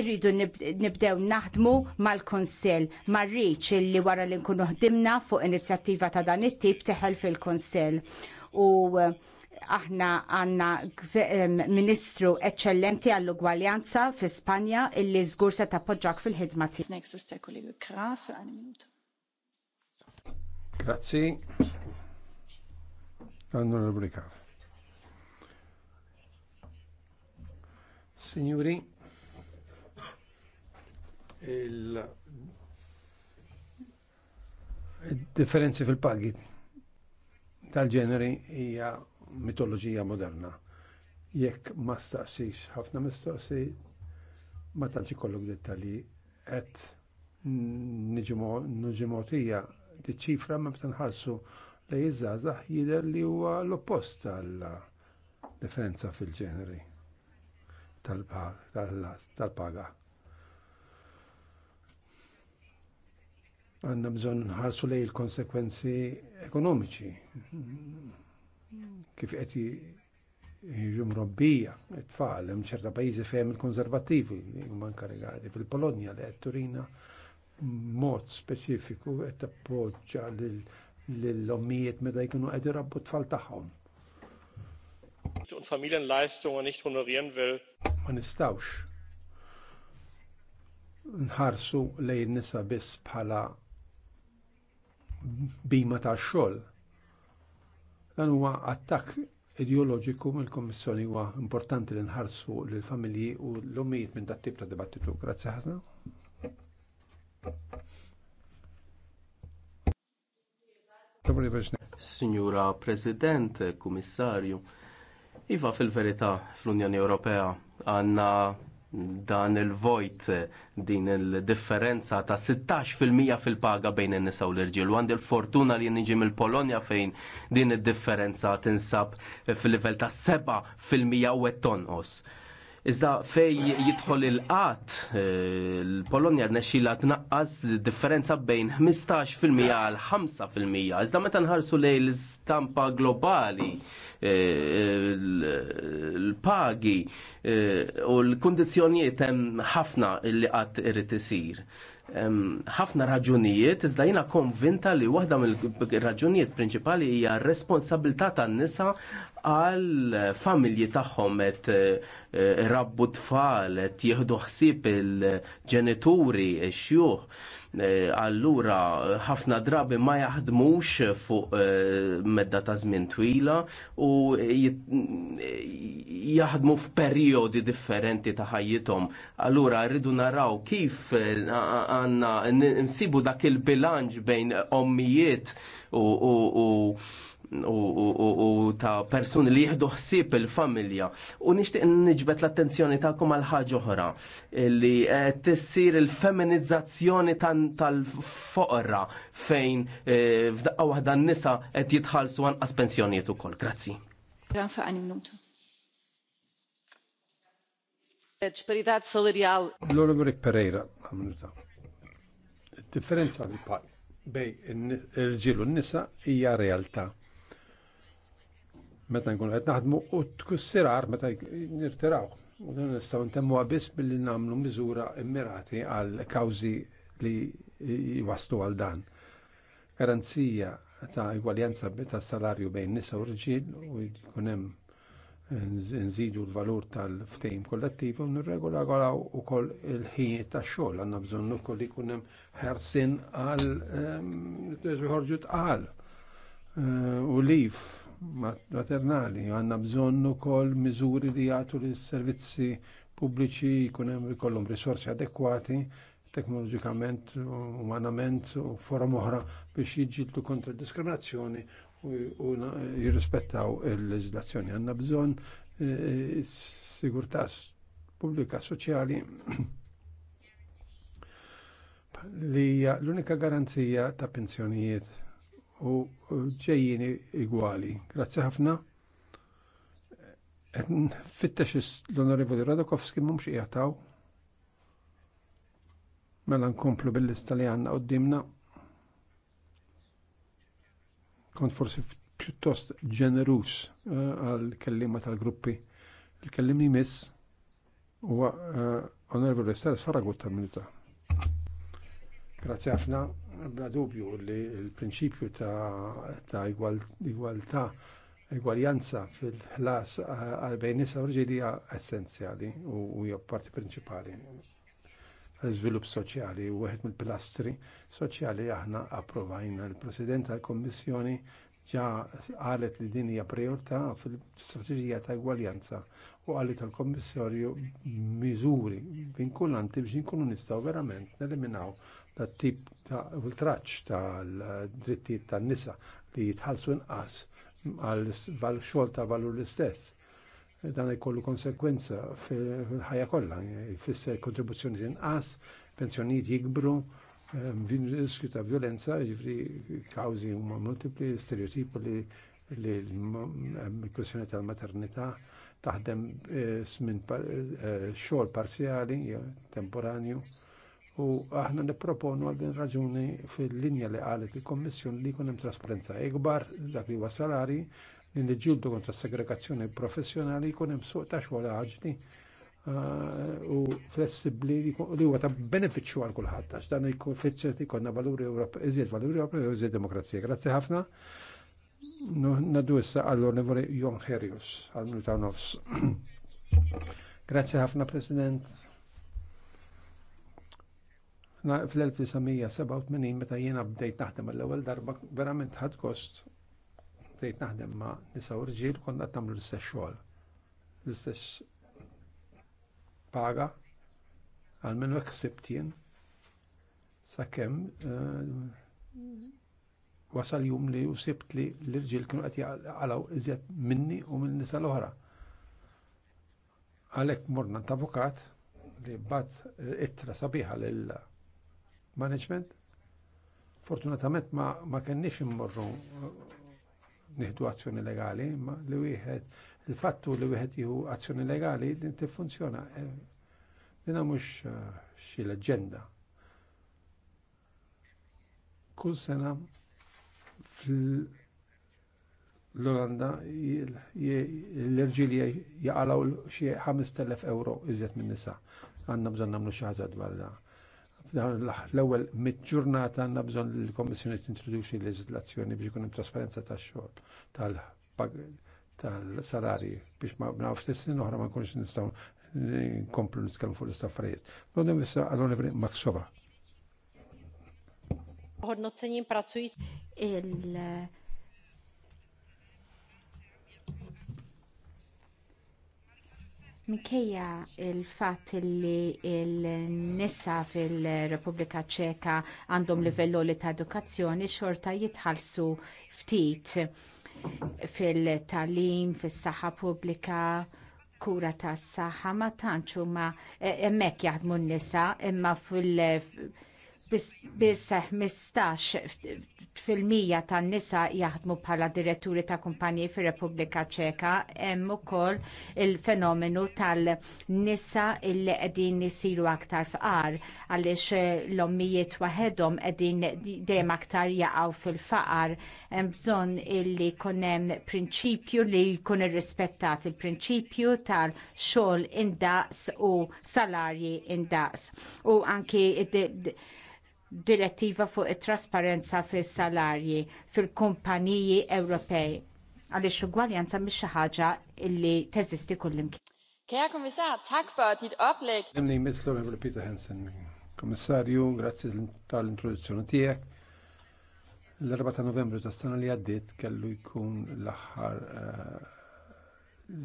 [SPEAKER 7] Irridu nibdew naħdmu mal-Kunsill mar-riċ illi wara li nkunu ħdimna fuq inizjattiva ta' dan it-tip teħel fil-Kunsill. U aħna għanna ministru eccellenti għall-ugwaljanza fi Spanja illi zgur se tappoġġak fil-ħidma tiegħek.
[SPEAKER 11] Grazzi. Onorevoli Kaf. Signori, il differenzi fil-pagi tal-ġeneri hija mitoloġija moderna. Jekk ma staqsix ħafna mistoqsi, ma tantx ikollok dettalji qed niġimotija li ċifra ma btanħassu li jiżgħażagħ jidher li huwa l-oppost tal-differenza fil-ġeneri tal-paga. Għanna bżon ħarsu lej il-konsekwenzi ekonomiċi kif qed jiġu mrobbija t-tfal, hemm ċerta pajjiżi fejn il-konservattivi huma inkarigati. fil-Polonja li qed turina mod speċifiku qed tappoġġa lill-ommijiet meta jkunu qed irabbu t-tfal tagħhom.
[SPEAKER 1] Und Familienleistungen nicht honorieren will.
[SPEAKER 11] Ma nistawx nħarsu lejn nisa biss bħala bima ta' xogħol Dan huwa attakk ideoloġiku mill-Kommissjoni huwa importanti li nħarsu lill familji u l ummijiet minn dat tip ta' dibattitu. Grazzi ħafna.
[SPEAKER 5] Signora President, Kummissarju, iva fil-verità fl-Unjoni Ewropea għanna dan il-vojt din il-differenza ta' 16% fil-paga fil bejn in-nisa u l-irġiel. Għand il fortuna li niġi mill-Polonja fejn din id-differenza tinsab fil-livell ta' 7% u qed Iżda fej jidħol il-qat, il-Polonja eh, rnexxila tnaqqas differenza bejn 15% għal 5%. Iżda meta nħarsu lej l-istampa globali, eh, l-pagi eh, u l-kondizjonijiet hemm ħafna li qatt irid isir. Ħafna raġunijiet, iżda jiena konvinta li waħda mill-raġunijiet prinċipali hija r responsabilità tan-nisa għal familji tagħhom qed eh, eh, rabbu tfal qed jieħdu ħsieb il-ġenituri xjuħ eh, Allura ħafna drabi ma jaħdmux fuq medda ta' żmien twila u jaħdmu f'perjodi differenti ta' ħajjithom. Allura rridu naraw kif għandna nsibu dak il-bilanċ bejn ommijiet u u ta' persuni li jieħdu ħsieb il-familja. U nixtieq nġbet l-attenzjoni tagħkom għal ħaġa oħra li eh, tissir il-feminizzazzjoni tal-foqra fejn eh, f'daqqa waħda n-nisa qed jitħallsu anqas pensjonijiet ukoll. Grazzi.
[SPEAKER 10] Disparità salarial.
[SPEAKER 5] Loro Marek Pereira, għamluta.
[SPEAKER 11] Differenza bej il-ġilu n-nisa hija realtà meta nkunu qed naħdmu u tkussirar meta nirtiraw. Nistgħu ntemmu biss billi nagħmlu miżura immirati għal kawżi li jwaslu għal dan. Garanzija ta' igwaljanza ta' salarju bejn nisa u rġil u jkun hemm nżidu l-valur tal-ftejm kollettiv u nirregola għalaw u koll il-ħiniet ta' xogħol għandna bżonn ukoll li hemm ħersin għal ehm, ħorġu tqal eh, u lif maternali, għanna bżonnu kol mizuri li jgħatu li s servizzi pubbliċi jkunem kollum risorsi adekwati, teknologikament, umanament u forum oħra biex jġiltu kontra diskriminazzjoni u jirrispettaw il-leġislazzjoni. Għanna bżon eh, sigurtà pubblika soċjali li l-unika garanzija ta' pensjonijiet u ġejjini igwali. Grazzi ħafna. Fittex l-Onorevoli Radokowski mumx jgħataw. Mela nkomplu bil-lista li għanna qoddimna. Kont forsi pjuttost ġenerus eh, għal-kellima tal-gruppi. Il-kellim miss. u għonorevoli eh, Sars Faragut tal-minuta. Grazie ħafna bla dubju li l-prinċipju ta' ta igualtà, igualjanza fil-ħlas għal-bejn nisa u rġili essenzjali u hija parti prinċipali l-izvilup soċjali u għed mill-pilastri soċjali aħna approvajna. l president tal-Kommissjoni ġa qalet li din hija priorità fil-strategija ta' egwaljanza u għalli tal-Kommissarju miżuri vinkulanti biex nkunu nistgħu verament neliminaw tat tip ta' ultraċ tal-drittijiet tan-nisa li jitħallsu inqas għal xogħol ta' valur l-istess. Dan jkollu konsekwenza fil-ħajja kollha, jfisser kontribuzzjoni inqas, pensjonijiet jikbru, vin riskju ta' violenza, ġifri kawzi huma multipli, stereotipi li l-kwestjoni tal-maternità taħdem eh, smin eh, xogħol parzjali, temporanju U aħna nipproponu għal din raġuni fil-linja li għalet il kommission li kunem trasparenza ikbar dak li huwa salari li niġġieldu kontra segregazzjoni professjonali kunem suq ta' xogħol aġli eh, u flessibbli li huwa ta' beneficju għal kulħadd għax dan jkun jkollna valuri Ewropew, iżjed valuri Ewropew, iżjed demokrazija. Grazzi ħafna. Nadu issa għall-Onorevoli Jon Herius għal-Minuta Grazie ħafna, President fl-1987 meta jiena bdejt naħdem l-ewwel darba verament ħadd kost bdejt naħdem ma' nisa u rġiel konna qed nagħmlu l-istess xogħol. L-istess paga għal minn hekk ħsibt jien sakemm eh, wasal jum li u sibt li l-irġiel kienu qed jaqalgħu iżjed minni u minn nisa l-oħra. Għalhekk morna ta' avukat li bat eh, ittra sabiħa lil management. Fortunatament ma, ma kenniex immorru nieħdu azzjoni legali, ma li wieħed il-fattu li wieħed jieħu azzjoni legali din tiffunzjona. Eh, dina mhux eh, xi leġenda. Kull sena l-Olanda l-irġili jaqalaw xie 5.000 euro iżjed minn nisa. Għanna bżon namlu xaħġa dwar da l-ewwel mit-ġurnata għandna bżonn li l-Kommissjoni tintroduċi l-leġiżlazzjoni biex ikun hemm trasparenza tax-xogħol tal salari biex ma nafx l-snin oħra ma nkunx nistgħu nkomplu nitkellmu fuq l-istaffarijiet. Dondem issa għal-Onivri Maksova.
[SPEAKER 2] Hodnocením pracujíc il Mikkeja
[SPEAKER 7] il-fat li il-nisa fil-Repubblika ċeka għandhom livello li ta' edukazzjoni xorta jitħallsu ftit fil-talim, fis-saħħa pubblika, kura tas saħħa ma tantx huma eh, hemmhekk jaħdmu n-nisa imma fil- biss 15% tan-nisa jaħdmu bħala diretturi ta' kumpanji fir-Repubblika Ċeka, hemm ukoll il-fenomenu tal-nisa illi qegħdin isiru aktar fqar għaliex eh, l-ommijiet waħedhom qegħdin dejjem aktar jaqgħu fil-faqar. Hemm bżonn illi jkun hemm prinċipju li jkun irrispettat il-prinċipju tal-xogħol indaqs u salarji indaqs. U anki direttiva fuq it-trasparenza fis salarji fil-kumpaniji Ewropej għaliex ugwaljanza mhix ħaġa illi teżisti kullimkien.
[SPEAKER 8] Kera kommissar, tak
[SPEAKER 12] fa tit oplek.
[SPEAKER 11] Nemni mitzlur Evra Peter Hansen. Kommissarju, grazzi tal-introduzzjoni tijek. L-4 ta' novembru ta' sena li għaddit kellu jkun l axħar eh,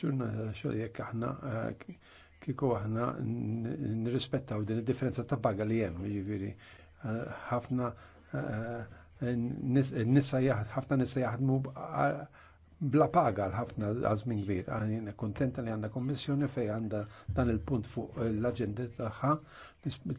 [SPEAKER 11] ġurnata xogħol jekk aħna eh, kiko għahna nirrispettaw din il differenza ta' baga li jem, ġiviri, eh, eh, eh, ħafna nisa ħafna nisa mu bla paga l-ħafna għazmin gbir, Għan kontenta li għanna kommissjoni fej għanda dan il-punt fuq l-agenda taħħa.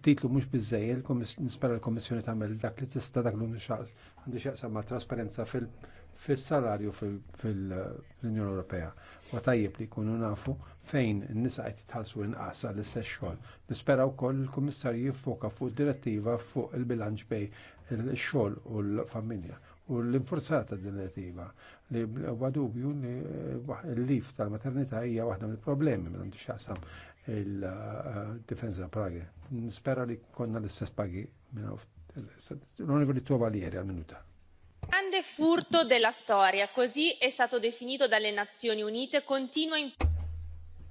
[SPEAKER 11] Titlu mux bizzej, nispera l-kommissjoni tamel dak li tista dak l-unixal. Għandi xaqsa ma trasparenza fil- fis-salarju fil-Unjoni Ewropea. Wa tajjeb li jkunu nafu fejn n-nisa qed jitħallsu inqas l istess xogħol. Nispera wkoll il kummissarji jiffoka fuq direttiva fuq il-bilanċ bej il xogħol u l-familja u l-infurzata ta' direttiva li huwa dubju li eh, l-lif tal-maternità hija waħda mill-problemi minn għandu xaqsam il-difenza pragi. Nispera li konna l-istess pagi minn l-onorevoli Tovalieri għal-minuta.
[SPEAKER 8] Grande furto della storia, così è stato definito dalle Nazioni Unite, continua in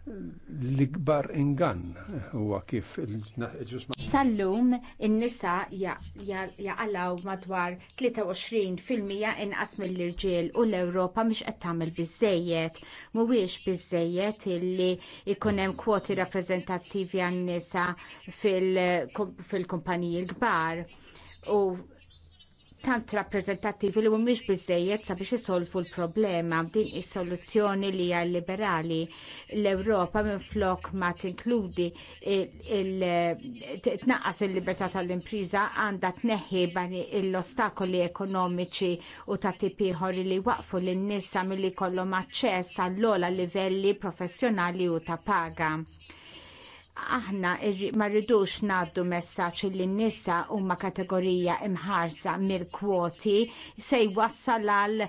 [SPEAKER 11] l-ikbar ingan huwa kif il-ġusma. Sallum
[SPEAKER 7] in-nisa jaqalaw madwar 23% fil-mija inqas mill-irġiel u l-Ewropa mhix qed tagħmel biżejjed. Mhuwiex biżejjed illi ikun hemm kwoti rappreżentattivi għan-nisa fil-kumpaniji l-kbar u tant rappreżentattivi li mhumiex biżejjed sabiex isolvu l-problema din is-soluzzjoni li hija liberali l-Ewropa minflok ma tinkludi tnaqqas il-libertà tal-impriża għandha tneħħi l-ostakoli ekonomiċi u ta' tipiħor li waqfu lin-nisa milli jkollhom aċċess għall ogħla livelli professjonali u ta' paga aħna ma rridux naddu messaċ li n-nisa huma kategorija imħarsa mill-kwoti se jwassal għal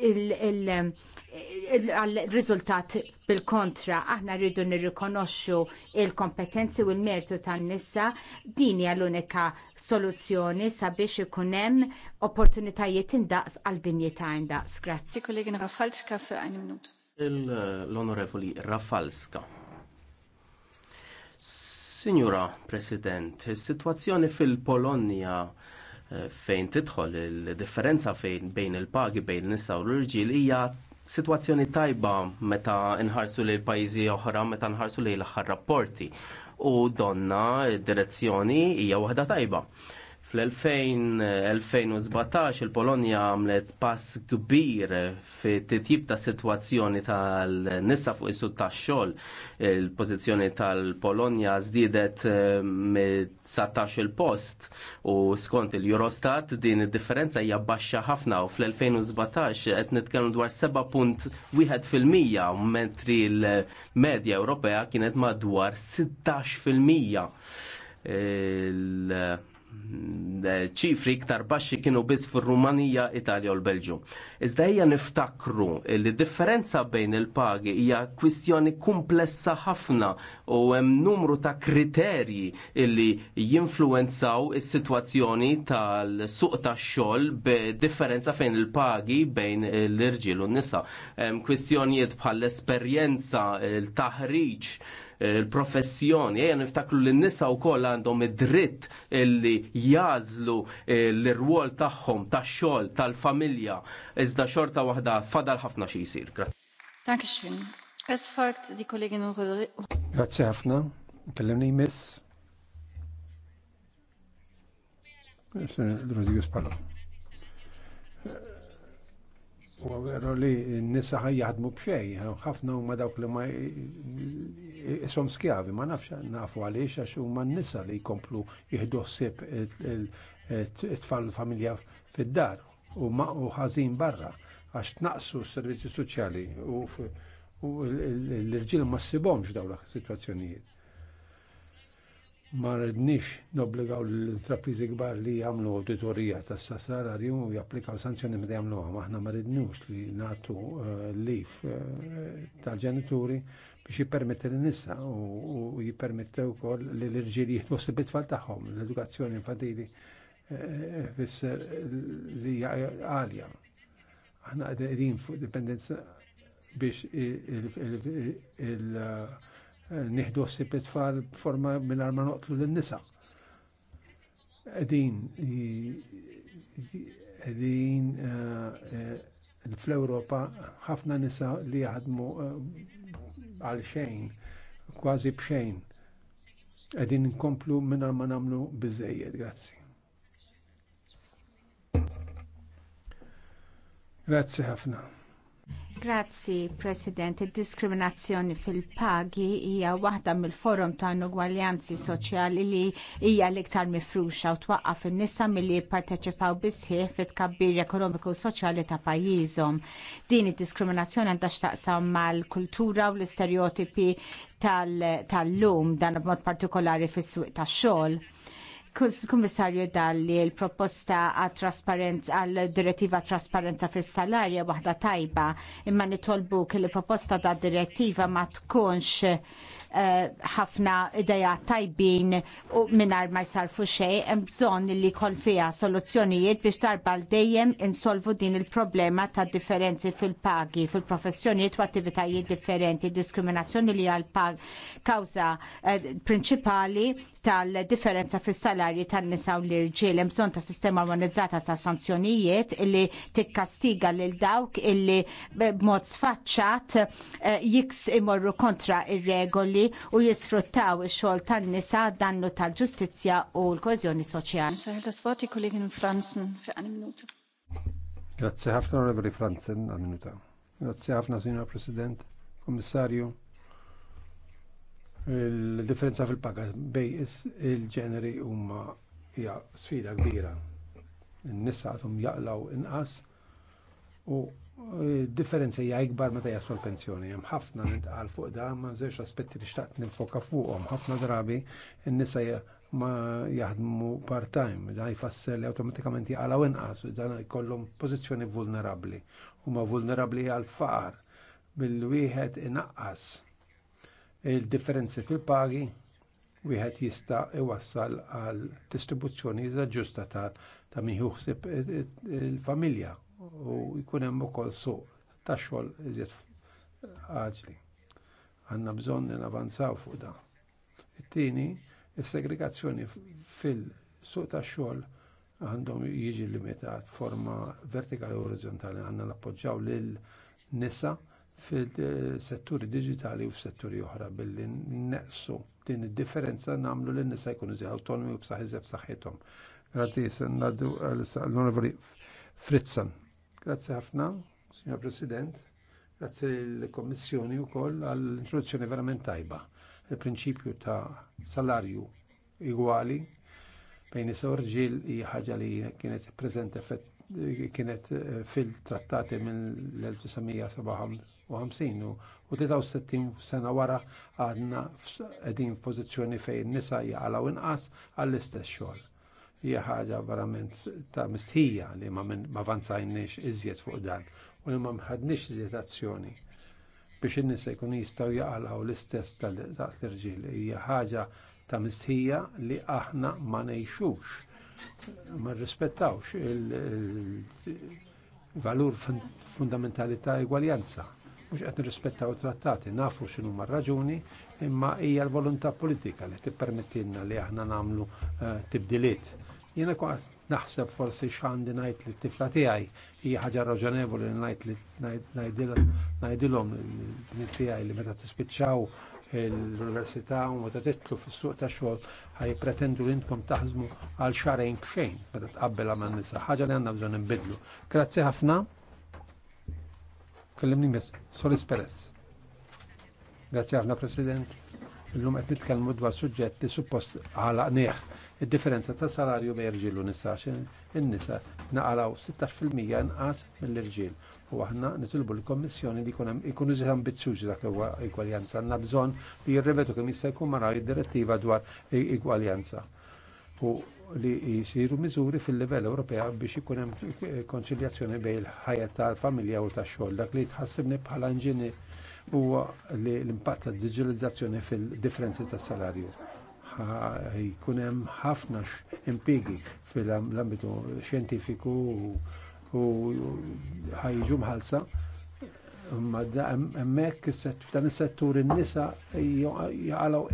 [SPEAKER 7] il-riżultat bil-kontra. Aħna rridu nirrikonoxxu il-kompetenzi u l-mertu tan-nisa din hija l-unika soluzzjoni sabiex ikun hemm opportunitajiet indaqs
[SPEAKER 10] għal dinjità indaqs. Grazzi. Kollegin Rafalska fi minut.
[SPEAKER 5] L-Onorevoli Rafalska. Signora President, is-sitwazzjoni fil-Polonja eh, fejn tidħol il-differenza fejn bejn il-pagi bejn nisa u l-irġiel hija sitwazzjoni tajba meta nħarsu lil pajjiżi oħra meta nħarsu lejn l-aħħar rapporti u donna id direzzjoni hija waħda tajba. Fl-2017 il-Polonja għamlet pass kbir fi titjib ta' situazzjoni tal-nisa fuq is-sud tax-xogħol. Il-pożizzjoni tal-Polonja żdiedet eh, mit-19 il post u skont il-Eurostat din id-differenza hija baxxa ħafna u fl-2017 qed nitkellmu dwar 7.1% mentri l-medja Ewropea kienet madwar 16%. Il- ċifri iktar baxxi kienu biss fir-Rumanija, Italja u l-Belġu. Iżda hija niftakru li differenza bejn il-pagi hija kwistjoni komplessa ħafna u hemm numru ta' kriterji li jinfluwenzaw is-sitwazzjoni tal-suq tax-xogħol b'differenza fejn il-pagi bejn l-irġiel u n-nisa. Kwistjonijiet bħall-esperjenza, il-taħriġ, il taħriġ il-professjoni, ejja niftaklu li nisa u koll għandhom id-dritt li jażlu eh, l rwol taħħom, tax-xogħol tal-familja iżda xorta wahda fadal ħafna xie xi jsir.
[SPEAKER 10] Dankeschön. Es folgt die Kollegin
[SPEAKER 5] Grazie ħafna. Kellimni jmiss.
[SPEAKER 11] Rodrigo Spallo. U għero li n-nisa ħaj jaħdmu bxej, ħafna huma dawk li ma jisom skjavi, ma nafx nafu għaliex għax huma n-nisa li jkomplu jihdossib it-tfal familja fid-dar u ma u ħażin barra għax tnaqsu s-servizzi soċjali u l-irġil ma s-sibomx dawla situazzjonijiet ma rednix nobligaw l-intrapriżi kbar li jagħmlu awditorija tas salarju u japplikaw sanzjoni meta jagħmluha. Aħna ma rednux li nagħtu eh, lif eh, tal-ġenituri biex jippermetti lin nisa u jippermetti wkoll li l-irġiel jieħdu s-bitfall tagħhom l-edukazzjoni infantili eh, fisser li għalja. Aħna qegħdin fuq dipendenza biex il- Eh, nieħdu ħsieb it-tfal b'forma mingħajr ma noqtlu lin-nisa. Qegħdin qegħdin eh, eh, fl-Ewropa ħafna nisa li jaħdmu għal xejn, kważi b'xejn. Qegħdin nkomplu mingħajr ma nagħmlu biżejjed, grazzi. Grazzi ħafna.
[SPEAKER 7] Grazzi, President. il diskriminazzjoni fil-pagi hija waħda mill-forum ta' ugwaljanzi soċjali li hija l-iktar mifruxa u twaqqaf in-nisa milli jipparteċipaw bisħieħ fit-kabbir ekonomiku u soċjali ta' pajjiżhom. Din id-diskriminazzjoni għandha x'taqsam mal-kultura u l-istereotipi tal-lum dan b'mod partikolari fis-suq tax-xogħol Kummissarju dalli l-proposta għal direttiva trasparenza fis salarja waħda tajba imma nitolbu kelli proposta ta' direttiva ma tkunx Eh, ħafna ideja tajbin u minar ma jsalfu xej, hemm bżonn li jkun fiha soluzzjonijiet biex darba l dejjem insolvu din il-problema ta' differenzi fil-pagi, fil-professjonijiet u attivitajiet differenti, diskriminazzjoni li għal pag kawza principali eh, prinċipali tal-differenza fis-salarji tan-nisa u l-irġiel. Hemm bżonn ta' sistema armonizzata ta' sanzjonijiet illi tikkastiga lil dawk illi b'mod sfaċċat eh, jiks imorru kontra ir-regoli vulnerabbli u jisfruttaw ix-xogħol tan-nisa dannu tal-ġustizzja
[SPEAKER 10] u l-koeżjoni soċjali.
[SPEAKER 11] Grazie ħafna Onorevoli Franzen għal minuta. Grazie ħafna Signor President, Kommissarju. Il-differenza fil-paga bej il-ġeneri huma hija sfida kbira. In-nisa għadhom jaqlaw inqas u differenza hija ikbar meta jasol pensjoni. Hemm ħafna nintqal fuq da ma żewġ aspetti li xtaqt nifoka fuqhom. Ħafna drabi n-nisa ma jaħdmu part-time, da jfasser li automatikament jaqalaw inqas, dan jkollhom pożizzjoni vulnerabbli. Huma vulnerabbli għal faqar bil- wieħed inaqqas il-differenzi fil-pagi wieħed jista' iwassal għal distribuzzjoni ġusta ta' ta' min il-familja u jkun hemm ukoll suq ta' xogħol iżjed għaġli. Għandna bżonn navanzaw fuq dan. It-tieni, is-segregazzjoni fil-suq ta' xogħol għandhom jiġi limitat forma vertikali u orizzontali għandna nappoġġaw lil nisa fil-setturi digitali u f-setturi oħra billi neqsu din id-differenza namlu l nisa jkunu zi autonomi u b'saħħiżeb b'saħħithom. Għati, sen eh, l-onorevoli Fritzan. Grazzi ħafna, Signor President, Grazie l-Kommissjoni u koll għall-introduzzjoni verament tajba. Il-prinċipju ta' salarju igwali bejn is ġil hija ħaġa li kienet prezente, kienet eh, fil-trattati minn l-1957 u 63 sena wara għadna qegħdin f'pożizzjoni fejn nisa jaqalaw inqas għall-istess xogħol hija ħaġa verament ta' mistħija li ma avanzajniex iżjed fuq dan u li ma mħadniex iżjed azzjoni biex in-nisa jkun jistgħu jaqalgħu l-istess tal-irġiel. Hija ħaġa ta' mistħija li aħna ma ngħixux ma rrispettawx il-valur fundamentali ta' egwaljanza. Mux qed nirrispettaw trattati, nafu x'inhu ma' raġuni, imma hija l-volontà politika li tippermettilna li aħna nagħmlu eh, tibdiliet Jena kwa naħseb forsi xandi najt li t-tifla tijaj, hija ħagġa raġonevoli li najt li najdilom tijaj li meta t l-università u meta titlu fis-suq ta' xogħol ħaj pretendu li intkom taħzmu għal xarejn kxejn, meta tqabbela man nisa, ħaġa li għandna bżonn nbidlu. Grazzi ħafna. Kellimni miss, Solis Perez. Grazzi ħafna President. Illum qed nitkellmu dwar suġġetti suppost suppost neħ Id-differenza ta' salarju bejn irġiel u nisa in-nisa naqalaw 16% nqas mill-irġiel. U aħna nitilbu l-Kommissjoni li jkunu iżgħet ambizzjużi dak huwa igwaljanza. Għandna bżonn li jirrevetu kemm jista' jkun marar id-direttiva dwar igwaljanza. U li jisiru miżuri fil-livell Ewropea biex ikun hemm konċiljazzjoni bejn il-ħajja tal-familja u tax-xogħol. Dak li tħassibni bħala inġini huwa li l-impatt tad-diġitalizzazzjoni fil-differenzi tas-salarju jkun hemm ħafna impigi fil-ambitu xjentifiku u ħajġu mħalsa. Imma hemmhekk f'dan is-settur in-nisa jaqalgħu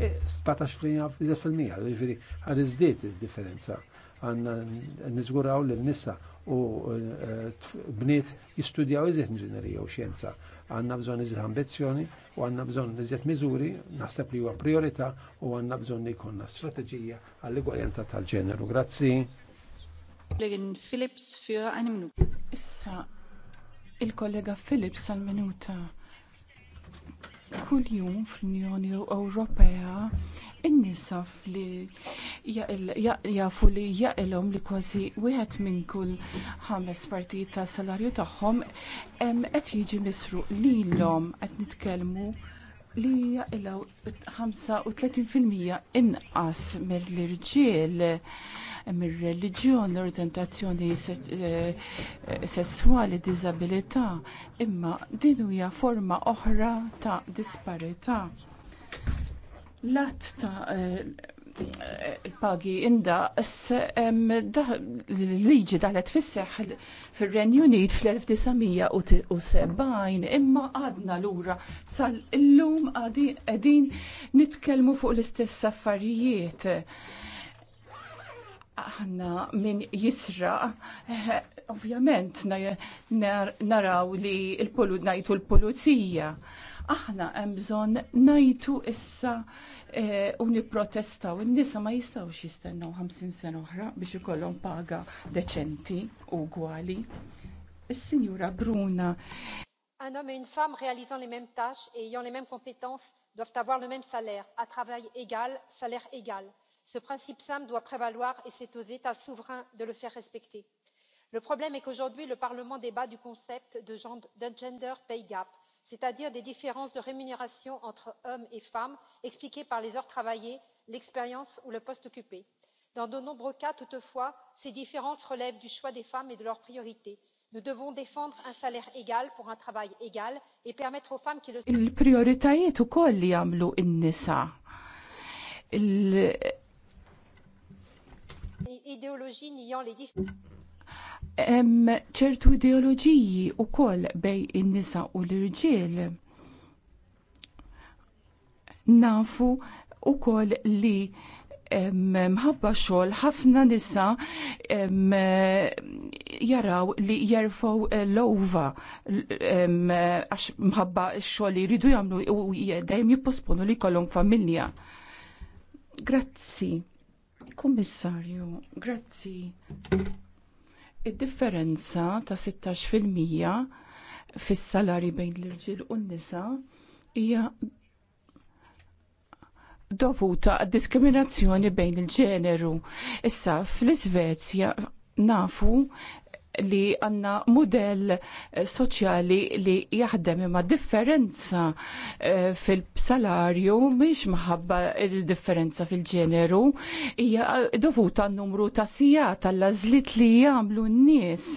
[SPEAKER 11] 17% jiġifieri ħad iżdiet id-differenza. Għandna niżguraw lil nisa u eh, bniet jistudjaw iżid inġinerija u xjenza. Għandna bżonn iżid ambizzjoni u għanna bżon nizjet miżuri, naħseb li huwa priorità u għanna bżon li jkollna strategija għall igwaljenza tal-ġeneru. Grazzi.
[SPEAKER 12] Legin Philips für eine Issa, il-kollega Phillips għal minuta. Kull jum fl-Unjoni Ewropea in-nisa li jafu li jaqilhom li kważi wieħed minn kull ħames partijiet ta' salarju tagħhom qed jiġi misruq lilhom qed nitkellmu li jaqilgħu 35% inqas mill-irġiel mir-reliġjon, l-orientazzjoni eh, sessuali, diżabilità, imma din hija forma oħra ta' disparità L-att ta' il-pagi eh, inda liġi daħlet fisseħ fil-Renju Unit fl-1970 imma għadna l-ura sal-lum għadin nitkelmu fuq l-istess affarijiet aħna min jisra, eh, ovvjament naraw li l-polud najtu l-polizija. Aħna hemm bżonn ngħidu issa e, u nipprotestaw. In-nisa ma jistgħux jistennew 50 sena oħra biex ikollhom paga deċenti u gwali. Is-Sinjura Bruna.
[SPEAKER 2] Un homme et une femme réalisant les mêmes tâches et ayant les mêmes compétences doivent avoir le même salaire, à travail égal, salaire égal. Ce principe simple doit prévaloir et c'est aux États souverains de le faire respecter. Le problème est qu'aujourd'hui, le Parlement débat du concept de gender pay gap, c'est à dire des différences de rémunération entre hommes et femmes expliquées par les heures travaillées l'expérience ou le poste occupé. dans de nombreux cas toutefois ces différences relèvent du choix des femmes et de leurs priorités. nous devons défendre un salaire égal pour un travail égal et permettre aux femmes qui le.
[SPEAKER 12] il-prioritajiet ukoll li jagħmlu n-nisa
[SPEAKER 2] idéologie niant les différences
[SPEAKER 12] hemm ċertu ideoloġiji wkoll bej in-nisa u l-irġiel. Nafu wkoll li mħabba xogħol ħafna nisa jaraw li jerfgħu l-ova għax mħabba xogħol li jridu jagħmlu u dejjem jipposponu li jkollhom familja. Grazzi. Kommissarju, grazzi Id-differenza ta' 16% fis-salari bejn l-irġiel u n-nisa hija dovuta għad diskriminazzjoni bejn il-ġeneru. Issa fl-Iżvezja nafu li għanna model eh, soċjali li jaħdem imma differenza eh, fil-salarju miex maħabba il-differenza fil-ġeneru hija dovuta n-numru ta' sijat għall lażlit li jagħmlu n-nies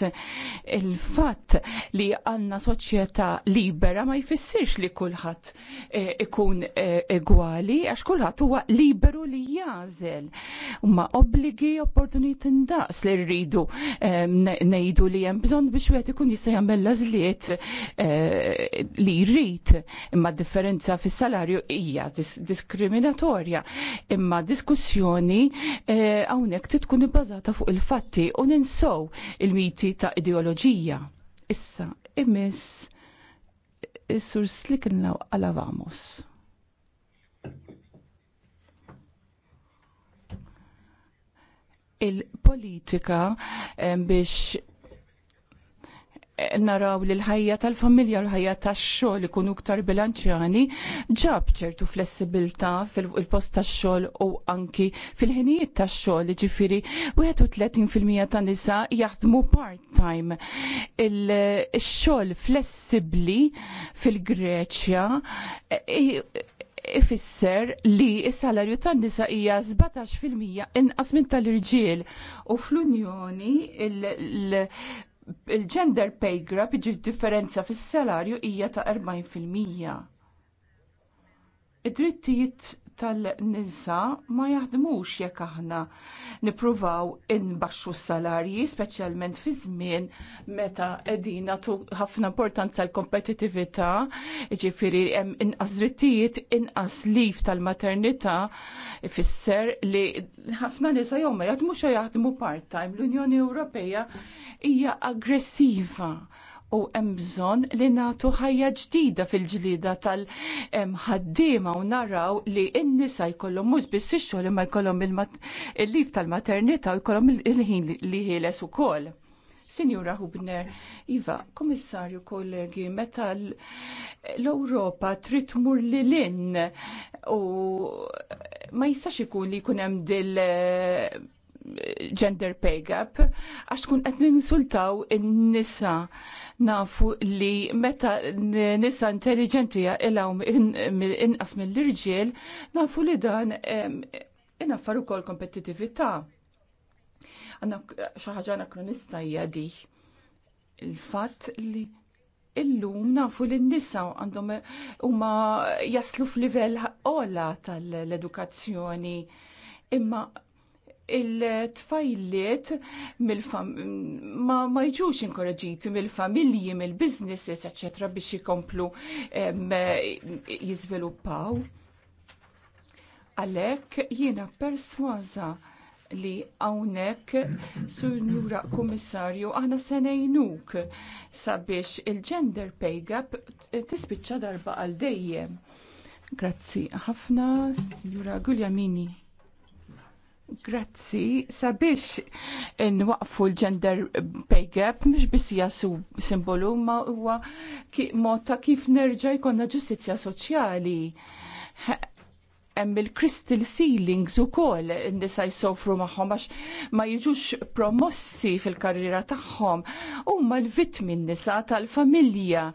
[SPEAKER 12] il-fatt li għanna soċjetà libera ma jfissirx li kulħadd eh, ikun egwali għax kulħadd huwa liberu li jażel. Ma obbligi opportunit indaqs li rridu nejdu ngħidu li hemm bżonn biex wieħed ikun jista' jagħmel lażliet eh, li jrid imma differenza fis-salarju hija diskriminatorja. Imma diskussjoni eh, hawnhekk trid tkun ibbażata fuq il-fatti u ninsow il-miti ta' ideoloġija. Issa, imis is-sur eh, slikinlaw għal-avamos. il-politika biex naraw li l-ħajja tal-familja u l-ħajja tax-xogħol ikunu iktar bilanċjani ġab ċertu flessibilità fil-post tax-xogħol u anki fil-ħinijiet tax-xogħol ġifieri 31% ta' nisa jaħdmu part-time. Il-xogħol flessibbli fil-Greċja ifisser li s-salarju tan-nisa hija 17% inqas minn tal-irġiel u fl-Unjoni il-gender pay gap iġi differenza fis-salarju hija ta' 40%. Id-drittijiet tal-nisa ma jaħdmux jekk aħna nippruvaw inbaxxu s-salarji, speċjalment fi żmien meta qegħdin nagħtu ħafna importanza l-kompetitività, jiġifieri hemm inqas drittijiet, inqas lif tal-maternità ifisser li ħafna nisa jew ma jaħdmux jaħdmu part-time. L-Unjoni Ewropea hija aggressiva u hemm bżonn li nagħtu ħajja ġdida fil-ġlida tal-ħaddiema u naraw li n-nisa jkollhom mhux biss ix-xogħol imma jkollhom il-lif tal-maternità u jkollhom il-ħin li ħieles ukoll. Sinjura Hubner, Iva, komissarju kollegi, meta l ewropa trid tmur li in. u ma jistax ikun li jkun hemm dil gender pay gap, għax kun qed ninsultaw in-nisa nafu li meta nisa intelligenti jaqilgħu inqas mill-irġiel, nafu li dan inaffar ukoll kompetitivita. Għanna xaħġana kronista hija Il-fatt li illum nafu li n-nisa għandhom huma jaslu f'livell ola tal-edukazzjoni imma il-tfajliet ma, ma jġux mill-familji, mill-biznesses, etc. biex jikomplu jizviluppaw. Għalek jiena perswaza li għawnek sunjura kummissarju aħna senajnuk sabiex il-gender pay gap tispiċċa darba għal dejjem. Grazzi ħafna, Sinjura Guljamini. Grazzi, sabiex n-waqfu l-gender pay gap, mux bisija simbolu, ma huwa mod ta' kif nerġa' jkollna ġustizzja soċjali. Hemm il-crystal ceilings ukoll n nisa jsofru magħhom għax ma jiġux promossi fil-karriera tagħhom. Huma l-vittmi n-nisa tal-familja,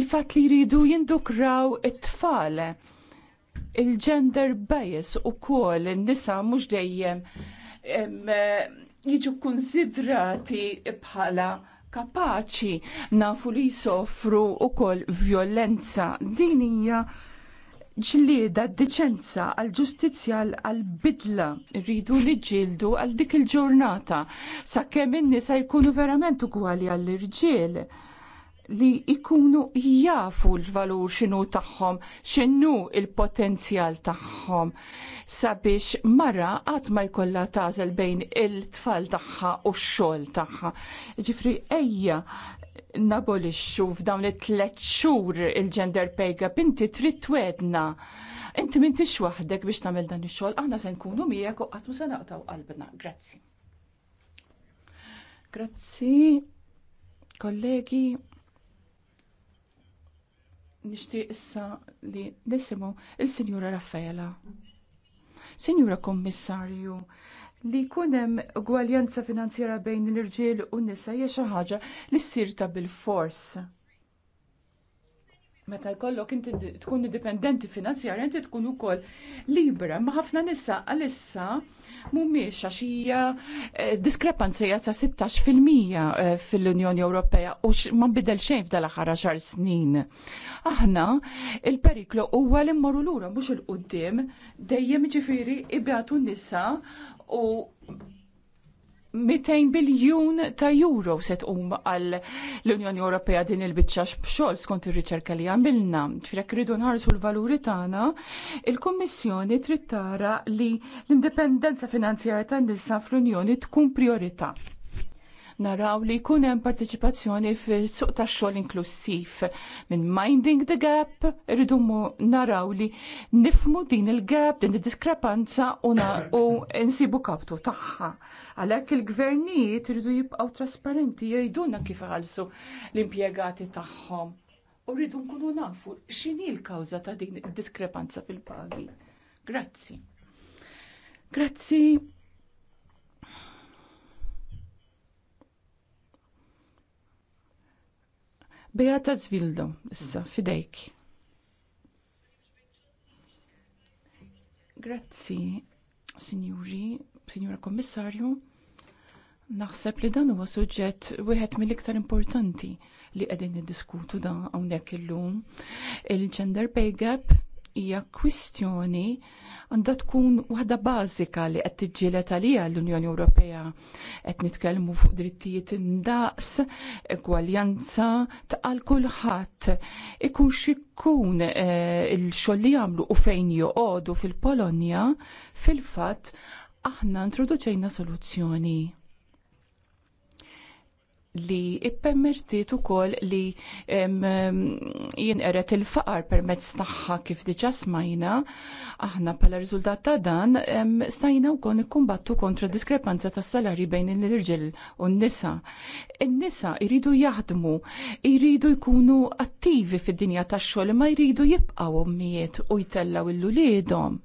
[SPEAKER 12] il-fatt li jridu jindukraw it-tfal il-gender bias u kol il-nisa mux dejjem jiġu konsidrati bħala kapaċi nafu li jisofru u kol violenza dinija ġlieda d-deċenza għal ġustizzja għal bidla rridu niġġieldu għal dik il-ġurnata sakemm in-nisa jkunu verament ugwali għall-irġiel li ikunu jafu l-valur xinu tagħhom, xinu il-potenzjal taħħom. sabiex mara qatt ma jkollha tażel bejn il-tfal tagħha u x-xogħol tagħha. Ġifri ejja nabolixxu f'dawn it-tliet xhur il-gender pay gap inti trid twedna. Inti m'intix waħdek biex tagħmel dan ix-xogħol, aħna se nkunu miegħek u qatt ma se naqtaw qalbna. Grazzi. Grazzi, kollegi nixtieq issa li nisimu il-Sinjura Raffaela. Sinjura Kommissarju, li jkun hemm gwaljanza finanzjera bejn l-irġiel u n-nisa hija xi ħaġa li ssir ta' bil-fors Meta jkollok inti tkun indipendenti finanzjarja inti tkun ukoll libera. Ma ħafna nisa għalissa mhumiex għax hija eh, diskrepanzija ta' 16% eh, fil-Unjoni Ewropea u ma bidel xejn f'dal aħħar xar snin. Aħna il-periklu huwa li mmorru lura mhux il-qudiem dejjem ġifieri ibatu nisa u 200 biljun ta' euro se tqum għall l-Unjoni Ewropea din il-biċċa xogħol skont ir-riċerka li għamilna. Ġifrek rridu nħarsu l-valuri tagħna, il-Kummissjoni trid tara li l-indipendenza finanzjarja tan-nisa fl-Unjoni tkun priorità naraw li jkun hemm partiċipazzjoni fis suq tax-xogħol inklusiv minn minding the gap, irridu naraw li nifmu din il-gap, din id-diskrepanza u, nsibu kaptu tagħha. Għalhekk il-gvernijiet irridu jibqgħu trasparenti jgħidulna kif ħalsu l-impjegati tagħhom. U rridu nkunu nafu x'inhi l-kawża ta' din id-diskrepanza fil-pagi. Grazzi. Grazzi Beata Zvildo, issa, fidejk. Grazzi, signori, signora kommissarju. Naħseb li dan huwa suġġett wieħed mill-iktar importanti li qegħdin niddiskutu da hawnhekk illum. Il-gender pay gap hija kwistjoni għandha tkun waħda bażika li qed tiġġieled għalija l-Unjoni Ewropea. Qed nitkellmu fuq drittijiet indaqs, egwaljanza ta' għal kulħadd. Ikun xikun eh, il-xogħol li jagħmlu u fejn joqogħdu fil-Polonja fil-fatt aħna introduċejna soluzzjoni li ippermettit ukoll li jinqeret il-faqar permezz tagħha kif diġà smajna, aħna bħala riżultat ta' dan stajna wkoll nikkumbattu kontra diskrepanza tas salari bejn l-irġiel u n-nisa. In-nisa jridu jaħdmu, jridu jkunu attivi fid-dinja tax-xogħol ma jridu jibqaw ommijiet u jitellaw il lulidom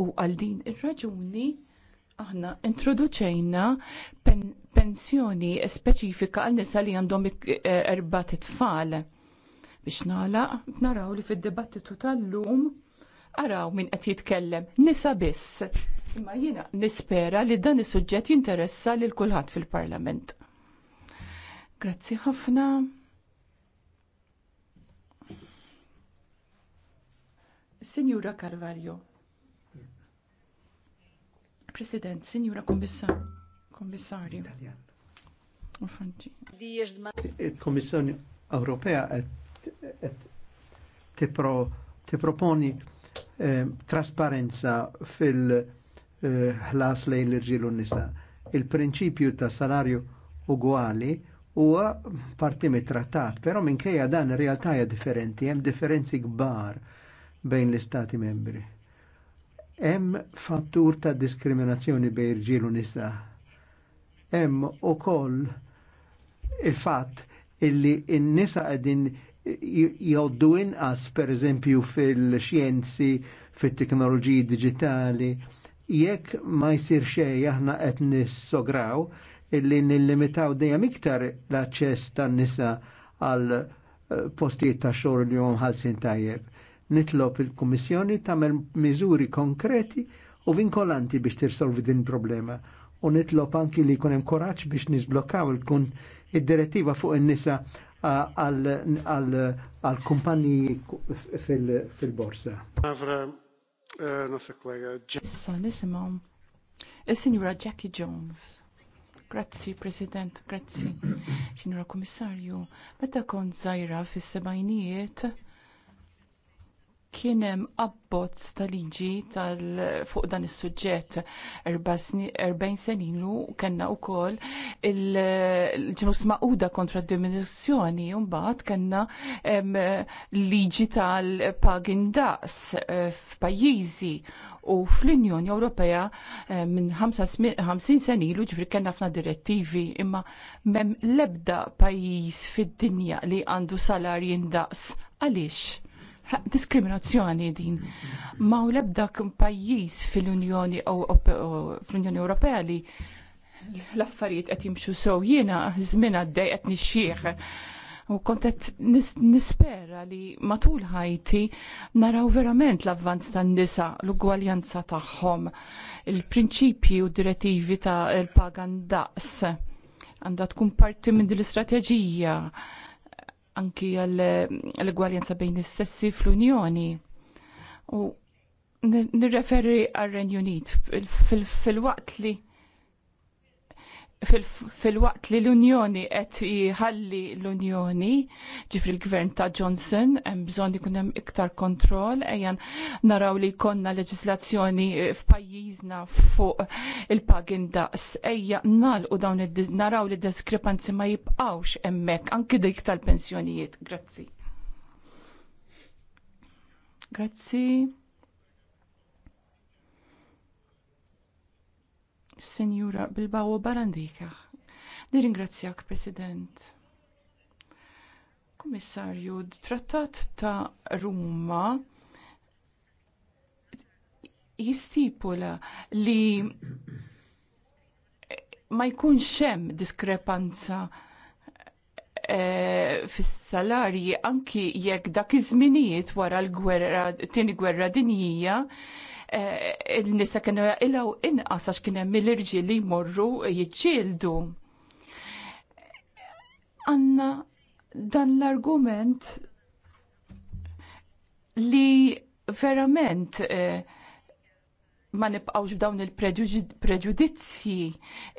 [SPEAKER 12] U għal din ir-raġuni aħna introduċejna pen pensjoni speċifika għal nisa li għandhom e, erba tfal biex nagħlaq naraw li fid-dibattitu tal-lum araw min qed jitkellem nisa biss. Imma jiena nispera li dan is-suġġett jinteressa lil kulħadd fil-Parlament. Grazzi ħafna. Signora Carvalho. President, Signora Kommissar, Kommissarju.
[SPEAKER 3] Il-Kommissjoni Ewropea qed tipproponi eh, trasparenza fil-ħlas eh, lejn l-irġiel u nisa. Il-prinċipju ta' salarju ugwali huwa parti mit-trattat, però minkejja dan ir-realtà hija differenti, hemm differenzi kbar bejn l-istati membri. Hemm fattur ta' diskriminazzjoni bej irġiel u nisa. Hemm ukoll il-fatt illi n-nisa qegħdin jgħoddu inqas pereżempju fil-xjenzi, fit-teknoloġiji digitali, jekk ma jsir xejn aħna qed nissograw illi nillimitaw dejjem iktar l-aċċess tan-nisa għal eh, postijiet ta' xogħol li hum ħalsin tajjeb nitlob il-Kummissjoni tagħmel miżuri konkreti u vinkolanti biex tirsolvi din problema u nitlob anki li jkun hemm koraġġ biex nisblokkaw il-kun id-direttiva fuq in-nisa għal kumpaniji fil-borsa.
[SPEAKER 1] Eh,
[SPEAKER 12] Issa is-Sinjura Jackie Jones. Grazzi, President, grazzi. Sinjura Kummissarju, meta kont żgħira fis-sebajnijiet, kien hemm abbozz ta' liġi tal fuq dan is-suġġett 40 sen ilu kellna wkoll il-ġnus maquda kontra d-diminuzzjoni u mbagħad kellna liġi tal-pagin daqs eh, f'pajjiżi u fl-Unjoni Ewropea eh, minn 50 sen ilu ġifri kellna ħafna direttivi imma m'hemm l-ebda pajjiż fid-dinja li għandu salarji indaqs. Għaliex? diskriminazzjoni din. Ma u lebda pajjiż fil-Unjoni u fl-Unjoni Ewropea li l-affarijiet qed jimxu sew jiena żmien għaddej qed nixxieħ. U kont qed nispera li matul ħajti naraw verament l-avvanz tan-nisa, l-ugwaljanza tagħhom, il-prinċipji u direttivi ta' il-pagan daqs għandha tkun parti minn l-istrateġija anki għall-egwaljanza bejn is-sessi fl-Unjoni. U nirreferi għar-Renju Unit fil-waqt li fil-waqt li l-Unjoni qed jħalli l-Unjoni, ġifri l-Gvern ta' Johnson, hemm bżonn ikun hemm iktar kontroll, ejjan naraw li jkollna leġislazzjoni f'pajjiżna fuq il-pagin daqs, ejja nalqu dawn naraw li diskrepanzi ma jibqawx hemmhekk anki dik tal-pensjonijiet. Grazzi. Grazzi. Senjura Bilbao Barandika. Nirringrazzjak, President. Komissarju, trattat ta' Ruma jistipula li ma jkunx hemm diskrepanza E, fis-salarji anki jekk dak iż-żminijiet wara l-gwerra tieni gwerra dinjija Eh, il-nisa kienu ilaw inqas għax kien hemm mill-irġiel li jmorru jiġġieldu. Għanna dan l-argument li verament eh, ma nibqawx b'dawn il-preġudizzji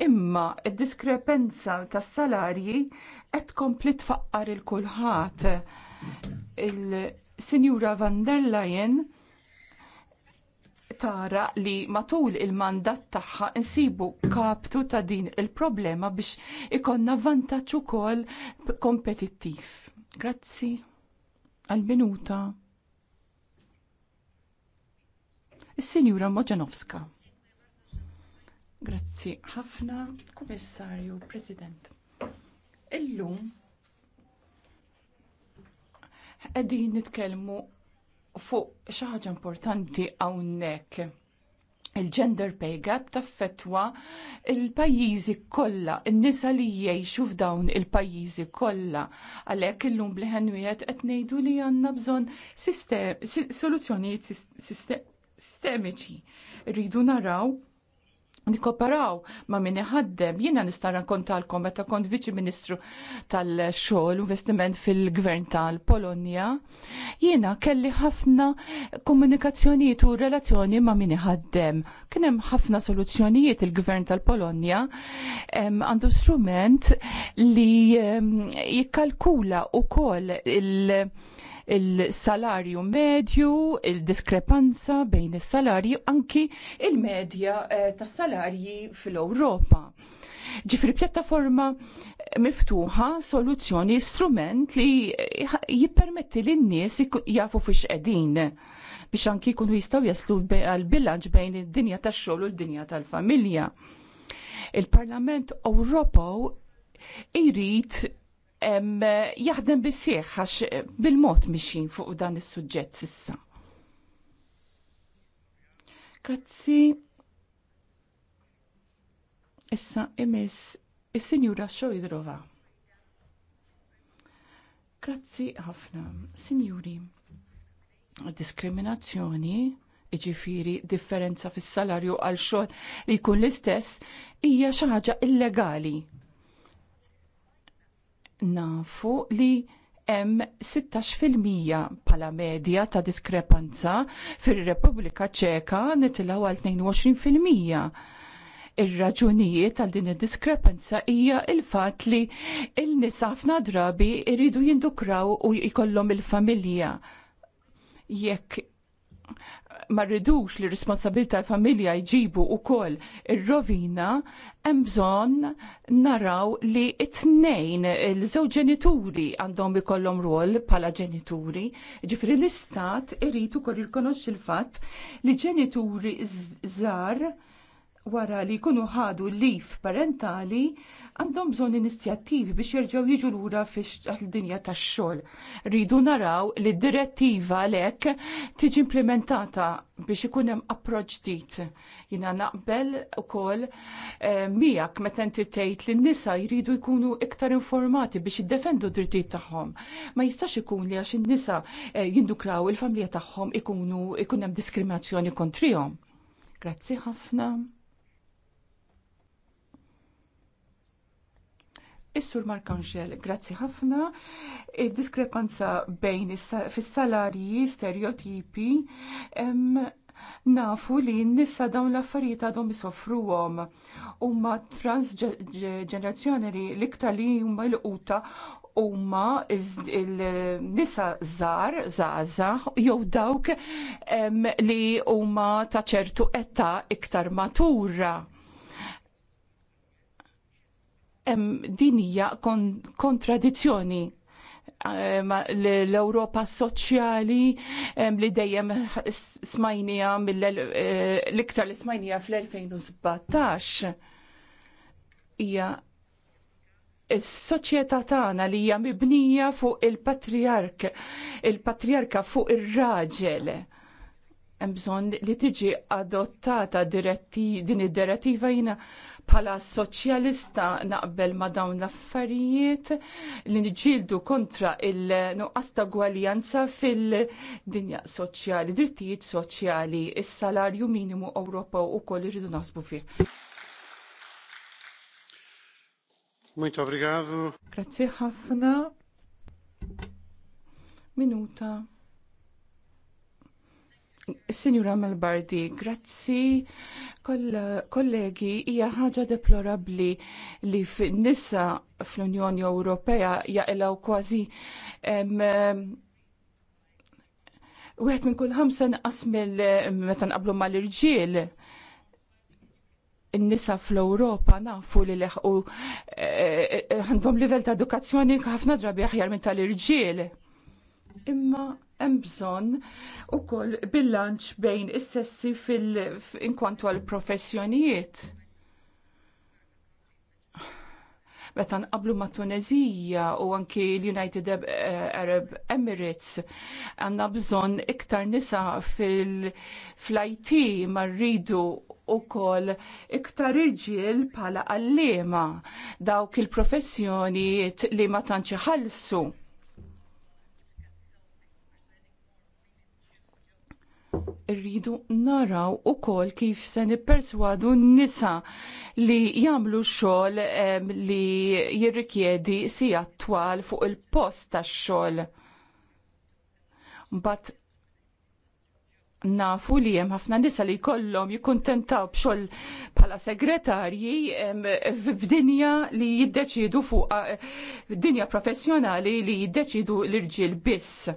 [SPEAKER 12] imma id-diskrepenza tas salarji qed tkompli tfaqqar il kulħadd. Il-Sinjura van der Leyen tara li matul il-mandat tagħha insibu kaptu ta' din il-problema biex ikonna vantaġġ ukoll kompetittiv. Grazzi. Għal-minuta. Is-Sinjura Moġanowska. Grazzi ħafna, Komissarju, President. Illum qegħdin nitkellmu fuq xi ħaġa importanti hawnhekk il-gender pay gap taffetwa il-pajjiżi kollha, in-nisa li jgħixu f'dawn il-pajjiżi kollha. Għalhekk illum bliħen wieħed qed ngħidu li għandna bżonn soluzzjonijiet sistemiċi. Rridu naraw nikoparaw ma' minni ħaddem. Jiena nista' kontalkom meta kont viċi ministru tal-xogħol investiment fil-gvern tal-Polonja. Jiena kelli ħafna komunikazzjonijiet u relazzjoni ma' minni ħaddem. Kien hemm ħafna soluzzjonijiet il-gvern tal-Polonja għandu strument li jikkalkula wkoll il- il-salarju medju, il-diskrepanza bejn is-salarju anki il-medja eh, tas-salarji fil-Ewropa. Ġifri pjattaforma miftuħa, soluzzjoni, strument li jippermetti li n-nies jafu fiex qegħdin biex anki jkunu jistgħu jaslu għal-bilanċ bejn id-dinja tax-xogħol u d-dinja tal-familja. Il-Parlament Ewropew irid jaħdem bisieħ għax eh, bil-mod mixin fuq dan is-suġġett sissa. Grazzi. Issa imis is-Sinjura jidrova. Grazzi ħafna, Sinjuri. Diskriminazzjoni iġifiri differenza fis-salarju għal xogħol li jkun l-istess hija xi ħaġa illegali nafu li hemm 16% pala medja ta' diskrepanza fir-Repubblika Ċeka nitilgħu għal 22%. Ir-raġunijiet għal din id-diskrepanza hija il-fatt li l-nisa ħafna drabi jridu jindukraw u jkollhom il-familja. Jekk ma rridux li responsabilta l-familja jġibu u kol il-rovina, bżon naraw li it-nejn il-żew ġenituri għandhom ikollhom rol pala ġenituri. Ġifri l-istat irritu kol jirkonox il-fat li ġenituri żar wara li jkunu ħadu l-lif parentali għandhom bżonn inizjattivi biex jerġgħu jiġu lura fix dinja tax-xogħol. Ridu naraw li d direttiva lek tiġi implementata biex ikun hemm approċċ ġdid. Jiena naqbel ukoll eh, miegħek meta inti tgħid li n-nisa jridu jkunu iktar informati biex jiddefendu d-drittijiet tagħhom. Ma jistax ikun li għax in-nisa eh, jindukraw il-familja tagħhom ikunu ikun hemm diskriminazzjoni kontrihom. Grazzi ħafna. Is-sur Markanxel, grazzi ħafna. Il-diskrepanza bejn fis-salarji, stereotipi, em, nafu li n-nissa dawn l-affarijiet għadhom isofruhom. Huma transġenerazzjoneri l-iktar li huma l-quta huma il-nisa żar, żgħażagħ jew dawk li huma ta' ċertu età iktar matura din hija kontradizzjoni eh, l-Europa soċjali li dejjem smajnija eh, l-iktar li smajnija fl-2017 hija s soċjetà tagħna li hija mibnija fuq il-patriark, il-patriarka fuq ir-raġel. Hemm bżonn li tiġi adottata diretti, din id-direttiva jiena Pala soċjalista naqbel ma dawn l-affarijiet li nġildu kontra il-nuqqas ta' gwaljanza fil-dinja soċjali, drittijiet soċjali, il salarju minimu Ewropa u koll irridu nasbu fih.
[SPEAKER 1] Muito obrigado.
[SPEAKER 12] Grazie ħafna. Minuta. Signora Melbardi, grazzi kollegi, hija ħaġa deplorabli li fin-nisa fl-Unjoni Ewropea jaqilgħu kważi wieħed minn kull ħamsa nqas meta nqablu mal-irġiel in-nisa fl-Ewropa nafu li leħqu eh, eh, eh, għandhom livell ta' edukazzjoni ħafna drabi aħjar minn tal-irġiel. Imma hemm bżonn ukoll bilanċ bejn is-sessi fil-inkontu għall professjonijiet Meta nqablu ma' Tunezija u anki l-United eh, Arab Emirates għandna bżonn iktar nisa fil-IT ma rridu u kol iktar irġiel bħala għallima dawk il-professjonijiet li ma tantx ħalsu rridu naraw ukoll kif se nipperswadu n-nisa li jagħmlu xogħol li jirrikjedi sija twal fuq il-post tax-xogħol. Mbagħad nafu li hemm ħafna nisa li jkollhom jikkuntentaw b'xogħol bħala segretarji f'dinja li jiddeċidu fuq dinja professjonali li jiddeċidu l-irġiel biss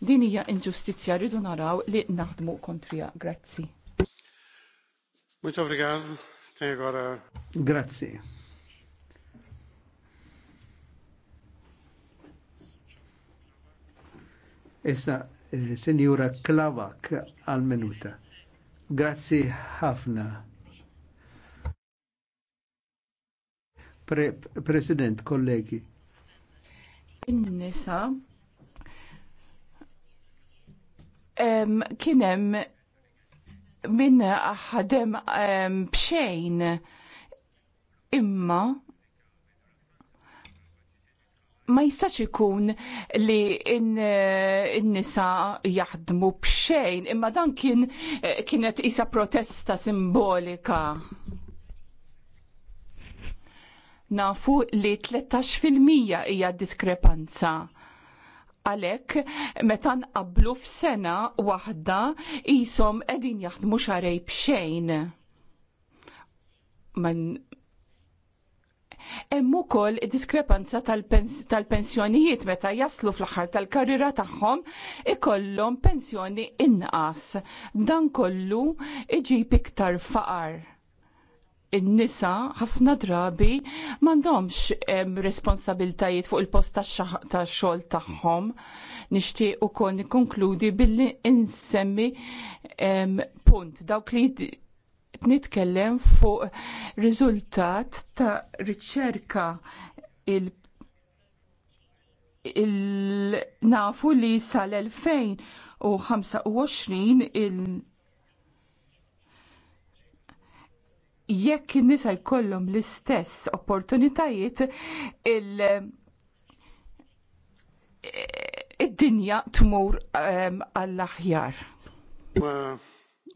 [SPEAKER 12] Din hija inġustizzja rridu naraw li naħdmu
[SPEAKER 3] kontrija. Grazzi.
[SPEAKER 1] Muito obrigado. Tem agora...
[SPEAKER 3] Grazie. Issa, eh, Senjura Klavak al minuta Grazzi ħafna. Pre President, kollegi.
[SPEAKER 12] In-nisa kienem minn ħadem bxejn imma ma jistax ikun li n-nisa jaħdmu bxejn, imma dan kien kienet isa protesta simbolika. Nafu li 13% hija diskrepanza għalhekk meta nqabblu f'sena waħda jisom qegħdin jaħdmu xarej b'xejn. Man Hemm ukoll diskrepanza tal-pensjonijiet tal meta jaslu fl-aħħar tal-karriera tagħhom ikollhom pensjoni inqas. Dan kollu iġib iktar faqar in-nisa ħafna drabi m'għandhomx responsabiltajiet fuq il-post tax-xogħol tagħhom. Nixtieq ukoll nikkonkludi billi insemmi punt dawk li nitkellem fuq riżultat ta' riċerka il il-nafu li sal-2025 il jekk in-nisa jkollhom l-istess opportunitajiet il- id-dinja tmur ehm, għall-aħjar. Uh,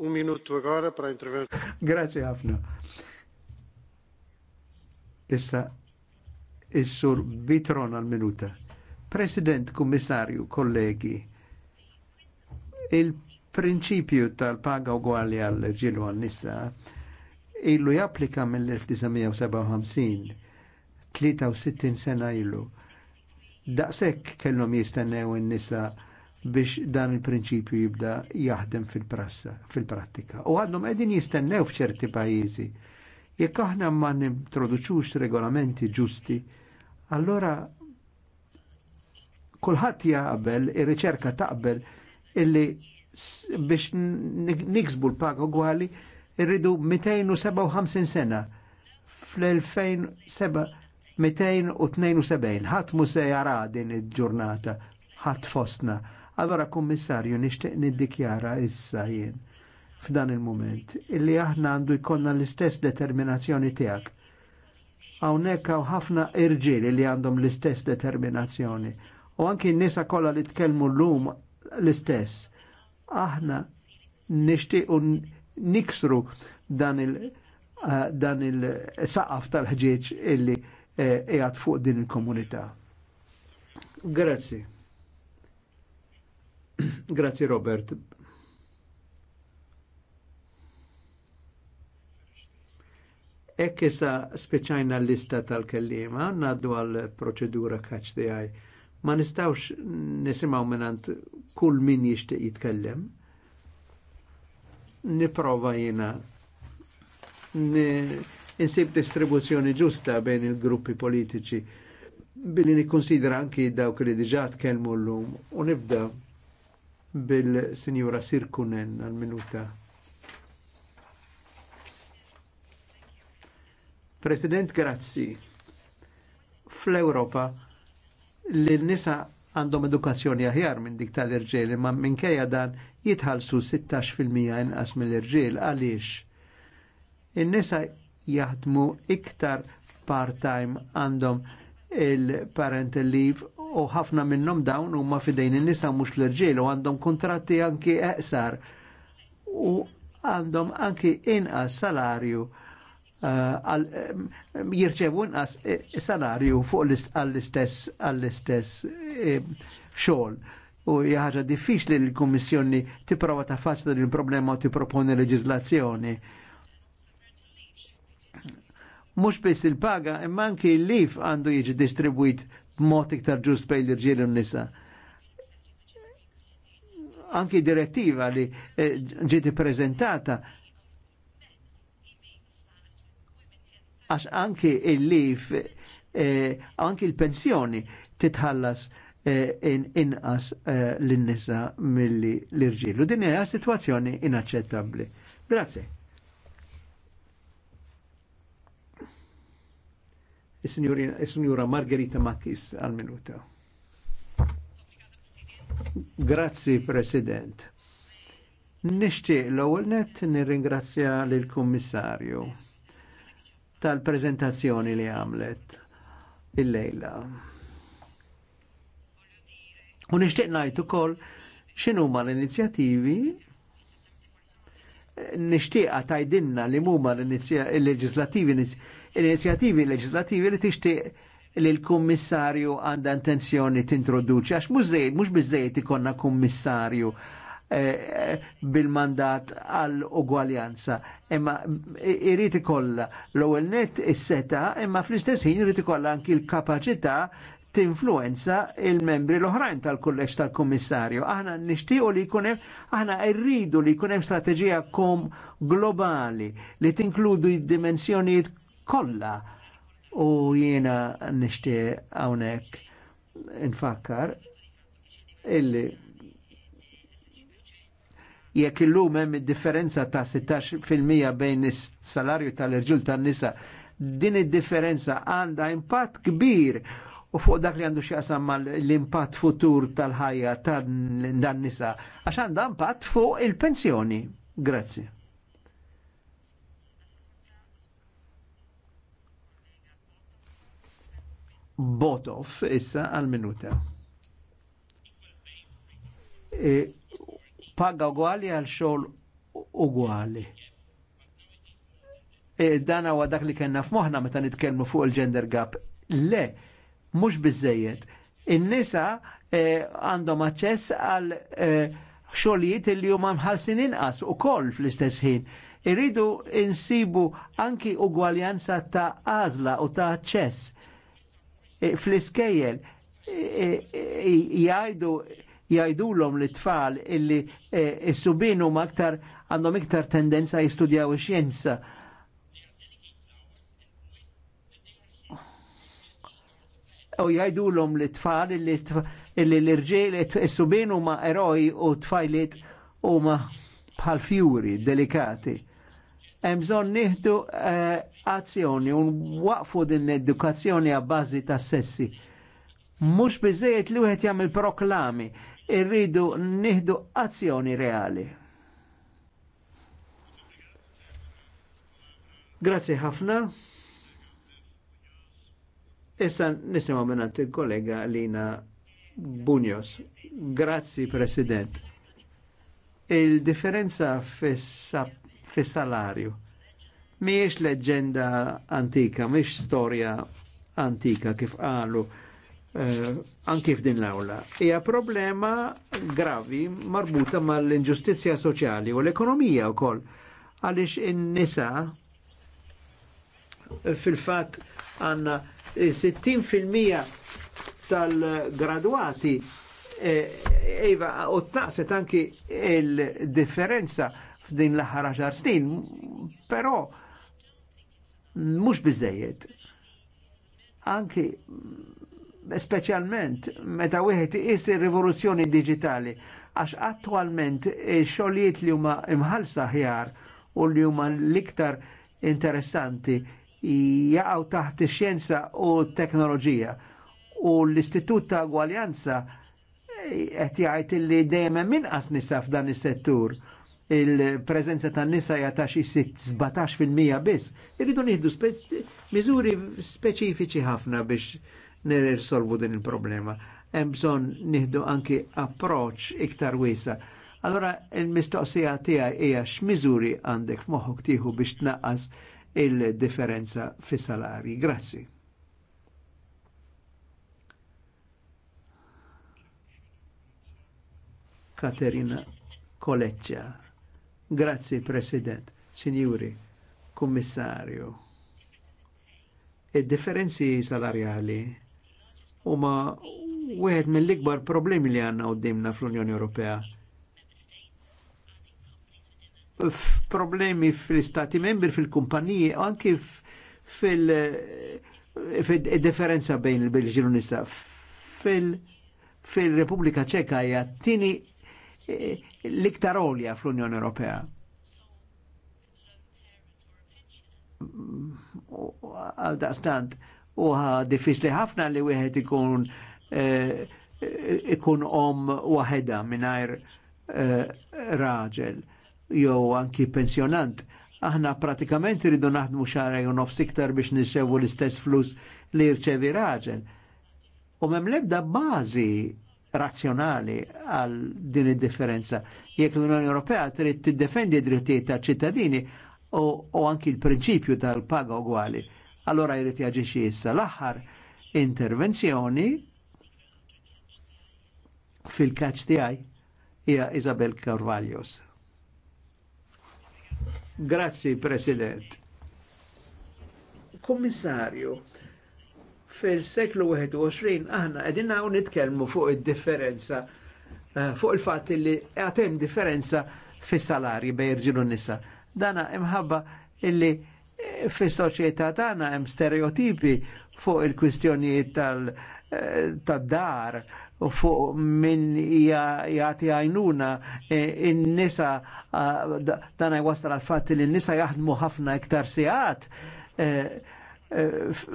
[SPEAKER 1] un minutu għara pra intervent.
[SPEAKER 3] Grazie għafna. Issa, issur bitron għal-minuta. President, kummissarju, kollegi, il-prinċipju tal-paga uguali għal-ġilu għal-nisa ilu japplika mill-1957, 63 sena ilu. Daqshekk kellhom jistennew in-nisa biex dan il-prinċipju jibda jaħdem fil-prassa, fil-prattika. U għadhom qegħdin jistennew f'ċerti pajjiżi. Jekk aħna ma nintroduċux regolamenti ġusti, allora kulħadd jaqbel, ir-riċerka taqbel illi biex niksbu l-paga gwali irridu 257 sena fl-2007 272 ħadd musej jara din il-ġurnata ħadd fostna. Allora kummissarju nixtieq niddikjara issa jien f'dan il-moment illi aħna għandu jkollna l-istess determinazzjoni tiegħek. Hawnhekk hawn ħafna irġiel li għandhom l-istess determinazzjoni. U anki n-nisa kollha li tkellmu llum l-istess. Aħna nixtiequ niksru dan il- eh, dan il-saqaf tal-ħġieġ illi jgħat eh, fuq din il-komunità. Grazzi. Grazzi Robert. Ek issa speċajna l-lista tal-kellima, naddu għal-proċedura kaċ di Ma nistawx nisimaw minant kull min jishtiq jitkellem niprova jina insib distribuzzjoni ġusta bejn il-gruppi politiċi billi nikkonsidra anki dawk li diġa tkellmu l-lum u nibda bil-Sinjura Sirkunen għal-minuta. President, grazzi. Fl-Europa l-nisa għandhom edukazzjoni aħjar minn dik tal-irġiel, imma minkejja dan jitħallsu 16% inqas mill-irġiel għaliex. In-nisa jaħdmu iktar part-time għandhom il-parental leave u ħafna minnhom dawn huma fidejn in-nisa mhux l-irġiel u għandhom kuntratti anki eqsar u għandhom anki inqas salarju Eh, eh, jirċevu nqas eh, salarju fuq għall-istess xogħol. U ħaġa diffiċli li l-Kummissjoni tipprova ta' faċli din il-problema u tipproponi leġizlazzjoni. Mux biss il-paga, imma anki l-lif għandu jiġi distribuit b'mod iktar ġust bejn l-irġiel u n-nisa anki direttiva li ġieti prezentata għax anki il-lif, eh, anki il-pensjoni titħallas eh, inqas in eh, l-nisa mill l-irġilu. Din hija situazzjoni inaċċettabbli. Grazie. Is-Sinjura Margherita Makis għal-minuta. Grazzi, President. Nishtiq l-ewwel net nirringrazzja lill-Kummissarju tal-prezentazzjoni li għamlet il-lejla. U nishtiq najt ukoll x'inhu l-inizjattivi nishtiqa tajdinna li muma l inizjativi l-inizjativi leġislativi li tixtieq li l-kommissarju għanda intenzjoni t-introduċi, għax mux bizzejt ikonna kommissarju Eh, eh, bil-mandat għall-ugwaljanza. Imma irriti kolla l-ewwel net is-seta, imma fl-istess ħin irriti kolla anki l-kapaċità tinfluenza il-membri l-oħrajn tal kollex tal-kummissarju. Aħna nixtiequ li kunem, hemm, aħna irridu li jkun hemm strateġija kom globali li tinkludu d-dimensjonijiet kollha u jiena nixtieq hawnhekk infakkar illi jekk illum hemm differenza ta' 16% bejn is-salarju tal-irġul tan-nisa, din id-differenza għandha impatt kbir u fuq dak li għandu xaqsam mal l-impatt futur tal-ħajja tan-nisa, għax għandha impatt fuq il-pensjoni. Grazzi. Botov issa għal-minuta. E paga ugwali għal xogħol ugwali. E dan huwa dak li kellna f'moħħna meta nitkellmu fuq il-gender gap. Le, mhux biżejjed. In-nisa e, għandhom eh, aċċess għal eh, xogħlijiet li huma mħallsin inqas ukoll fl-istess ħin. Irridu insibu anki ugwaljanza ta' għażla u ta' aċċess. E, fl-iskejjel jgħidu e, e, e jajdu l-om li tfal illi eh, s-subinu e, maktar għandhom iktar tendenza jistudjaw xienza. U jajdu l-om li tfal illi l-irġiel s-subinu ma eroj u tfajlit u ma bħal fjuri delikati. Emżon nihdu eh, azzjoni un waqfu din edukazzjoni għabbażi ta' sessi mux bizzejiet li wieħed jagħmel proklami irridu nihdu azzjoni reali. Grazie ħafna. Issa nisimaw minnant il-kollega Lina Bunjos. Grazzi, President. Il-differenza fis-salarju miex leġenda antika, miex storja antika kif qalu eh, anki f'din l-awla. Ija problema gravi marbuta mal-inġustizja soċjali u l-ekonomija wkoll Għalix in-nisa fil-fatt għanna 60% tal graduati ejva eh, u t-naqset anki il-differenza f'din l-aħħar 10 snin, però mhux bizzejiet. Anki specialment meta wieħed is rivoluzzjoni digitali għax attualment xogħlijiet li huma imħallsa ħjar u li huma l-iktar interessanti jaqgħu taħt ix-xjenza u t-teknoloġija u l-Istitut ta' Gwaljanza eh, qed jgħid li dejjem hemm inqas nisa f'dan is-settur il-prezenza tan nisa jata xi 17% biss. Irridu nieħdu miżuri speċifiċi ħafna biex nirsolvu din il-problema. Hemm bżonn nieħdu anki approċ iktar wiesa. Allora il-mistoqsija tiegħi hija x'miżuri għandek f'moħħok tieħu biex tnaqqas il-differenza fis-salari. Grazzi. Katerina Koleccia. Grazzi President, Signori, Kommissario. il differenzi salariali huma wieħed mill-ikbar problemi li għandna qudiemna fl-Unjoni Ewropea. Problemi fl-istati membri, fil-kumpaniji, anki fil- differenza bejn il-Belġin u nisa. Fil-Repubblika Ċeka hija tini e, l-iktar olja fl-Unjoni Ewropea. Għal daqstant, u diffiċli ħafna li wieħed ikun eh, ikun om waħeda mingħajr eh, raġel jew anki pensjonant. Aħna pratikament irridu naħdmu xara jew nofs iktar biex nisewu l-istess flus li jirċevi raġel. U mem lebda bażi razzjonali għal din id-differenza. Jekk l-Unjoni Ewropea trid tiddefendi d-drittijiet tal-ċittadini u anki l-prinċipju tal-paga ugwali allora jrid jaġixxi issa l-aħħar intervenzjoni fil-kaċ tiegħi hija Isabel Carvalhos. Grazzi, President. Kommissarju, fil-seklu 21 aħna qegħdin hawn nitkellmu fuq id-differenza eh, fuq il-fatt li għatem differenza fis-salarji bejn irġilu nisa. Dana imħabba illi Fis-soċjetà tagħna hemm stereotipi fuq il-kwistjonijiet tal-dar u fuq min jagħti għajnuna e, in-nisa dan jwassal għal fatt li n-nisa jaħdmu ħafna iktar sigħat e, e,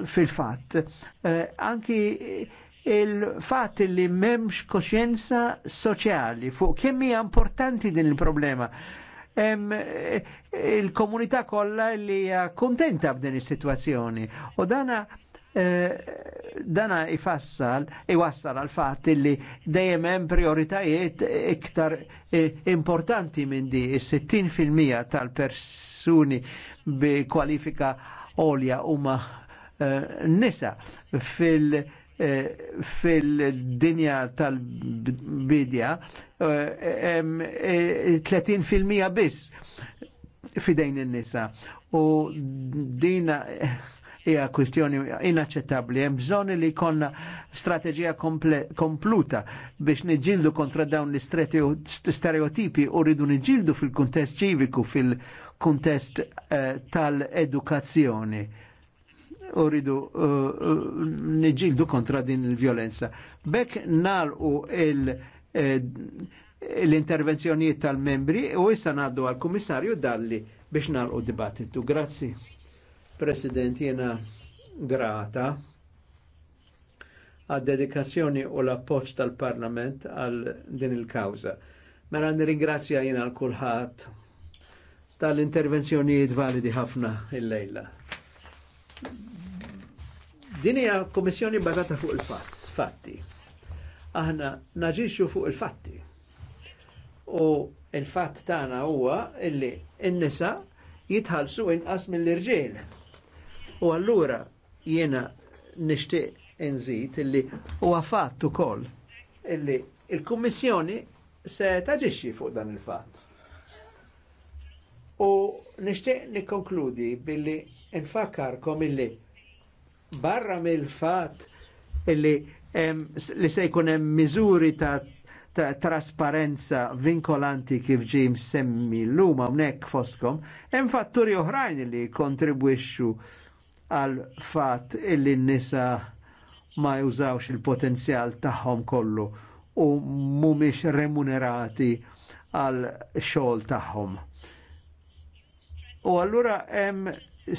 [SPEAKER 3] fil-fatt. Anki il-fat li memx koxjenza soċjali fuq kemm hija importanti din il-problema il-komunità kollha li hija kontenta b'din is-sitwazzjoni. U dana eh, dana ifassal, iwassal għal fatt li dejjem hemm prioritajiet iktar eh, importanti minn di, 60% tal-persuni bi kwalifika olja huma eh, nisa fil- fil-dinja tal-bidja 30% biss fidejn il nisa U dina hija kwistjoni inaċċettabbli. Hemm bżonn li jkollna strateġija kompluta biex niġildu kontra dawn l-stereotipi u rridu niġildu fil-kuntest ċiviku, fil-kuntest eh, tal-edukazzjoni. U rridu uh, eh, niġildu kontra din il vjolenza Bek nalqu il- eh, l-intervenzjonijiet tal-membri u issa ngħaddu għall-Kummissarju Dalli biex nagħlqu dibattitu. Grazzi, President, jiena grata għad dedikazzjoni u l-appoġġ tal-Parlament għal din il-kawża. Mela nirringrazzja jiena għal kulħadd tal-intervenzjonijiet validi ħafna il-lejla. Din hija kommissjoni bażata fuq il-fass, fatti. Aħna naġixxu fuq il-fatti. U il-fatt tagħna huwa illi n-nisa jitħallsu inqas mill-irġiel. U allura jiena nixtieq inżid illi huwa fatt ukoll illi il-Kummissjoni se taġixxi fuq dan il-fatt. U nixtieq nikkonkludi billi kom illi barra mill-fatt illi li se jkun hemm miżuri ta' ta' trasparenza vinkolanti kif ġi msemmi l-lum hawnhekk fostkom, hemm fatturi oħrajn li kontribwixxu għal fatt illi n-nisa ma jużawx il-potenzjal tagħhom kollu u mhumiex remunerati għal xogħol tagħhom. U allura hemm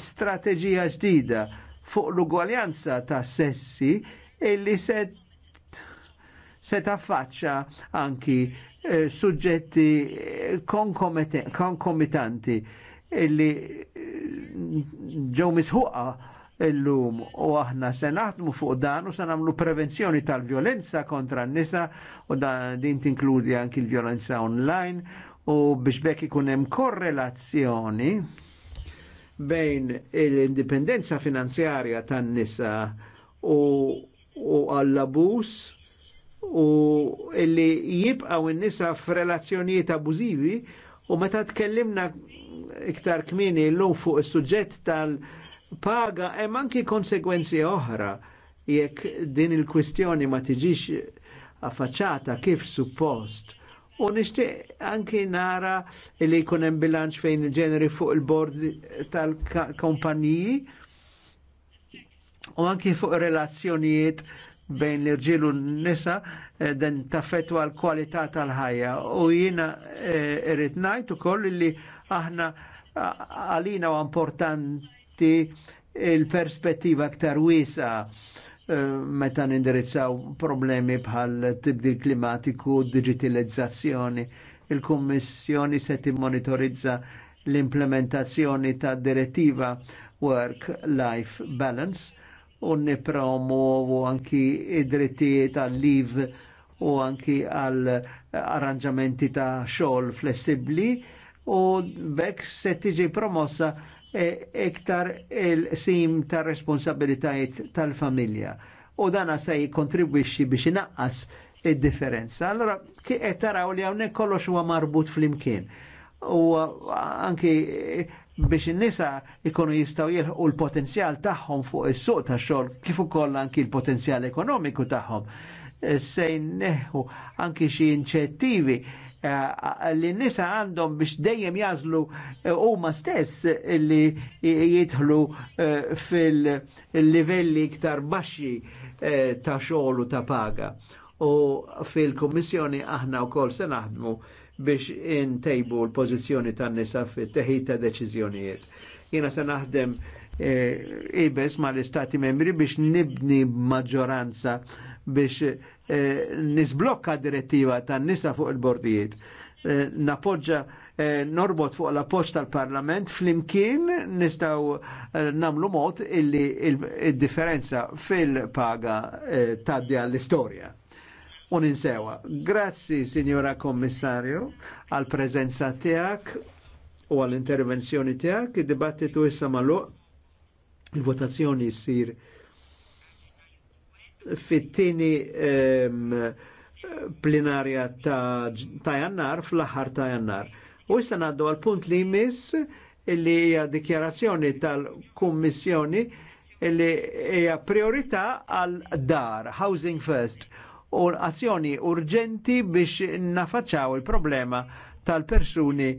[SPEAKER 3] strateġija ġdida fuq l-ugwaljanza ta' sessi illi se se taffaċċa anki eh, suġġetti eh, konkomitanti illi eh, ġew misħuqa illum u aħna se naħdmu fuq dan u se nagħmlu prevenzjoni tal-vjolenza kontra n-nisa u dan din tinkludi anki l-vjolenza online u biex bekk ikun hemm korrelazzjoni bejn l-indipendenza finanzjarja tan-nisa u, u għall-abus u illi jibqaw n nisa f'relazzjonijiet abużivi u meta tkellimna iktar kmini l-lum fuq is-suġġett tal-paga hemm anki konsekwenzi oħra jekk din il-kwistjoni ma tiġix affaċċata kif suppost. U nixtieq anki nara li jkun hemm bilanċ fejn il-ġeneri fuq il-bord tal-kompaniji u anki fuq relazzjonijiet bejn l-irġiel u n-nisa eh, dan taffetwa l-kwalità tal-ħajja. U jiena eh, irrid ngħid ukoll li aħna għalina u importanti il-perspettiva aktar wiesa eh, meta nindirizzaw problemi bħal tibdil klimatiku, digitalizzazzjoni. Il-Kummissjoni se timmonitorizza l-implementazzjoni ta' direttiva Work-Life Balance u nipromuvu anki id-drittijiet għal-liv u anki għal arranġamenti ta' xogħol flessibbli u bekk se tiġi promossa e, iktar e il-sim ta' responsabilitajiet tal-familja. U dana se jikontribwixxi biex inaqqas id-differenza. Allora, qed taraw li hawnhekk kollox huwa marbut fl-imkien. U anki biex in-nisa ikonu jistgħu jilħqu l-potenzjal tagħhom fuq is-suq ta' xogħol kif ukoll anki l-potenzjal ekonomiku tagħhom. Se neħu anki xi inċettivi eh, li n nisa għandhom biex dejjem jazlu eh, huma stess li jidħlu eh, fil-livelli iktar baxxi ta' xogħol ta' paga. U fil-Kummissjoni aħna wkoll se naħdmu biex intejbu l-pozizjoni tan nisa fit teħita deċiżjonijiet. Jiena se naħdem eh, ibes ma l-istati membri biex nibni maġġoranza biex eh, nisblokka direttiva tan nisa fuq il-bordijiet. Eh, napoġġa norbot fuq l-appoġġ tal-Parlament flimkien nistgħu namlu mod illi il-differenza fil-paga tadja l istorja Uninsewa, Grazzi, Signora Kommissarju, għal prezenza tijak u għal intervenzjoni tijak, id-dibattitu issa malu, il-votazzjoni jissir fit-tini plenaria plenarja ta', ta jannar fl-aħħar ta' jannar. U issa naddu għal punt li jmiss illi hija dikjarazzjoni tal-Kummissjoni illi hija priorità għal dar, housing first u azzjoni urġenti biex nafaċċaw il-problema tal-persuni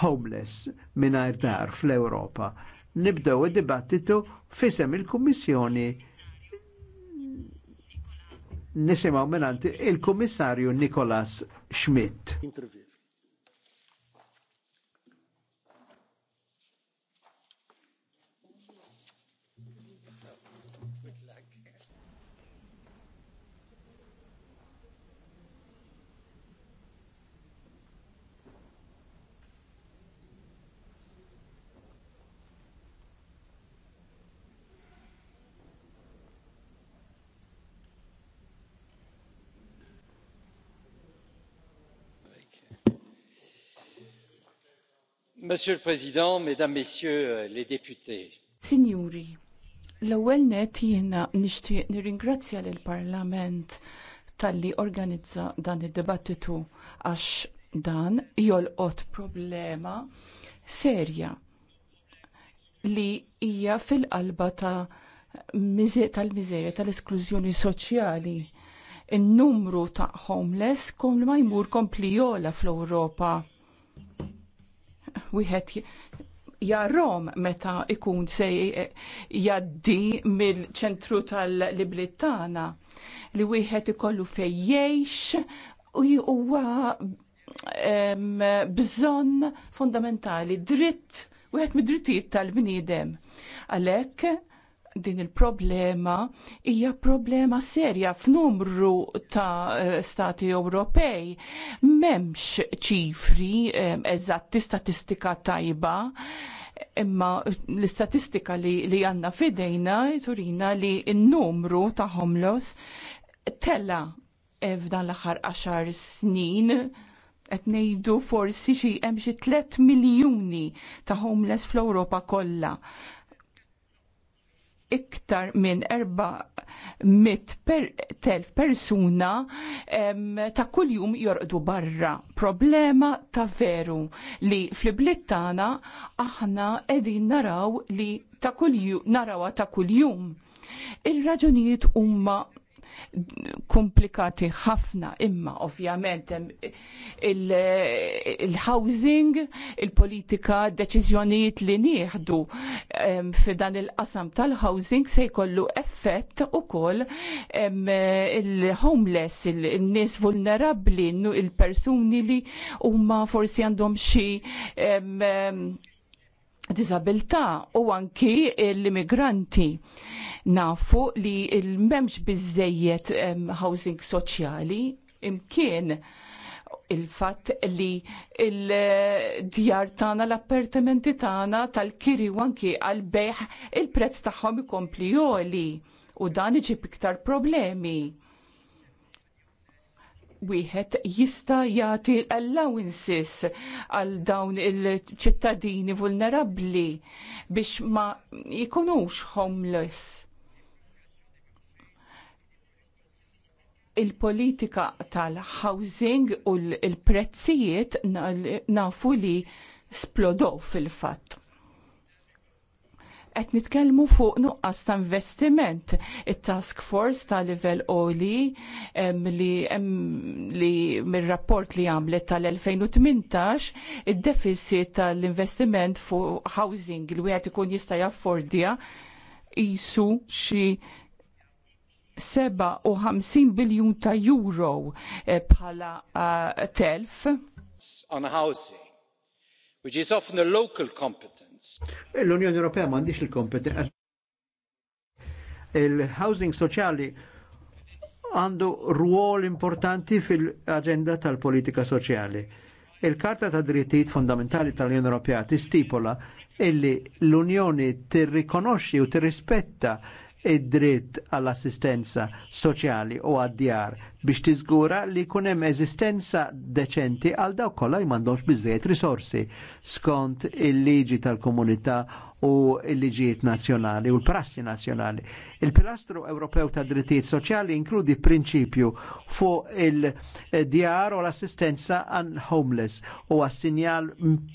[SPEAKER 3] homeless minar dar fl-Europa. Nibdew id-dibattitu fisem il-Kummissjoni nisimaw minanti il-Kummissarju Nikolas Schmidt. Interview. Monsieur le Président, Mesdames, Messieurs euh, les députés.
[SPEAKER 12] Signori, l-ewwel net jiena nixtieq nirringrazzja lill parlament talli organizza dan id-dibattitu għax dan jolqot problema serja li hija fil-qalba ta' tal-miżerja tal-esklużjoni soċjali. In-numru ta' homeless kom ma jmur kompli jola fl-Ewropa wieħed jarrom meta ikun se e, jaddi mill-ċentru tal-Liblitana li wieħed ikollu jgħix u huwa bżonn fundamentali, dritt, wieħed mid-drittijiet tal-bniedem. Għalhekk din il-problema hija problema serja f'numru ta' eh, stati Ewropej. M'hemmx ċifri eh, eżatti statistika tajba, imma l-istatistika li, li għanna fidejna turina li n-numru ta' homlos tela eh, f'dan l-aħħar 10 snin qed ngħidu forsi xi hemm xi 3 miljuni ta' homeless fl-Ewropa kollha iktar minn 400 per persuna em, ta' kuljum jorqdu barra. Problema ta' veru li fl blittana tagħna aħna qegħdin naraw li ta' kuljum narawha ta' kuljum. Il-raġunijiet huma komplikati ħafna imma ovvjament il-housing, il il-politika, deċiżjonijiet li nieħdu ehm, fi dan il-qasam tal-housing se jkollu effett ukoll ehm, il-homeless, il-nies vulnerabbli, il-persuni li huma forsi għandhom xi ehm, disabilità u anki l-immigranti. Nafu li l-memx bizzejiet housing soċjali imkien il-fatt li il-djar tana, l-appartamenti tana, tal-kiri u anki għal-beħ il-prezz tagħhom ikompli joli u dan iġib iktar problemi wieħed jista jagħti allowances għal dawn il-ċittadini vulnerabbli biex ma jikunux homeless. Il-politika tal-housing u l-prezzijiet nafu li splodow fil-fatt qed nitkellmu fuq nuqqas ta' investiment. It-task force ta' livell oli li li mir-rapport li għamlet tal-2018 id-deficit tal-investiment fuq housing li wieħed ikun jista' jaffordja isu xi 57 biljun ta' euro eh, bħala
[SPEAKER 3] eh, telf. On housing, which is often
[SPEAKER 12] a local competence
[SPEAKER 3] L-Unjoni Ewropea m'għandix il-kompetenza. Il-housing soċjali għandu ruol importanti fil-agenda tal-politika soċjali. Il-Karta ta' drittijiet fondamentali tal-Unjoni Ewropea tistipola illi l-Unjoni tirrikonoxxi u tirrispetta id-dritt għall-assistenza soċjali u għad-djar biex tiżgura li jkun hemm eżistenza deċenti għal dawk kollha li m'għandhomx biżejjed risorsi skont il-liġi tal-komunità u l-liġijiet nazzjonali u l-prassi nazzjonali. Il-pilastru Ewropew ta' drittijiet soċjali inkludi prinċipju fuq il-djar u l-assistenza għan homeless u għas-sinjal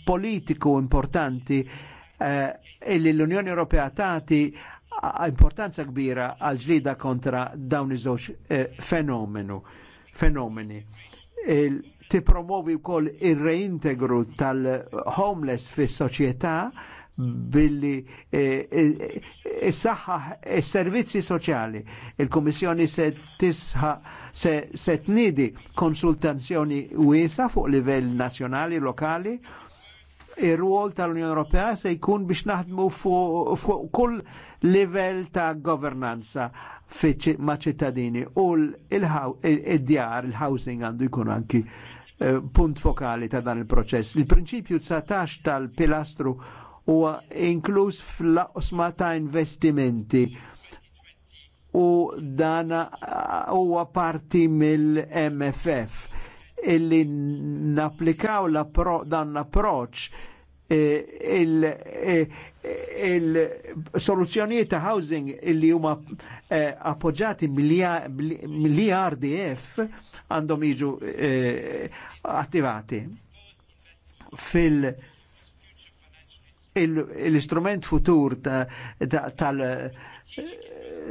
[SPEAKER 3] politiku importanti uh, l-Unjoni Ewropea tagħti importanza kbira għal ġlida kontra dawn iż-żewġ eh, fenomenu, fenomeni. Tipromovi wkoll ir-reintegru tal-homeless fis-soċjetà billi eh, eh, s saħħa s-servizzi soċjali. il komissjoni se tisħa se tnidi konsultazzjoni wiesa fuq livell nazjonali, lokali ir ruol tal-Unjoni Ewropea se jkun biex naħdmu fuq kull livell ta' governanza ma' ċittadini u il-djar, il-housing għandu jkun anki eh, punt fokali ta' dan il-proċess. Il-prinċipju 19 tal-pilastru huwa inkluż fl-osma ta' investimenti u dan huwa parti mill-MFF illi naplikaw la pro, dan l-approċ eh, il-soluzzjonijiet eh, ta' housing illi huma eh, appoġġati miljardi F għandhom iġu attivati fil- l-istrument futur tal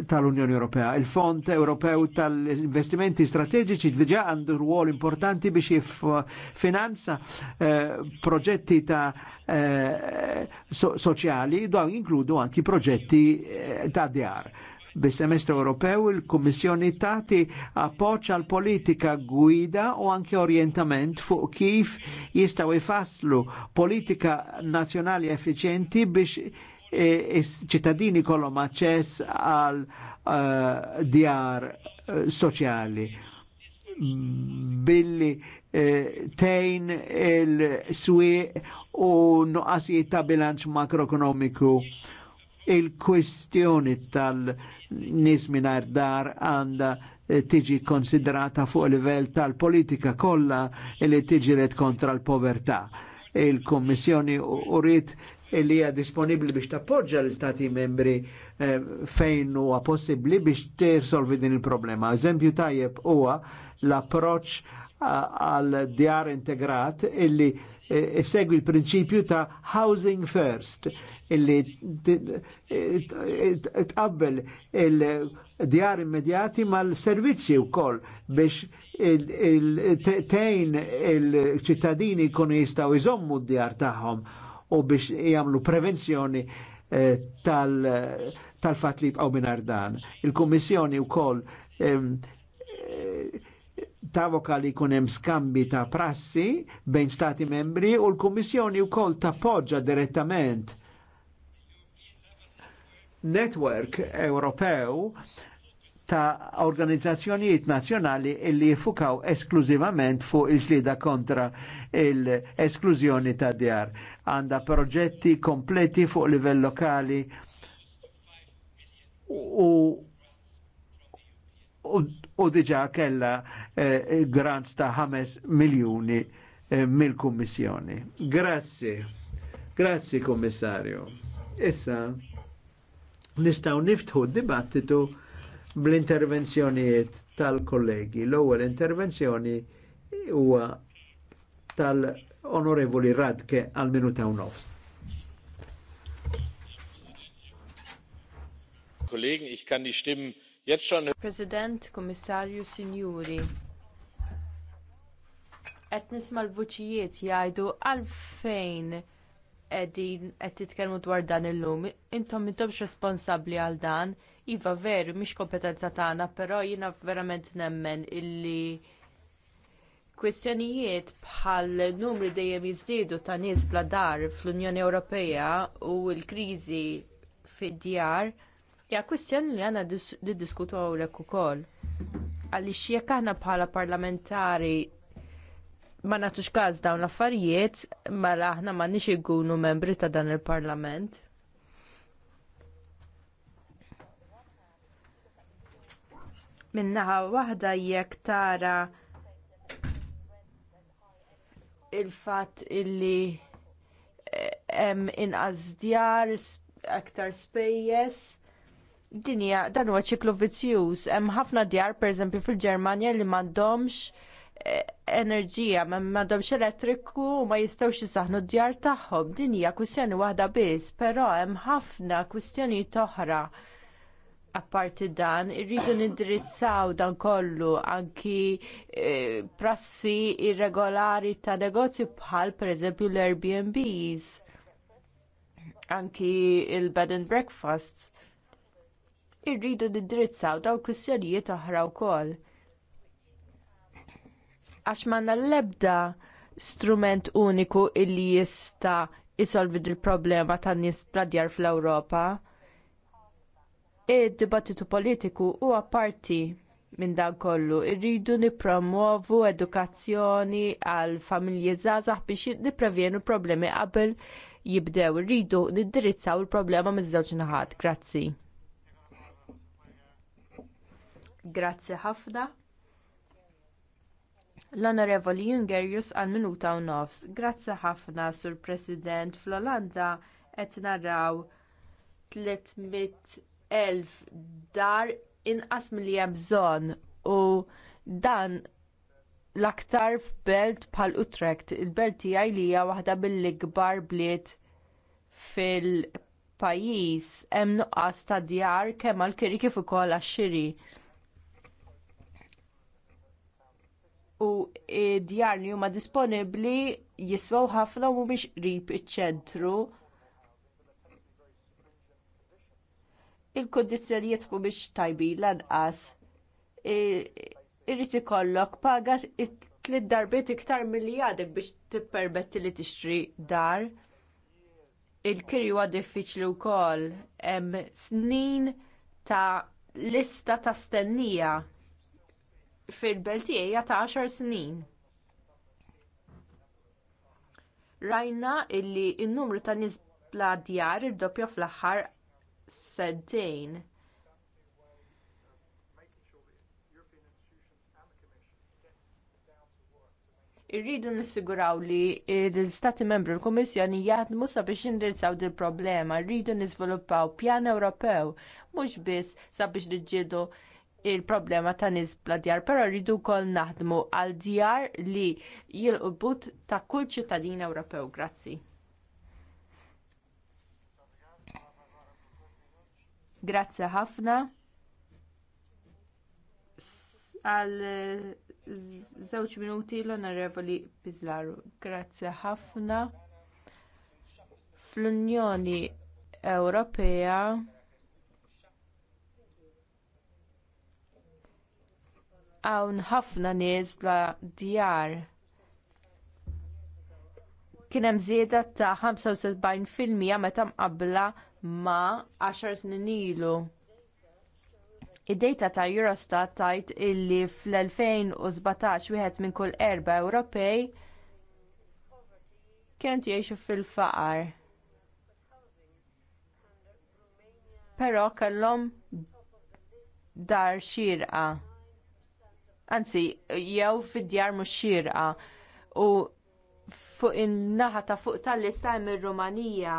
[SPEAKER 3] tal-Unjoni Ewropea. Il-Fond Ewropew tal-Investimenti Strateġiċi diġa għandu ruol importanti biex jiffinanza eh, proġetti ta' eh, soċjali, so dawn jinkludu anki proġetti eh, ta' djar bis-semestru Ewropew il-Kummissjoni tagħti appoġġ għal politika gwida u anke orientament fuq kif jistgħu jfasslu politika nazzjonali effiċjenti biex E, e, ċittadini e aċċess għal e, djar soċjali billi tejn il-swieq u nuqqasijiet ta' bilanċ makroekonomiku il kwistjoni tal-nis minar dar għanda tiġi konsiderata fuq livell tal-politika kollha li tiġi red kontra l-povertà. Il-Kommissjoni uriet li hija disponibbli biex tappoġġa l istati membri eh, fejn huwa possibbli biex tirsolvi din il-problema. Eżempju tajjeb huwa l-approċċ għal djar integrat illi eh, segwi l-prinċipju ta' housing first, illi tqabbel il-djar immedjati mal-servizzi u koll biex tejn il-ċittadini kun jistaw iżommu d-djar taħħom u biex jagħmlu prevenzjoni eh, tal-fat li jibqaw minar dan. Il-Kommissjoni wkoll eh, tavoka li kunem skambi ta' prassi bejn stati membri u l-Kommissjoni u kol tappoġġa direttament network Ewropew ta' organizzazzjonijiet nazjonali illi jifukaw esklużivament fuq il-ġlida kontra l-esklużjoni ta' djar għandha proġetti kompleti fuq livell lokali u u, diġa kella eh, grants ta' 5 miljoni eh, mill-Kummissjoni. Grazzi, grazzi Kommissarju. Issa, nistaw niftħu dibattitu bl-intervenzjonijiet tal-kollegi. L-ewwel intervenzjoni huwa tal Onorevoli Radke għal minuta u nofs.
[SPEAKER 1] Kollegen, ich kann die Stimmen jetzt schon...
[SPEAKER 8] President, Kommissarju, Signori, qed nisma' l-vuċijiet jgħidu għalfejn edin qed titkellmu dwar dan illum. Intom mitobx responsabbli għal dan. Iva veru mhix kompetenza tagħna, però jiena verament nemmen illi Kwistjonijiet bħal numri dejjem jiżdiedu ta' nies bla dar fl-Unjoni Ewropea u l-kriżi fid-djar hija kwistjoni li għandna niddiskutu hawnhekk ukoll. Għaliex jekk aħna bħala parlamentari ma nagħtux każ dawn l-affarijiet, mela aħna m'għandniex ikunu membri ta' dan il-Parlament. Min-naħa waħda jekk tara il-fatt illi hemm eh, inqas djar aktar spejjeż. Dinja dan huwa ċiklu vizzjuż. Hemm ħafna djar pereżempju fil-Ġermanja li m'għandhomx eh, enerġija, m'għandhomx elettriku u ma jistgħux jisaħnu d-djar tagħhom. Din hija kwistjoni waħda biss, però hemm ħafna kwistjonijiet oħra apparti dan, irridu nindirizzaw dan kollu anki e, prassi irregolari ta' negozju bħal pereżempju l-Airbnbs, anki l bed and breakfasts. Irridu nindirizzaw dawn kwistjonijiet oħra wkoll. Għax m'għandna l-ebda strument uniku illi jista' isolvi il problema tan nies bladjar fl-Ewropa id-dibattitu politiku huwa parti minn dan kollu. Irridu nippromovu edukazzjoni għal familji żgħażagħ biex nipprevjenu problemi qabel jibdew. Irridu niddirizzaw il-problema miż-żewġ naħat. Grazzi. Grazzi ħafna. L-Onorevoli Jungerius għal minuta u nofs. Grazzi ħafna, Sur President, fl-Olanda qed naraw 300 elf dar inqas milli hemm bżonn u dan l-aktar f'belt bħal Utrecht, il-belt tijaj li hija waħda mill-ikbar bliet fil-pajjiż hemm nuqqas ta' djar kemm għall kiri kif ukoll għax-xiri. U d djar li huma disponibbli jiswew ħafna u mhumiex qrib iċ-ċentru il fuq biex tajbi lanqas. Irrid ikollok paga tliet darbiet iktar milli għadek biex tippermetti li tixtri dar. Il-kiri huwa diffiċli wkoll hemm snin ta' lista ta' stennija fil-beltija ta' 10 snin. Rajna illi n numru ta' nies bla djar irdoppja fl-aħħar seddejn. Irridu nissiguraw li l-Stati membri l kummissjoni jaħdmu sabiex jindirizzaw dil problema rridu niżviluppaw pjan Ewropew, mhux biss sabiex niġġieldu l problema ta' nies bla djar, però rridu wkoll naħdmu għal djar li jilqbut ta' kull ċittadin Ewropew. Grazzi. Grazzi ħafna għal żewġ eh, minuti l-Onorevoli Pizzaru. Grazzi ħafna. Fl-Unjoni Ewropea hawn ħafna nies bla djar. Kien hemm żieda ta' 75% filmija meta mqabbla ma 10 snin ilu. Id-data ta' Eurostat tajt illi fl-2017 wieħed minn kull erba Ewropej kienet jgħixu fil-faqar. Però kellhom dar xirqa. Anzi, jew fid-djar mhux xirqa u fuq in-naħa ta' fuq tal-lista hemm ir-Rumanija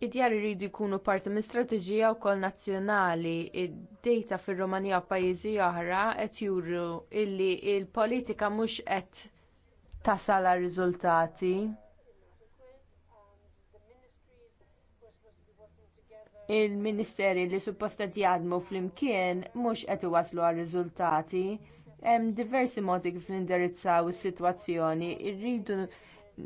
[SPEAKER 8] Id-djar iridu jkunu parti minn strateġija wkoll nazzjonali. Id-dejta fir-Rumanija u pajjiżi oħra qed juru illi l il politika mhux qed tasal riżultati. il-ministeri li qed jadmu flimkien mhux qed iwasslu għal riżultati. Hemm diversi modi kif nindirizzaw is-sitwazzjoni, irridu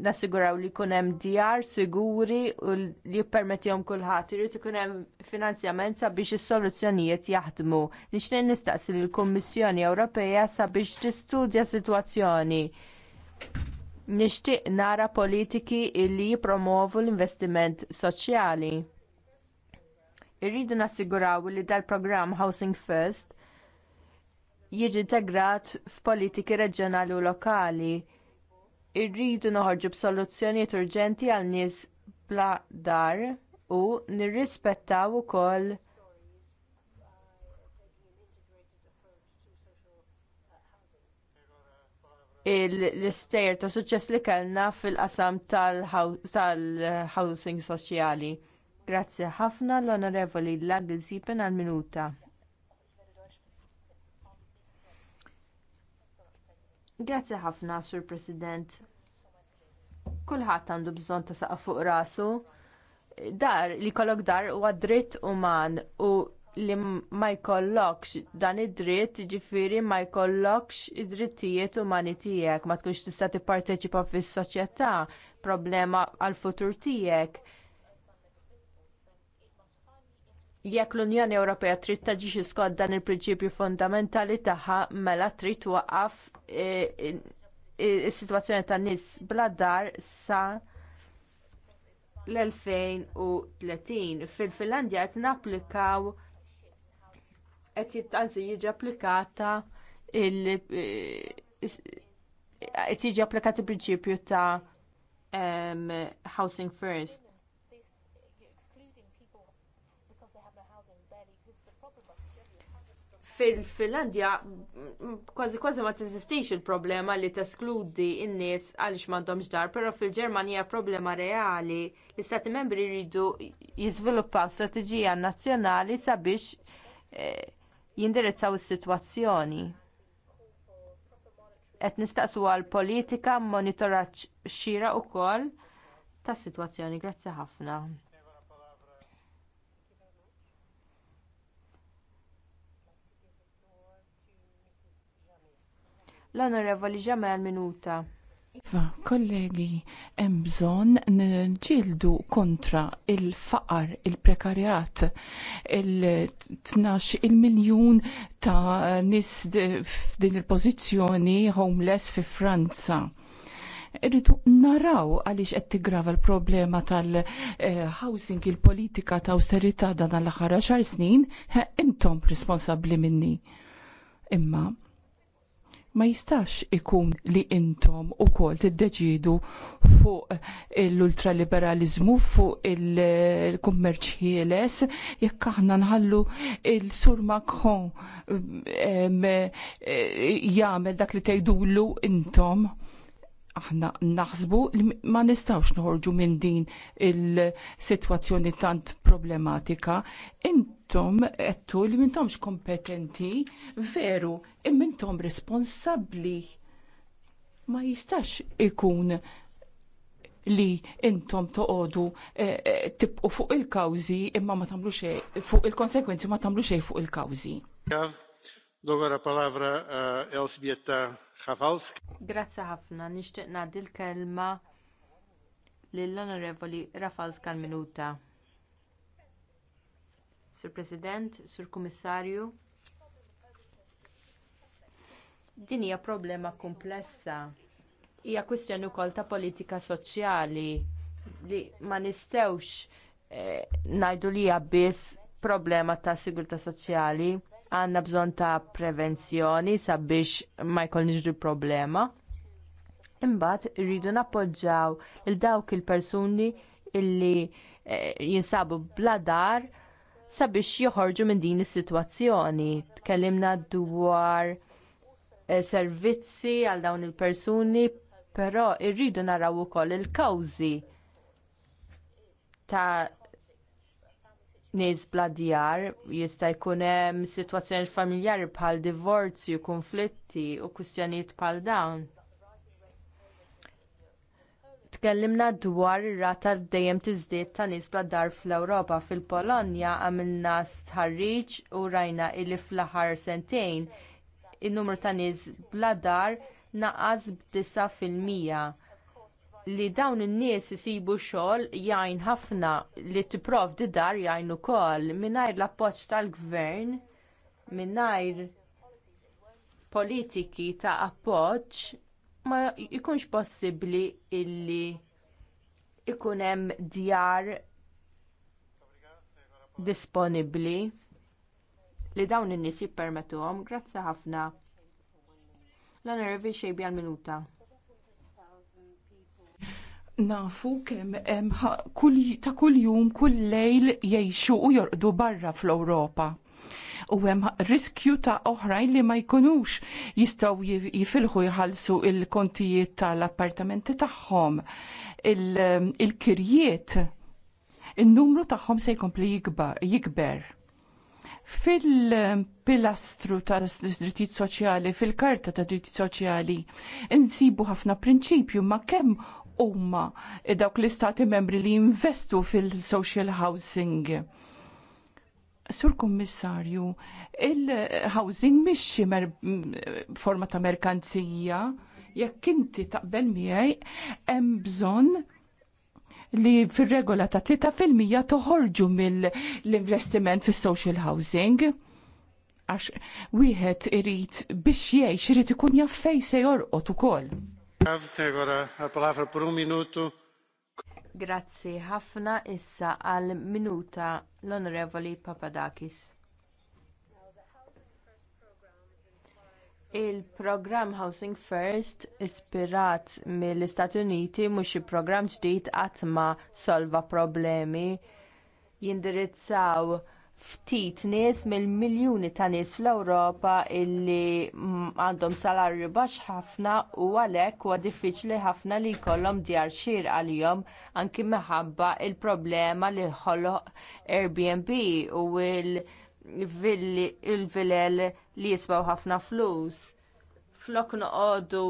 [SPEAKER 8] nassiguraw li jkun hemm djar siguri u li jippermettihom kulħadd irid ikun hemm finanzjament sabiex is-soluzzjonijiet jaħdmu. Nixtieq nistaqsi lill kummissjoni Ewropea sabiex tistudja sitwazzjoni. Nixtieq nara politiki li jippromovu l-investiment soċjali. Irridu nassiguraw li dal-programm Housing First jiġi integrat f'politiki reġjonali u lokali irridu noħorġu b'soluzzjonijiet urġenti għal nies bla dar u nirrispettaw ukoll l-istejr ta' suċċess li kellna fil-qasam tal-housing soċjali. Grazzi ħafna l-Onorevoli Lagli Zipen għal-minuta. Grazzi ħafna, Sur President. Kulħadd għandu bżonn ta' saqa fuq rasu. Dar li kollok dar huwa dritt uman u li ma jkollokx dan id-dritt ġifiri ma jkollokx id-drittijiet umani tiegħek ma tkunx tista' tipparteċipa fis-soċjetà, problema għall futur tiegħek jekk l-Unjoni Ewropea trid xi skont dan il-prinċipju fondamentali tagħha mela trid waqqaf e, e, e, is-sitwazzjoni tan nies bla dar sa l-2030. Fil-Finlandja qed napplikaw qed jiġi applikata il qed jiġi applikat il-prinċipju ta' housing first fil-Finlandja kważi kważi ma teżistix il-problema li teskludi n-nies għaliex m'għandhomx dar, però fil-Ġermanija problema reali li stati membri jridu jiżviluppaw strateġija nazzjonali sabiex eh, jindirizzaw is-sitwazzjoni. Qed nistaqsu għal politika monitoraġġ xira wkoll tas-sitwazzjoni. Grazzi ħafna. L-Onorevoli Ġamal Minuta.
[SPEAKER 12] Iva, kollegi, hemm bżonn nġildu kontra il-faqar, il-prekarjat, il-12 il-miljun ta' nis f'din il-pożizzjoni homeless fi Franza Irritu naraw għaliex qed tigrava l-problema tal-housing il-politika ta' austerità dan l-aħħar xar snin, intom responsabbli minni. Imma ma jistax ikun li intom u kol fuq l-ultraliberalizmu, fuq il-kummerċ ħieles, jekk aħna nħallu il-sur Macron eh, jagħmel dak li tgħidulu intom aħna naħsbu li ma nistawx noħorġu minn din il-sitwazzjoni tant problematika. Intom għettu li mintomx kompetenti, veru, immintom responsabli. Ma jistax ikun li intom toqodu eh, eh tibqu fuq il-kawzi imma ma tamlu xej fuq il-konsekwenzi ma tamlu xej fuq il-kawzi.
[SPEAKER 1] Yeah. Dogora palavra uh, eh, Elsbieta Hafalsk.
[SPEAKER 8] ħafna, nixtieq ngħaddi l-kelma lill-Onorevoli Rafalska l-minuta. Sur President, Sur Kummissarju. Din hija problema komplessa. Hija kwistjoni wkoll ta' politika soċjali li ma nistewx eh, li hija biss problema ta' sigurtà soċjali għandna bżonn ta' prevenzjoni sabiex ma jkollniex di problema. Imbagħad irridu nappoġġaw lil dawk il-persuni illi eh, jinsabu bla dar sabiex joħorġu minn din is-sitwazzjoni. Tkellimna dwar eh, servizzi għal dawn il-persuni, però irridu naraw ukoll il-kawżi ta' nies bla djar jista' jkun hemm sitwazzjoni familjari bħal divorzju, konflitti u kwistjonijiet bħal dawn. Tkellimna dwar ir-rata dejjem tiżdied ta' nies bla fl-Ewropa. Fil-Polonja għamilna stħarriġ u rajna li fl-aħħar sentejn in-numru ta' nies bla dar naqas b'9 fil-mija li dawn in-nies isibu xogħol jgħin ħafna li tipprovdi dar jgħin ukoll mingħajr l-appoġġ tal-gvern mingħajr politiki ta' appoġġ ma jkunx possibbli illi ikun hemm djar disponibbli li dawn in-nies jippermettuhom. Grazzi ħafna. L-onorevi xejbi għal-minuta
[SPEAKER 12] nafu kemm hemm ta' kuljum kull lejl jgħixu u jorqdu barra fl-Ewropa. U hemm riskju ta' oħrajn li ma jkunux jistgħu jifilħu jħallsu il-kontijiet tal-appartamenti tagħhom, il-kirjiet, in-numru tagħhom se jkompli jikber. Fil-pilastru tal-drittijiet soċjali, fil-karta tad drittijiet soċjali, insibu ħafna prinċipju ma' kemm huma dawk l-istati membri li jinvestu fil-social housing. Sur Kummissarju, il-housing mixi forma ta' merkanzija, jekk inti taqbel miegħi hemm bżonn li fir-regola ta' 3% toħorġu mill-investiment fis-social housing għax wieħed irid biex jgħix irid ikun jaffej se jorqot ukoll.
[SPEAKER 1] Um
[SPEAKER 8] Grazzi ħafna issa għal minuta l-Onorevoli Papadakis. Il-programm Housing First ispirat mill-Istati Uniti mhux il-program ġdid qatt ma solva problemi jindirizzaw ftit nies mill-miljuni ta' nies fl-Ewropa illi mm, għandhom salarju baxx ħafna u għalhekk huwa diffiċli ħafna li jkollhom djar xir għalihom anki minħabba l problema li ħoloq Airbnb u l vilel li jisbaw ħafna flus. Flok noqogħdu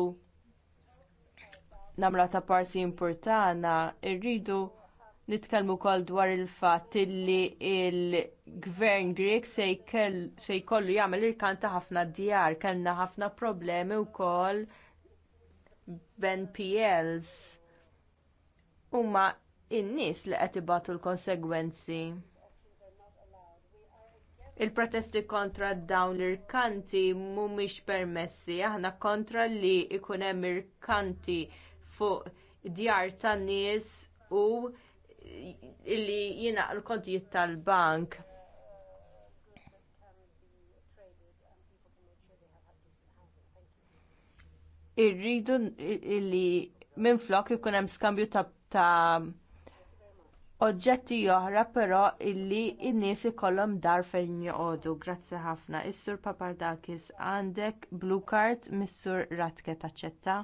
[SPEAKER 8] namla ta' parsi importana, irridu nitkellmu wkoll dwar il-fatt illi il- gvern Grek se jkollu jagħmel irkan ta' ħafna djar, kellna ħafna problemi wkoll b'NPLs. Huma in-nies li qed ibatu l-konsegwenzi. Il-protesti kontra dawn l-irkanti mhumiex permessi, aħna kontra li jkun hemm irkanti fuq djar tan nies u illi jina l-kontijiet tal-bank irridu li minflok ikun hemm skambju ta', ta oġġetti oħra però illi n-nies ikollhom dar fejn joqogħdu. Grazzi ħafna. Is-Sur Papardakis għandek blue card mis-Sur Ratke taċċetta.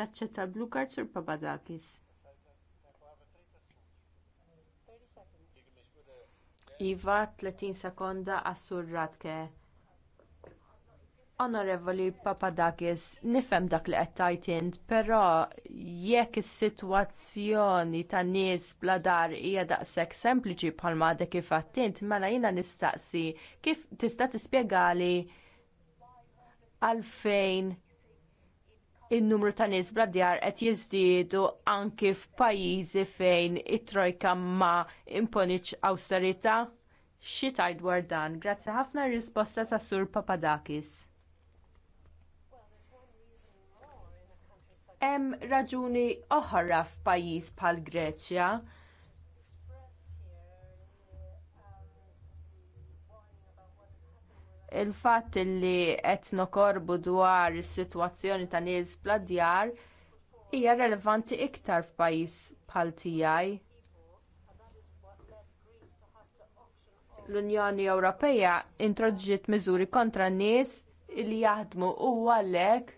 [SPEAKER 8] Taċċetta blue card Sur Papadakis. Iva 30 sekonda għas-sur Radke. Onorevoli Papadakis, nifhem dak li qed tajtint, int, però jekk is-sitwazzjoni tan nies bla dar hija daqshekk sempliċi bħalma għadek kif għattint, mela jiena nistaqsi kif tista' tispjegali għalfejn in-numru ta' nies bla djar qed jiżdiedu anki f'pajjiżi fejn it-trojka ma imponitx awsterita'? Xi tgħid dwar dan? Grazzi ħafna r-risposta ta' Sur Papadakis. Hemm raġuni oħra f'pajjiż bħal Greċja il-fatt li qed nokorbu dwar is-sitwazzjoni ta' nies bla djar hija relevanti iktar f'pajjiż bħal tiegħi. L-Unjoni Ewropea introġġiet miżuri kontra n-nies li jaħdmu u għalhekk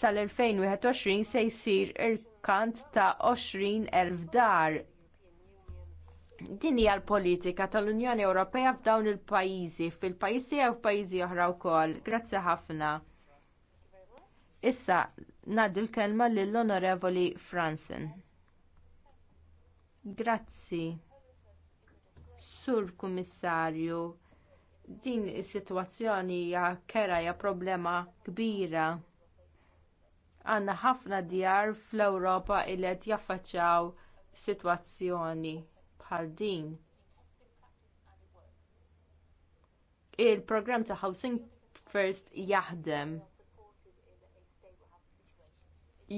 [SPEAKER 8] sal-2021 se jsir irkant ta' 20,000 dar Din hija l-politika tal-Unjoni Ewropea f'dawn il-pajjiżi, fil-pajjiżi jew f'pajjiżi oħra wkoll. Grazzi ħafna. Issa ngħaddi l-kelma lill-Onorevoli Fransen. Grazzi. Sur Kummissarju, din is-sitwazzjoni hija kera hija problema kbira għanna ħafna djar fl-Ewropa illet qed jaffaċċjaw sitwazzjoni bħal din. Il-programm ta' Housing First jaħdem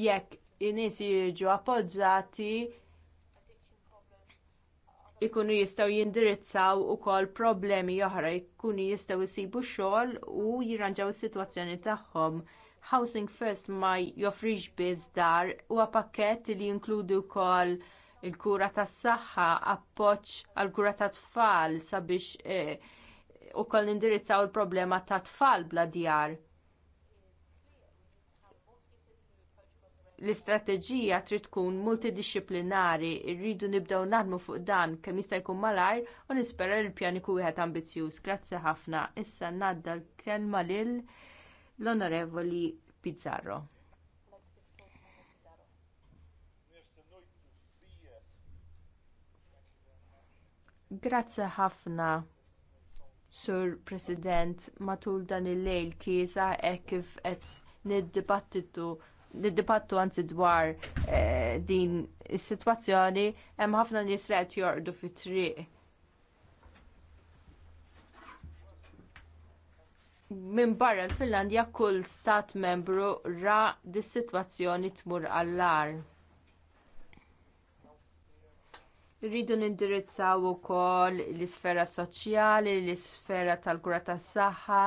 [SPEAKER 8] jekk in-nies jiġu appoġġjati ikunu jistgħu jindirizzaw ukoll problemi oħra, jkunu jistgħu jsibu xogħol u jirranġaw is-sitwazzjoni tagħhom. Housing First ma joffriġ biss dar huwa pakkett li jinkludi wkoll il-kura tas-saħħa, appoġġ għall kura tat tfal sabiex eh, ukoll nindirizzaw il-problema tat tfal bla djar. L-istrateġija trid tkun multidixxiplinari, rridu nibdew naħdmu fuq dan kemm jista' jkun malajr u nispera li l-pjan ikun wieħed ambizzjuż. Grazzi ħafna. Issa ngħadda l-kelma lil l-Onorevoli Pizzarro. Grazzi ħafna. Sur President, matul dan il-lejl kiesa hekk kif qed niddibattitu niddibattu anzi dwar eh, din is-sitwazzjoni hemm ħafna nies li qed jorqdu fit-triq. Minn barra l-Finlandja kull stat membru ra dis-sitwazzjoni tmur għall-ar. Rridu nindirizzaw ukoll l-isfera soċjali, l-isfera tal-kura tas-saħħa,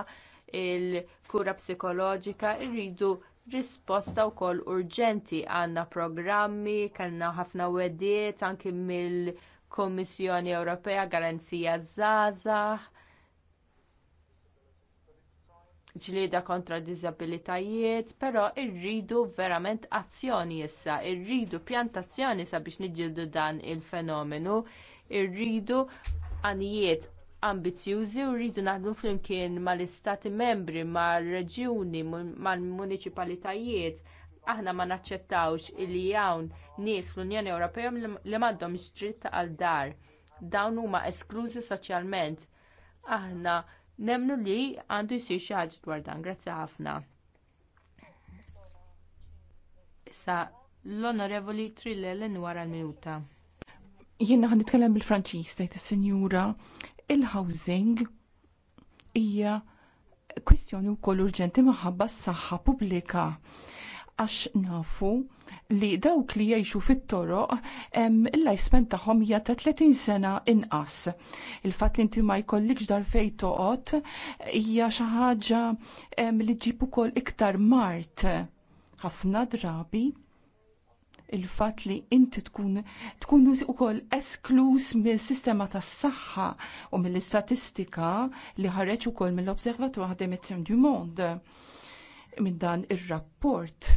[SPEAKER 8] il-kura psikoloġika, rridu risposta wkoll urġenti għandna programmi, kellna ħafna weddiet anki mill kummissjoni Ewropea Garanzija Zazax, ġlieda kontra d diżabilitajiet, però rridu verament azzjoni issa, irridu pjantazzjoni sabiex niġġieldu dan il-fenomenu, irridu għanijiet ambizjużi u rridu naħdmu flimkien mal-istati membri, mal-reġjuni, mal-municipalitajiet. Aħna ma naċċettawx illi hawn nies fl-Unjoni Ewropea li m'għandhomx dritt għal dar. Dawn huma esklużi soċjalment. Aħna nemnu li għandu jsir xi ħaġa dwar dan. Grazzi ħafna. Issa l-onorevoli l wara l-minuta.
[SPEAKER 12] Jiena għan nitkellem bil-Franċiż tajt is-Sinjura, il-housing hija kwistjoni wkoll urġenti maħabba s-saħħa pubblika għax nafu li dawk li jgħixu fit-toroq il-lifespan tagħhom hija ta' 30 sena inqas. Il-fatt li inti ma jkollikx dar fejn toqgħod hija xi ħaġa li ġib ukoll iktar mart ħafna drabi il-fat li inti tkun tkun ukoll esklus mill-sistema tas-saħħa u mill-istatistika li ħareġ ukoll mill-Observatoire des Médecins du Monde minn dan ir-rapport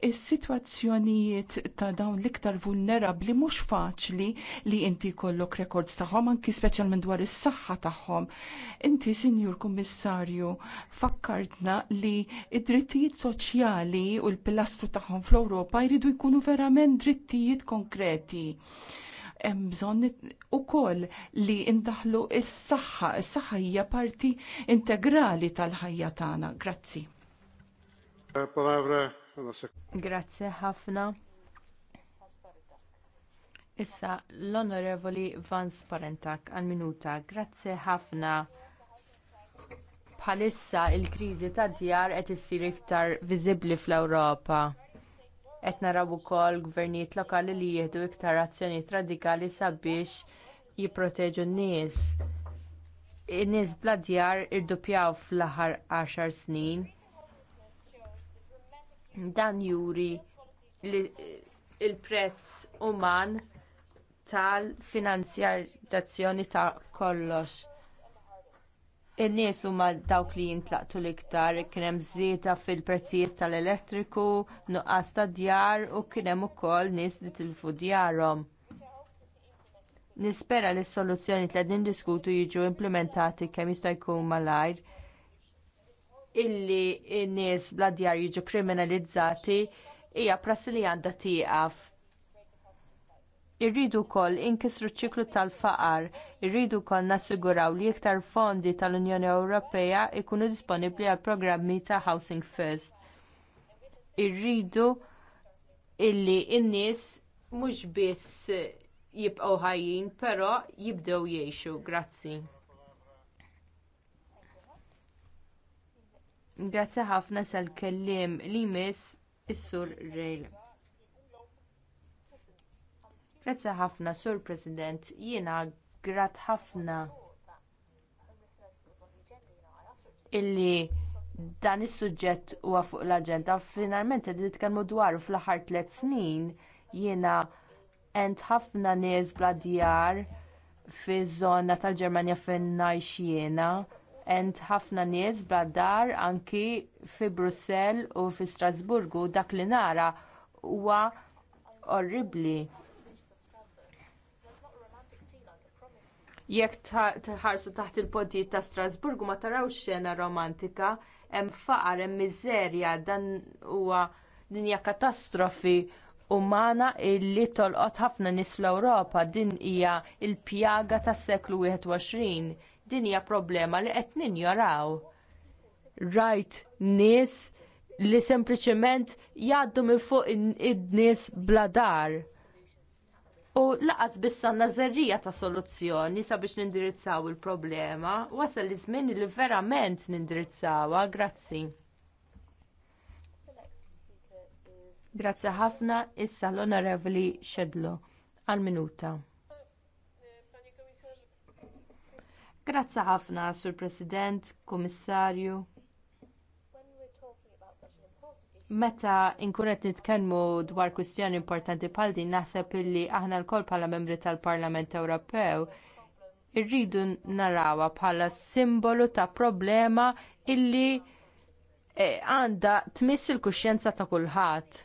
[SPEAKER 12] Is-sitwazzjonijiet ta' dawn l-iktar vulnerabli mhux faċli li inti kollok records tagħhom anki speċjalment dwar is-saħħa tagħhom. Inti Sinjur Kummissarju fakkartna li id-drittijiet soċjali u l-pilastru tagħhom fl-Ewropa jridu jkunu verament drittijiet konkreti hemm bżonn ukoll li ndaħlu s-saħħa, is-saħħa hija parti integrali tal-ħajja tagħna. Grazzi.
[SPEAKER 1] Palavra
[SPEAKER 8] Grazzi ħafna. Issa l-Onorevoli Vans Parentak għal minuta. Grazzi ħafna. Bħalissa il-kriżi tad djar qed issir iktar viżibbli fl-Ewropa. Qed naraw ukoll gvernijiet lokali li jieħdu iktar azzjoni radikali sabiex jipproteġu n-nies. In-nies bla djar irdupjaw fl-aħħar 10 snin Dan juri il-prezz uman tal-finanzjarizzazzjoni ta' kollox. In-nies huma dawk li jintlaqtu l-iktar, kien hemm żieda fil-prezzijiet tal-elettriku, nuqqas ta' djar u kien hemm ukoll nies li tilfu djarhom. Nispera li s-soluzzjoni li qegħdin diskutu jiġu implementati kemm jista' jkun malajr illi n-nies bla djar jiġu kriminalizzati hija prassi li għandha tieqaf. Irridu wkoll inkisru ċ ċiklu tal-faqar, irridu wkoll nassiguraw li iktar fondi tal-Unjoni Ewropea jkunu disponibbli għal programmi ta' Housing First. Irridu illi n-nies mhux biss jibqgħu ħajjin, però jibdew jgħixu. Grazzi. Grazzi ħafna sal-kellim li miss is-sur Rejl. Grazzi ħafna, Sur President, jiena grat ħafna illi dan is-suġġett huwa fuq l-aġenda finalment qed nitkellmu dwaru fl-aħħar tliet snin jiena ent ħafna nies bla djar fiż-żona tal-Ġermanja fejn ngħix jiena għand ħafna nies bla anki fi Brussell u fi Strasburgu dak li nara huwa orribli. Jekk tħarsu taħt il-podjiet ta' Strasburgu ma tarawx xena romantika, hemm faqar, hemm miżerja, dan huwa din hija katastrofi umana illi tolqot ħafna nies fl-Ewropa din hija l pjaga tas-seklu 21 Din hija problema li qed ninjoraw. Rajt nies li sempliċement jgħaddu minn fuq id-nies bla dar. U laqas għandna nażerrija ta' soluzzjoni sabiex nindirizzaw il-problema, wasal li żmien li verament nindirizzawha, grazzi. Grazzi ħafna issa l-Onorevoli Xedlo għal minuta. Grazzi ħafna, Sur President, Kummissarju. Meta inkunet nitkellmu dwar kwistjoni importanti bħal din naħseb illi aħna lkoll bħala membri tal-Parlament Ewropew irridu narawha bħala simbolu ta' problema illi e, għandha e, tmiss il-kuxjenza ta' kulħadd.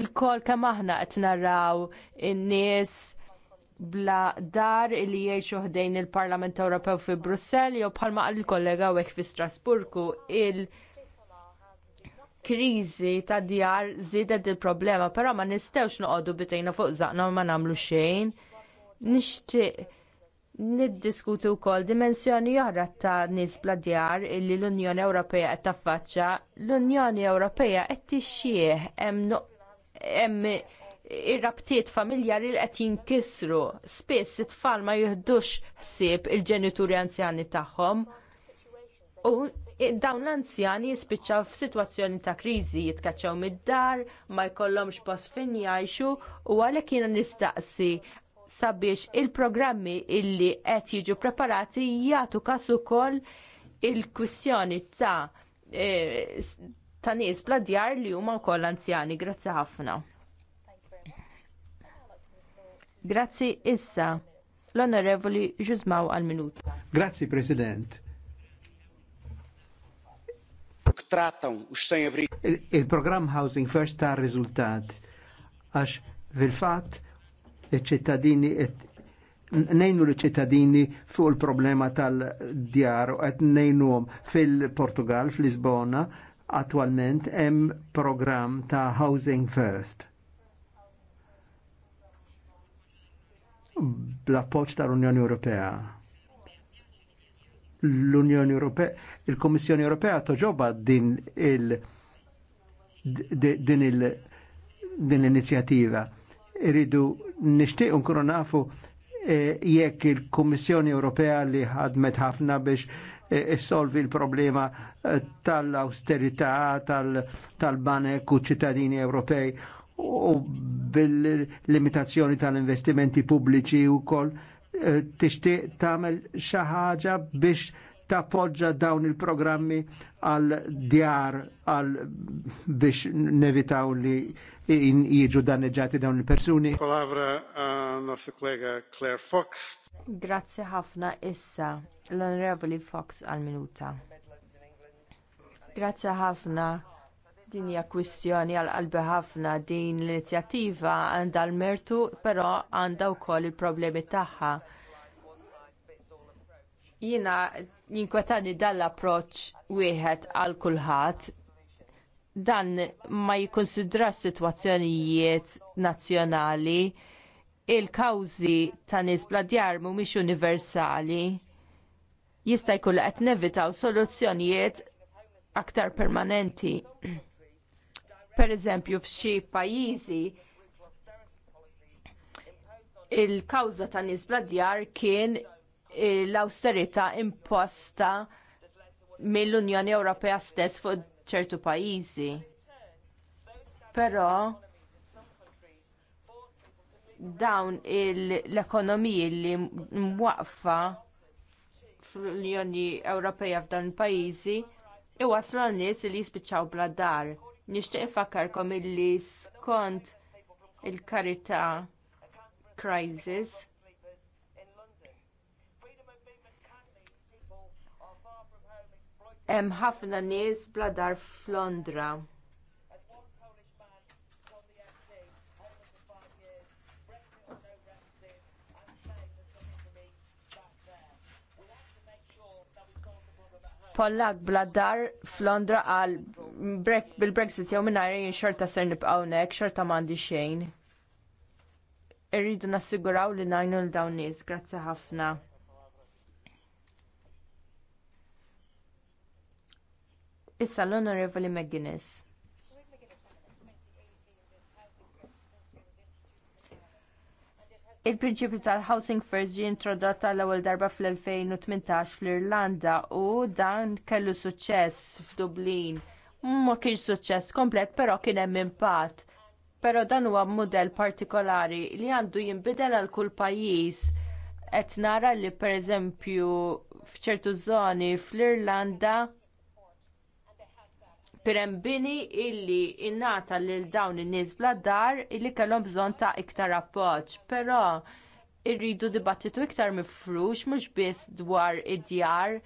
[SPEAKER 8] Il-kol kemm aħna qed naraw in-nies bla dar li jiexu ħdejn il-Parlament Ewropew fi Brussell jew bħalma qal il-kollega hekk fi Strasburgu il- kriżi ta' djar żiedet il-problema, però ma nistgħux noqogħdu bitejna fuq zaqna ma nagħmlu xejn. Nixtieq niddiskutu wkoll dimensjoni oħra ta' nies bla djar illi l-Unjoni Ewropea qed taffaċċja. L-Unjoni Ewropea qed tixxieh hemm ir-rabtiet familjari li qed jinkisru. Spiss it-tfal ma jieħdux ħsieb il-ġenituri anzjani tagħhom. U dawn l-anzjani jispiċċaw f'sitwazzjoni ta' kriżi jitkaċċaw mid-dar, ma jkollhomx post fin jgħixu u għalhekk jiena nistaqsi sabiex il-programmi illi qed jiġu preparati jagħtu kasu ukoll il-kwistjoni ta' eh, ta' nies bla djar li huma wkoll anzjani. Grazzi ħafna. Grazzi issa l-Onorevoli Ġużmaw għal-Minut.
[SPEAKER 3] Grazzi, President. Il-programm Housing First ta' riżultat għax fil-fatt iċ-ċittadini nejnu li ċittadini fuq il-problema tal-djar u għet nejnu fil-Portugal, fil-Lisbona, attualment hemm program ta' Housing First bl-appoċ tal-Unjoni Ewropea. L-Unjoni Ewropea, il-Kommissjoni Ewropea toġoba din il- din il- din l-inizjativa. Iridu nishtiq unkuru nafu eh, jekk il-Kommissjoni Ewropea li ħadmet ħafna biex eh, issolvi l-problema eh, tal-austerità, tal-banek u ċittadini Ewropej u bil-limitazzjoni tal-investimenti pubbliċi u kol eh, tixtieq tagħmel xi ħaġa biex tappoġġa dawn il-programmi għal djar għal biex nevitaw li jiġu danneġġati dawn il-persuni.
[SPEAKER 1] Palavra nostra kollega Claire Fox.
[SPEAKER 8] Grazzi ħafna issa l-Onorevoli Fox għal minuta. Grazzi ħafna Din hija kwistjoni għal qalbi ħafna din l-inizjattiva għandha l-mertu però għandha wkoll il-problemi tagħha. Jiena jinkwetani dan l-approċċ wieħed għal kulħadd dan ma s sitwazzjonijiet nazzjonali il-kawżi ta' nies bla djar mhumiex universali jista' jkun qed nevitaw soluzzjonijiet aktar permanenti. Pereżempju f'xi pajjiżi il-kawża ta' nies bladjar kien l-austerità imposta mill-Unjoni Ewropea stess fuq ċertu pajjiżi. Però dawn l-ekonomiji li mwaqfa fl-Unjoni Ewropea f'dan il-pajjiżi iwaslu għal nies li jispiċċaw bla dar. Nixtieq ifakkarkom illi skont il-karità crisis hemm ħafna nies bla dar f'Londra. Pollak bla dar f'Londra għal bil-Brexit jew mingħajr jien xorta ser nibqgħu hawnhekk, xorta m'għandi xejn. Irridu nassiguraw li najnu l dawn nies, grazzi ħafna. Issa l-Onorevoli McGuinness. Il-prinċipju tal-Housing First ġie introdott l ewwel darba fl-2018 fl-Irlanda u dan kellu suċċess f'Dublin. Ma kienx suċċess komplet, però kien hemm impatt. Però dan huwa mudell partikolari li għandu jinbidel għal kull pajjiż. Qed nara li pereżempju f'ċertu żoni fl-Irlanda bini illi innata lil dawn in-nies bla dar illi kellhom bżonn ta' iktar appoġġ, però irridu dibattitu iktar mifrux mhux biss dwar id-djar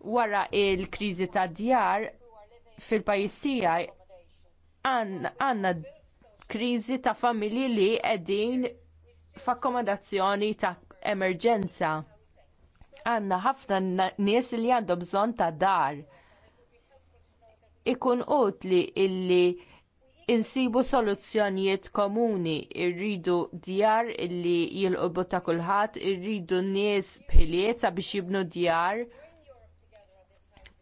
[SPEAKER 8] wara l kriżi tad djar fil-pajjiż tiegħi għandna kriżi ta' familji li qegħdin f'akkomodazzjoni ta' emerġenza. Għanna ħafna nies li għandhom bżonn ta' dar ikun utli illi insibu soluzzjonijiet komuni, irridu djar illi jilqobu ta' kulħadd, irridu nies bħiliet sabiex jibnu djar.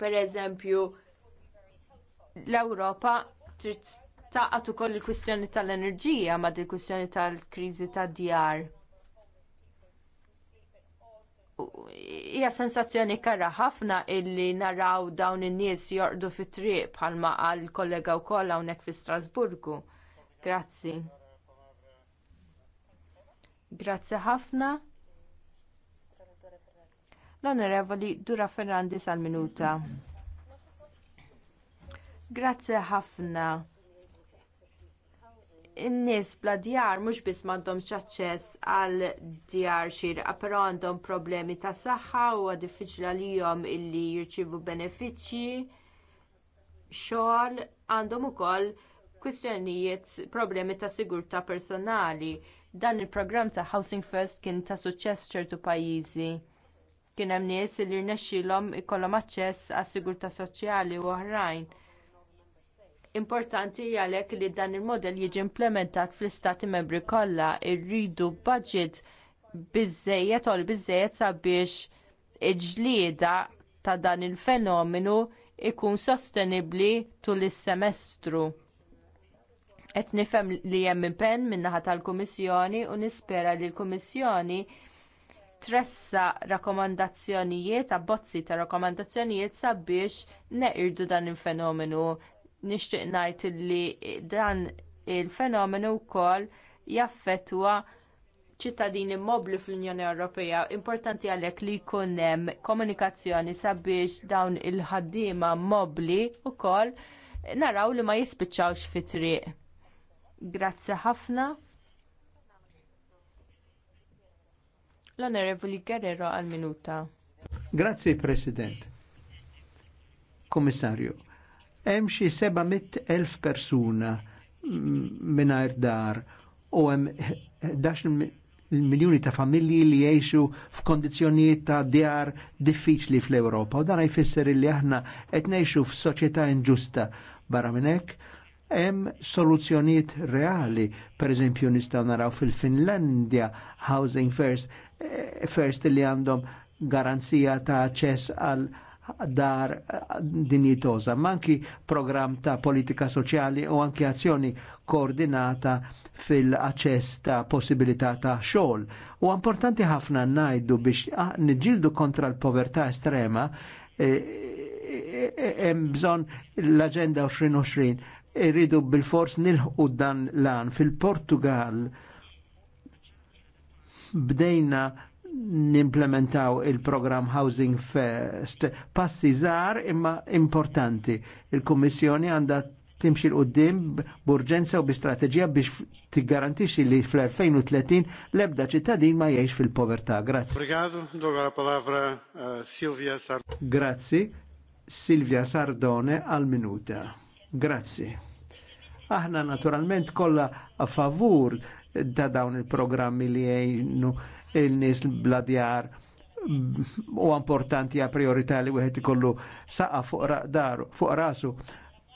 [SPEAKER 8] Pereżempju, l-Ewropa trid taqgħet ukoll il-kwistjoni tal-enerġija ma' il kwistjoni tal-kriżi tad-djar hija sensazzjoni karra ħafna illi naraw dawn in-nies jorqdu fit-triq bħalma qal kollega wkoll hawnhekk fi Strasburgu. Grazzi. Grazzi ħafna. L-Onorevoli Dura Ferrandi sal-minuta. Grazzi ħafna n-nies bla djar mhux biss m'għandhomx aċċess għal djar xirqa, però għandhom problemi ta' saħħa huwa diffiċli għalihom illi jirċievu benefiċċji, xogħol għandhom ukoll kwistjonijiet problemi ta' sigurtà personali. Dan il-programm ta' Housing First kien ta' suċċess ċertu pajjiżi. Kien hemm nies li rnexxilhom ikollhom aċċess għas sigurtà soċjali u oħrajn Importanti għalhekk li dan il-modell jiġi implementat fl-istati membri kollha irridu budget biżżejjed għol biżżejjed sabiex iġlieda ta' dan il-fenomenu ikun sostenibbli tul is-semestru. Qed nifhem li hemm impenn min-naħa tal-Kummissjoni u nispera li l-Kummissjoni tressa rakkomandazzjonijiet, abbozzi ta' rakkomandazzjonijiet sabiex neqirdu dan il-fenomenu nixtieq ngħid li dan il-fenomenu wkoll jaffettwa ċittadini mobbli fl-Unjoni Ewropea importanti għalhekk li jkun hemm komunikazzjoni sabiex dawn il-ħaddiema mobbli wkoll naraw li ma jispiċċawx fi triq. Grazzi ħafna. L-Onorevoli Guerrero għal minuta.
[SPEAKER 3] Grazzi President. Kommissarju hemm xi 700,000 persuna mingħajr dar u hemm 11 miljuni ta' familji li jgħixu f'kondizzjonijiet ta' djar diffiċli fl-Ewropa u dan jfisser li aħna qed ngħixu f'soċjetà inġusta barra minn hekk hemm soluzzjonijiet reali, pereżempju nistgħu naraw fil-Finlandja Housing First eh, First li għandhom garanzija ta' aċċess għal dar eh, dinjitosa, ma program ta' politika soċjali u anki azzjoni koordinata fil-aċċess ta' possibilità ta' xogħol. U importanti ħafna ngħidu biex ah, niġildu kontra l-povertà estrema eh, eh, hemm bżonn l-Aġenda 2020 irridu bil-fors nilħu dan lan fil-Portugal bdejna nimplementaw il-program Housing First. Passi żgħar imma importanti. Il-Kummissjoni għandha timxi l-qoddim burġenza u bi-strateġija biex tiggarantixxi li fl-2030 l-ebda ċittadin ma jgħix fil-povertà. Grazzi.
[SPEAKER 1] palavra Silvia Sardone.
[SPEAKER 3] Grazzi, Silvia Sardone għal minuta. Grazzi. Aħna naturalment kollha a favur ta' dawn il-programmi li jgħinu il nis bladjar u importanti a priorità li wieħed ikollu saqa fuq daru, fuq rasu.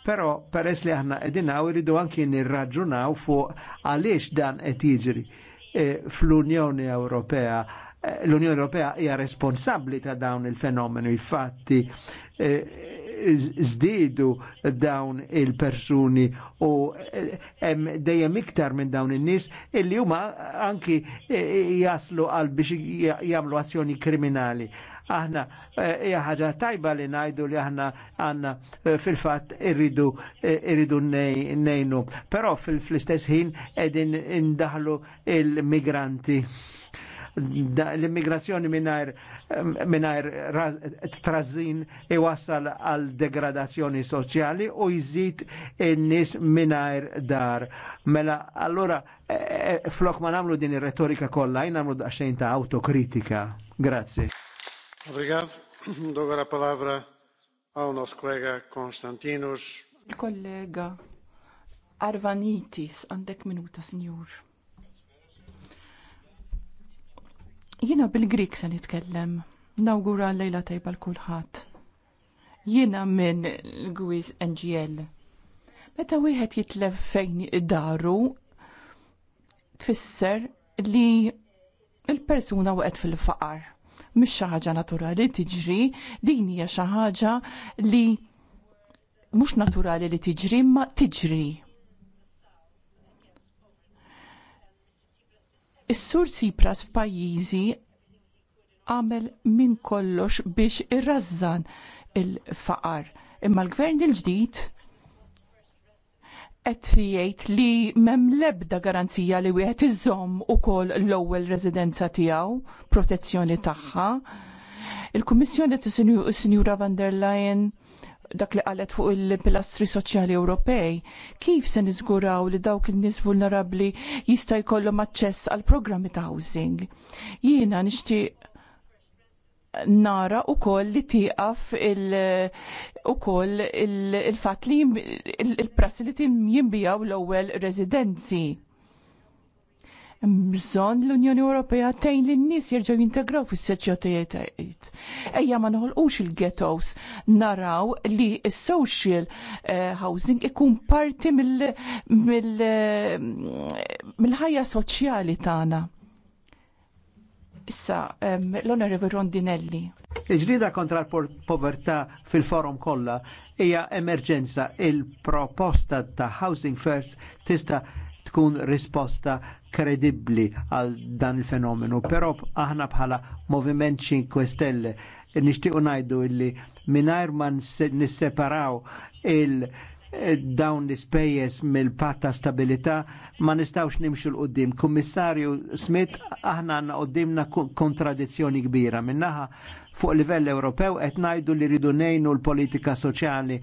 [SPEAKER 3] Però peress li aħna edinaw iridu anki nirraġunaw fuq għaliex dan qed jiġri e, fl-Unjoni Ewropea e, l-Unjoni Ewropea hija responsabbli ta' dawn il-fenomenu. Infatti, eh, zdidu dawn il-persuni u eh, dejjem iktar minn dawn in-nies illi huma anki eh, jaslu għal biex jagħmlu azzjoni kriminali aħna eh, jaħġa tajba li ngħidu li aħna għanna fil-fatt irridu irridu nejnu. Però fl-istess ħin edin indaħlu il-migranti l-immigrazzjoni mingħajr minnajr trażin iwassal għal degradazzjoni soċjali u jżid in nis minnajr dar. Mela, allora, e, e, flok ma namlu din ir-retorika kollha, namlu daqsxejn ta' autokritika. Grazzi.
[SPEAKER 1] Obrigat, Dogo palavra palabra a unos collega Konstantinos.
[SPEAKER 12] Il-kollega Arvanitis, għandek minuta, signor. Jiena bil-Grik se nitkellem. Nawgura l-lejla tajba l-kulħadd. Jiena minn l-Gwiz NGL. Meta wieħed jitlef fejn daru, tfisser li il-persuna waqgħet fil-faqar. Mhix xi ħaġa naturali tiġri, din hija xi ħaġa li mhux naturali li tiġri ma tiġri Is-sur Sipras f'pajjiżi għamel minn kollox biex irrażżan il-faqar. Imma l-gvern il-ġdid qed jgħid li m'hemm l-ebda garanzija li wieħed iżomm ukoll l-ewwel residenza tiegħu, protezzjoni tagħha. Il-Kummissjoni ta' Sinjura van der Leyen dak li qalet fuq il-pilastri soċjali Ewropej, kif se niżguraw li dawk in-nies vulnerabbli jista' jkollhom aċċess għal programmi ta' housing. Jiena nixtieq nara u koll li tiqaf il- u koll il-fat li il-prassi li tim jimbijaw l-ewwel residenzi bżonn l-Unjoni Ewropea tejn li n-nies jerġgħu jintegraw fis-soċjetajiet. Ejja ma noħolqux il-ghettos naraw li s-social eh, housing ikun parti mill-ħajja soċjali tagħna. Issa, l-Onorevole Rondinelli.
[SPEAKER 3] Il-ġlida kontra l-povertà fil-forum kollha hija emerġenza il-proposta ta' Housing First tista' tkun risposta kredibbli għal dan il-fenomenu. Però aħna bħala Moviment 5 Stelle nixtiequ ngħidu illi mingħajr ma nisseparaw il- eh, dawn l-ispejjeż mill-patt ta' stabilità ma nistawx nimxu l-qoddim. Kummissarju Smith aħna għandna qoddimna kontradizzjoni kbira. Minnaħa fuq livell Ewropew qed ngħidu li ridu ngħinu l-politika soċjali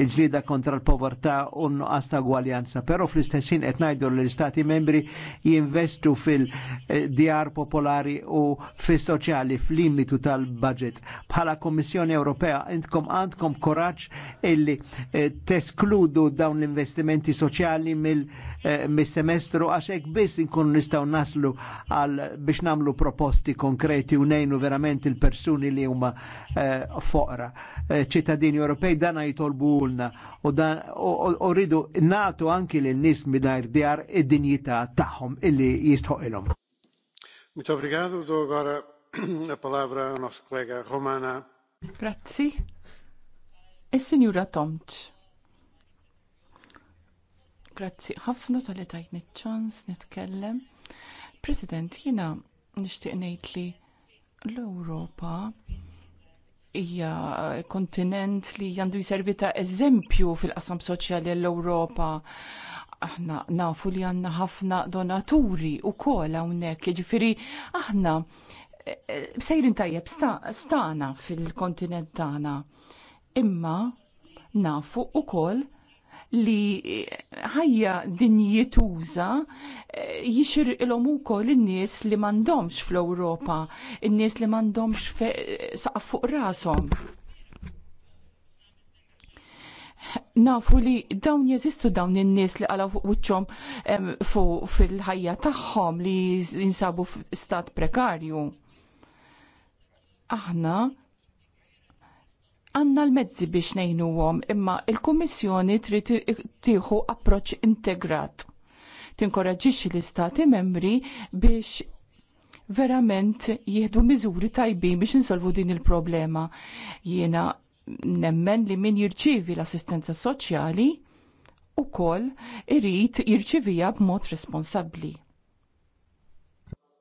[SPEAKER 3] l ġlida kontra l-povertà u nuqqas ta' gwaljanza. Però fl-istess ħin qed ngħidu li l-Istati membri jinvestu fil-djar popolari u fis-soċjali fl-limitu tal-budget. Bħala Kommissjoni Ewropea intkom għandkom koraġġ illi eh, teskludu dawn l-investimenti soċjali mill- Eh, mis-semestru għax hekk biss inkun nistgħu naslu għal biex namlu proposti konkreti u nejnu verament il-persuni li huma eh, foqra. Eh, ċittadini Ewropej dan jitolbulna u dan u rridu natu anki lil nies mingħajr djar id-dinjità tagħhom illi jistħoq ilhom.
[SPEAKER 1] Muito obrigado, dou agora a palavra ao nosso colega Romana.
[SPEAKER 12] Grazie. E signora Tomc. Grazzi ħafna tal-li tajtni ċans nitkellem. President, jina nishtiq ngħid li l-Ewropa hija kontinent li għandu jservi ta' eżempju fil-qasam soċjali l-Ewropa aħna nafu li għanna ħafna donaturi u hawnhekk, jiġifieri ġifiri aħna eh, eh, sejrin tajjeb stana fil-kontinent tana. Imma nafu u kol li ħajja din jituża eh, jixir ilhom ukoll in-nies li m'għandhomx fl-Ewropa, in-nies li m'għandhomx eh, saqaf fuq rashom. Nafu li dawn jeżistu dawn in-nies li għala fuq wiċċhom fuq fil-ħajja tagħhom li jinsabu f'stat prekarju. Aħna għanna l-mezzi biex għom imma il-Kummissjoni trid tieħu approċċ integrat. Tinkoraġġixxi l-Istati membri biex verament jieħdu miżuri tajbin biex insolvu din il-problema. Jiena nemmen li min jirċivi l-assistenza soċjali u kol irrit jirċivija b'mod responsabbli.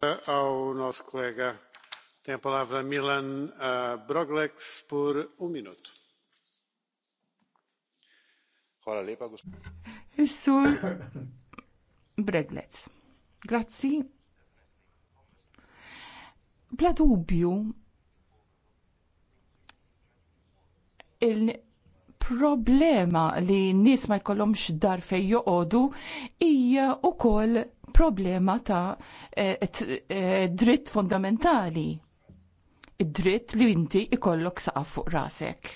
[SPEAKER 1] Għaw nos kollega Ten palavra Milan uh, Broglex pur un um minut. Hvala lepa, gospod.
[SPEAKER 12] Sur Breglec. Grazzi. Bla dubju il-problema li n-nies ma jkollhomx dar fejn joqogħdu hija wkoll problema ta' eh, eh, dritt fundamentali id-dritt li inti ikollok saqaf fuq rasek.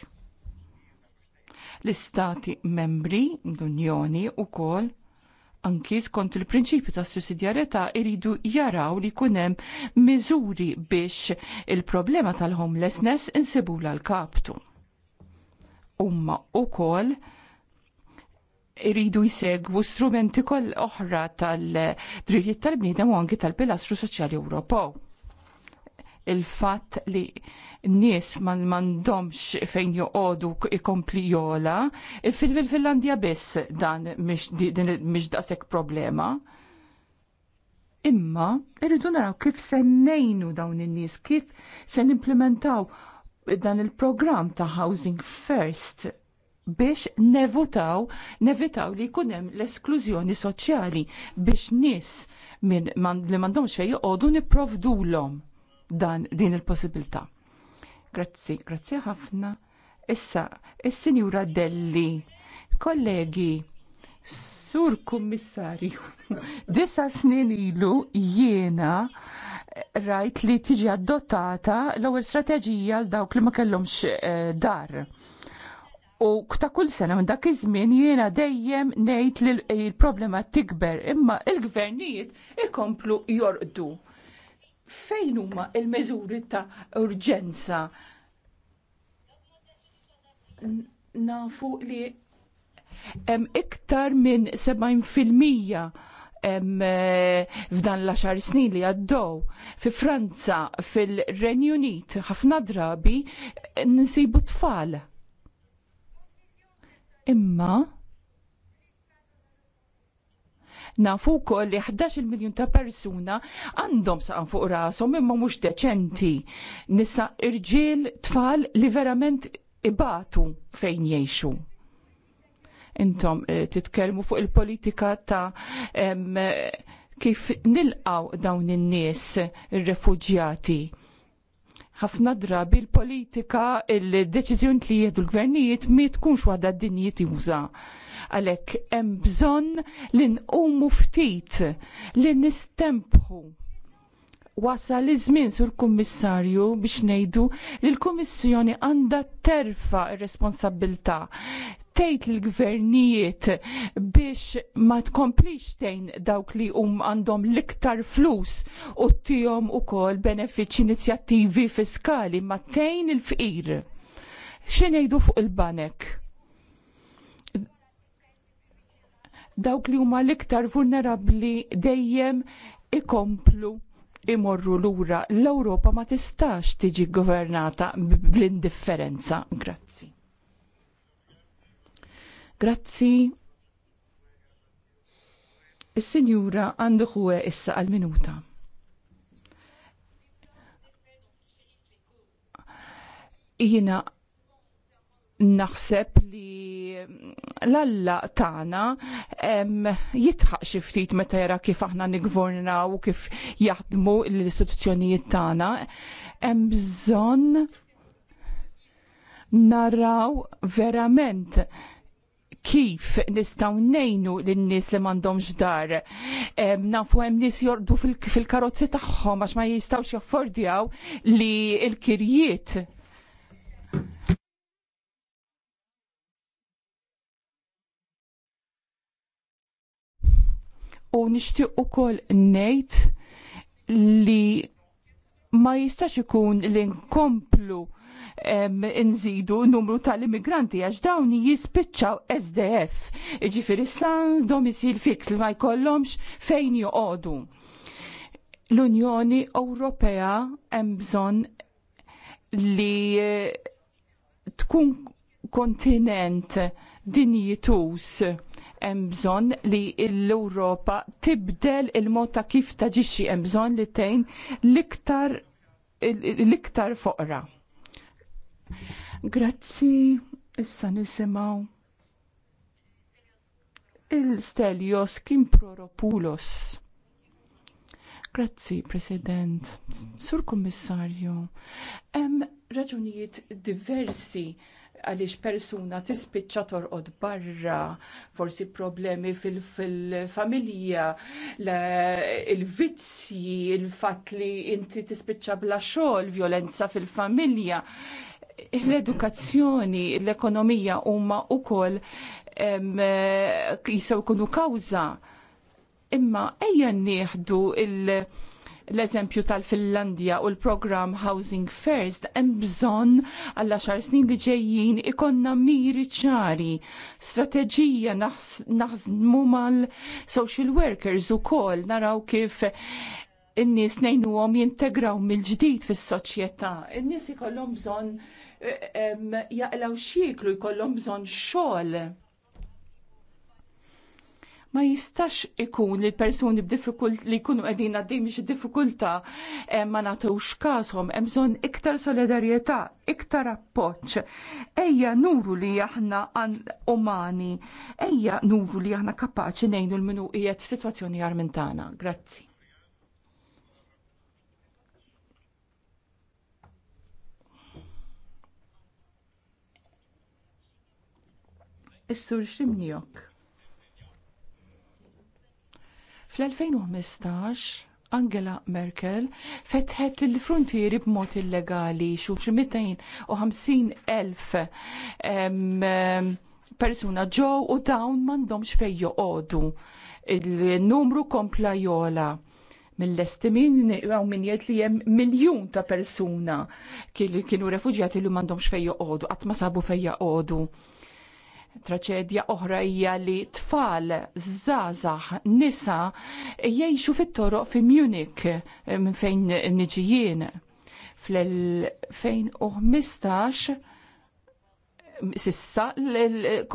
[SPEAKER 12] L-istati membri l-Unjoni u kol anki skont il-prinċipju ta' sussidjarjetà iridu jaraw li jkun hemm miżuri biex il-problema tal-homelessness insibula l-kaptu. Umma wkoll iridu jsegwu strumenti koll oħra tal-drittijiet tal-bniedem u anki tal-pilastru soċjali Ewropew il-fatt li nies man mandomx fejn joqodu ikompli jola, fil finlandia biss dan mish dasek problema. Imma irridu naraw kif se nejnu dawn in-nies, kif se nimplementaw dan il-programm ta' Housing First biex nevutaw, nevitaw li kunem l-esklużjoni soċjali biex nis minn man, li mandomx fej joqodu niprovdu l-om dan din il-possibilità. Grazzi, grazzi ħafna. Issa, il sinjura Delli, kollegi, Sur Kummissarju, disa snin ilu jiena rajt li tiġi adottata l-ewwel strateġija l dawk li ma kellhomx eh, dar. U ta' kull sena minn dak iż-żmien jiena dejjem ngħid li l-problema tikber imma l gvernijiet ikomplu jorqdu fejn huma il-meżuri ta' urġenza? Nafu li hemm iktar minn 70% eh, f'dan l għaxar snin li għaddew fi Franza, fil-Renju Unit, ħafna drabi nsibu tfal. Imma Nafu wkoll li 11 miljun ta' persuna għandhom saqan fuq rashom imma mhux deċenti. Nisa irġiel tfal li verament ibatu fejn jgħixu. Intom eh, titkellmu fuq il-politika ta' eh, kif nilqaw dawn in-nies ir-refuġjati ħafna drabi l-politika, il-deċizjoni li jieħdu l-gvernijiet mi tkunx waħda d-dinji tiża. Għalek, hemm bżonn li nqumu ftit, li nistempħu. Wasal iż-żmien sur kummissarju biex ngħidu li l-Kummissjoni għandha terfa r-responsabilità tgħid lill-gvernijiet biex ma tkomplix tejn dawk li um għandhom l-iktar flus u u ukoll benefiċċji inizjattivi fiskali ma tgħin il-fqir. X'ingħidu fuq il-banek? Dawk li huma l-iktar vulnerabbli dejjem ikomplu imorru lura l-Ewropa ma tistax tiġi governata bl-indifferenza. Grazzi. Grazzi. Is-Sinjura għandu ħuwe issa għal-minuta. Jina naħseb li l-alla tana jitħaq xiftit meta jara kif aħna nigvorna u kif jaħdmu l-istituzzjonijiet tana. Hemm bżonn naraw verament kif nistaw nejnu l-nis li mandomx dar. Nafu hemm nis jordu fil-karozzi tagħhom għax ma jistawx jaffordjaw li l-kirjiet. U nixtieq ukoll ngħid li ma jistax ikun li nkomplu nżidu numru tal-immigranti għax dawn jispiċċaw SDF. Ġifiri san domisil fix li ma jkollhomx fejn joqogħdu. L-Unjoni Ewropea hemm bżonn li eh, tkun kontinent dinjitus hemm bżonn li l-Ewropa tibdel il-mod ta' kif taġixxi hemm bżonn li tgħin l-iktar l-iktar foqra. Grazzi, issa nisimaw il-Stelios Proropulos. Grazzi, President, Sur Kommissarju, hemm raġunijiet diversi għaliex persuna tispiċċa torqod barra, forsi problemi fil-familja, il-vizzji, il-fat li inti tispiċċa bla xogħol, violenza fil-familja, l-edukazzjoni, l-ekonomija huma wkoll jisaw jkunu kawża. Imma ejja nieħdu l-eżempju tal-Finlandja u l-programm Housing First hemm bżonn għal xar snin li ġejjin ikonna miri ċari, strateġija naħdmu mal-social workers ukoll naraw kif in-nies ngħinuhom jintegraw mill-ġdid fis-soċjetà. In-nies ikollhom bżonn Eh, jaqlaw xieklu jkollhom bżonn xogħol. Ma jistax ikun li persuni b'diffikult li jkunu qegħdin għaddejn biex diffikultà ma nagħtewx każhom hemm bżonn iktar solidarjetà, iktar appoġġ. Ejja nuru li aħna umani, ejja nuru li aħna kapaċi ngħinu l-minu qiegħed f'sitwazzjoni jar minn tagħna. Grazzi. is-sur Ximnjok. Fl-2015 Angela Merkel fetħet il-frontieri b'mod illegali xuf xi 250 elf persuna ġew u dawn m'għandhomx fejn joqogħdu. Il-numru kompla jola mill-estimin għaw min jgħid li hemm miljun ta' persuna kienu refuġjati li m'għandhomx xfejja joqogħdu, qatt ma sabu fejn joqogħdu. Traċedja oħra hija li tfal żgħażagħ nisa jgħixu fit-toroq fi Munich eh, minn fejn niġijien. Fl-2015 sissa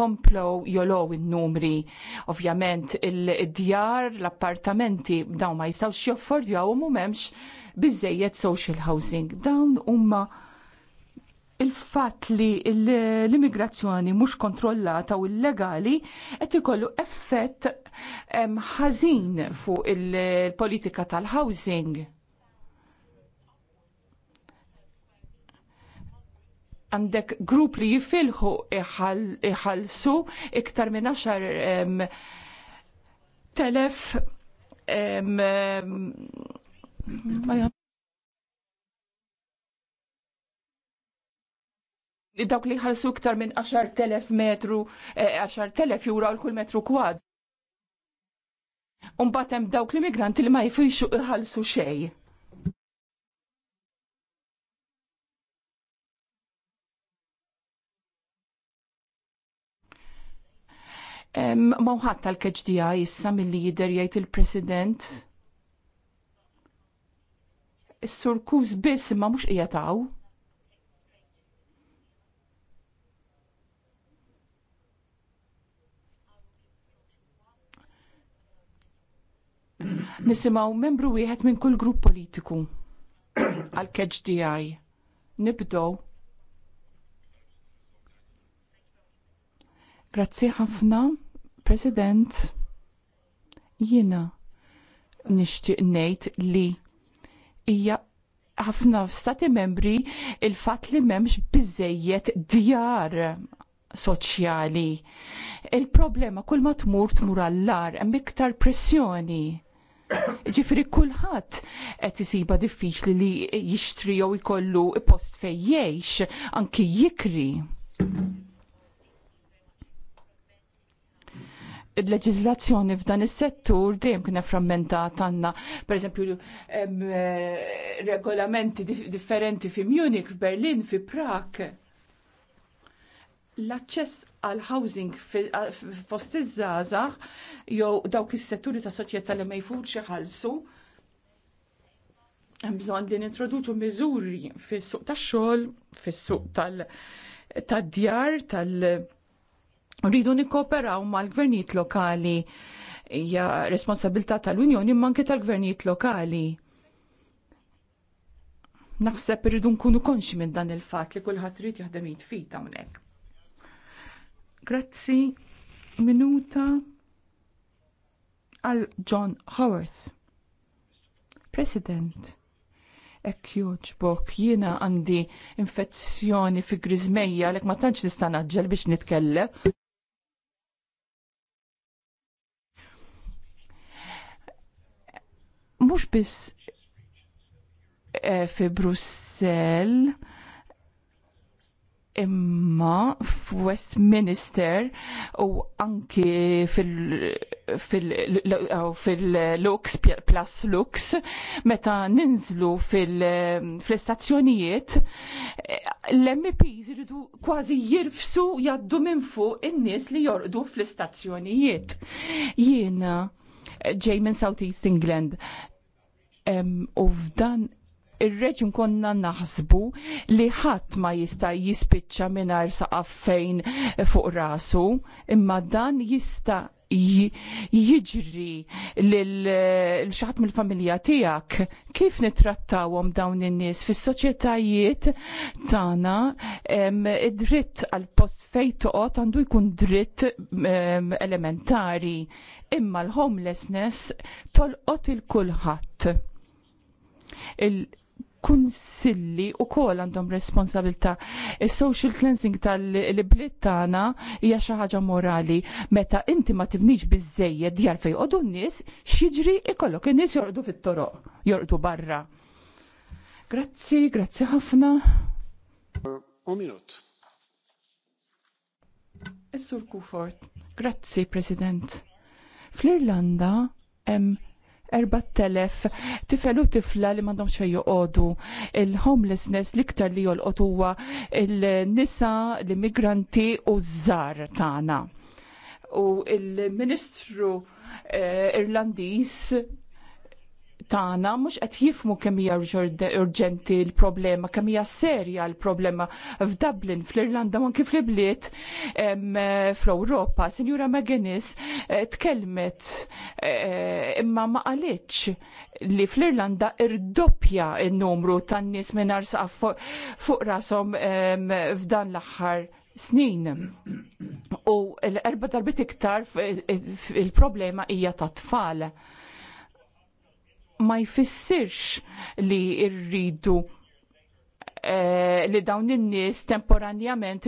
[SPEAKER 12] komplow jolow il-numri. Ovvjament il-djar, l-appartamenti, dawn ma jistawx joffordjaw u mumemx bizzejiet social housing. Dawn umma il-fat li l-immigrazzjoni mhux kontrollata u illegali qed ikollu effett ħażin fuq il-politika tal-housing. għandek grupp li jifilħu iħallsu iktar minn 10 telef dawk li ħalsu iktar minn 10.000 metru, 10.000 eh, jura l kull metru kwad. Umbat hemm dawk l-immigranti li ma jfixu iħalsu xej. Mawħat tal-keġdija jissa mill-li jider jgħid il-President. Is-surkuż biss ma mhux qiegħed Nisimaw membru wieħed minn kull grupp politiku għal KHDI. Nibdow. Grazzi ħafna, President. Jiena nixtieq ngħid li hija ħafna stati membri il-fat li memx bizzejiet djar soċjali. Il-problema kull ma tmur tmur għallar, hemm iktar pressjoni. Ġifri kulħadd qed isiba diffiċli li jixtri jew ikollu post fejn jgħix anki jikri. il-leġizlazzjoni f'dan is-settur dejjem kien frammentat għandna pereżempju eh, regolamenti differenti fi Munich, f'Berlin, fi Prag. L-aċċess għal housing fost iż-żgħażagħ jew dawk is-setturi ta' soċjetà li ma jfutx iħallsu. Hemm bżonn li nintroduċu miżuri fis-suq tax-xogħol, fis-suq tad-djar, tal rridu nikkooperaw mal-gvernijiet lokali hija responsabilità tal-Unjoni imma anke tal-gvernijiet lokali. Naħseb irridu nkunu konxi minn dan il-fatt li kulħadd irid jaħdem fita hawnhekk. Grazzi minuta għal John Howarth. President, ek joġbok jiena għandi infezzjoni fi grizmejja lek ma tantx nista' naġġel biex nitkellem. Mhux biss eh, fi Brussell, imma f-Westminster u anki fil-Lux plus Lux meta ninżlu fil-istazzjonijiet l-MPs iridu kważi jirfsu jaddu minn fuq in-nies li jorqdu fl-istazzjonijiet. Jiena ġej minn South East England u f'dan ir-reġim konna naħsbu li ħadd ma jista' jispiċċa mingħajr saqaf fejn fuq rasu, imma dan jista' jiġri l-xaħat mill-familja tijak, kif nitrattawom dawn in-nies fis-soċjetajiet tagħna id-dritt għal post fejn toqgħod għandu jkun dritt elementari, imma l-homelessness tolqot il-kulħadd kunsilli u kol għandhom responsabilta. Il-social cleansing tal-bliet tagħna hija xi ħaġa morali. Meta inti ma tibniġ biżejjed djar fejn qogħdu n-nies, x'jiġri ikollok in-nies jorqdu fit-toroq, jorqdu barra. Grazzi, grazzi ħafna. U minut. Is-Sur Kufort, grazzi President. Fl-Irlanda hemm 4,000 tifel u tifla li mandom xej joqodu. Il-homelessness liktar li jolqot huwa il-nisa, l-immigranti u żar tagħna. U il-Ministru eh, Irlandiż tagħna mhux qed jifmu kemm hija urġenti l-problema, kemm hija serja l-problema f'Dublin, fl-Irlanda u kif fl-bliet fl-Ewropa. Sinjura McGuinness eh, tkellmet eh, imma ma qalitx li fl-Irlanda irdoppja n-numru tan-nies mingħajr saqaf fuq rashom f'dan l-aħħar snin. U l-erba darbit iktar il-problema hija tat tfal ma jfissirx li rridu eh, li dawn in-nies temporanjament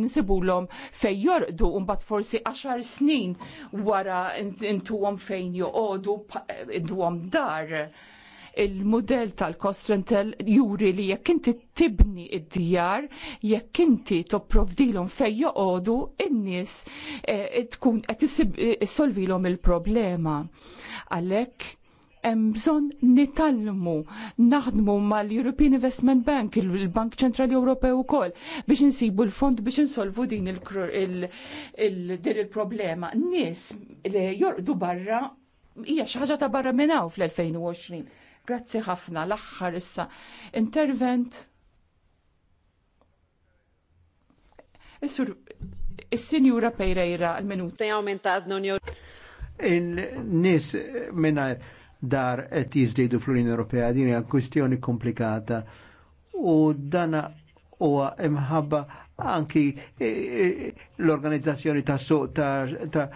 [SPEAKER 12] nisibulhom fejn jorqdu u mbagħad forsi għaxar snin wara intuhom fejn joqogħdu intuhom dar. Il-mudell tal-Kostrentel juri li jekk inti tibni id-djar, jekk inti topprovdilhom fejn joqogħdu, in-nies eh, tkun qed issolvilhom il-problema. Għalhekk hemm bżonn nitallmu naħdmu mal-European Investment Bank, il-Bank Ċentrali Ewropew ukoll biex insibu l-fond biex insolvu din il-problema. Nies li jorqdu barra hija xi ħaġa ta' barra minnaw fl-2020. Grazzi ħafna l-aħħar issa intervent. Is-sur is-Sinjura Pejrejra l-minut.
[SPEAKER 3] in Nis mingħajr dar qed jiżdiedu fl-Unjoni Ewropea din hija kwistjoni komplikata u dana huwa imħabba anki e, e, l-organizzazzjoni ta' suq ta',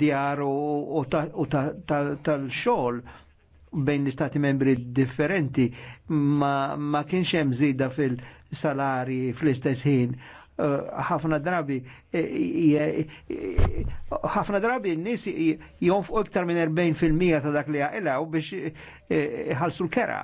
[SPEAKER 3] djar u tal-xogħol bejn l-istati membri differenti ma, ma kienx hemm żieda fil-salari fl-istess ħin Eh, ħafna drabi eh, eh, ħafna drabi n-nies jonfqu iktar minn 40% ta' dak li għaqilaw biex ħalsu l-kera.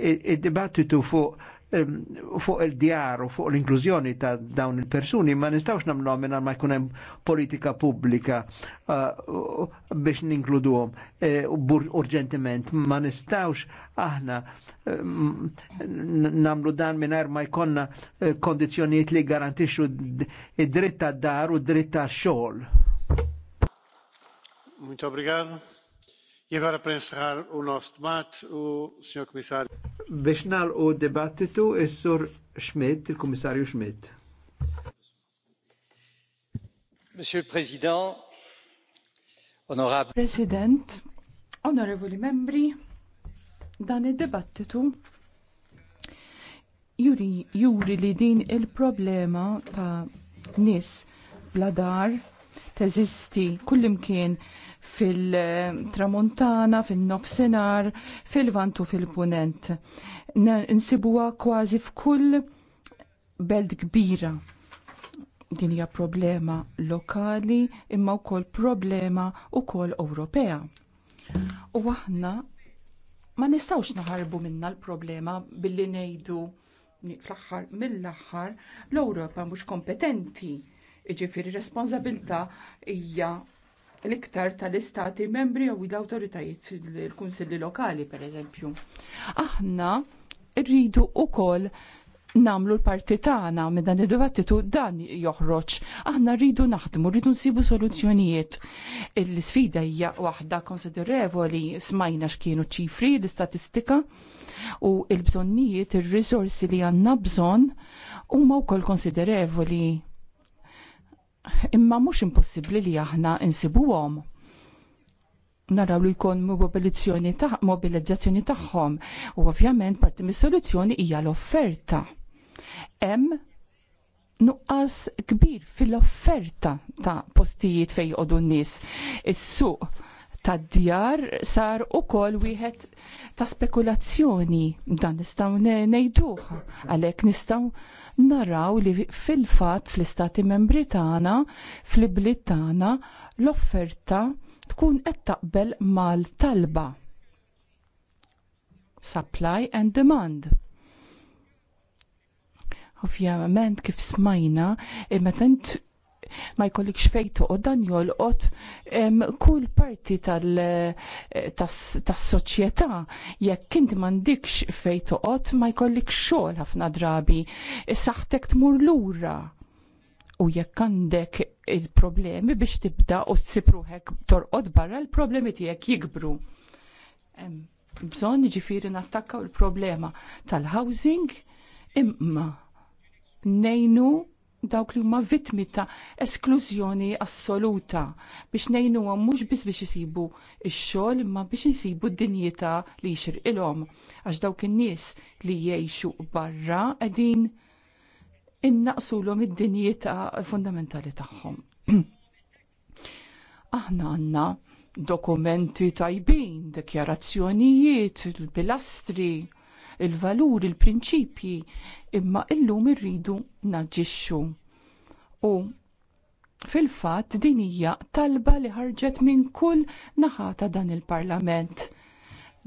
[SPEAKER 3] Id-dibattitu fuq fuq il-djar u fuq l-inklużjoni ta' dawn il-persuni ma nistawx namlu minna ma jkun hemm politika publika uh, biex ninkluduhom uh, urġentiment ma nistawx aħna namlu dan minn ma jkonna e, kondizjoniet li garantixxu id-dritta dar u d-dritta xogħol.
[SPEAKER 1] Muito obrigado. Jivara prensħar u nostmat u Biex
[SPEAKER 3] nalqu dibattitu is-sur Schmidt, il-komissarju Schmidt. Monsieur le Président, Honorable
[SPEAKER 12] President, onorevoli membri, dan id-dibattitu juri, juri li din il-problema ta' nis bladar teżisti kullimkien fil tramontana fil nofsenar fil-vantu fil-punent. Nsibuwa kważi f'kull belt kbira. Din hija problema lokali imma wkoll problema wkoll Ewropea. U aħna ma nistgħux naħarbu minna l-problema billi ngħidu fl aħħar mill aħħar l-Ewropa mhux kompetenti. Iġifieri responsabilta hija l-iktar tal-istati membri jew l-awtoritajiet il-kunsilli lokali pereżempju. Aħna rridu wkoll namlu l-parti tagħna minn dan id-dibattitu dan joħroġ. Aħna rridu naħdmu, rridu nsibu soluzzjonijiet. L-sfida hija waħda konsiderevoli smajna x'kienu ċifri l-istatistika u l-bżonnijiet ir-riżorsi li għandna bżonn huma wkoll konsiderevoli imma mhux impossibbli li aħna insibuhom naraw li jkun mobilizzazzjoni ta' mobilizzazzjoni tagħhom u ovvjament parti mis-soluzzjoni hija l-offerta. Hemm nuqqas kbir fil-offerta ta' postijiet fejn jqogħdu n-nies. Is-suq tad djar sar ukoll wieħed ta' spekulazzjoni dan nistgħu ngħiduh għalhekk nistgħu naraw li fil-fatt fl-istati membri tagħna, fl-ibliet tagħna, l-offerta tkun qed taqbel mal-talba. Supply and demand. Ovvjament kif smajna, meta ma jkollikx fej toqgħod dan jolqot kull parti eh, tas-soċjetà jekk inti m'għandikx fejn toqgħod ma jkollikx xogħol ħafna drabi saħtek tmur lura u jekk għandek il-problemi biex tibda u s hekk torqod barra l-problemi tiegħek jikbru. Bżonn ġifiri nattakkaw il-problema tal-housing imma nejnu dawk li huma vittmi ta' esklużjoni assoluta biex ngħinuhom mhux biss biex isibu x-xogħol imma biex isibu d-dinjità li jxirqilhom għax dawk in-nies li jgħixu barra qegħdin innaqsulhom id-dinjità fundamentali tagħhom. Aħna għandna dokumenti tajbin, dekjarazzjonijiet, pilastri il-valur, il-prinċipji, imma illum irridu naġixxu. U fil-fatt din hija talba li ħarġet minn kull naħa ta' dan il-Parlament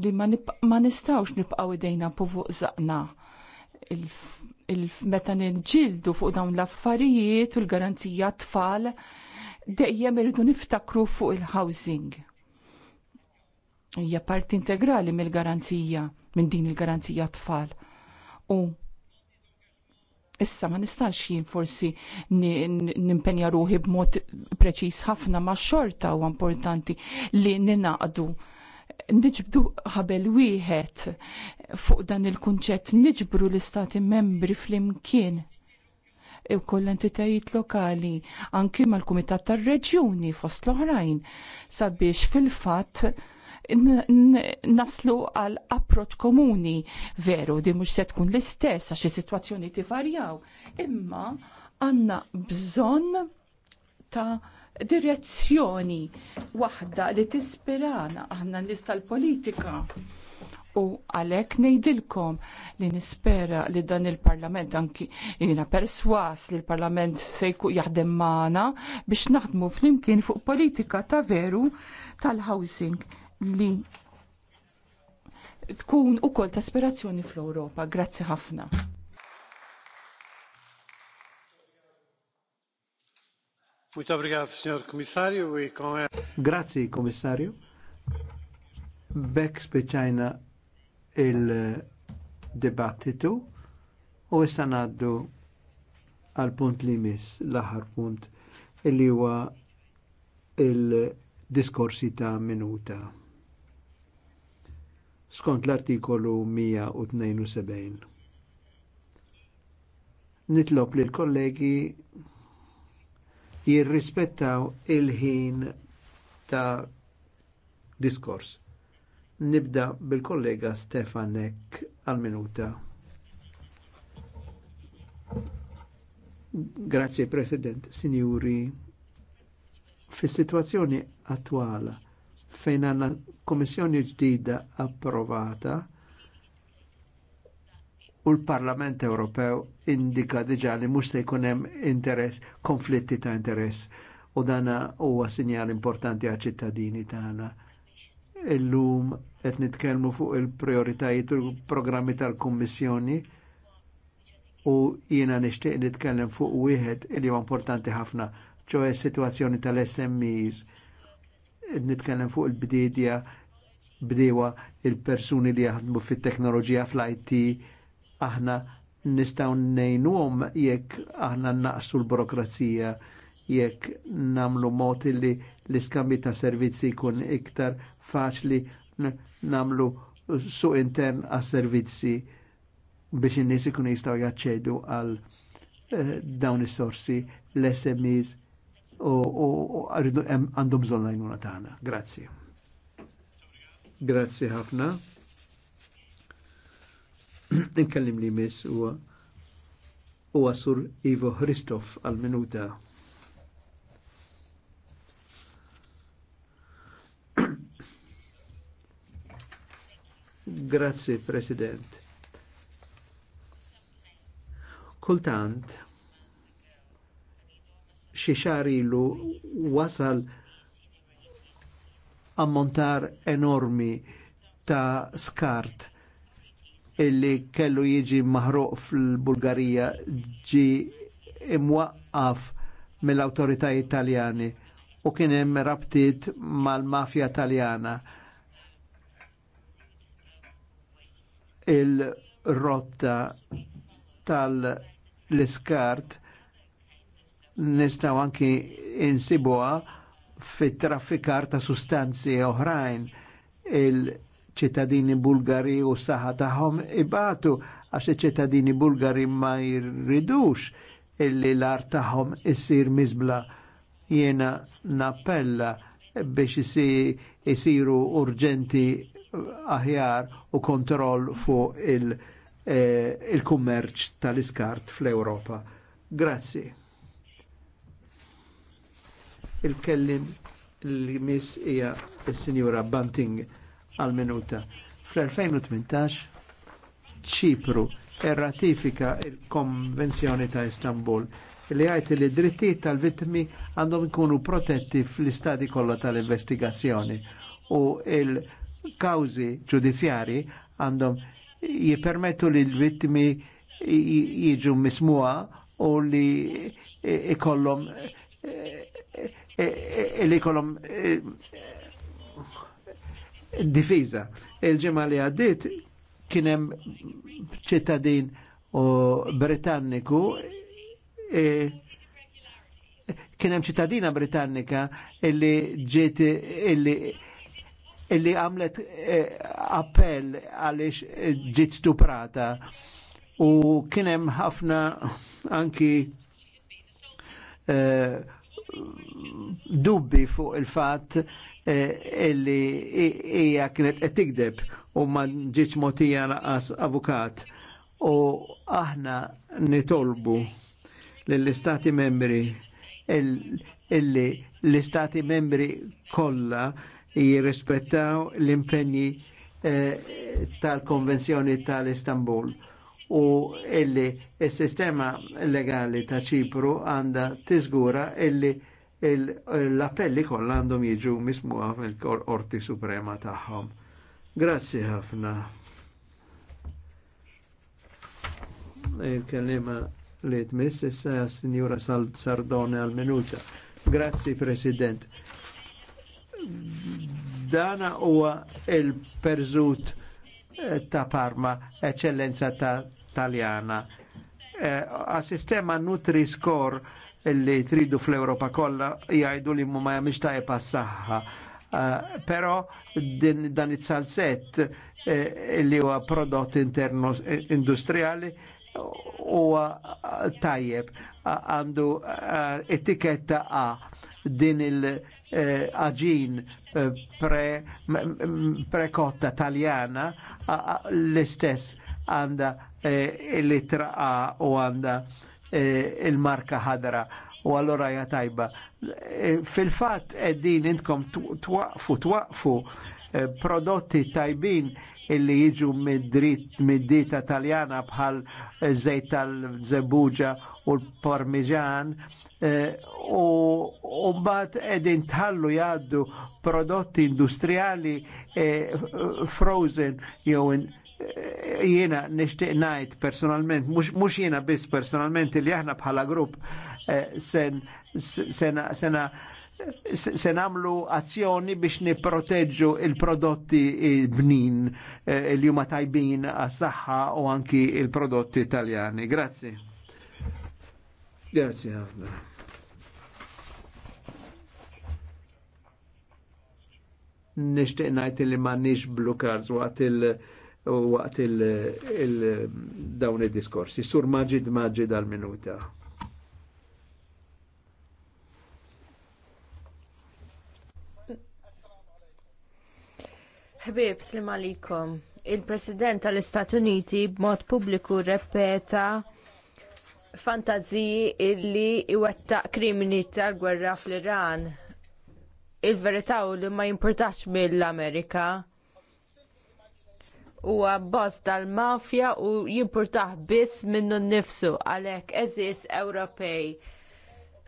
[SPEAKER 12] li ma, ma nistawx nibqgħu idejna fuq zaqna meta nġildu fuq dawn l-affarijiet u l-garanzija tfal dejjem irridu niftakru fuq il-housing. Hija parti integrali mill-garanzija minn din il-garanzija tfal. U issa ma nistax jien forsi nimpenja ruħi b'mod preċis ħafna ma xorta u importanti li ninaqdu nġibdu ħabel wieħed fuq dan il-kunċett niġbru l-istati membri fl-imkien u koll entitajiet lokali anki mal-Kumitat tar-Reġjuni fost l-oħrajn sabiex fil-fatt naslu għal approċ komuni. Veru, di mux se tkun l-istess għax situazzjoni tivarjaw. Imma għanna bżon ta' direzzjoni waħda li tispirana aħna nista l-politika. U għalek nejdilkom li nispera li dan il-parlament anki jina perswas li l-parlament sejku jaħdem maħna biex naħdmu fl-imkien fuq politika ta' veru tal-housing li tkun u kol tasperazzjoni fl europa Grazie ħafna.
[SPEAKER 1] Muito obrigado, Sr. Commissário. E com...
[SPEAKER 3] Grazie, Commissario. Bek speċajna il-debattitu eh, u issa ngħaddu għal punt li miss, l-aħħar punt, li huwa il-diskorsi ta' minuta skont l-artikolu 172. Nitlob li l-kollegi jirrispettaw il-ħin ta' diskors. Nibda bil-kollega Stefanek għal-minuta. Grazie President, Signori, fis situazzjoni attwala fejn għanna komissjoni ġdida approvata u l-Parlament Ewropew indika diġa li mux se jkunem interess, konflitti ta' interess u dana huwa sinjal importanti għal ċittadini tagħna. Illum qed nitkellmu fuq il-prioritajiet u l-programmi tal-Kummissjoni u jiena nixtieq nitkellem fuq wieħed li huwa importanti ħafna, ċoe sitwazzjoni tal-SMEs nitkellem fuq il-bdidja bdewa il-persuni li jaħdmu fit-teknoloġija fl-IT aħna nistaw ngħinuhom jekk aħna naqsu l-burokrazija jekk namlu mod li l-iskambi ta' servizzi jkun iktar faċli namlu su intern għas servizzi biex in-nies ikunu jistgħu jaċċedu għal eh, dawn is-sorsi l-SMEs u għandu bżonna jnuna taħna. Grazie. Grazie ħafna. Nkellim li mis u huwa sur Ivo Hristof għal minuta. Grazie, President. Kultant, xi xahar ilu wasal ammontar enormi ta' skart illi kellu jiġi maħruq fil-Bulgarija ġi imwaqqaf mill-autoritajiet italjani u kien hemm rabtiet mal-mafja taljana. Il-rotta tal-iskart nistaw anki insibuha fit-traffikar ta' sustanzi oħrajn il-ċittadini bulgari u saħħa tagħhom ibatu għax iċ-ċittadini bulgari ma jirridux illi l-art tagħhom issir miżbla jiena nappella biex isiru urġenti aħjar u kontroll fuq eh, il-kummerċ il tal iskart fl-Europa. Grazie. Il-kellim li miss hija s-Sinjura Banting għal-minuta. Fl-2018 ċipru rratifika il-Konvenzjoni ta' Istanbul li għajt li drittijiet tal-vittmi għandhom ikunu protetti fl-istadi kollha tal-investigazzjoni u il-kawzi ġudizzjari għandhom jipermettu li l-vittmi jiġu mismuha u li ikollhom E, e, e li kolom difiza. il ġemma li għaddit kienem ċittadin u Britanniku kienem ċittadina Britannika illi ġiet illi illi għamlet appell għalix ġiet stuprata u kienem ħafna anki dubbi fuq il-fat eh, illi hija kienet qed tikdeb u ma ġietx motija naqas avukat. U aħna nitolbu lill-istati membri illi l-istati membri kollha jirrispettaw l-impenji eh, tal-Konvenzjoni tal-Istanbul u illi il-sistema legali ta' ċipru għanda tiżgura illi l-appelli koll għandhom jiġu għaf il qorti Suprema taħħom. Grazzi ħafna. Il-kellima li tmiss issa Sinjura Sardone għal-Minuta. Grazzi President. Dana huwa il-perżut Eh, ta' Parma, eccellenza ta' Taljana. Eh, A sistema Nutri-Score li tridu fl-Europa kolla jgħidu li ma jagħmilx ta' jepassaha. Uh, eh, Però din, dan it eh, li huwa prodott interno eh, industriali huwa tajjeb għandu uh, etiketta A din il- Eh, aġin prekotta eh, pre taljana l-istess għanda eh, li traqa u għanda il-marka ħadra u allora ja tajba. Fil-fat eddin intkom twaqfu twaqfu prodotti tajbin illi jiġu mid-dita taljana bħal zejt tal zebuġa u l-parmiġan eh, u mbagħad qegħdin tħallu jgħaddu prodotti industrijali eh, frozen jew eh, jiena nixtieq ngħid personalment, mhux jiena biss personalment illi aħna bħala grupp sen, sena, sena se namlu azzjoni biex niproteġu il-prodotti bnin eh, li huma tajbin għas-saħħa u anki il-prodotti italjani. Grazzi. Grazzi ħafna. Nishtiq ngħid li m'għandniex blue cards waqt il- waqt il-dawn il-diskorsi. Sur maġid maġid għal-minuta.
[SPEAKER 8] Ħbieb slim għalikom. Il-President tal-Istati Uniti b'mod pubbliku repeta fantazji illi iwettaq krimini tal-gwerra fl-Iran. Il-verità u li ma jimportax mill-Amerika huwa boss tal-mafja u jimpurtah biss minnu nnifsu għalhekk eżis Ewropej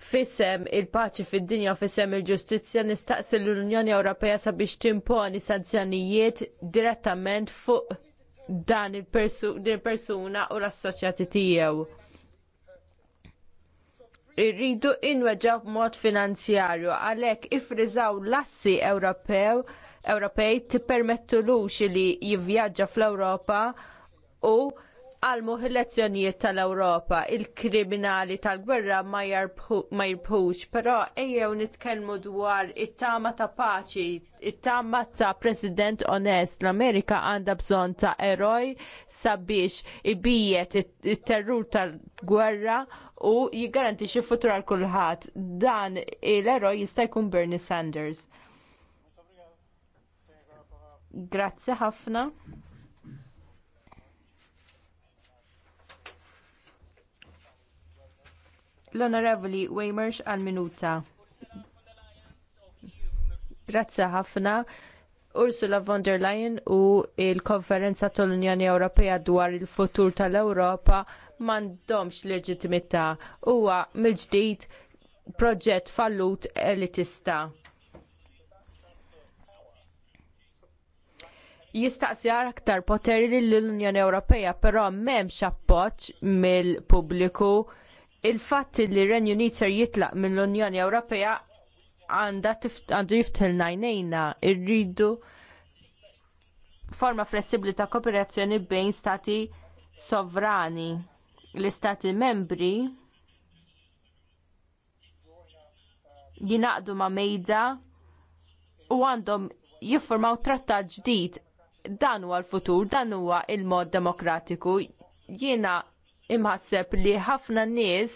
[SPEAKER 8] fissem il-paċi fid-dinja u fissem il-ġustizzja nistaqsi l-Unjoni Ewropea sabiex timponi sanzjonijiet direttament fuq dan il-persuna u l-assoċjati tiegħu. Irridu inweġaw b'mod finanzjarju għalhekk ifriżaw l-assi Ewropew Ewropej tippermettulux li jivvjaġġa fl-Ewropa u għalmu il-lezzjonijiet tal-Ewropa, il-kriminali tal-gwerra ma jirbħux, però ejjew nitkellmu dwar it-tama ta' paċi, it-tama ta' president onest, l-Amerika għandha bżonn ta' eroj sabiex ibijiet it-terrur tal-gwerra u xi futur għal kulħadd. Dan l-eroj jista' jkun Bernie Sanders. Grazzi ħafna. l-Onorevoli Weimers għal minuta. Grazzi ħafna. Ursula von der Leyen u l konferenza tal-Unjoni Ewropea dwar il-futur tal-Ewropa m'għandhomx leġitimità huwa mill-ġdid proġett fallut elitista. Jistaqsjar aktar poteri lill unjoni Ewropea, però m'hemmx appoġġ mill-pubbliku il-fatt li Renju Unit ser jitlaq mill-Unjoni Ewropea għandu jiftil najnejna irridu forma flessibbli ta' kooperazzjoni bejn stati sovrani. L-istati membri jinaqdu ma' mejda u għandhom jiffurmaw trattat ġdid dan huwa l-futur, dan huwa il-mod demokratiku. Jiena imħasseb li ħafna nies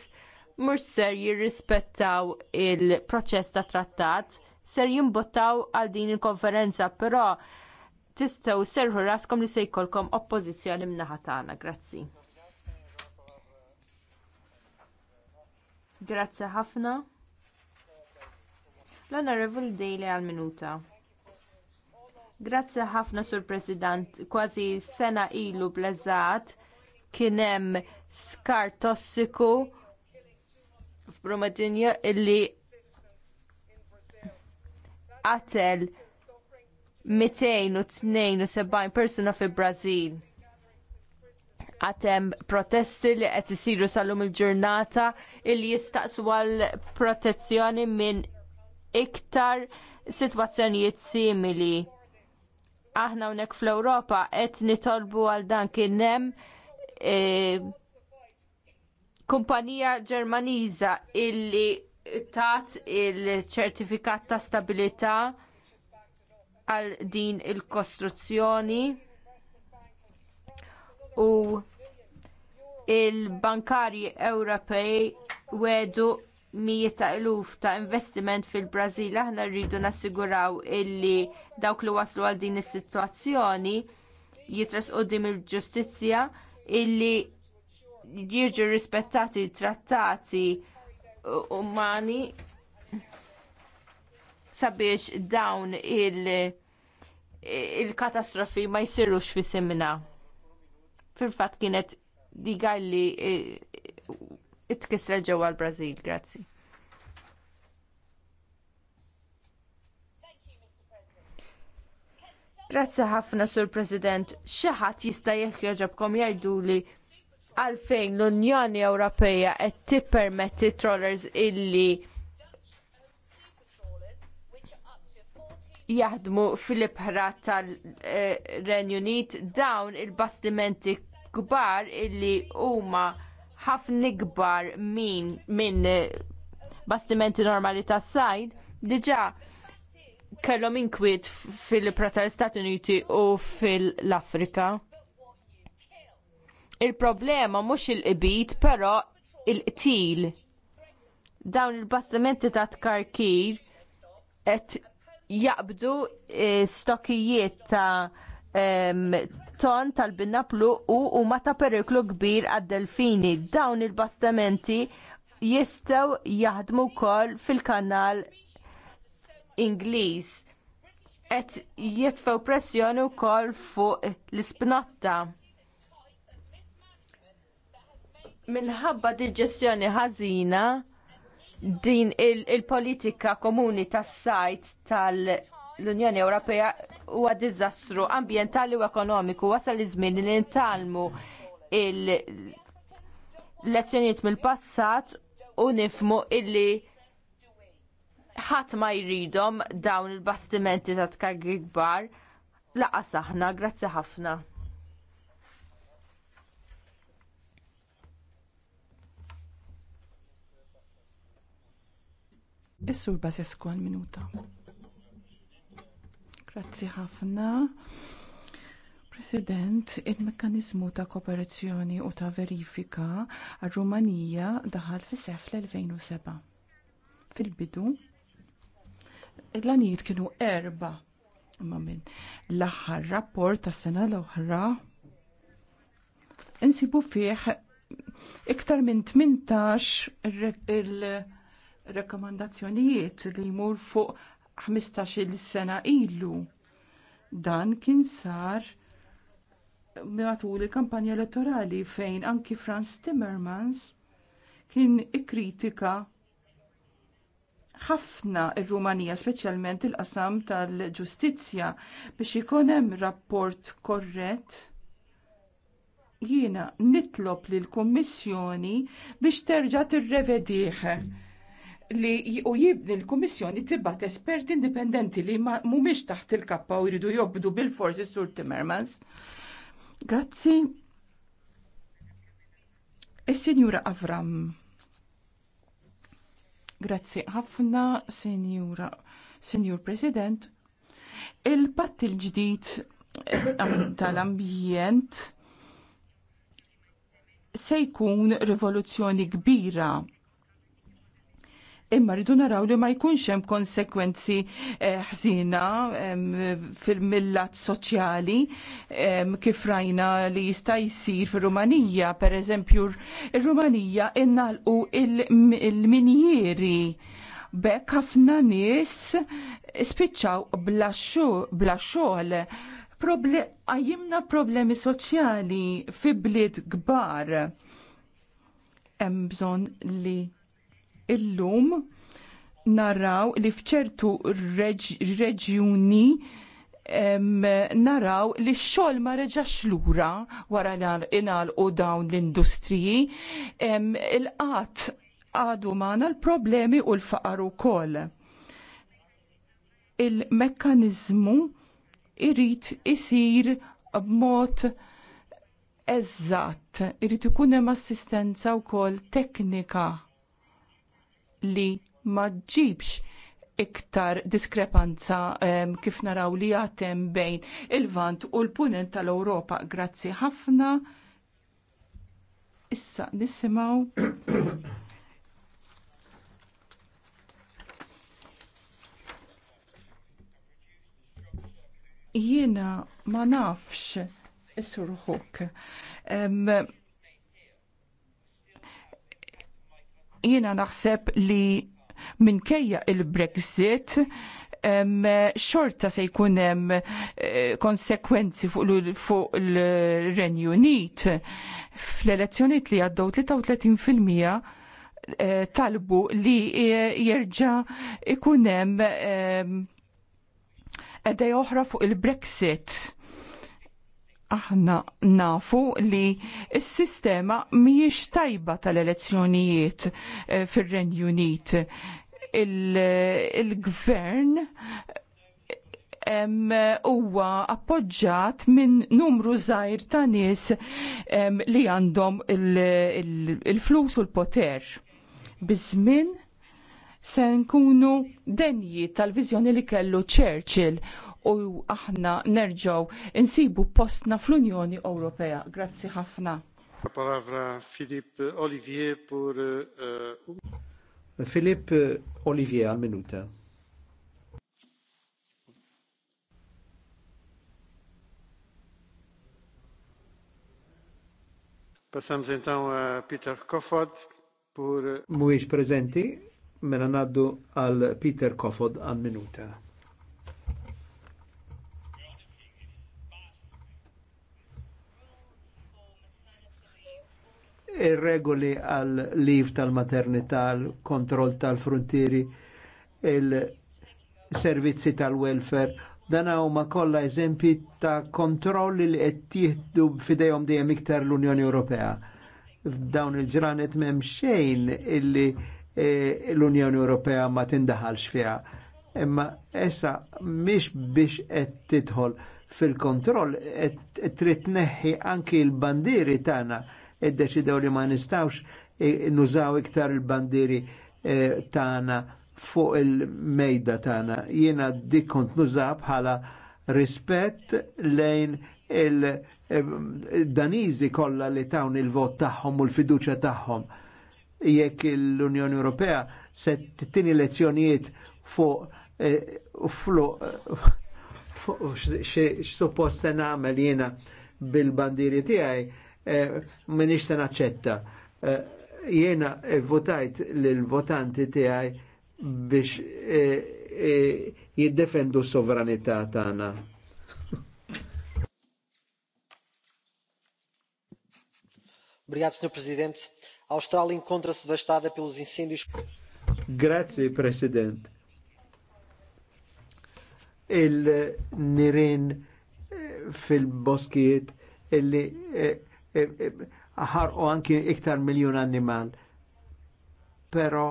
[SPEAKER 8] mhux ser jirrispettaw il-proċess ta' trattat, ser jimbottaw għal din il-konferenza, però tistgħu serħu raskom li se jkollkom oppożizzjoni mnaħa tagħna. Grazzi. Grazzi ħafna. L-Honorable Daily għal minuta. Grazzi ħafna, Sur President. Kważi sena ilu blezzat kien hemm skar tossiku f'Romadinja illi qatel 272 persuna fi Brażil. Għatem protesti li qed isiru sal-lum il-ġurnata illi jistaqsu għal protezzjoni minn iktar sitwazzjonijiet simili. Aħna hawnhekk fl-Ewropa qed nitolbu għal dan kien hemm e, kumpanija Ġermaniża illi tat il-ċertifikat ta' stabilità għal din il-kostruzzjoni u il-bankarji Ewropej wedu mijiet ta' eluf ta' investiment fil-Brażil aħna rridu nassiguraw illi dawk li waslu għal din is-sitwazzjoni jitras dim il-ġustizzja illi jirġu rispettati trattati umani sabiex dawn il- il-katastrofi ma jsirux fi semina. Fil-fat kienet għalli e, e, it-kisra ġewwa l-Brażil, grazzi. Grazzi ħafna sur President. Xi ħadd jista' jekk jogħġobkom jgħiduli għalfejn l-Unjoni Ewropea qed tippermetti trawlers illi jaħdmu fil-ibħra tal-Renju Unit dawn il-bastimenti kbar illi huma ħafna kbar minn eh, bastimenti normali tas sajd diġà kellhom inkwiet fil-ibħra tal-Istati Uniti u fil-Afrika. Il-problema mhux il-qbit, però il-qtil. Dawn il-bastimenti ta' tkarkir qed jaqbdu e, stokijiet ta' ton tal-binnaplu u huma ta' periklu kbir għad-delfini. Dawn il-bastimenti jistgħu jaħdmu wkoll fil-kanal Ingliż qed jitfew pressjoni wkoll fuq l-ispinatta. minħabba diġestjoni ħażina din il-politika il komuni tas-sajt tal-Unjoni Ewropea huwa diżastru ambjentali u ekonomiku wasal iż-żmien li ntalmu il-lezzjonijiet mill-passat u nifmu illi ħadd ma jridhom dawn il-bastimenti ta' tkargi kbar laqas aħna, grazzi ħafna.
[SPEAKER 12] Is-sur Basescu għal minuta. Grazzi ħafna. President, il-mekkanizmu ta' kooperazzjoni u ta' verifika għal-Rumanija daħal fis sef l-2007. Fil-bidu, l-għanijiet kienu erba' ma minn l-aħħar rapport tas sena l-oħra insibu fih iktar minn 18 il- rekomandazzjonijiet li jmur fuq 15 sena ilu. Dan kien sar matul il-kampanja elettorali fejn anki Franz Timmermans kien ikkritika ħafna il rumanija speċjalment il-qasam tal-ġustizzja, biex ikun hemm rapport korrett jiena nitlob lill kummissjoni biex terġa' tirrevedih li u jibni l-Kummissjoni tibat esperti indipendenti li mumiex taħt il-kappa u jridu jobdu bil-forsi sur Timmermans. Grazzi. Il-Senjura Avram. Grazzi ħafna, Senjura, Senjur President. Il-patt il-ġdid tal-ambjent se jkun rivoluzzjoni kbira imma rridu naraw li ma jkunx hemm konsekwenzi eh, ħżina fil-millat soċjali kif rajna li jista' jsir fir-Rumanija, pereżempju ir-Rumanija innalqu il-minjieri bekk ħafna nies spiċċaw bla xogħol għajimna problemi soċjali fi bliet kbar. Hemm bżonn li illum naraw li fċertu reġjuni naraw li xol ma reġax lura wara li inal u dawn l-industriji il-qat għadu maħna l-problemi u l-faqar u Il-mekkanizmu irrit isir b'mod eżatt, irrit ikun hemm assistenza wkoll teknika li ma ġibx iktar diskrepanza um, kif naraw li jatem bejn il-vant u l-punent tal-Europa. Grazzi ħafna. Issa nisimaw. Jiena ma nafx is-surħuk. Um, Jiena naħseb li minkejja il-Brexit xorta se jkun hemm eh, konsekwenzi fuq il-Renju Unit fl-elezzjonijiet li għaddew 33% eh, talbu li eh, jerġa' ikun hemm edej oħra fuq il-Brexit aħna nafu li s-sistema mhijiex tajba tal-elezzjonijiet eh, fir-Renju Unit. Il-gvern huwa appoġġat minn numru żgħir ta' nies li għandhom il-flus u l-poter. Biżmien se nkunu denji tal-viżjoni li kellu Churchill u aħna nerġaw insibu postna fl-Unjoni Ewropea. Grazzi ħafna. La
[SPEAKER 1] palavra Philippe Olivier pour euh,
[SPEAKER 3] euh, Philippe euh, Olivier għal minuta.
[SPEAKER 1] Passam zintan Peter Kofod pur. Mujiex
[SPEAKER 3] prezenti, mela naddu għal Peter Kofod għal minuta. Ir-regoli għal liv tal-maternità, kontroll tal-frontieri, il-servizzi tal-welfare, dan huma kollha eżempji ta' kontrolli li qed tieħdu f'idejhom dejjem iktar l-Unjoni Ewropea. Dawn il-ġranet m'hemm xejn illi E, l-Unjoni Ewropea ma tindaħalx fiha. Imma essa mhix biex qed tidħol fil-kontroll qed trid neħħi anki l-bandieri tagħna iddeċidew li ma nistgħux e, nużaw iktar il-bandieri e, tagħna fuq il-mejda tagħna. Jiena dik kont nużaw bħala rispett lejn il-Daniżi kollha li tawn il-vot tagħhom u l-fiduċja tagħhom jekk l-Unjoni Ewropea se tini lezzjonijiet fuq eh, fuq eh, x-suppost se nagħmel jiena bil-bandiri tiegħi eh, m'inhiex se naċċetta. Jiena votajt l votanti tiegħi biex jiddefendu s-sovranità tagħna.
[SPEAKER 1] Sr. President, Australia encontra-se devastada pelos incêndios.
[SPEAKER 3] Grazie, President. Il-nirin eh, fil-boskijiet illi eh, eh, ħarqu anki iktar miljon animal. Pero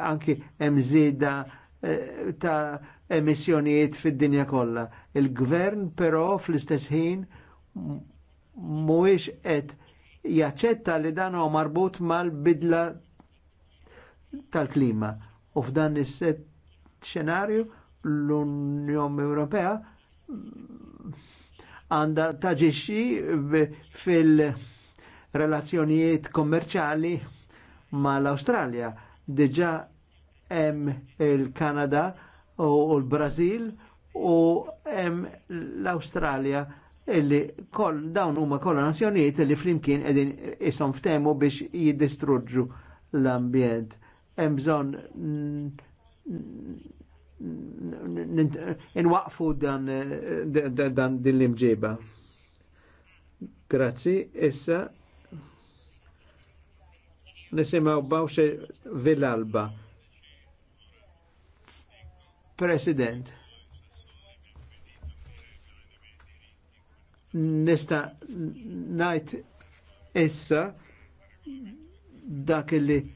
[SPEAKER 3] anki emżida ta' emissjonijiet fid-dinja kollha. Il-gvern però fl-istess ħin mhuwiex qed jaċċetta li dan huwa marbut mal-bidla tal-klima. U f'dan is-xenarju l-Unjoni Ewropea għandha taġixxi fil-relazzjonijiet kommerċali mal-Awstralja. Diġà hemm il-Kanada u l-Brażil u hemm l-Awstralja illi kol, dawn huma kollha nazzjonijiet li flimkien qegħdin ishom ftehmu biex jiddistruġġu l-ambjent. Hemm bżonn inwaqfu dan din l-imġiba. Grazzi, issa nisimaw bawxe Villalba. President. nista najt issa dak li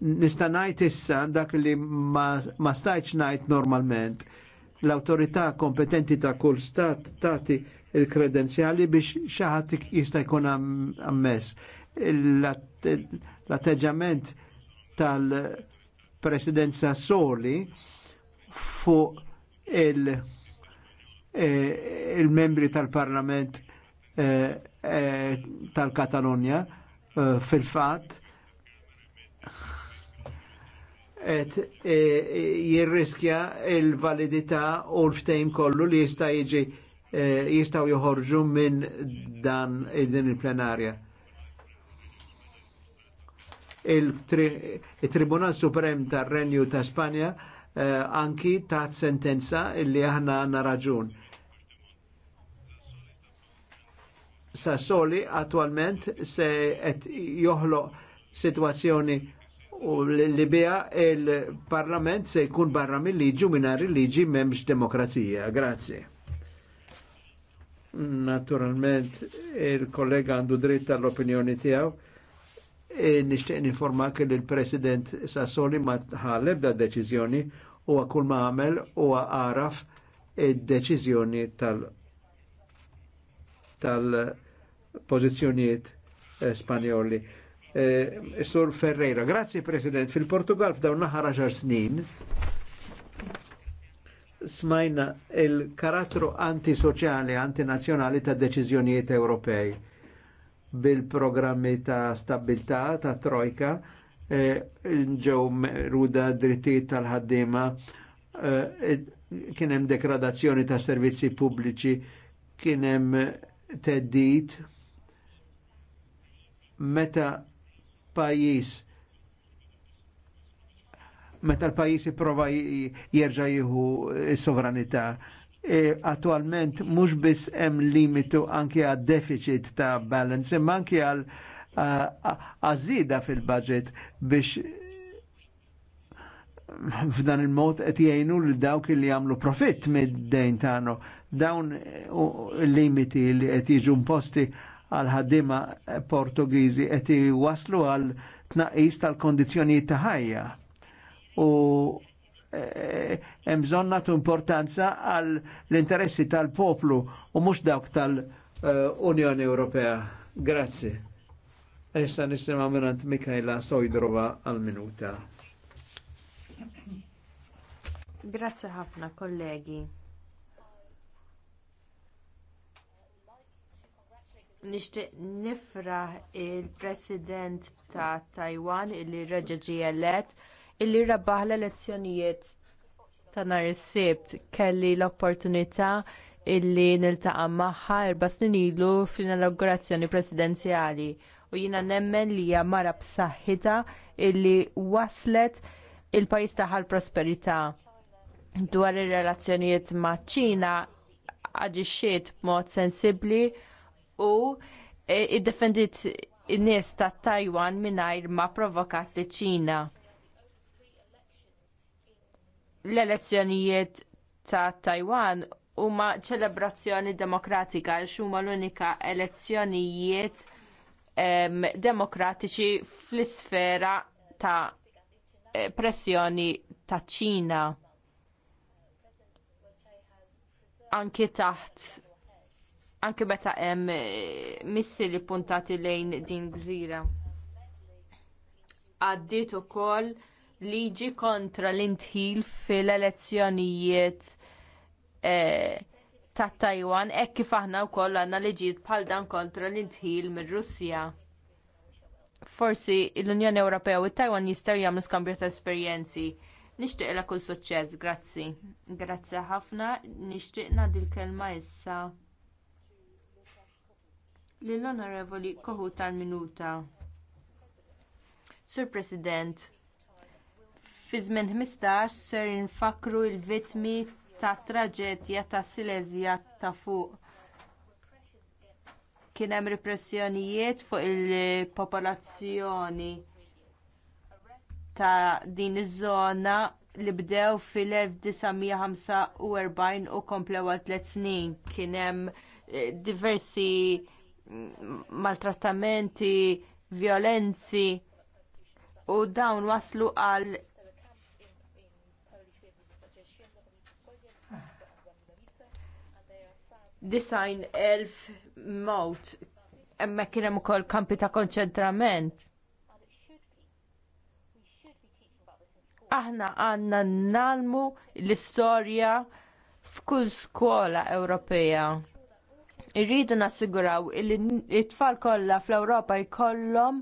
[SPEAKER 3] nista najt issa dak li ma, ma stajċ najt normalment l-autorità kompetenti ta' kull stat tati il-kredenzjali biex xaħat jista' jkun ammess. L-atteġġament tal-presidenza soli fuq il- E, il-membri tal-Parlament e, e, tal-Katalonja fil-fat et jirriskja il-validità u l-ftejm kollu li jista' jiġi jistaw joħorġu minn dan din il-plenarja. Il-Tribunal Suprem tar-Renju ta' Spanja anki ta' sentenza illi aħna għanna raġun Sassoli attualment se qed joħlo situazzjoni u li bija il-parlament se jkun barra mill-liġi u minna il-liġi memx demokrazija. Grazie. Naturalment, il-kollega għandu dritt tal-opinjoni tijaw. E Nishtiq informak li l-President Sassoli ma tħalleb da deċizjoni u għakul ma għamel u għaraf id-deċizjoni tal- tal- pozizjoniet eh, Spanjoli. Eh, Sur Ferreira, grazzi President, fil-Portugal f'dawn naħar ġar snin smajna il-karattru antisoċjali, antinazjonali ta' deċiżjonijiet Ewropej bil-programmi ta' stabilità ta' trojka eh, ġew ruda drittijiet tal-ħaddiema kien hemm degradazzjoni ta' servizzi pubbliċi kien hemm teddit meta pajis meta l-pajis jipprova jerġa' jieħu s-sovranità. E, attualment mhux biss hemm limitu anke għad deficit ta' balance, imma anke għal għażida fil-budget biex f'dan il-mod qed jgħinu l dawk li jagħmlu profitt mid-dejn tagħna. Dawn il limiti li qed jiġu imposti għal ħaddima Portugiżi qed waslu għal tnaqqis tal-kondizzjonijiet ta' ħajja. U e, e, hemm bżonn nagħtu importanza għal l-interessi tal-poplu u mhux dawk tal-Unjoni Ewropea. Grazzi. Issa nisimgħu minant Mikajla Sojdrova għal-minuta.
[SPEAKER 8] Grazzi ħafna kollegi. Nixtieq nifraħ il-President ta' Taiwan illi reġa' ġie elett illi rebaħ l-elezzjonijiet ta' nhar is-Sibt kelli l-opportunità illi niltaqa' magħha erba' snin ilu fl-inaugurazzjoni presidenzjali u jiena nemmen li hija mara b'saħħitha illi waslet il-pajjiż tagħha l-prosperità dwar ir-relazzjonijiet maċ-Ċina aġixxiet b'mod sensibbli u e, id-defendit in-nies ta' Taiwan mingħajr ma provokat li ċina. L-elezzjonijiet ta' Taiwan huma ċelebrazzjoni demokratika għal huma l-unika elezzjonijiet demokratiċi fl-isfera ta' e, pressjoni ta' ċina. Anki taħt anke meta hemm eh, missi li puntati lejn din gżira. Għaddiet ukoll liġi kontra l-intħil fil-elezzjonijiet eh, ta' Taiwan hekk kif aħna wkoll għandna liġijiet bħal dan kontra l-intħil mir-Russja. Forsi l-Unjoni Ewropea u Taiwan jistgħu jagħmlu skambju ta' esperjenzi. Nixtieq kull suċċess, grazzi. Grazzi ħafna, nixtieq ngħaddi l kelma issa lill-Onorevoli Kohut tal-Minuta. Sur President, fi żmien 15 ser infakru l-vittmi tat traġedja ta' Silesia ta' fuq. Kien hemm repressjonijiet fuq il-popolazzjoni ta' din iż-żona li bdew fil-1945 u komplewa tliet snin. Kien hemm eh, diversi maltrattamenti, violenzi u dawn waslu għal design elf mot emma kienem kol kampi ta' konċentrament. Aħna għanna nalmu l-istorja f'kull skola Ewropea. Irridu nassiguraw li t-tfal kollha fl-Ewropa jkollhom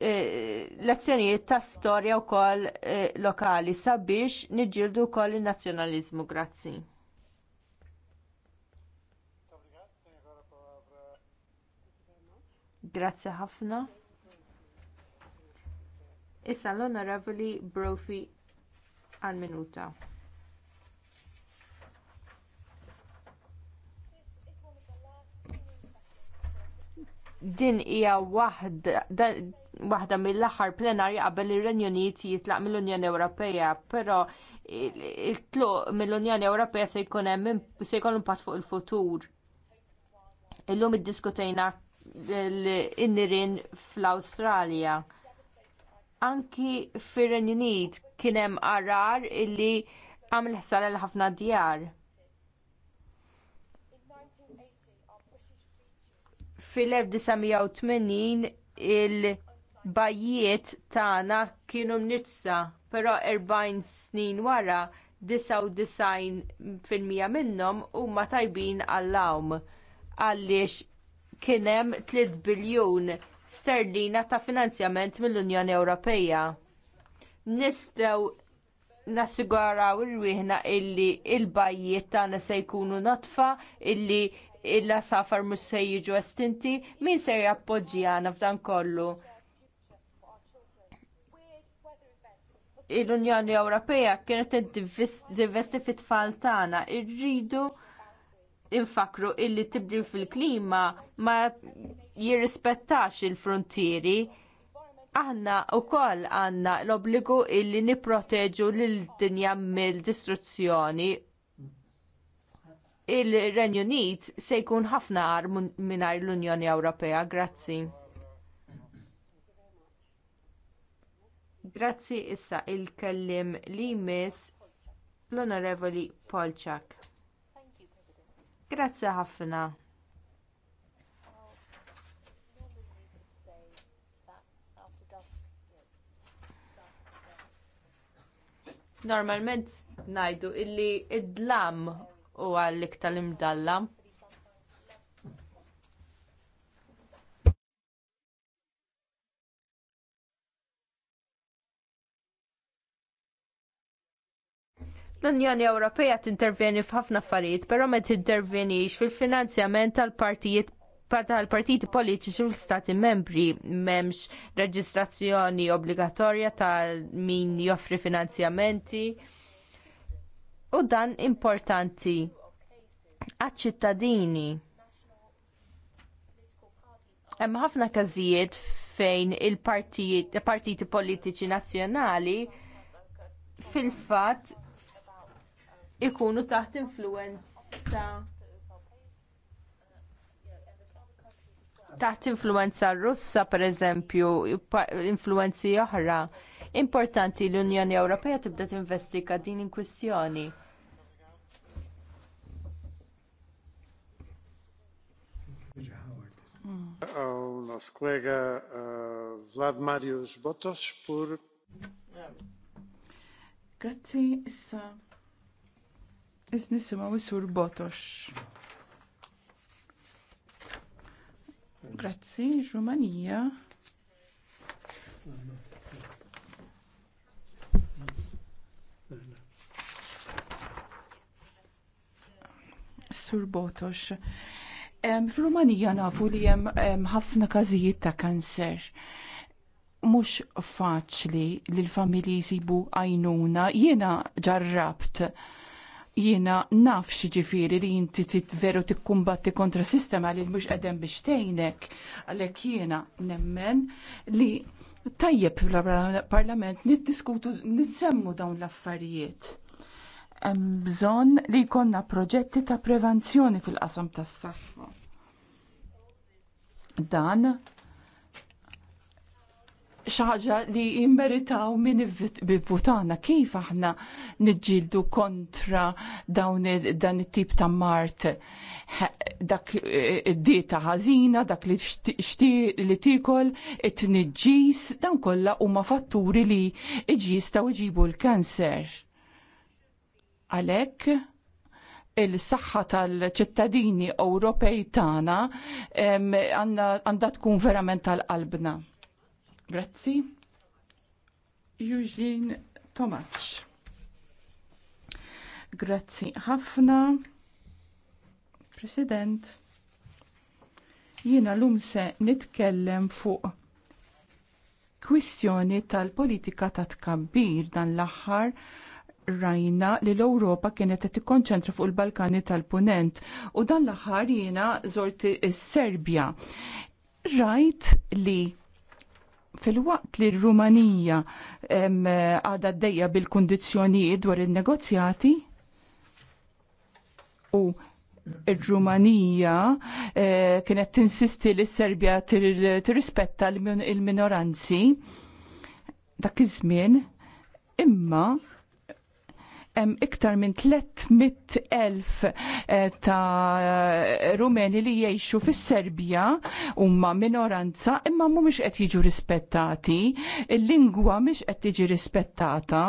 [SPEAKER 8] eh, lezzjonijiet ta' storja wkoll eh, lokali sabiex niġġieldu wkoll in-nazzjonaliżmu. Grazzi. Grazzi ħafna. Issa l-Onorevoli Brophy għal minuta. din hija waħda waħda mill-aħħar plenarja qabel ir-Renju Unit jitlaq mill-Unjoni Ewropea, però il-tluq mill-Unjoni Ewropea se jkun hemm se jkollu impatt fuq il-futur. Illum iddiskutejna l-innirin fl-Awstralja. Anki fir-Renju Unit kien hemm arar illi għamil ħsara l-ħafna djar. Fil-1980 il-bajiet tagħna kienu mnitsa, però 40 snin wara 99% minnhom huma tajbin għall-awm għaliex kien hemm 3 biljun sterlina ta' finanzjament mill-Unjoni Ewropea. Nistgħu nassiguraw irwieħna illi il-bajjiet tagħna se jkunu notfa illi illa safar mhux se jiġu estinti, min se jappoġġjana f'dan kollu? il unjoni Ewropea kienet divesti fit-tfal tagħna irridu infakru illi tibdil fil-klima ma jirrispettax il-frontieri aħna wkoll għandna l obbligu illi nipproteġu l dinja mill-distruzzjoni il-Renju Unit se jkun ħafna għar mingħajr l-Unjoni Ewropea. Grazzi. Grazzi issa il-kellim li mis l-Onorevoli Polczak. Grazzi ħafna. Normalment ngħidu illi id-dlam u għall tal imdalla. L-Unjoni Ewropea tintervjeni f'ħafna affarijiet, però ma tintervjenix fil-finanzjament tal-partijiet tal-partiti politiċi u l-stati membri m'hemmx reġistrazzjoni obbligatorja ta' min joffri finanzjamenti. U dan importanti għaċ-ċittadini. Hemm ħafna każijiet fejn il-partiti politiċi nazzjonali fil-fatt ikunu taħt influenza taħt influenza russa pereżempju, influwenzi oħra. Importanti l-Unjoni Ewropea tibda tinvestiga din il-kwistjoni.
[SPEAKER 1] ao nosso colega uh, Vlad Marius Botos por.
[SPEAKER 12] Grazzi, issa. Isnisima Wisur Botos. Grazzi, Rumanija. Sur Botos. F'Rumanija nafu li hemm ħafna każijiet ta' kanser. Mhux faċli li l-familji jsibu għajnuna, jiena ġarrabt jiena naf xieġifiri li inti tit veru tikkumbatti kontra sistema li mhux qegħdem biex tgħinek, għalhekk jiena nemmen li tajjeb fil-parlament niddiskutu nissemmu dawn l-affarijiet hemm bżonn li jkollna proġetti ta' prevenzjoni fil-qasam tas-saħħa. Dan xaġa li jimmeritaw minn bivvutana kif aħna nġildu kontra dawn dan it-tip ta' mart dak id-dieta eh, ħażina, dak li li tikol, it-tniġġis, dan kollha huma fatturi li iġis ta' iġibu l-kanser Għalhekk il-saħħa tal-ċittadini Ewropej tagħna għandha tkun verament tal-qalbna. Grazzi. Eugene Tomac. Grazzi ħafna. President, jiena l-lum se nitkellem fuq kwistjoni tal-politika ta' tkabbir dan l-aħħar rajna li l-Ewropa kienet qed tikkonċentra fuq il-Balkani tal-Punent u dan l-aħħar jiena żort is-Serbja. Rajt li fil-waqt li r-Rumanija għadha d bil-kundizzjonijiet dwar in-negozjati u r rumanija eh, kienet tinsisti li s-Serbja tirrispetta l-minoranzi dak iż-żmien imma hemm iktar minn 300,000 eh, ta' rumeni li jgħixu fis-Serbja huma minoranza imma mhumiex qed jiġu rispettati, il-lingwa mhix qed tiġi rispettata.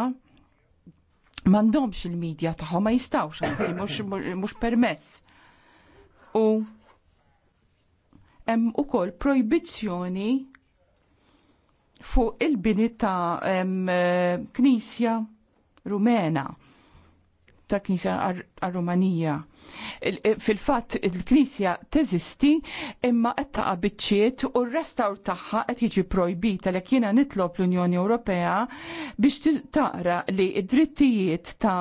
[SPEAKER 12] M'għandhomx il-medja tagħhom ma jistgħux anzi mhux permess. U hemm ukoll proibizzjoni fuq il-bini ta' eh, knisja rumena ta' Knisja ar rumanija Fil-fatt il-Knisja teżisti imma qed taqa' biċċiet u r-restawr tagħha qed jiġi projbita li jiena nitlob l-Unjoni Ewropea biex tara li d-drittijiet ta'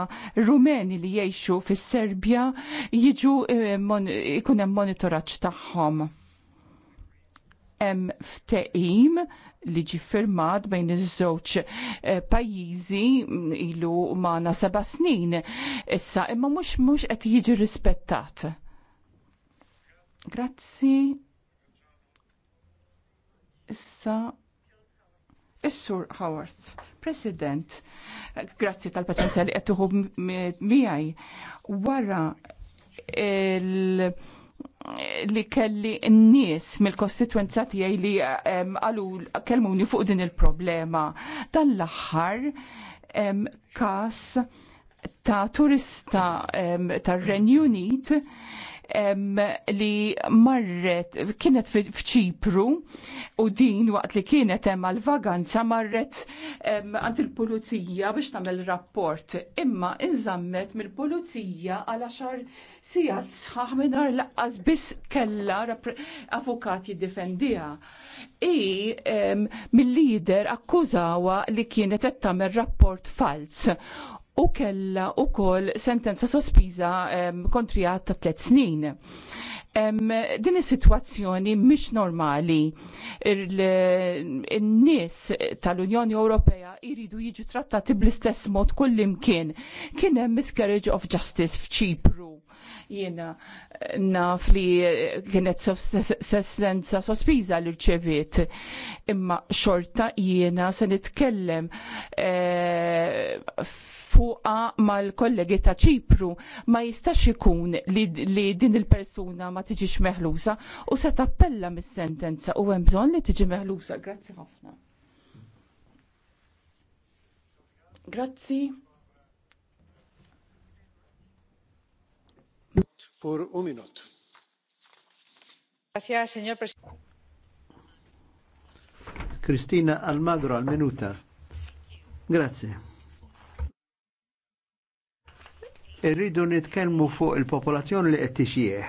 [SPEAKER 12] Rumeni li jgħixu fis-Serbja jiġu eh, ikun hemm monitoraġġ tagħhom. Hemm fteqim li ġi firmat bejn iż-żewġ eh, pajjiżi mm, ilu magħna seba' snin issa imma mhux mhux qed jiġi rispettat. Grazzi. Issa Is-Sur Howard, President, grazzi tal-paċenzja li qed tuħu miegħi wara il- li kelli n-nies mill-kostituenza tiegħi li qalu kellmuni fuq din il-problema. Dan l-aħħar każ ta' turista tar-Renju Unit li marret, kienet fċipru u din waqt li kienet hemm għal-vaganza marret għand il-pulizija biex tagħmel rapport. Imma inżammet mill-pulizija għal xar sigħat sħaħ minar laqqas biss kella avukat jiddefendiha. I mill-lider akkużawa li kienet qed tagħmel rapport falz u kella u kol sentenza sospiża ehm, kontrijat ta' tliet snin. Ehm, din is-sitwazzjoni mhix normali. In-nies tal-Unjoni Ewropea jridu jiġu trattati bl-istess mod kullimkien. Kien hemm miscarriage of justice f'Ċipru Jiena eh, naf li eh, kienet sessenza sospiża li rċeviet. Imma xorta jiena se nitkellem eh, fuqa mal-kollegi ta' ċipru ma jistax ikun li, li din il-persuna ma tiġix meħlusa u se tappella mis-sentenza u hemm bżonn li tiġi meħlusa. Grazzi ħafna. Grazzi.
[SPEAKER 3] signor Almagro al minuta. Grazie. Irridu nitkellmu fuq il-popolazzjoni li qed tixjieħ.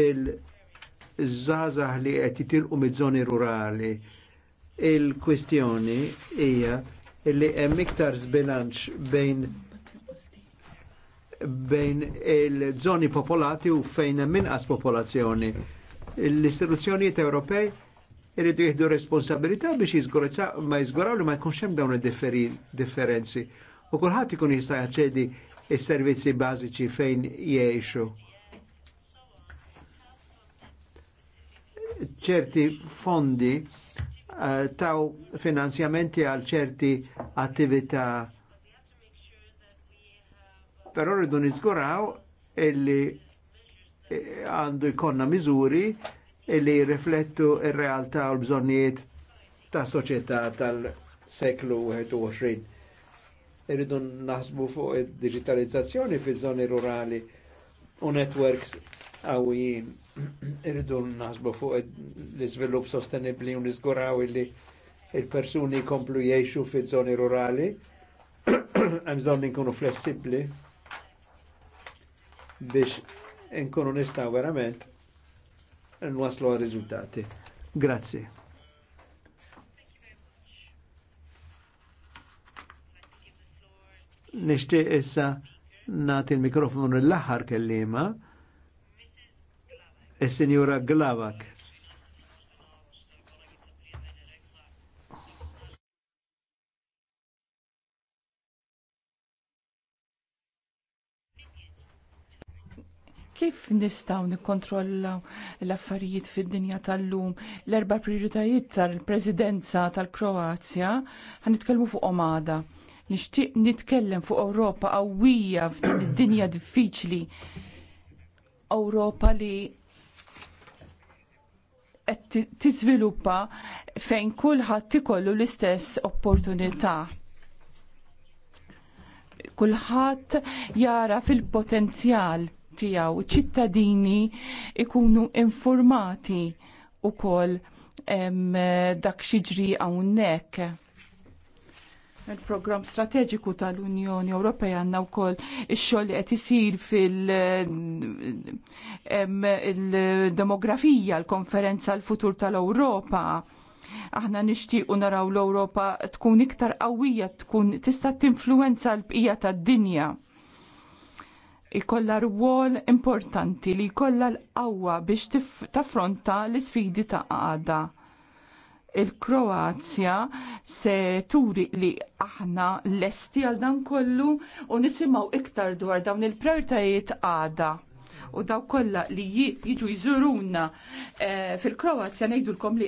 [SPEAKER 3] Il-żgħażagħ li qed jitilqu miż-żoni rurali. Il-kwistjoni hija li hemm iktar żbilanċ bejn bejn il-żoni popolati u fejn minqas popolazzjoni. L-istituzzjonijiet Ewropej irridu jieħdu responsabilità biex ma jizguraw li ma jkunx hemm dawn id-differenzi. U kulħadd ikun jista' jaċċedi s-servizzi bażiċi fejn jgħixu. ċerti fondi uh, taw finanzjamenti għal ċerti attività però rridu nizguraw illi eh, għandu jkonna miżuri illi riflettu ir-realtà u l-bżonnijiet ta' soċjetà tal-seklu 21. Irridu naħsbu fuq id-digitalizzazzjoni fiż-żoni rurali u networks għawijin. Irridu naħsbu fuq l-iżvilupp sostenibli u nizguraw illi il-persuni komplu jiexu fiż-żoni rurali. Hemm bżonn inkunu flessibbli biex nkunu nistaw verament nwaslu għal rizultati Grazie. Nishtiq issa nati il mikrofonu l laħar kellima, is-Sinjura Glavak.
[SPEAKER 12] Kif nistaw nikkontrollaw l-affarijiet fid-dinja tal-lum, l-erba prioritajiet tal-Presidenza tal-Kroazja, għan nitkellmu fuq omada. Nixtieq nitkellem fuq Ewropa qawwija f'din id-dinja diffiċli. Ewropa li qed tiżviluppa fejn kulħadd ikollu l-istess opportunità kulħadd jara fil-potenzjal tijaw, ċittadini ikunu informati u kol dak xiġri għawnek. Il-program strategiku tal-Unjoni Ewropea għanna wkoll ix-xogħol qed isir fil-demografija, l-konferenza l-futur tal-Ewropa aħna nixtiequ naraw l-Ewropa tkun iktar qawwija, tkun tista' tinfluwenza l-bqija tad-dinja ikolla rwol importanti li jkollha l-qawwa biex taffronta l-isfidi ta' għada. Il-Kroazja se turi li aħna lesti għal dan kollu u nisimgħu iktar dwar dawn il-prioritajiet għada u daw kollha li jiġu jżuruna eh, fil-Kroazja ngħidulkom li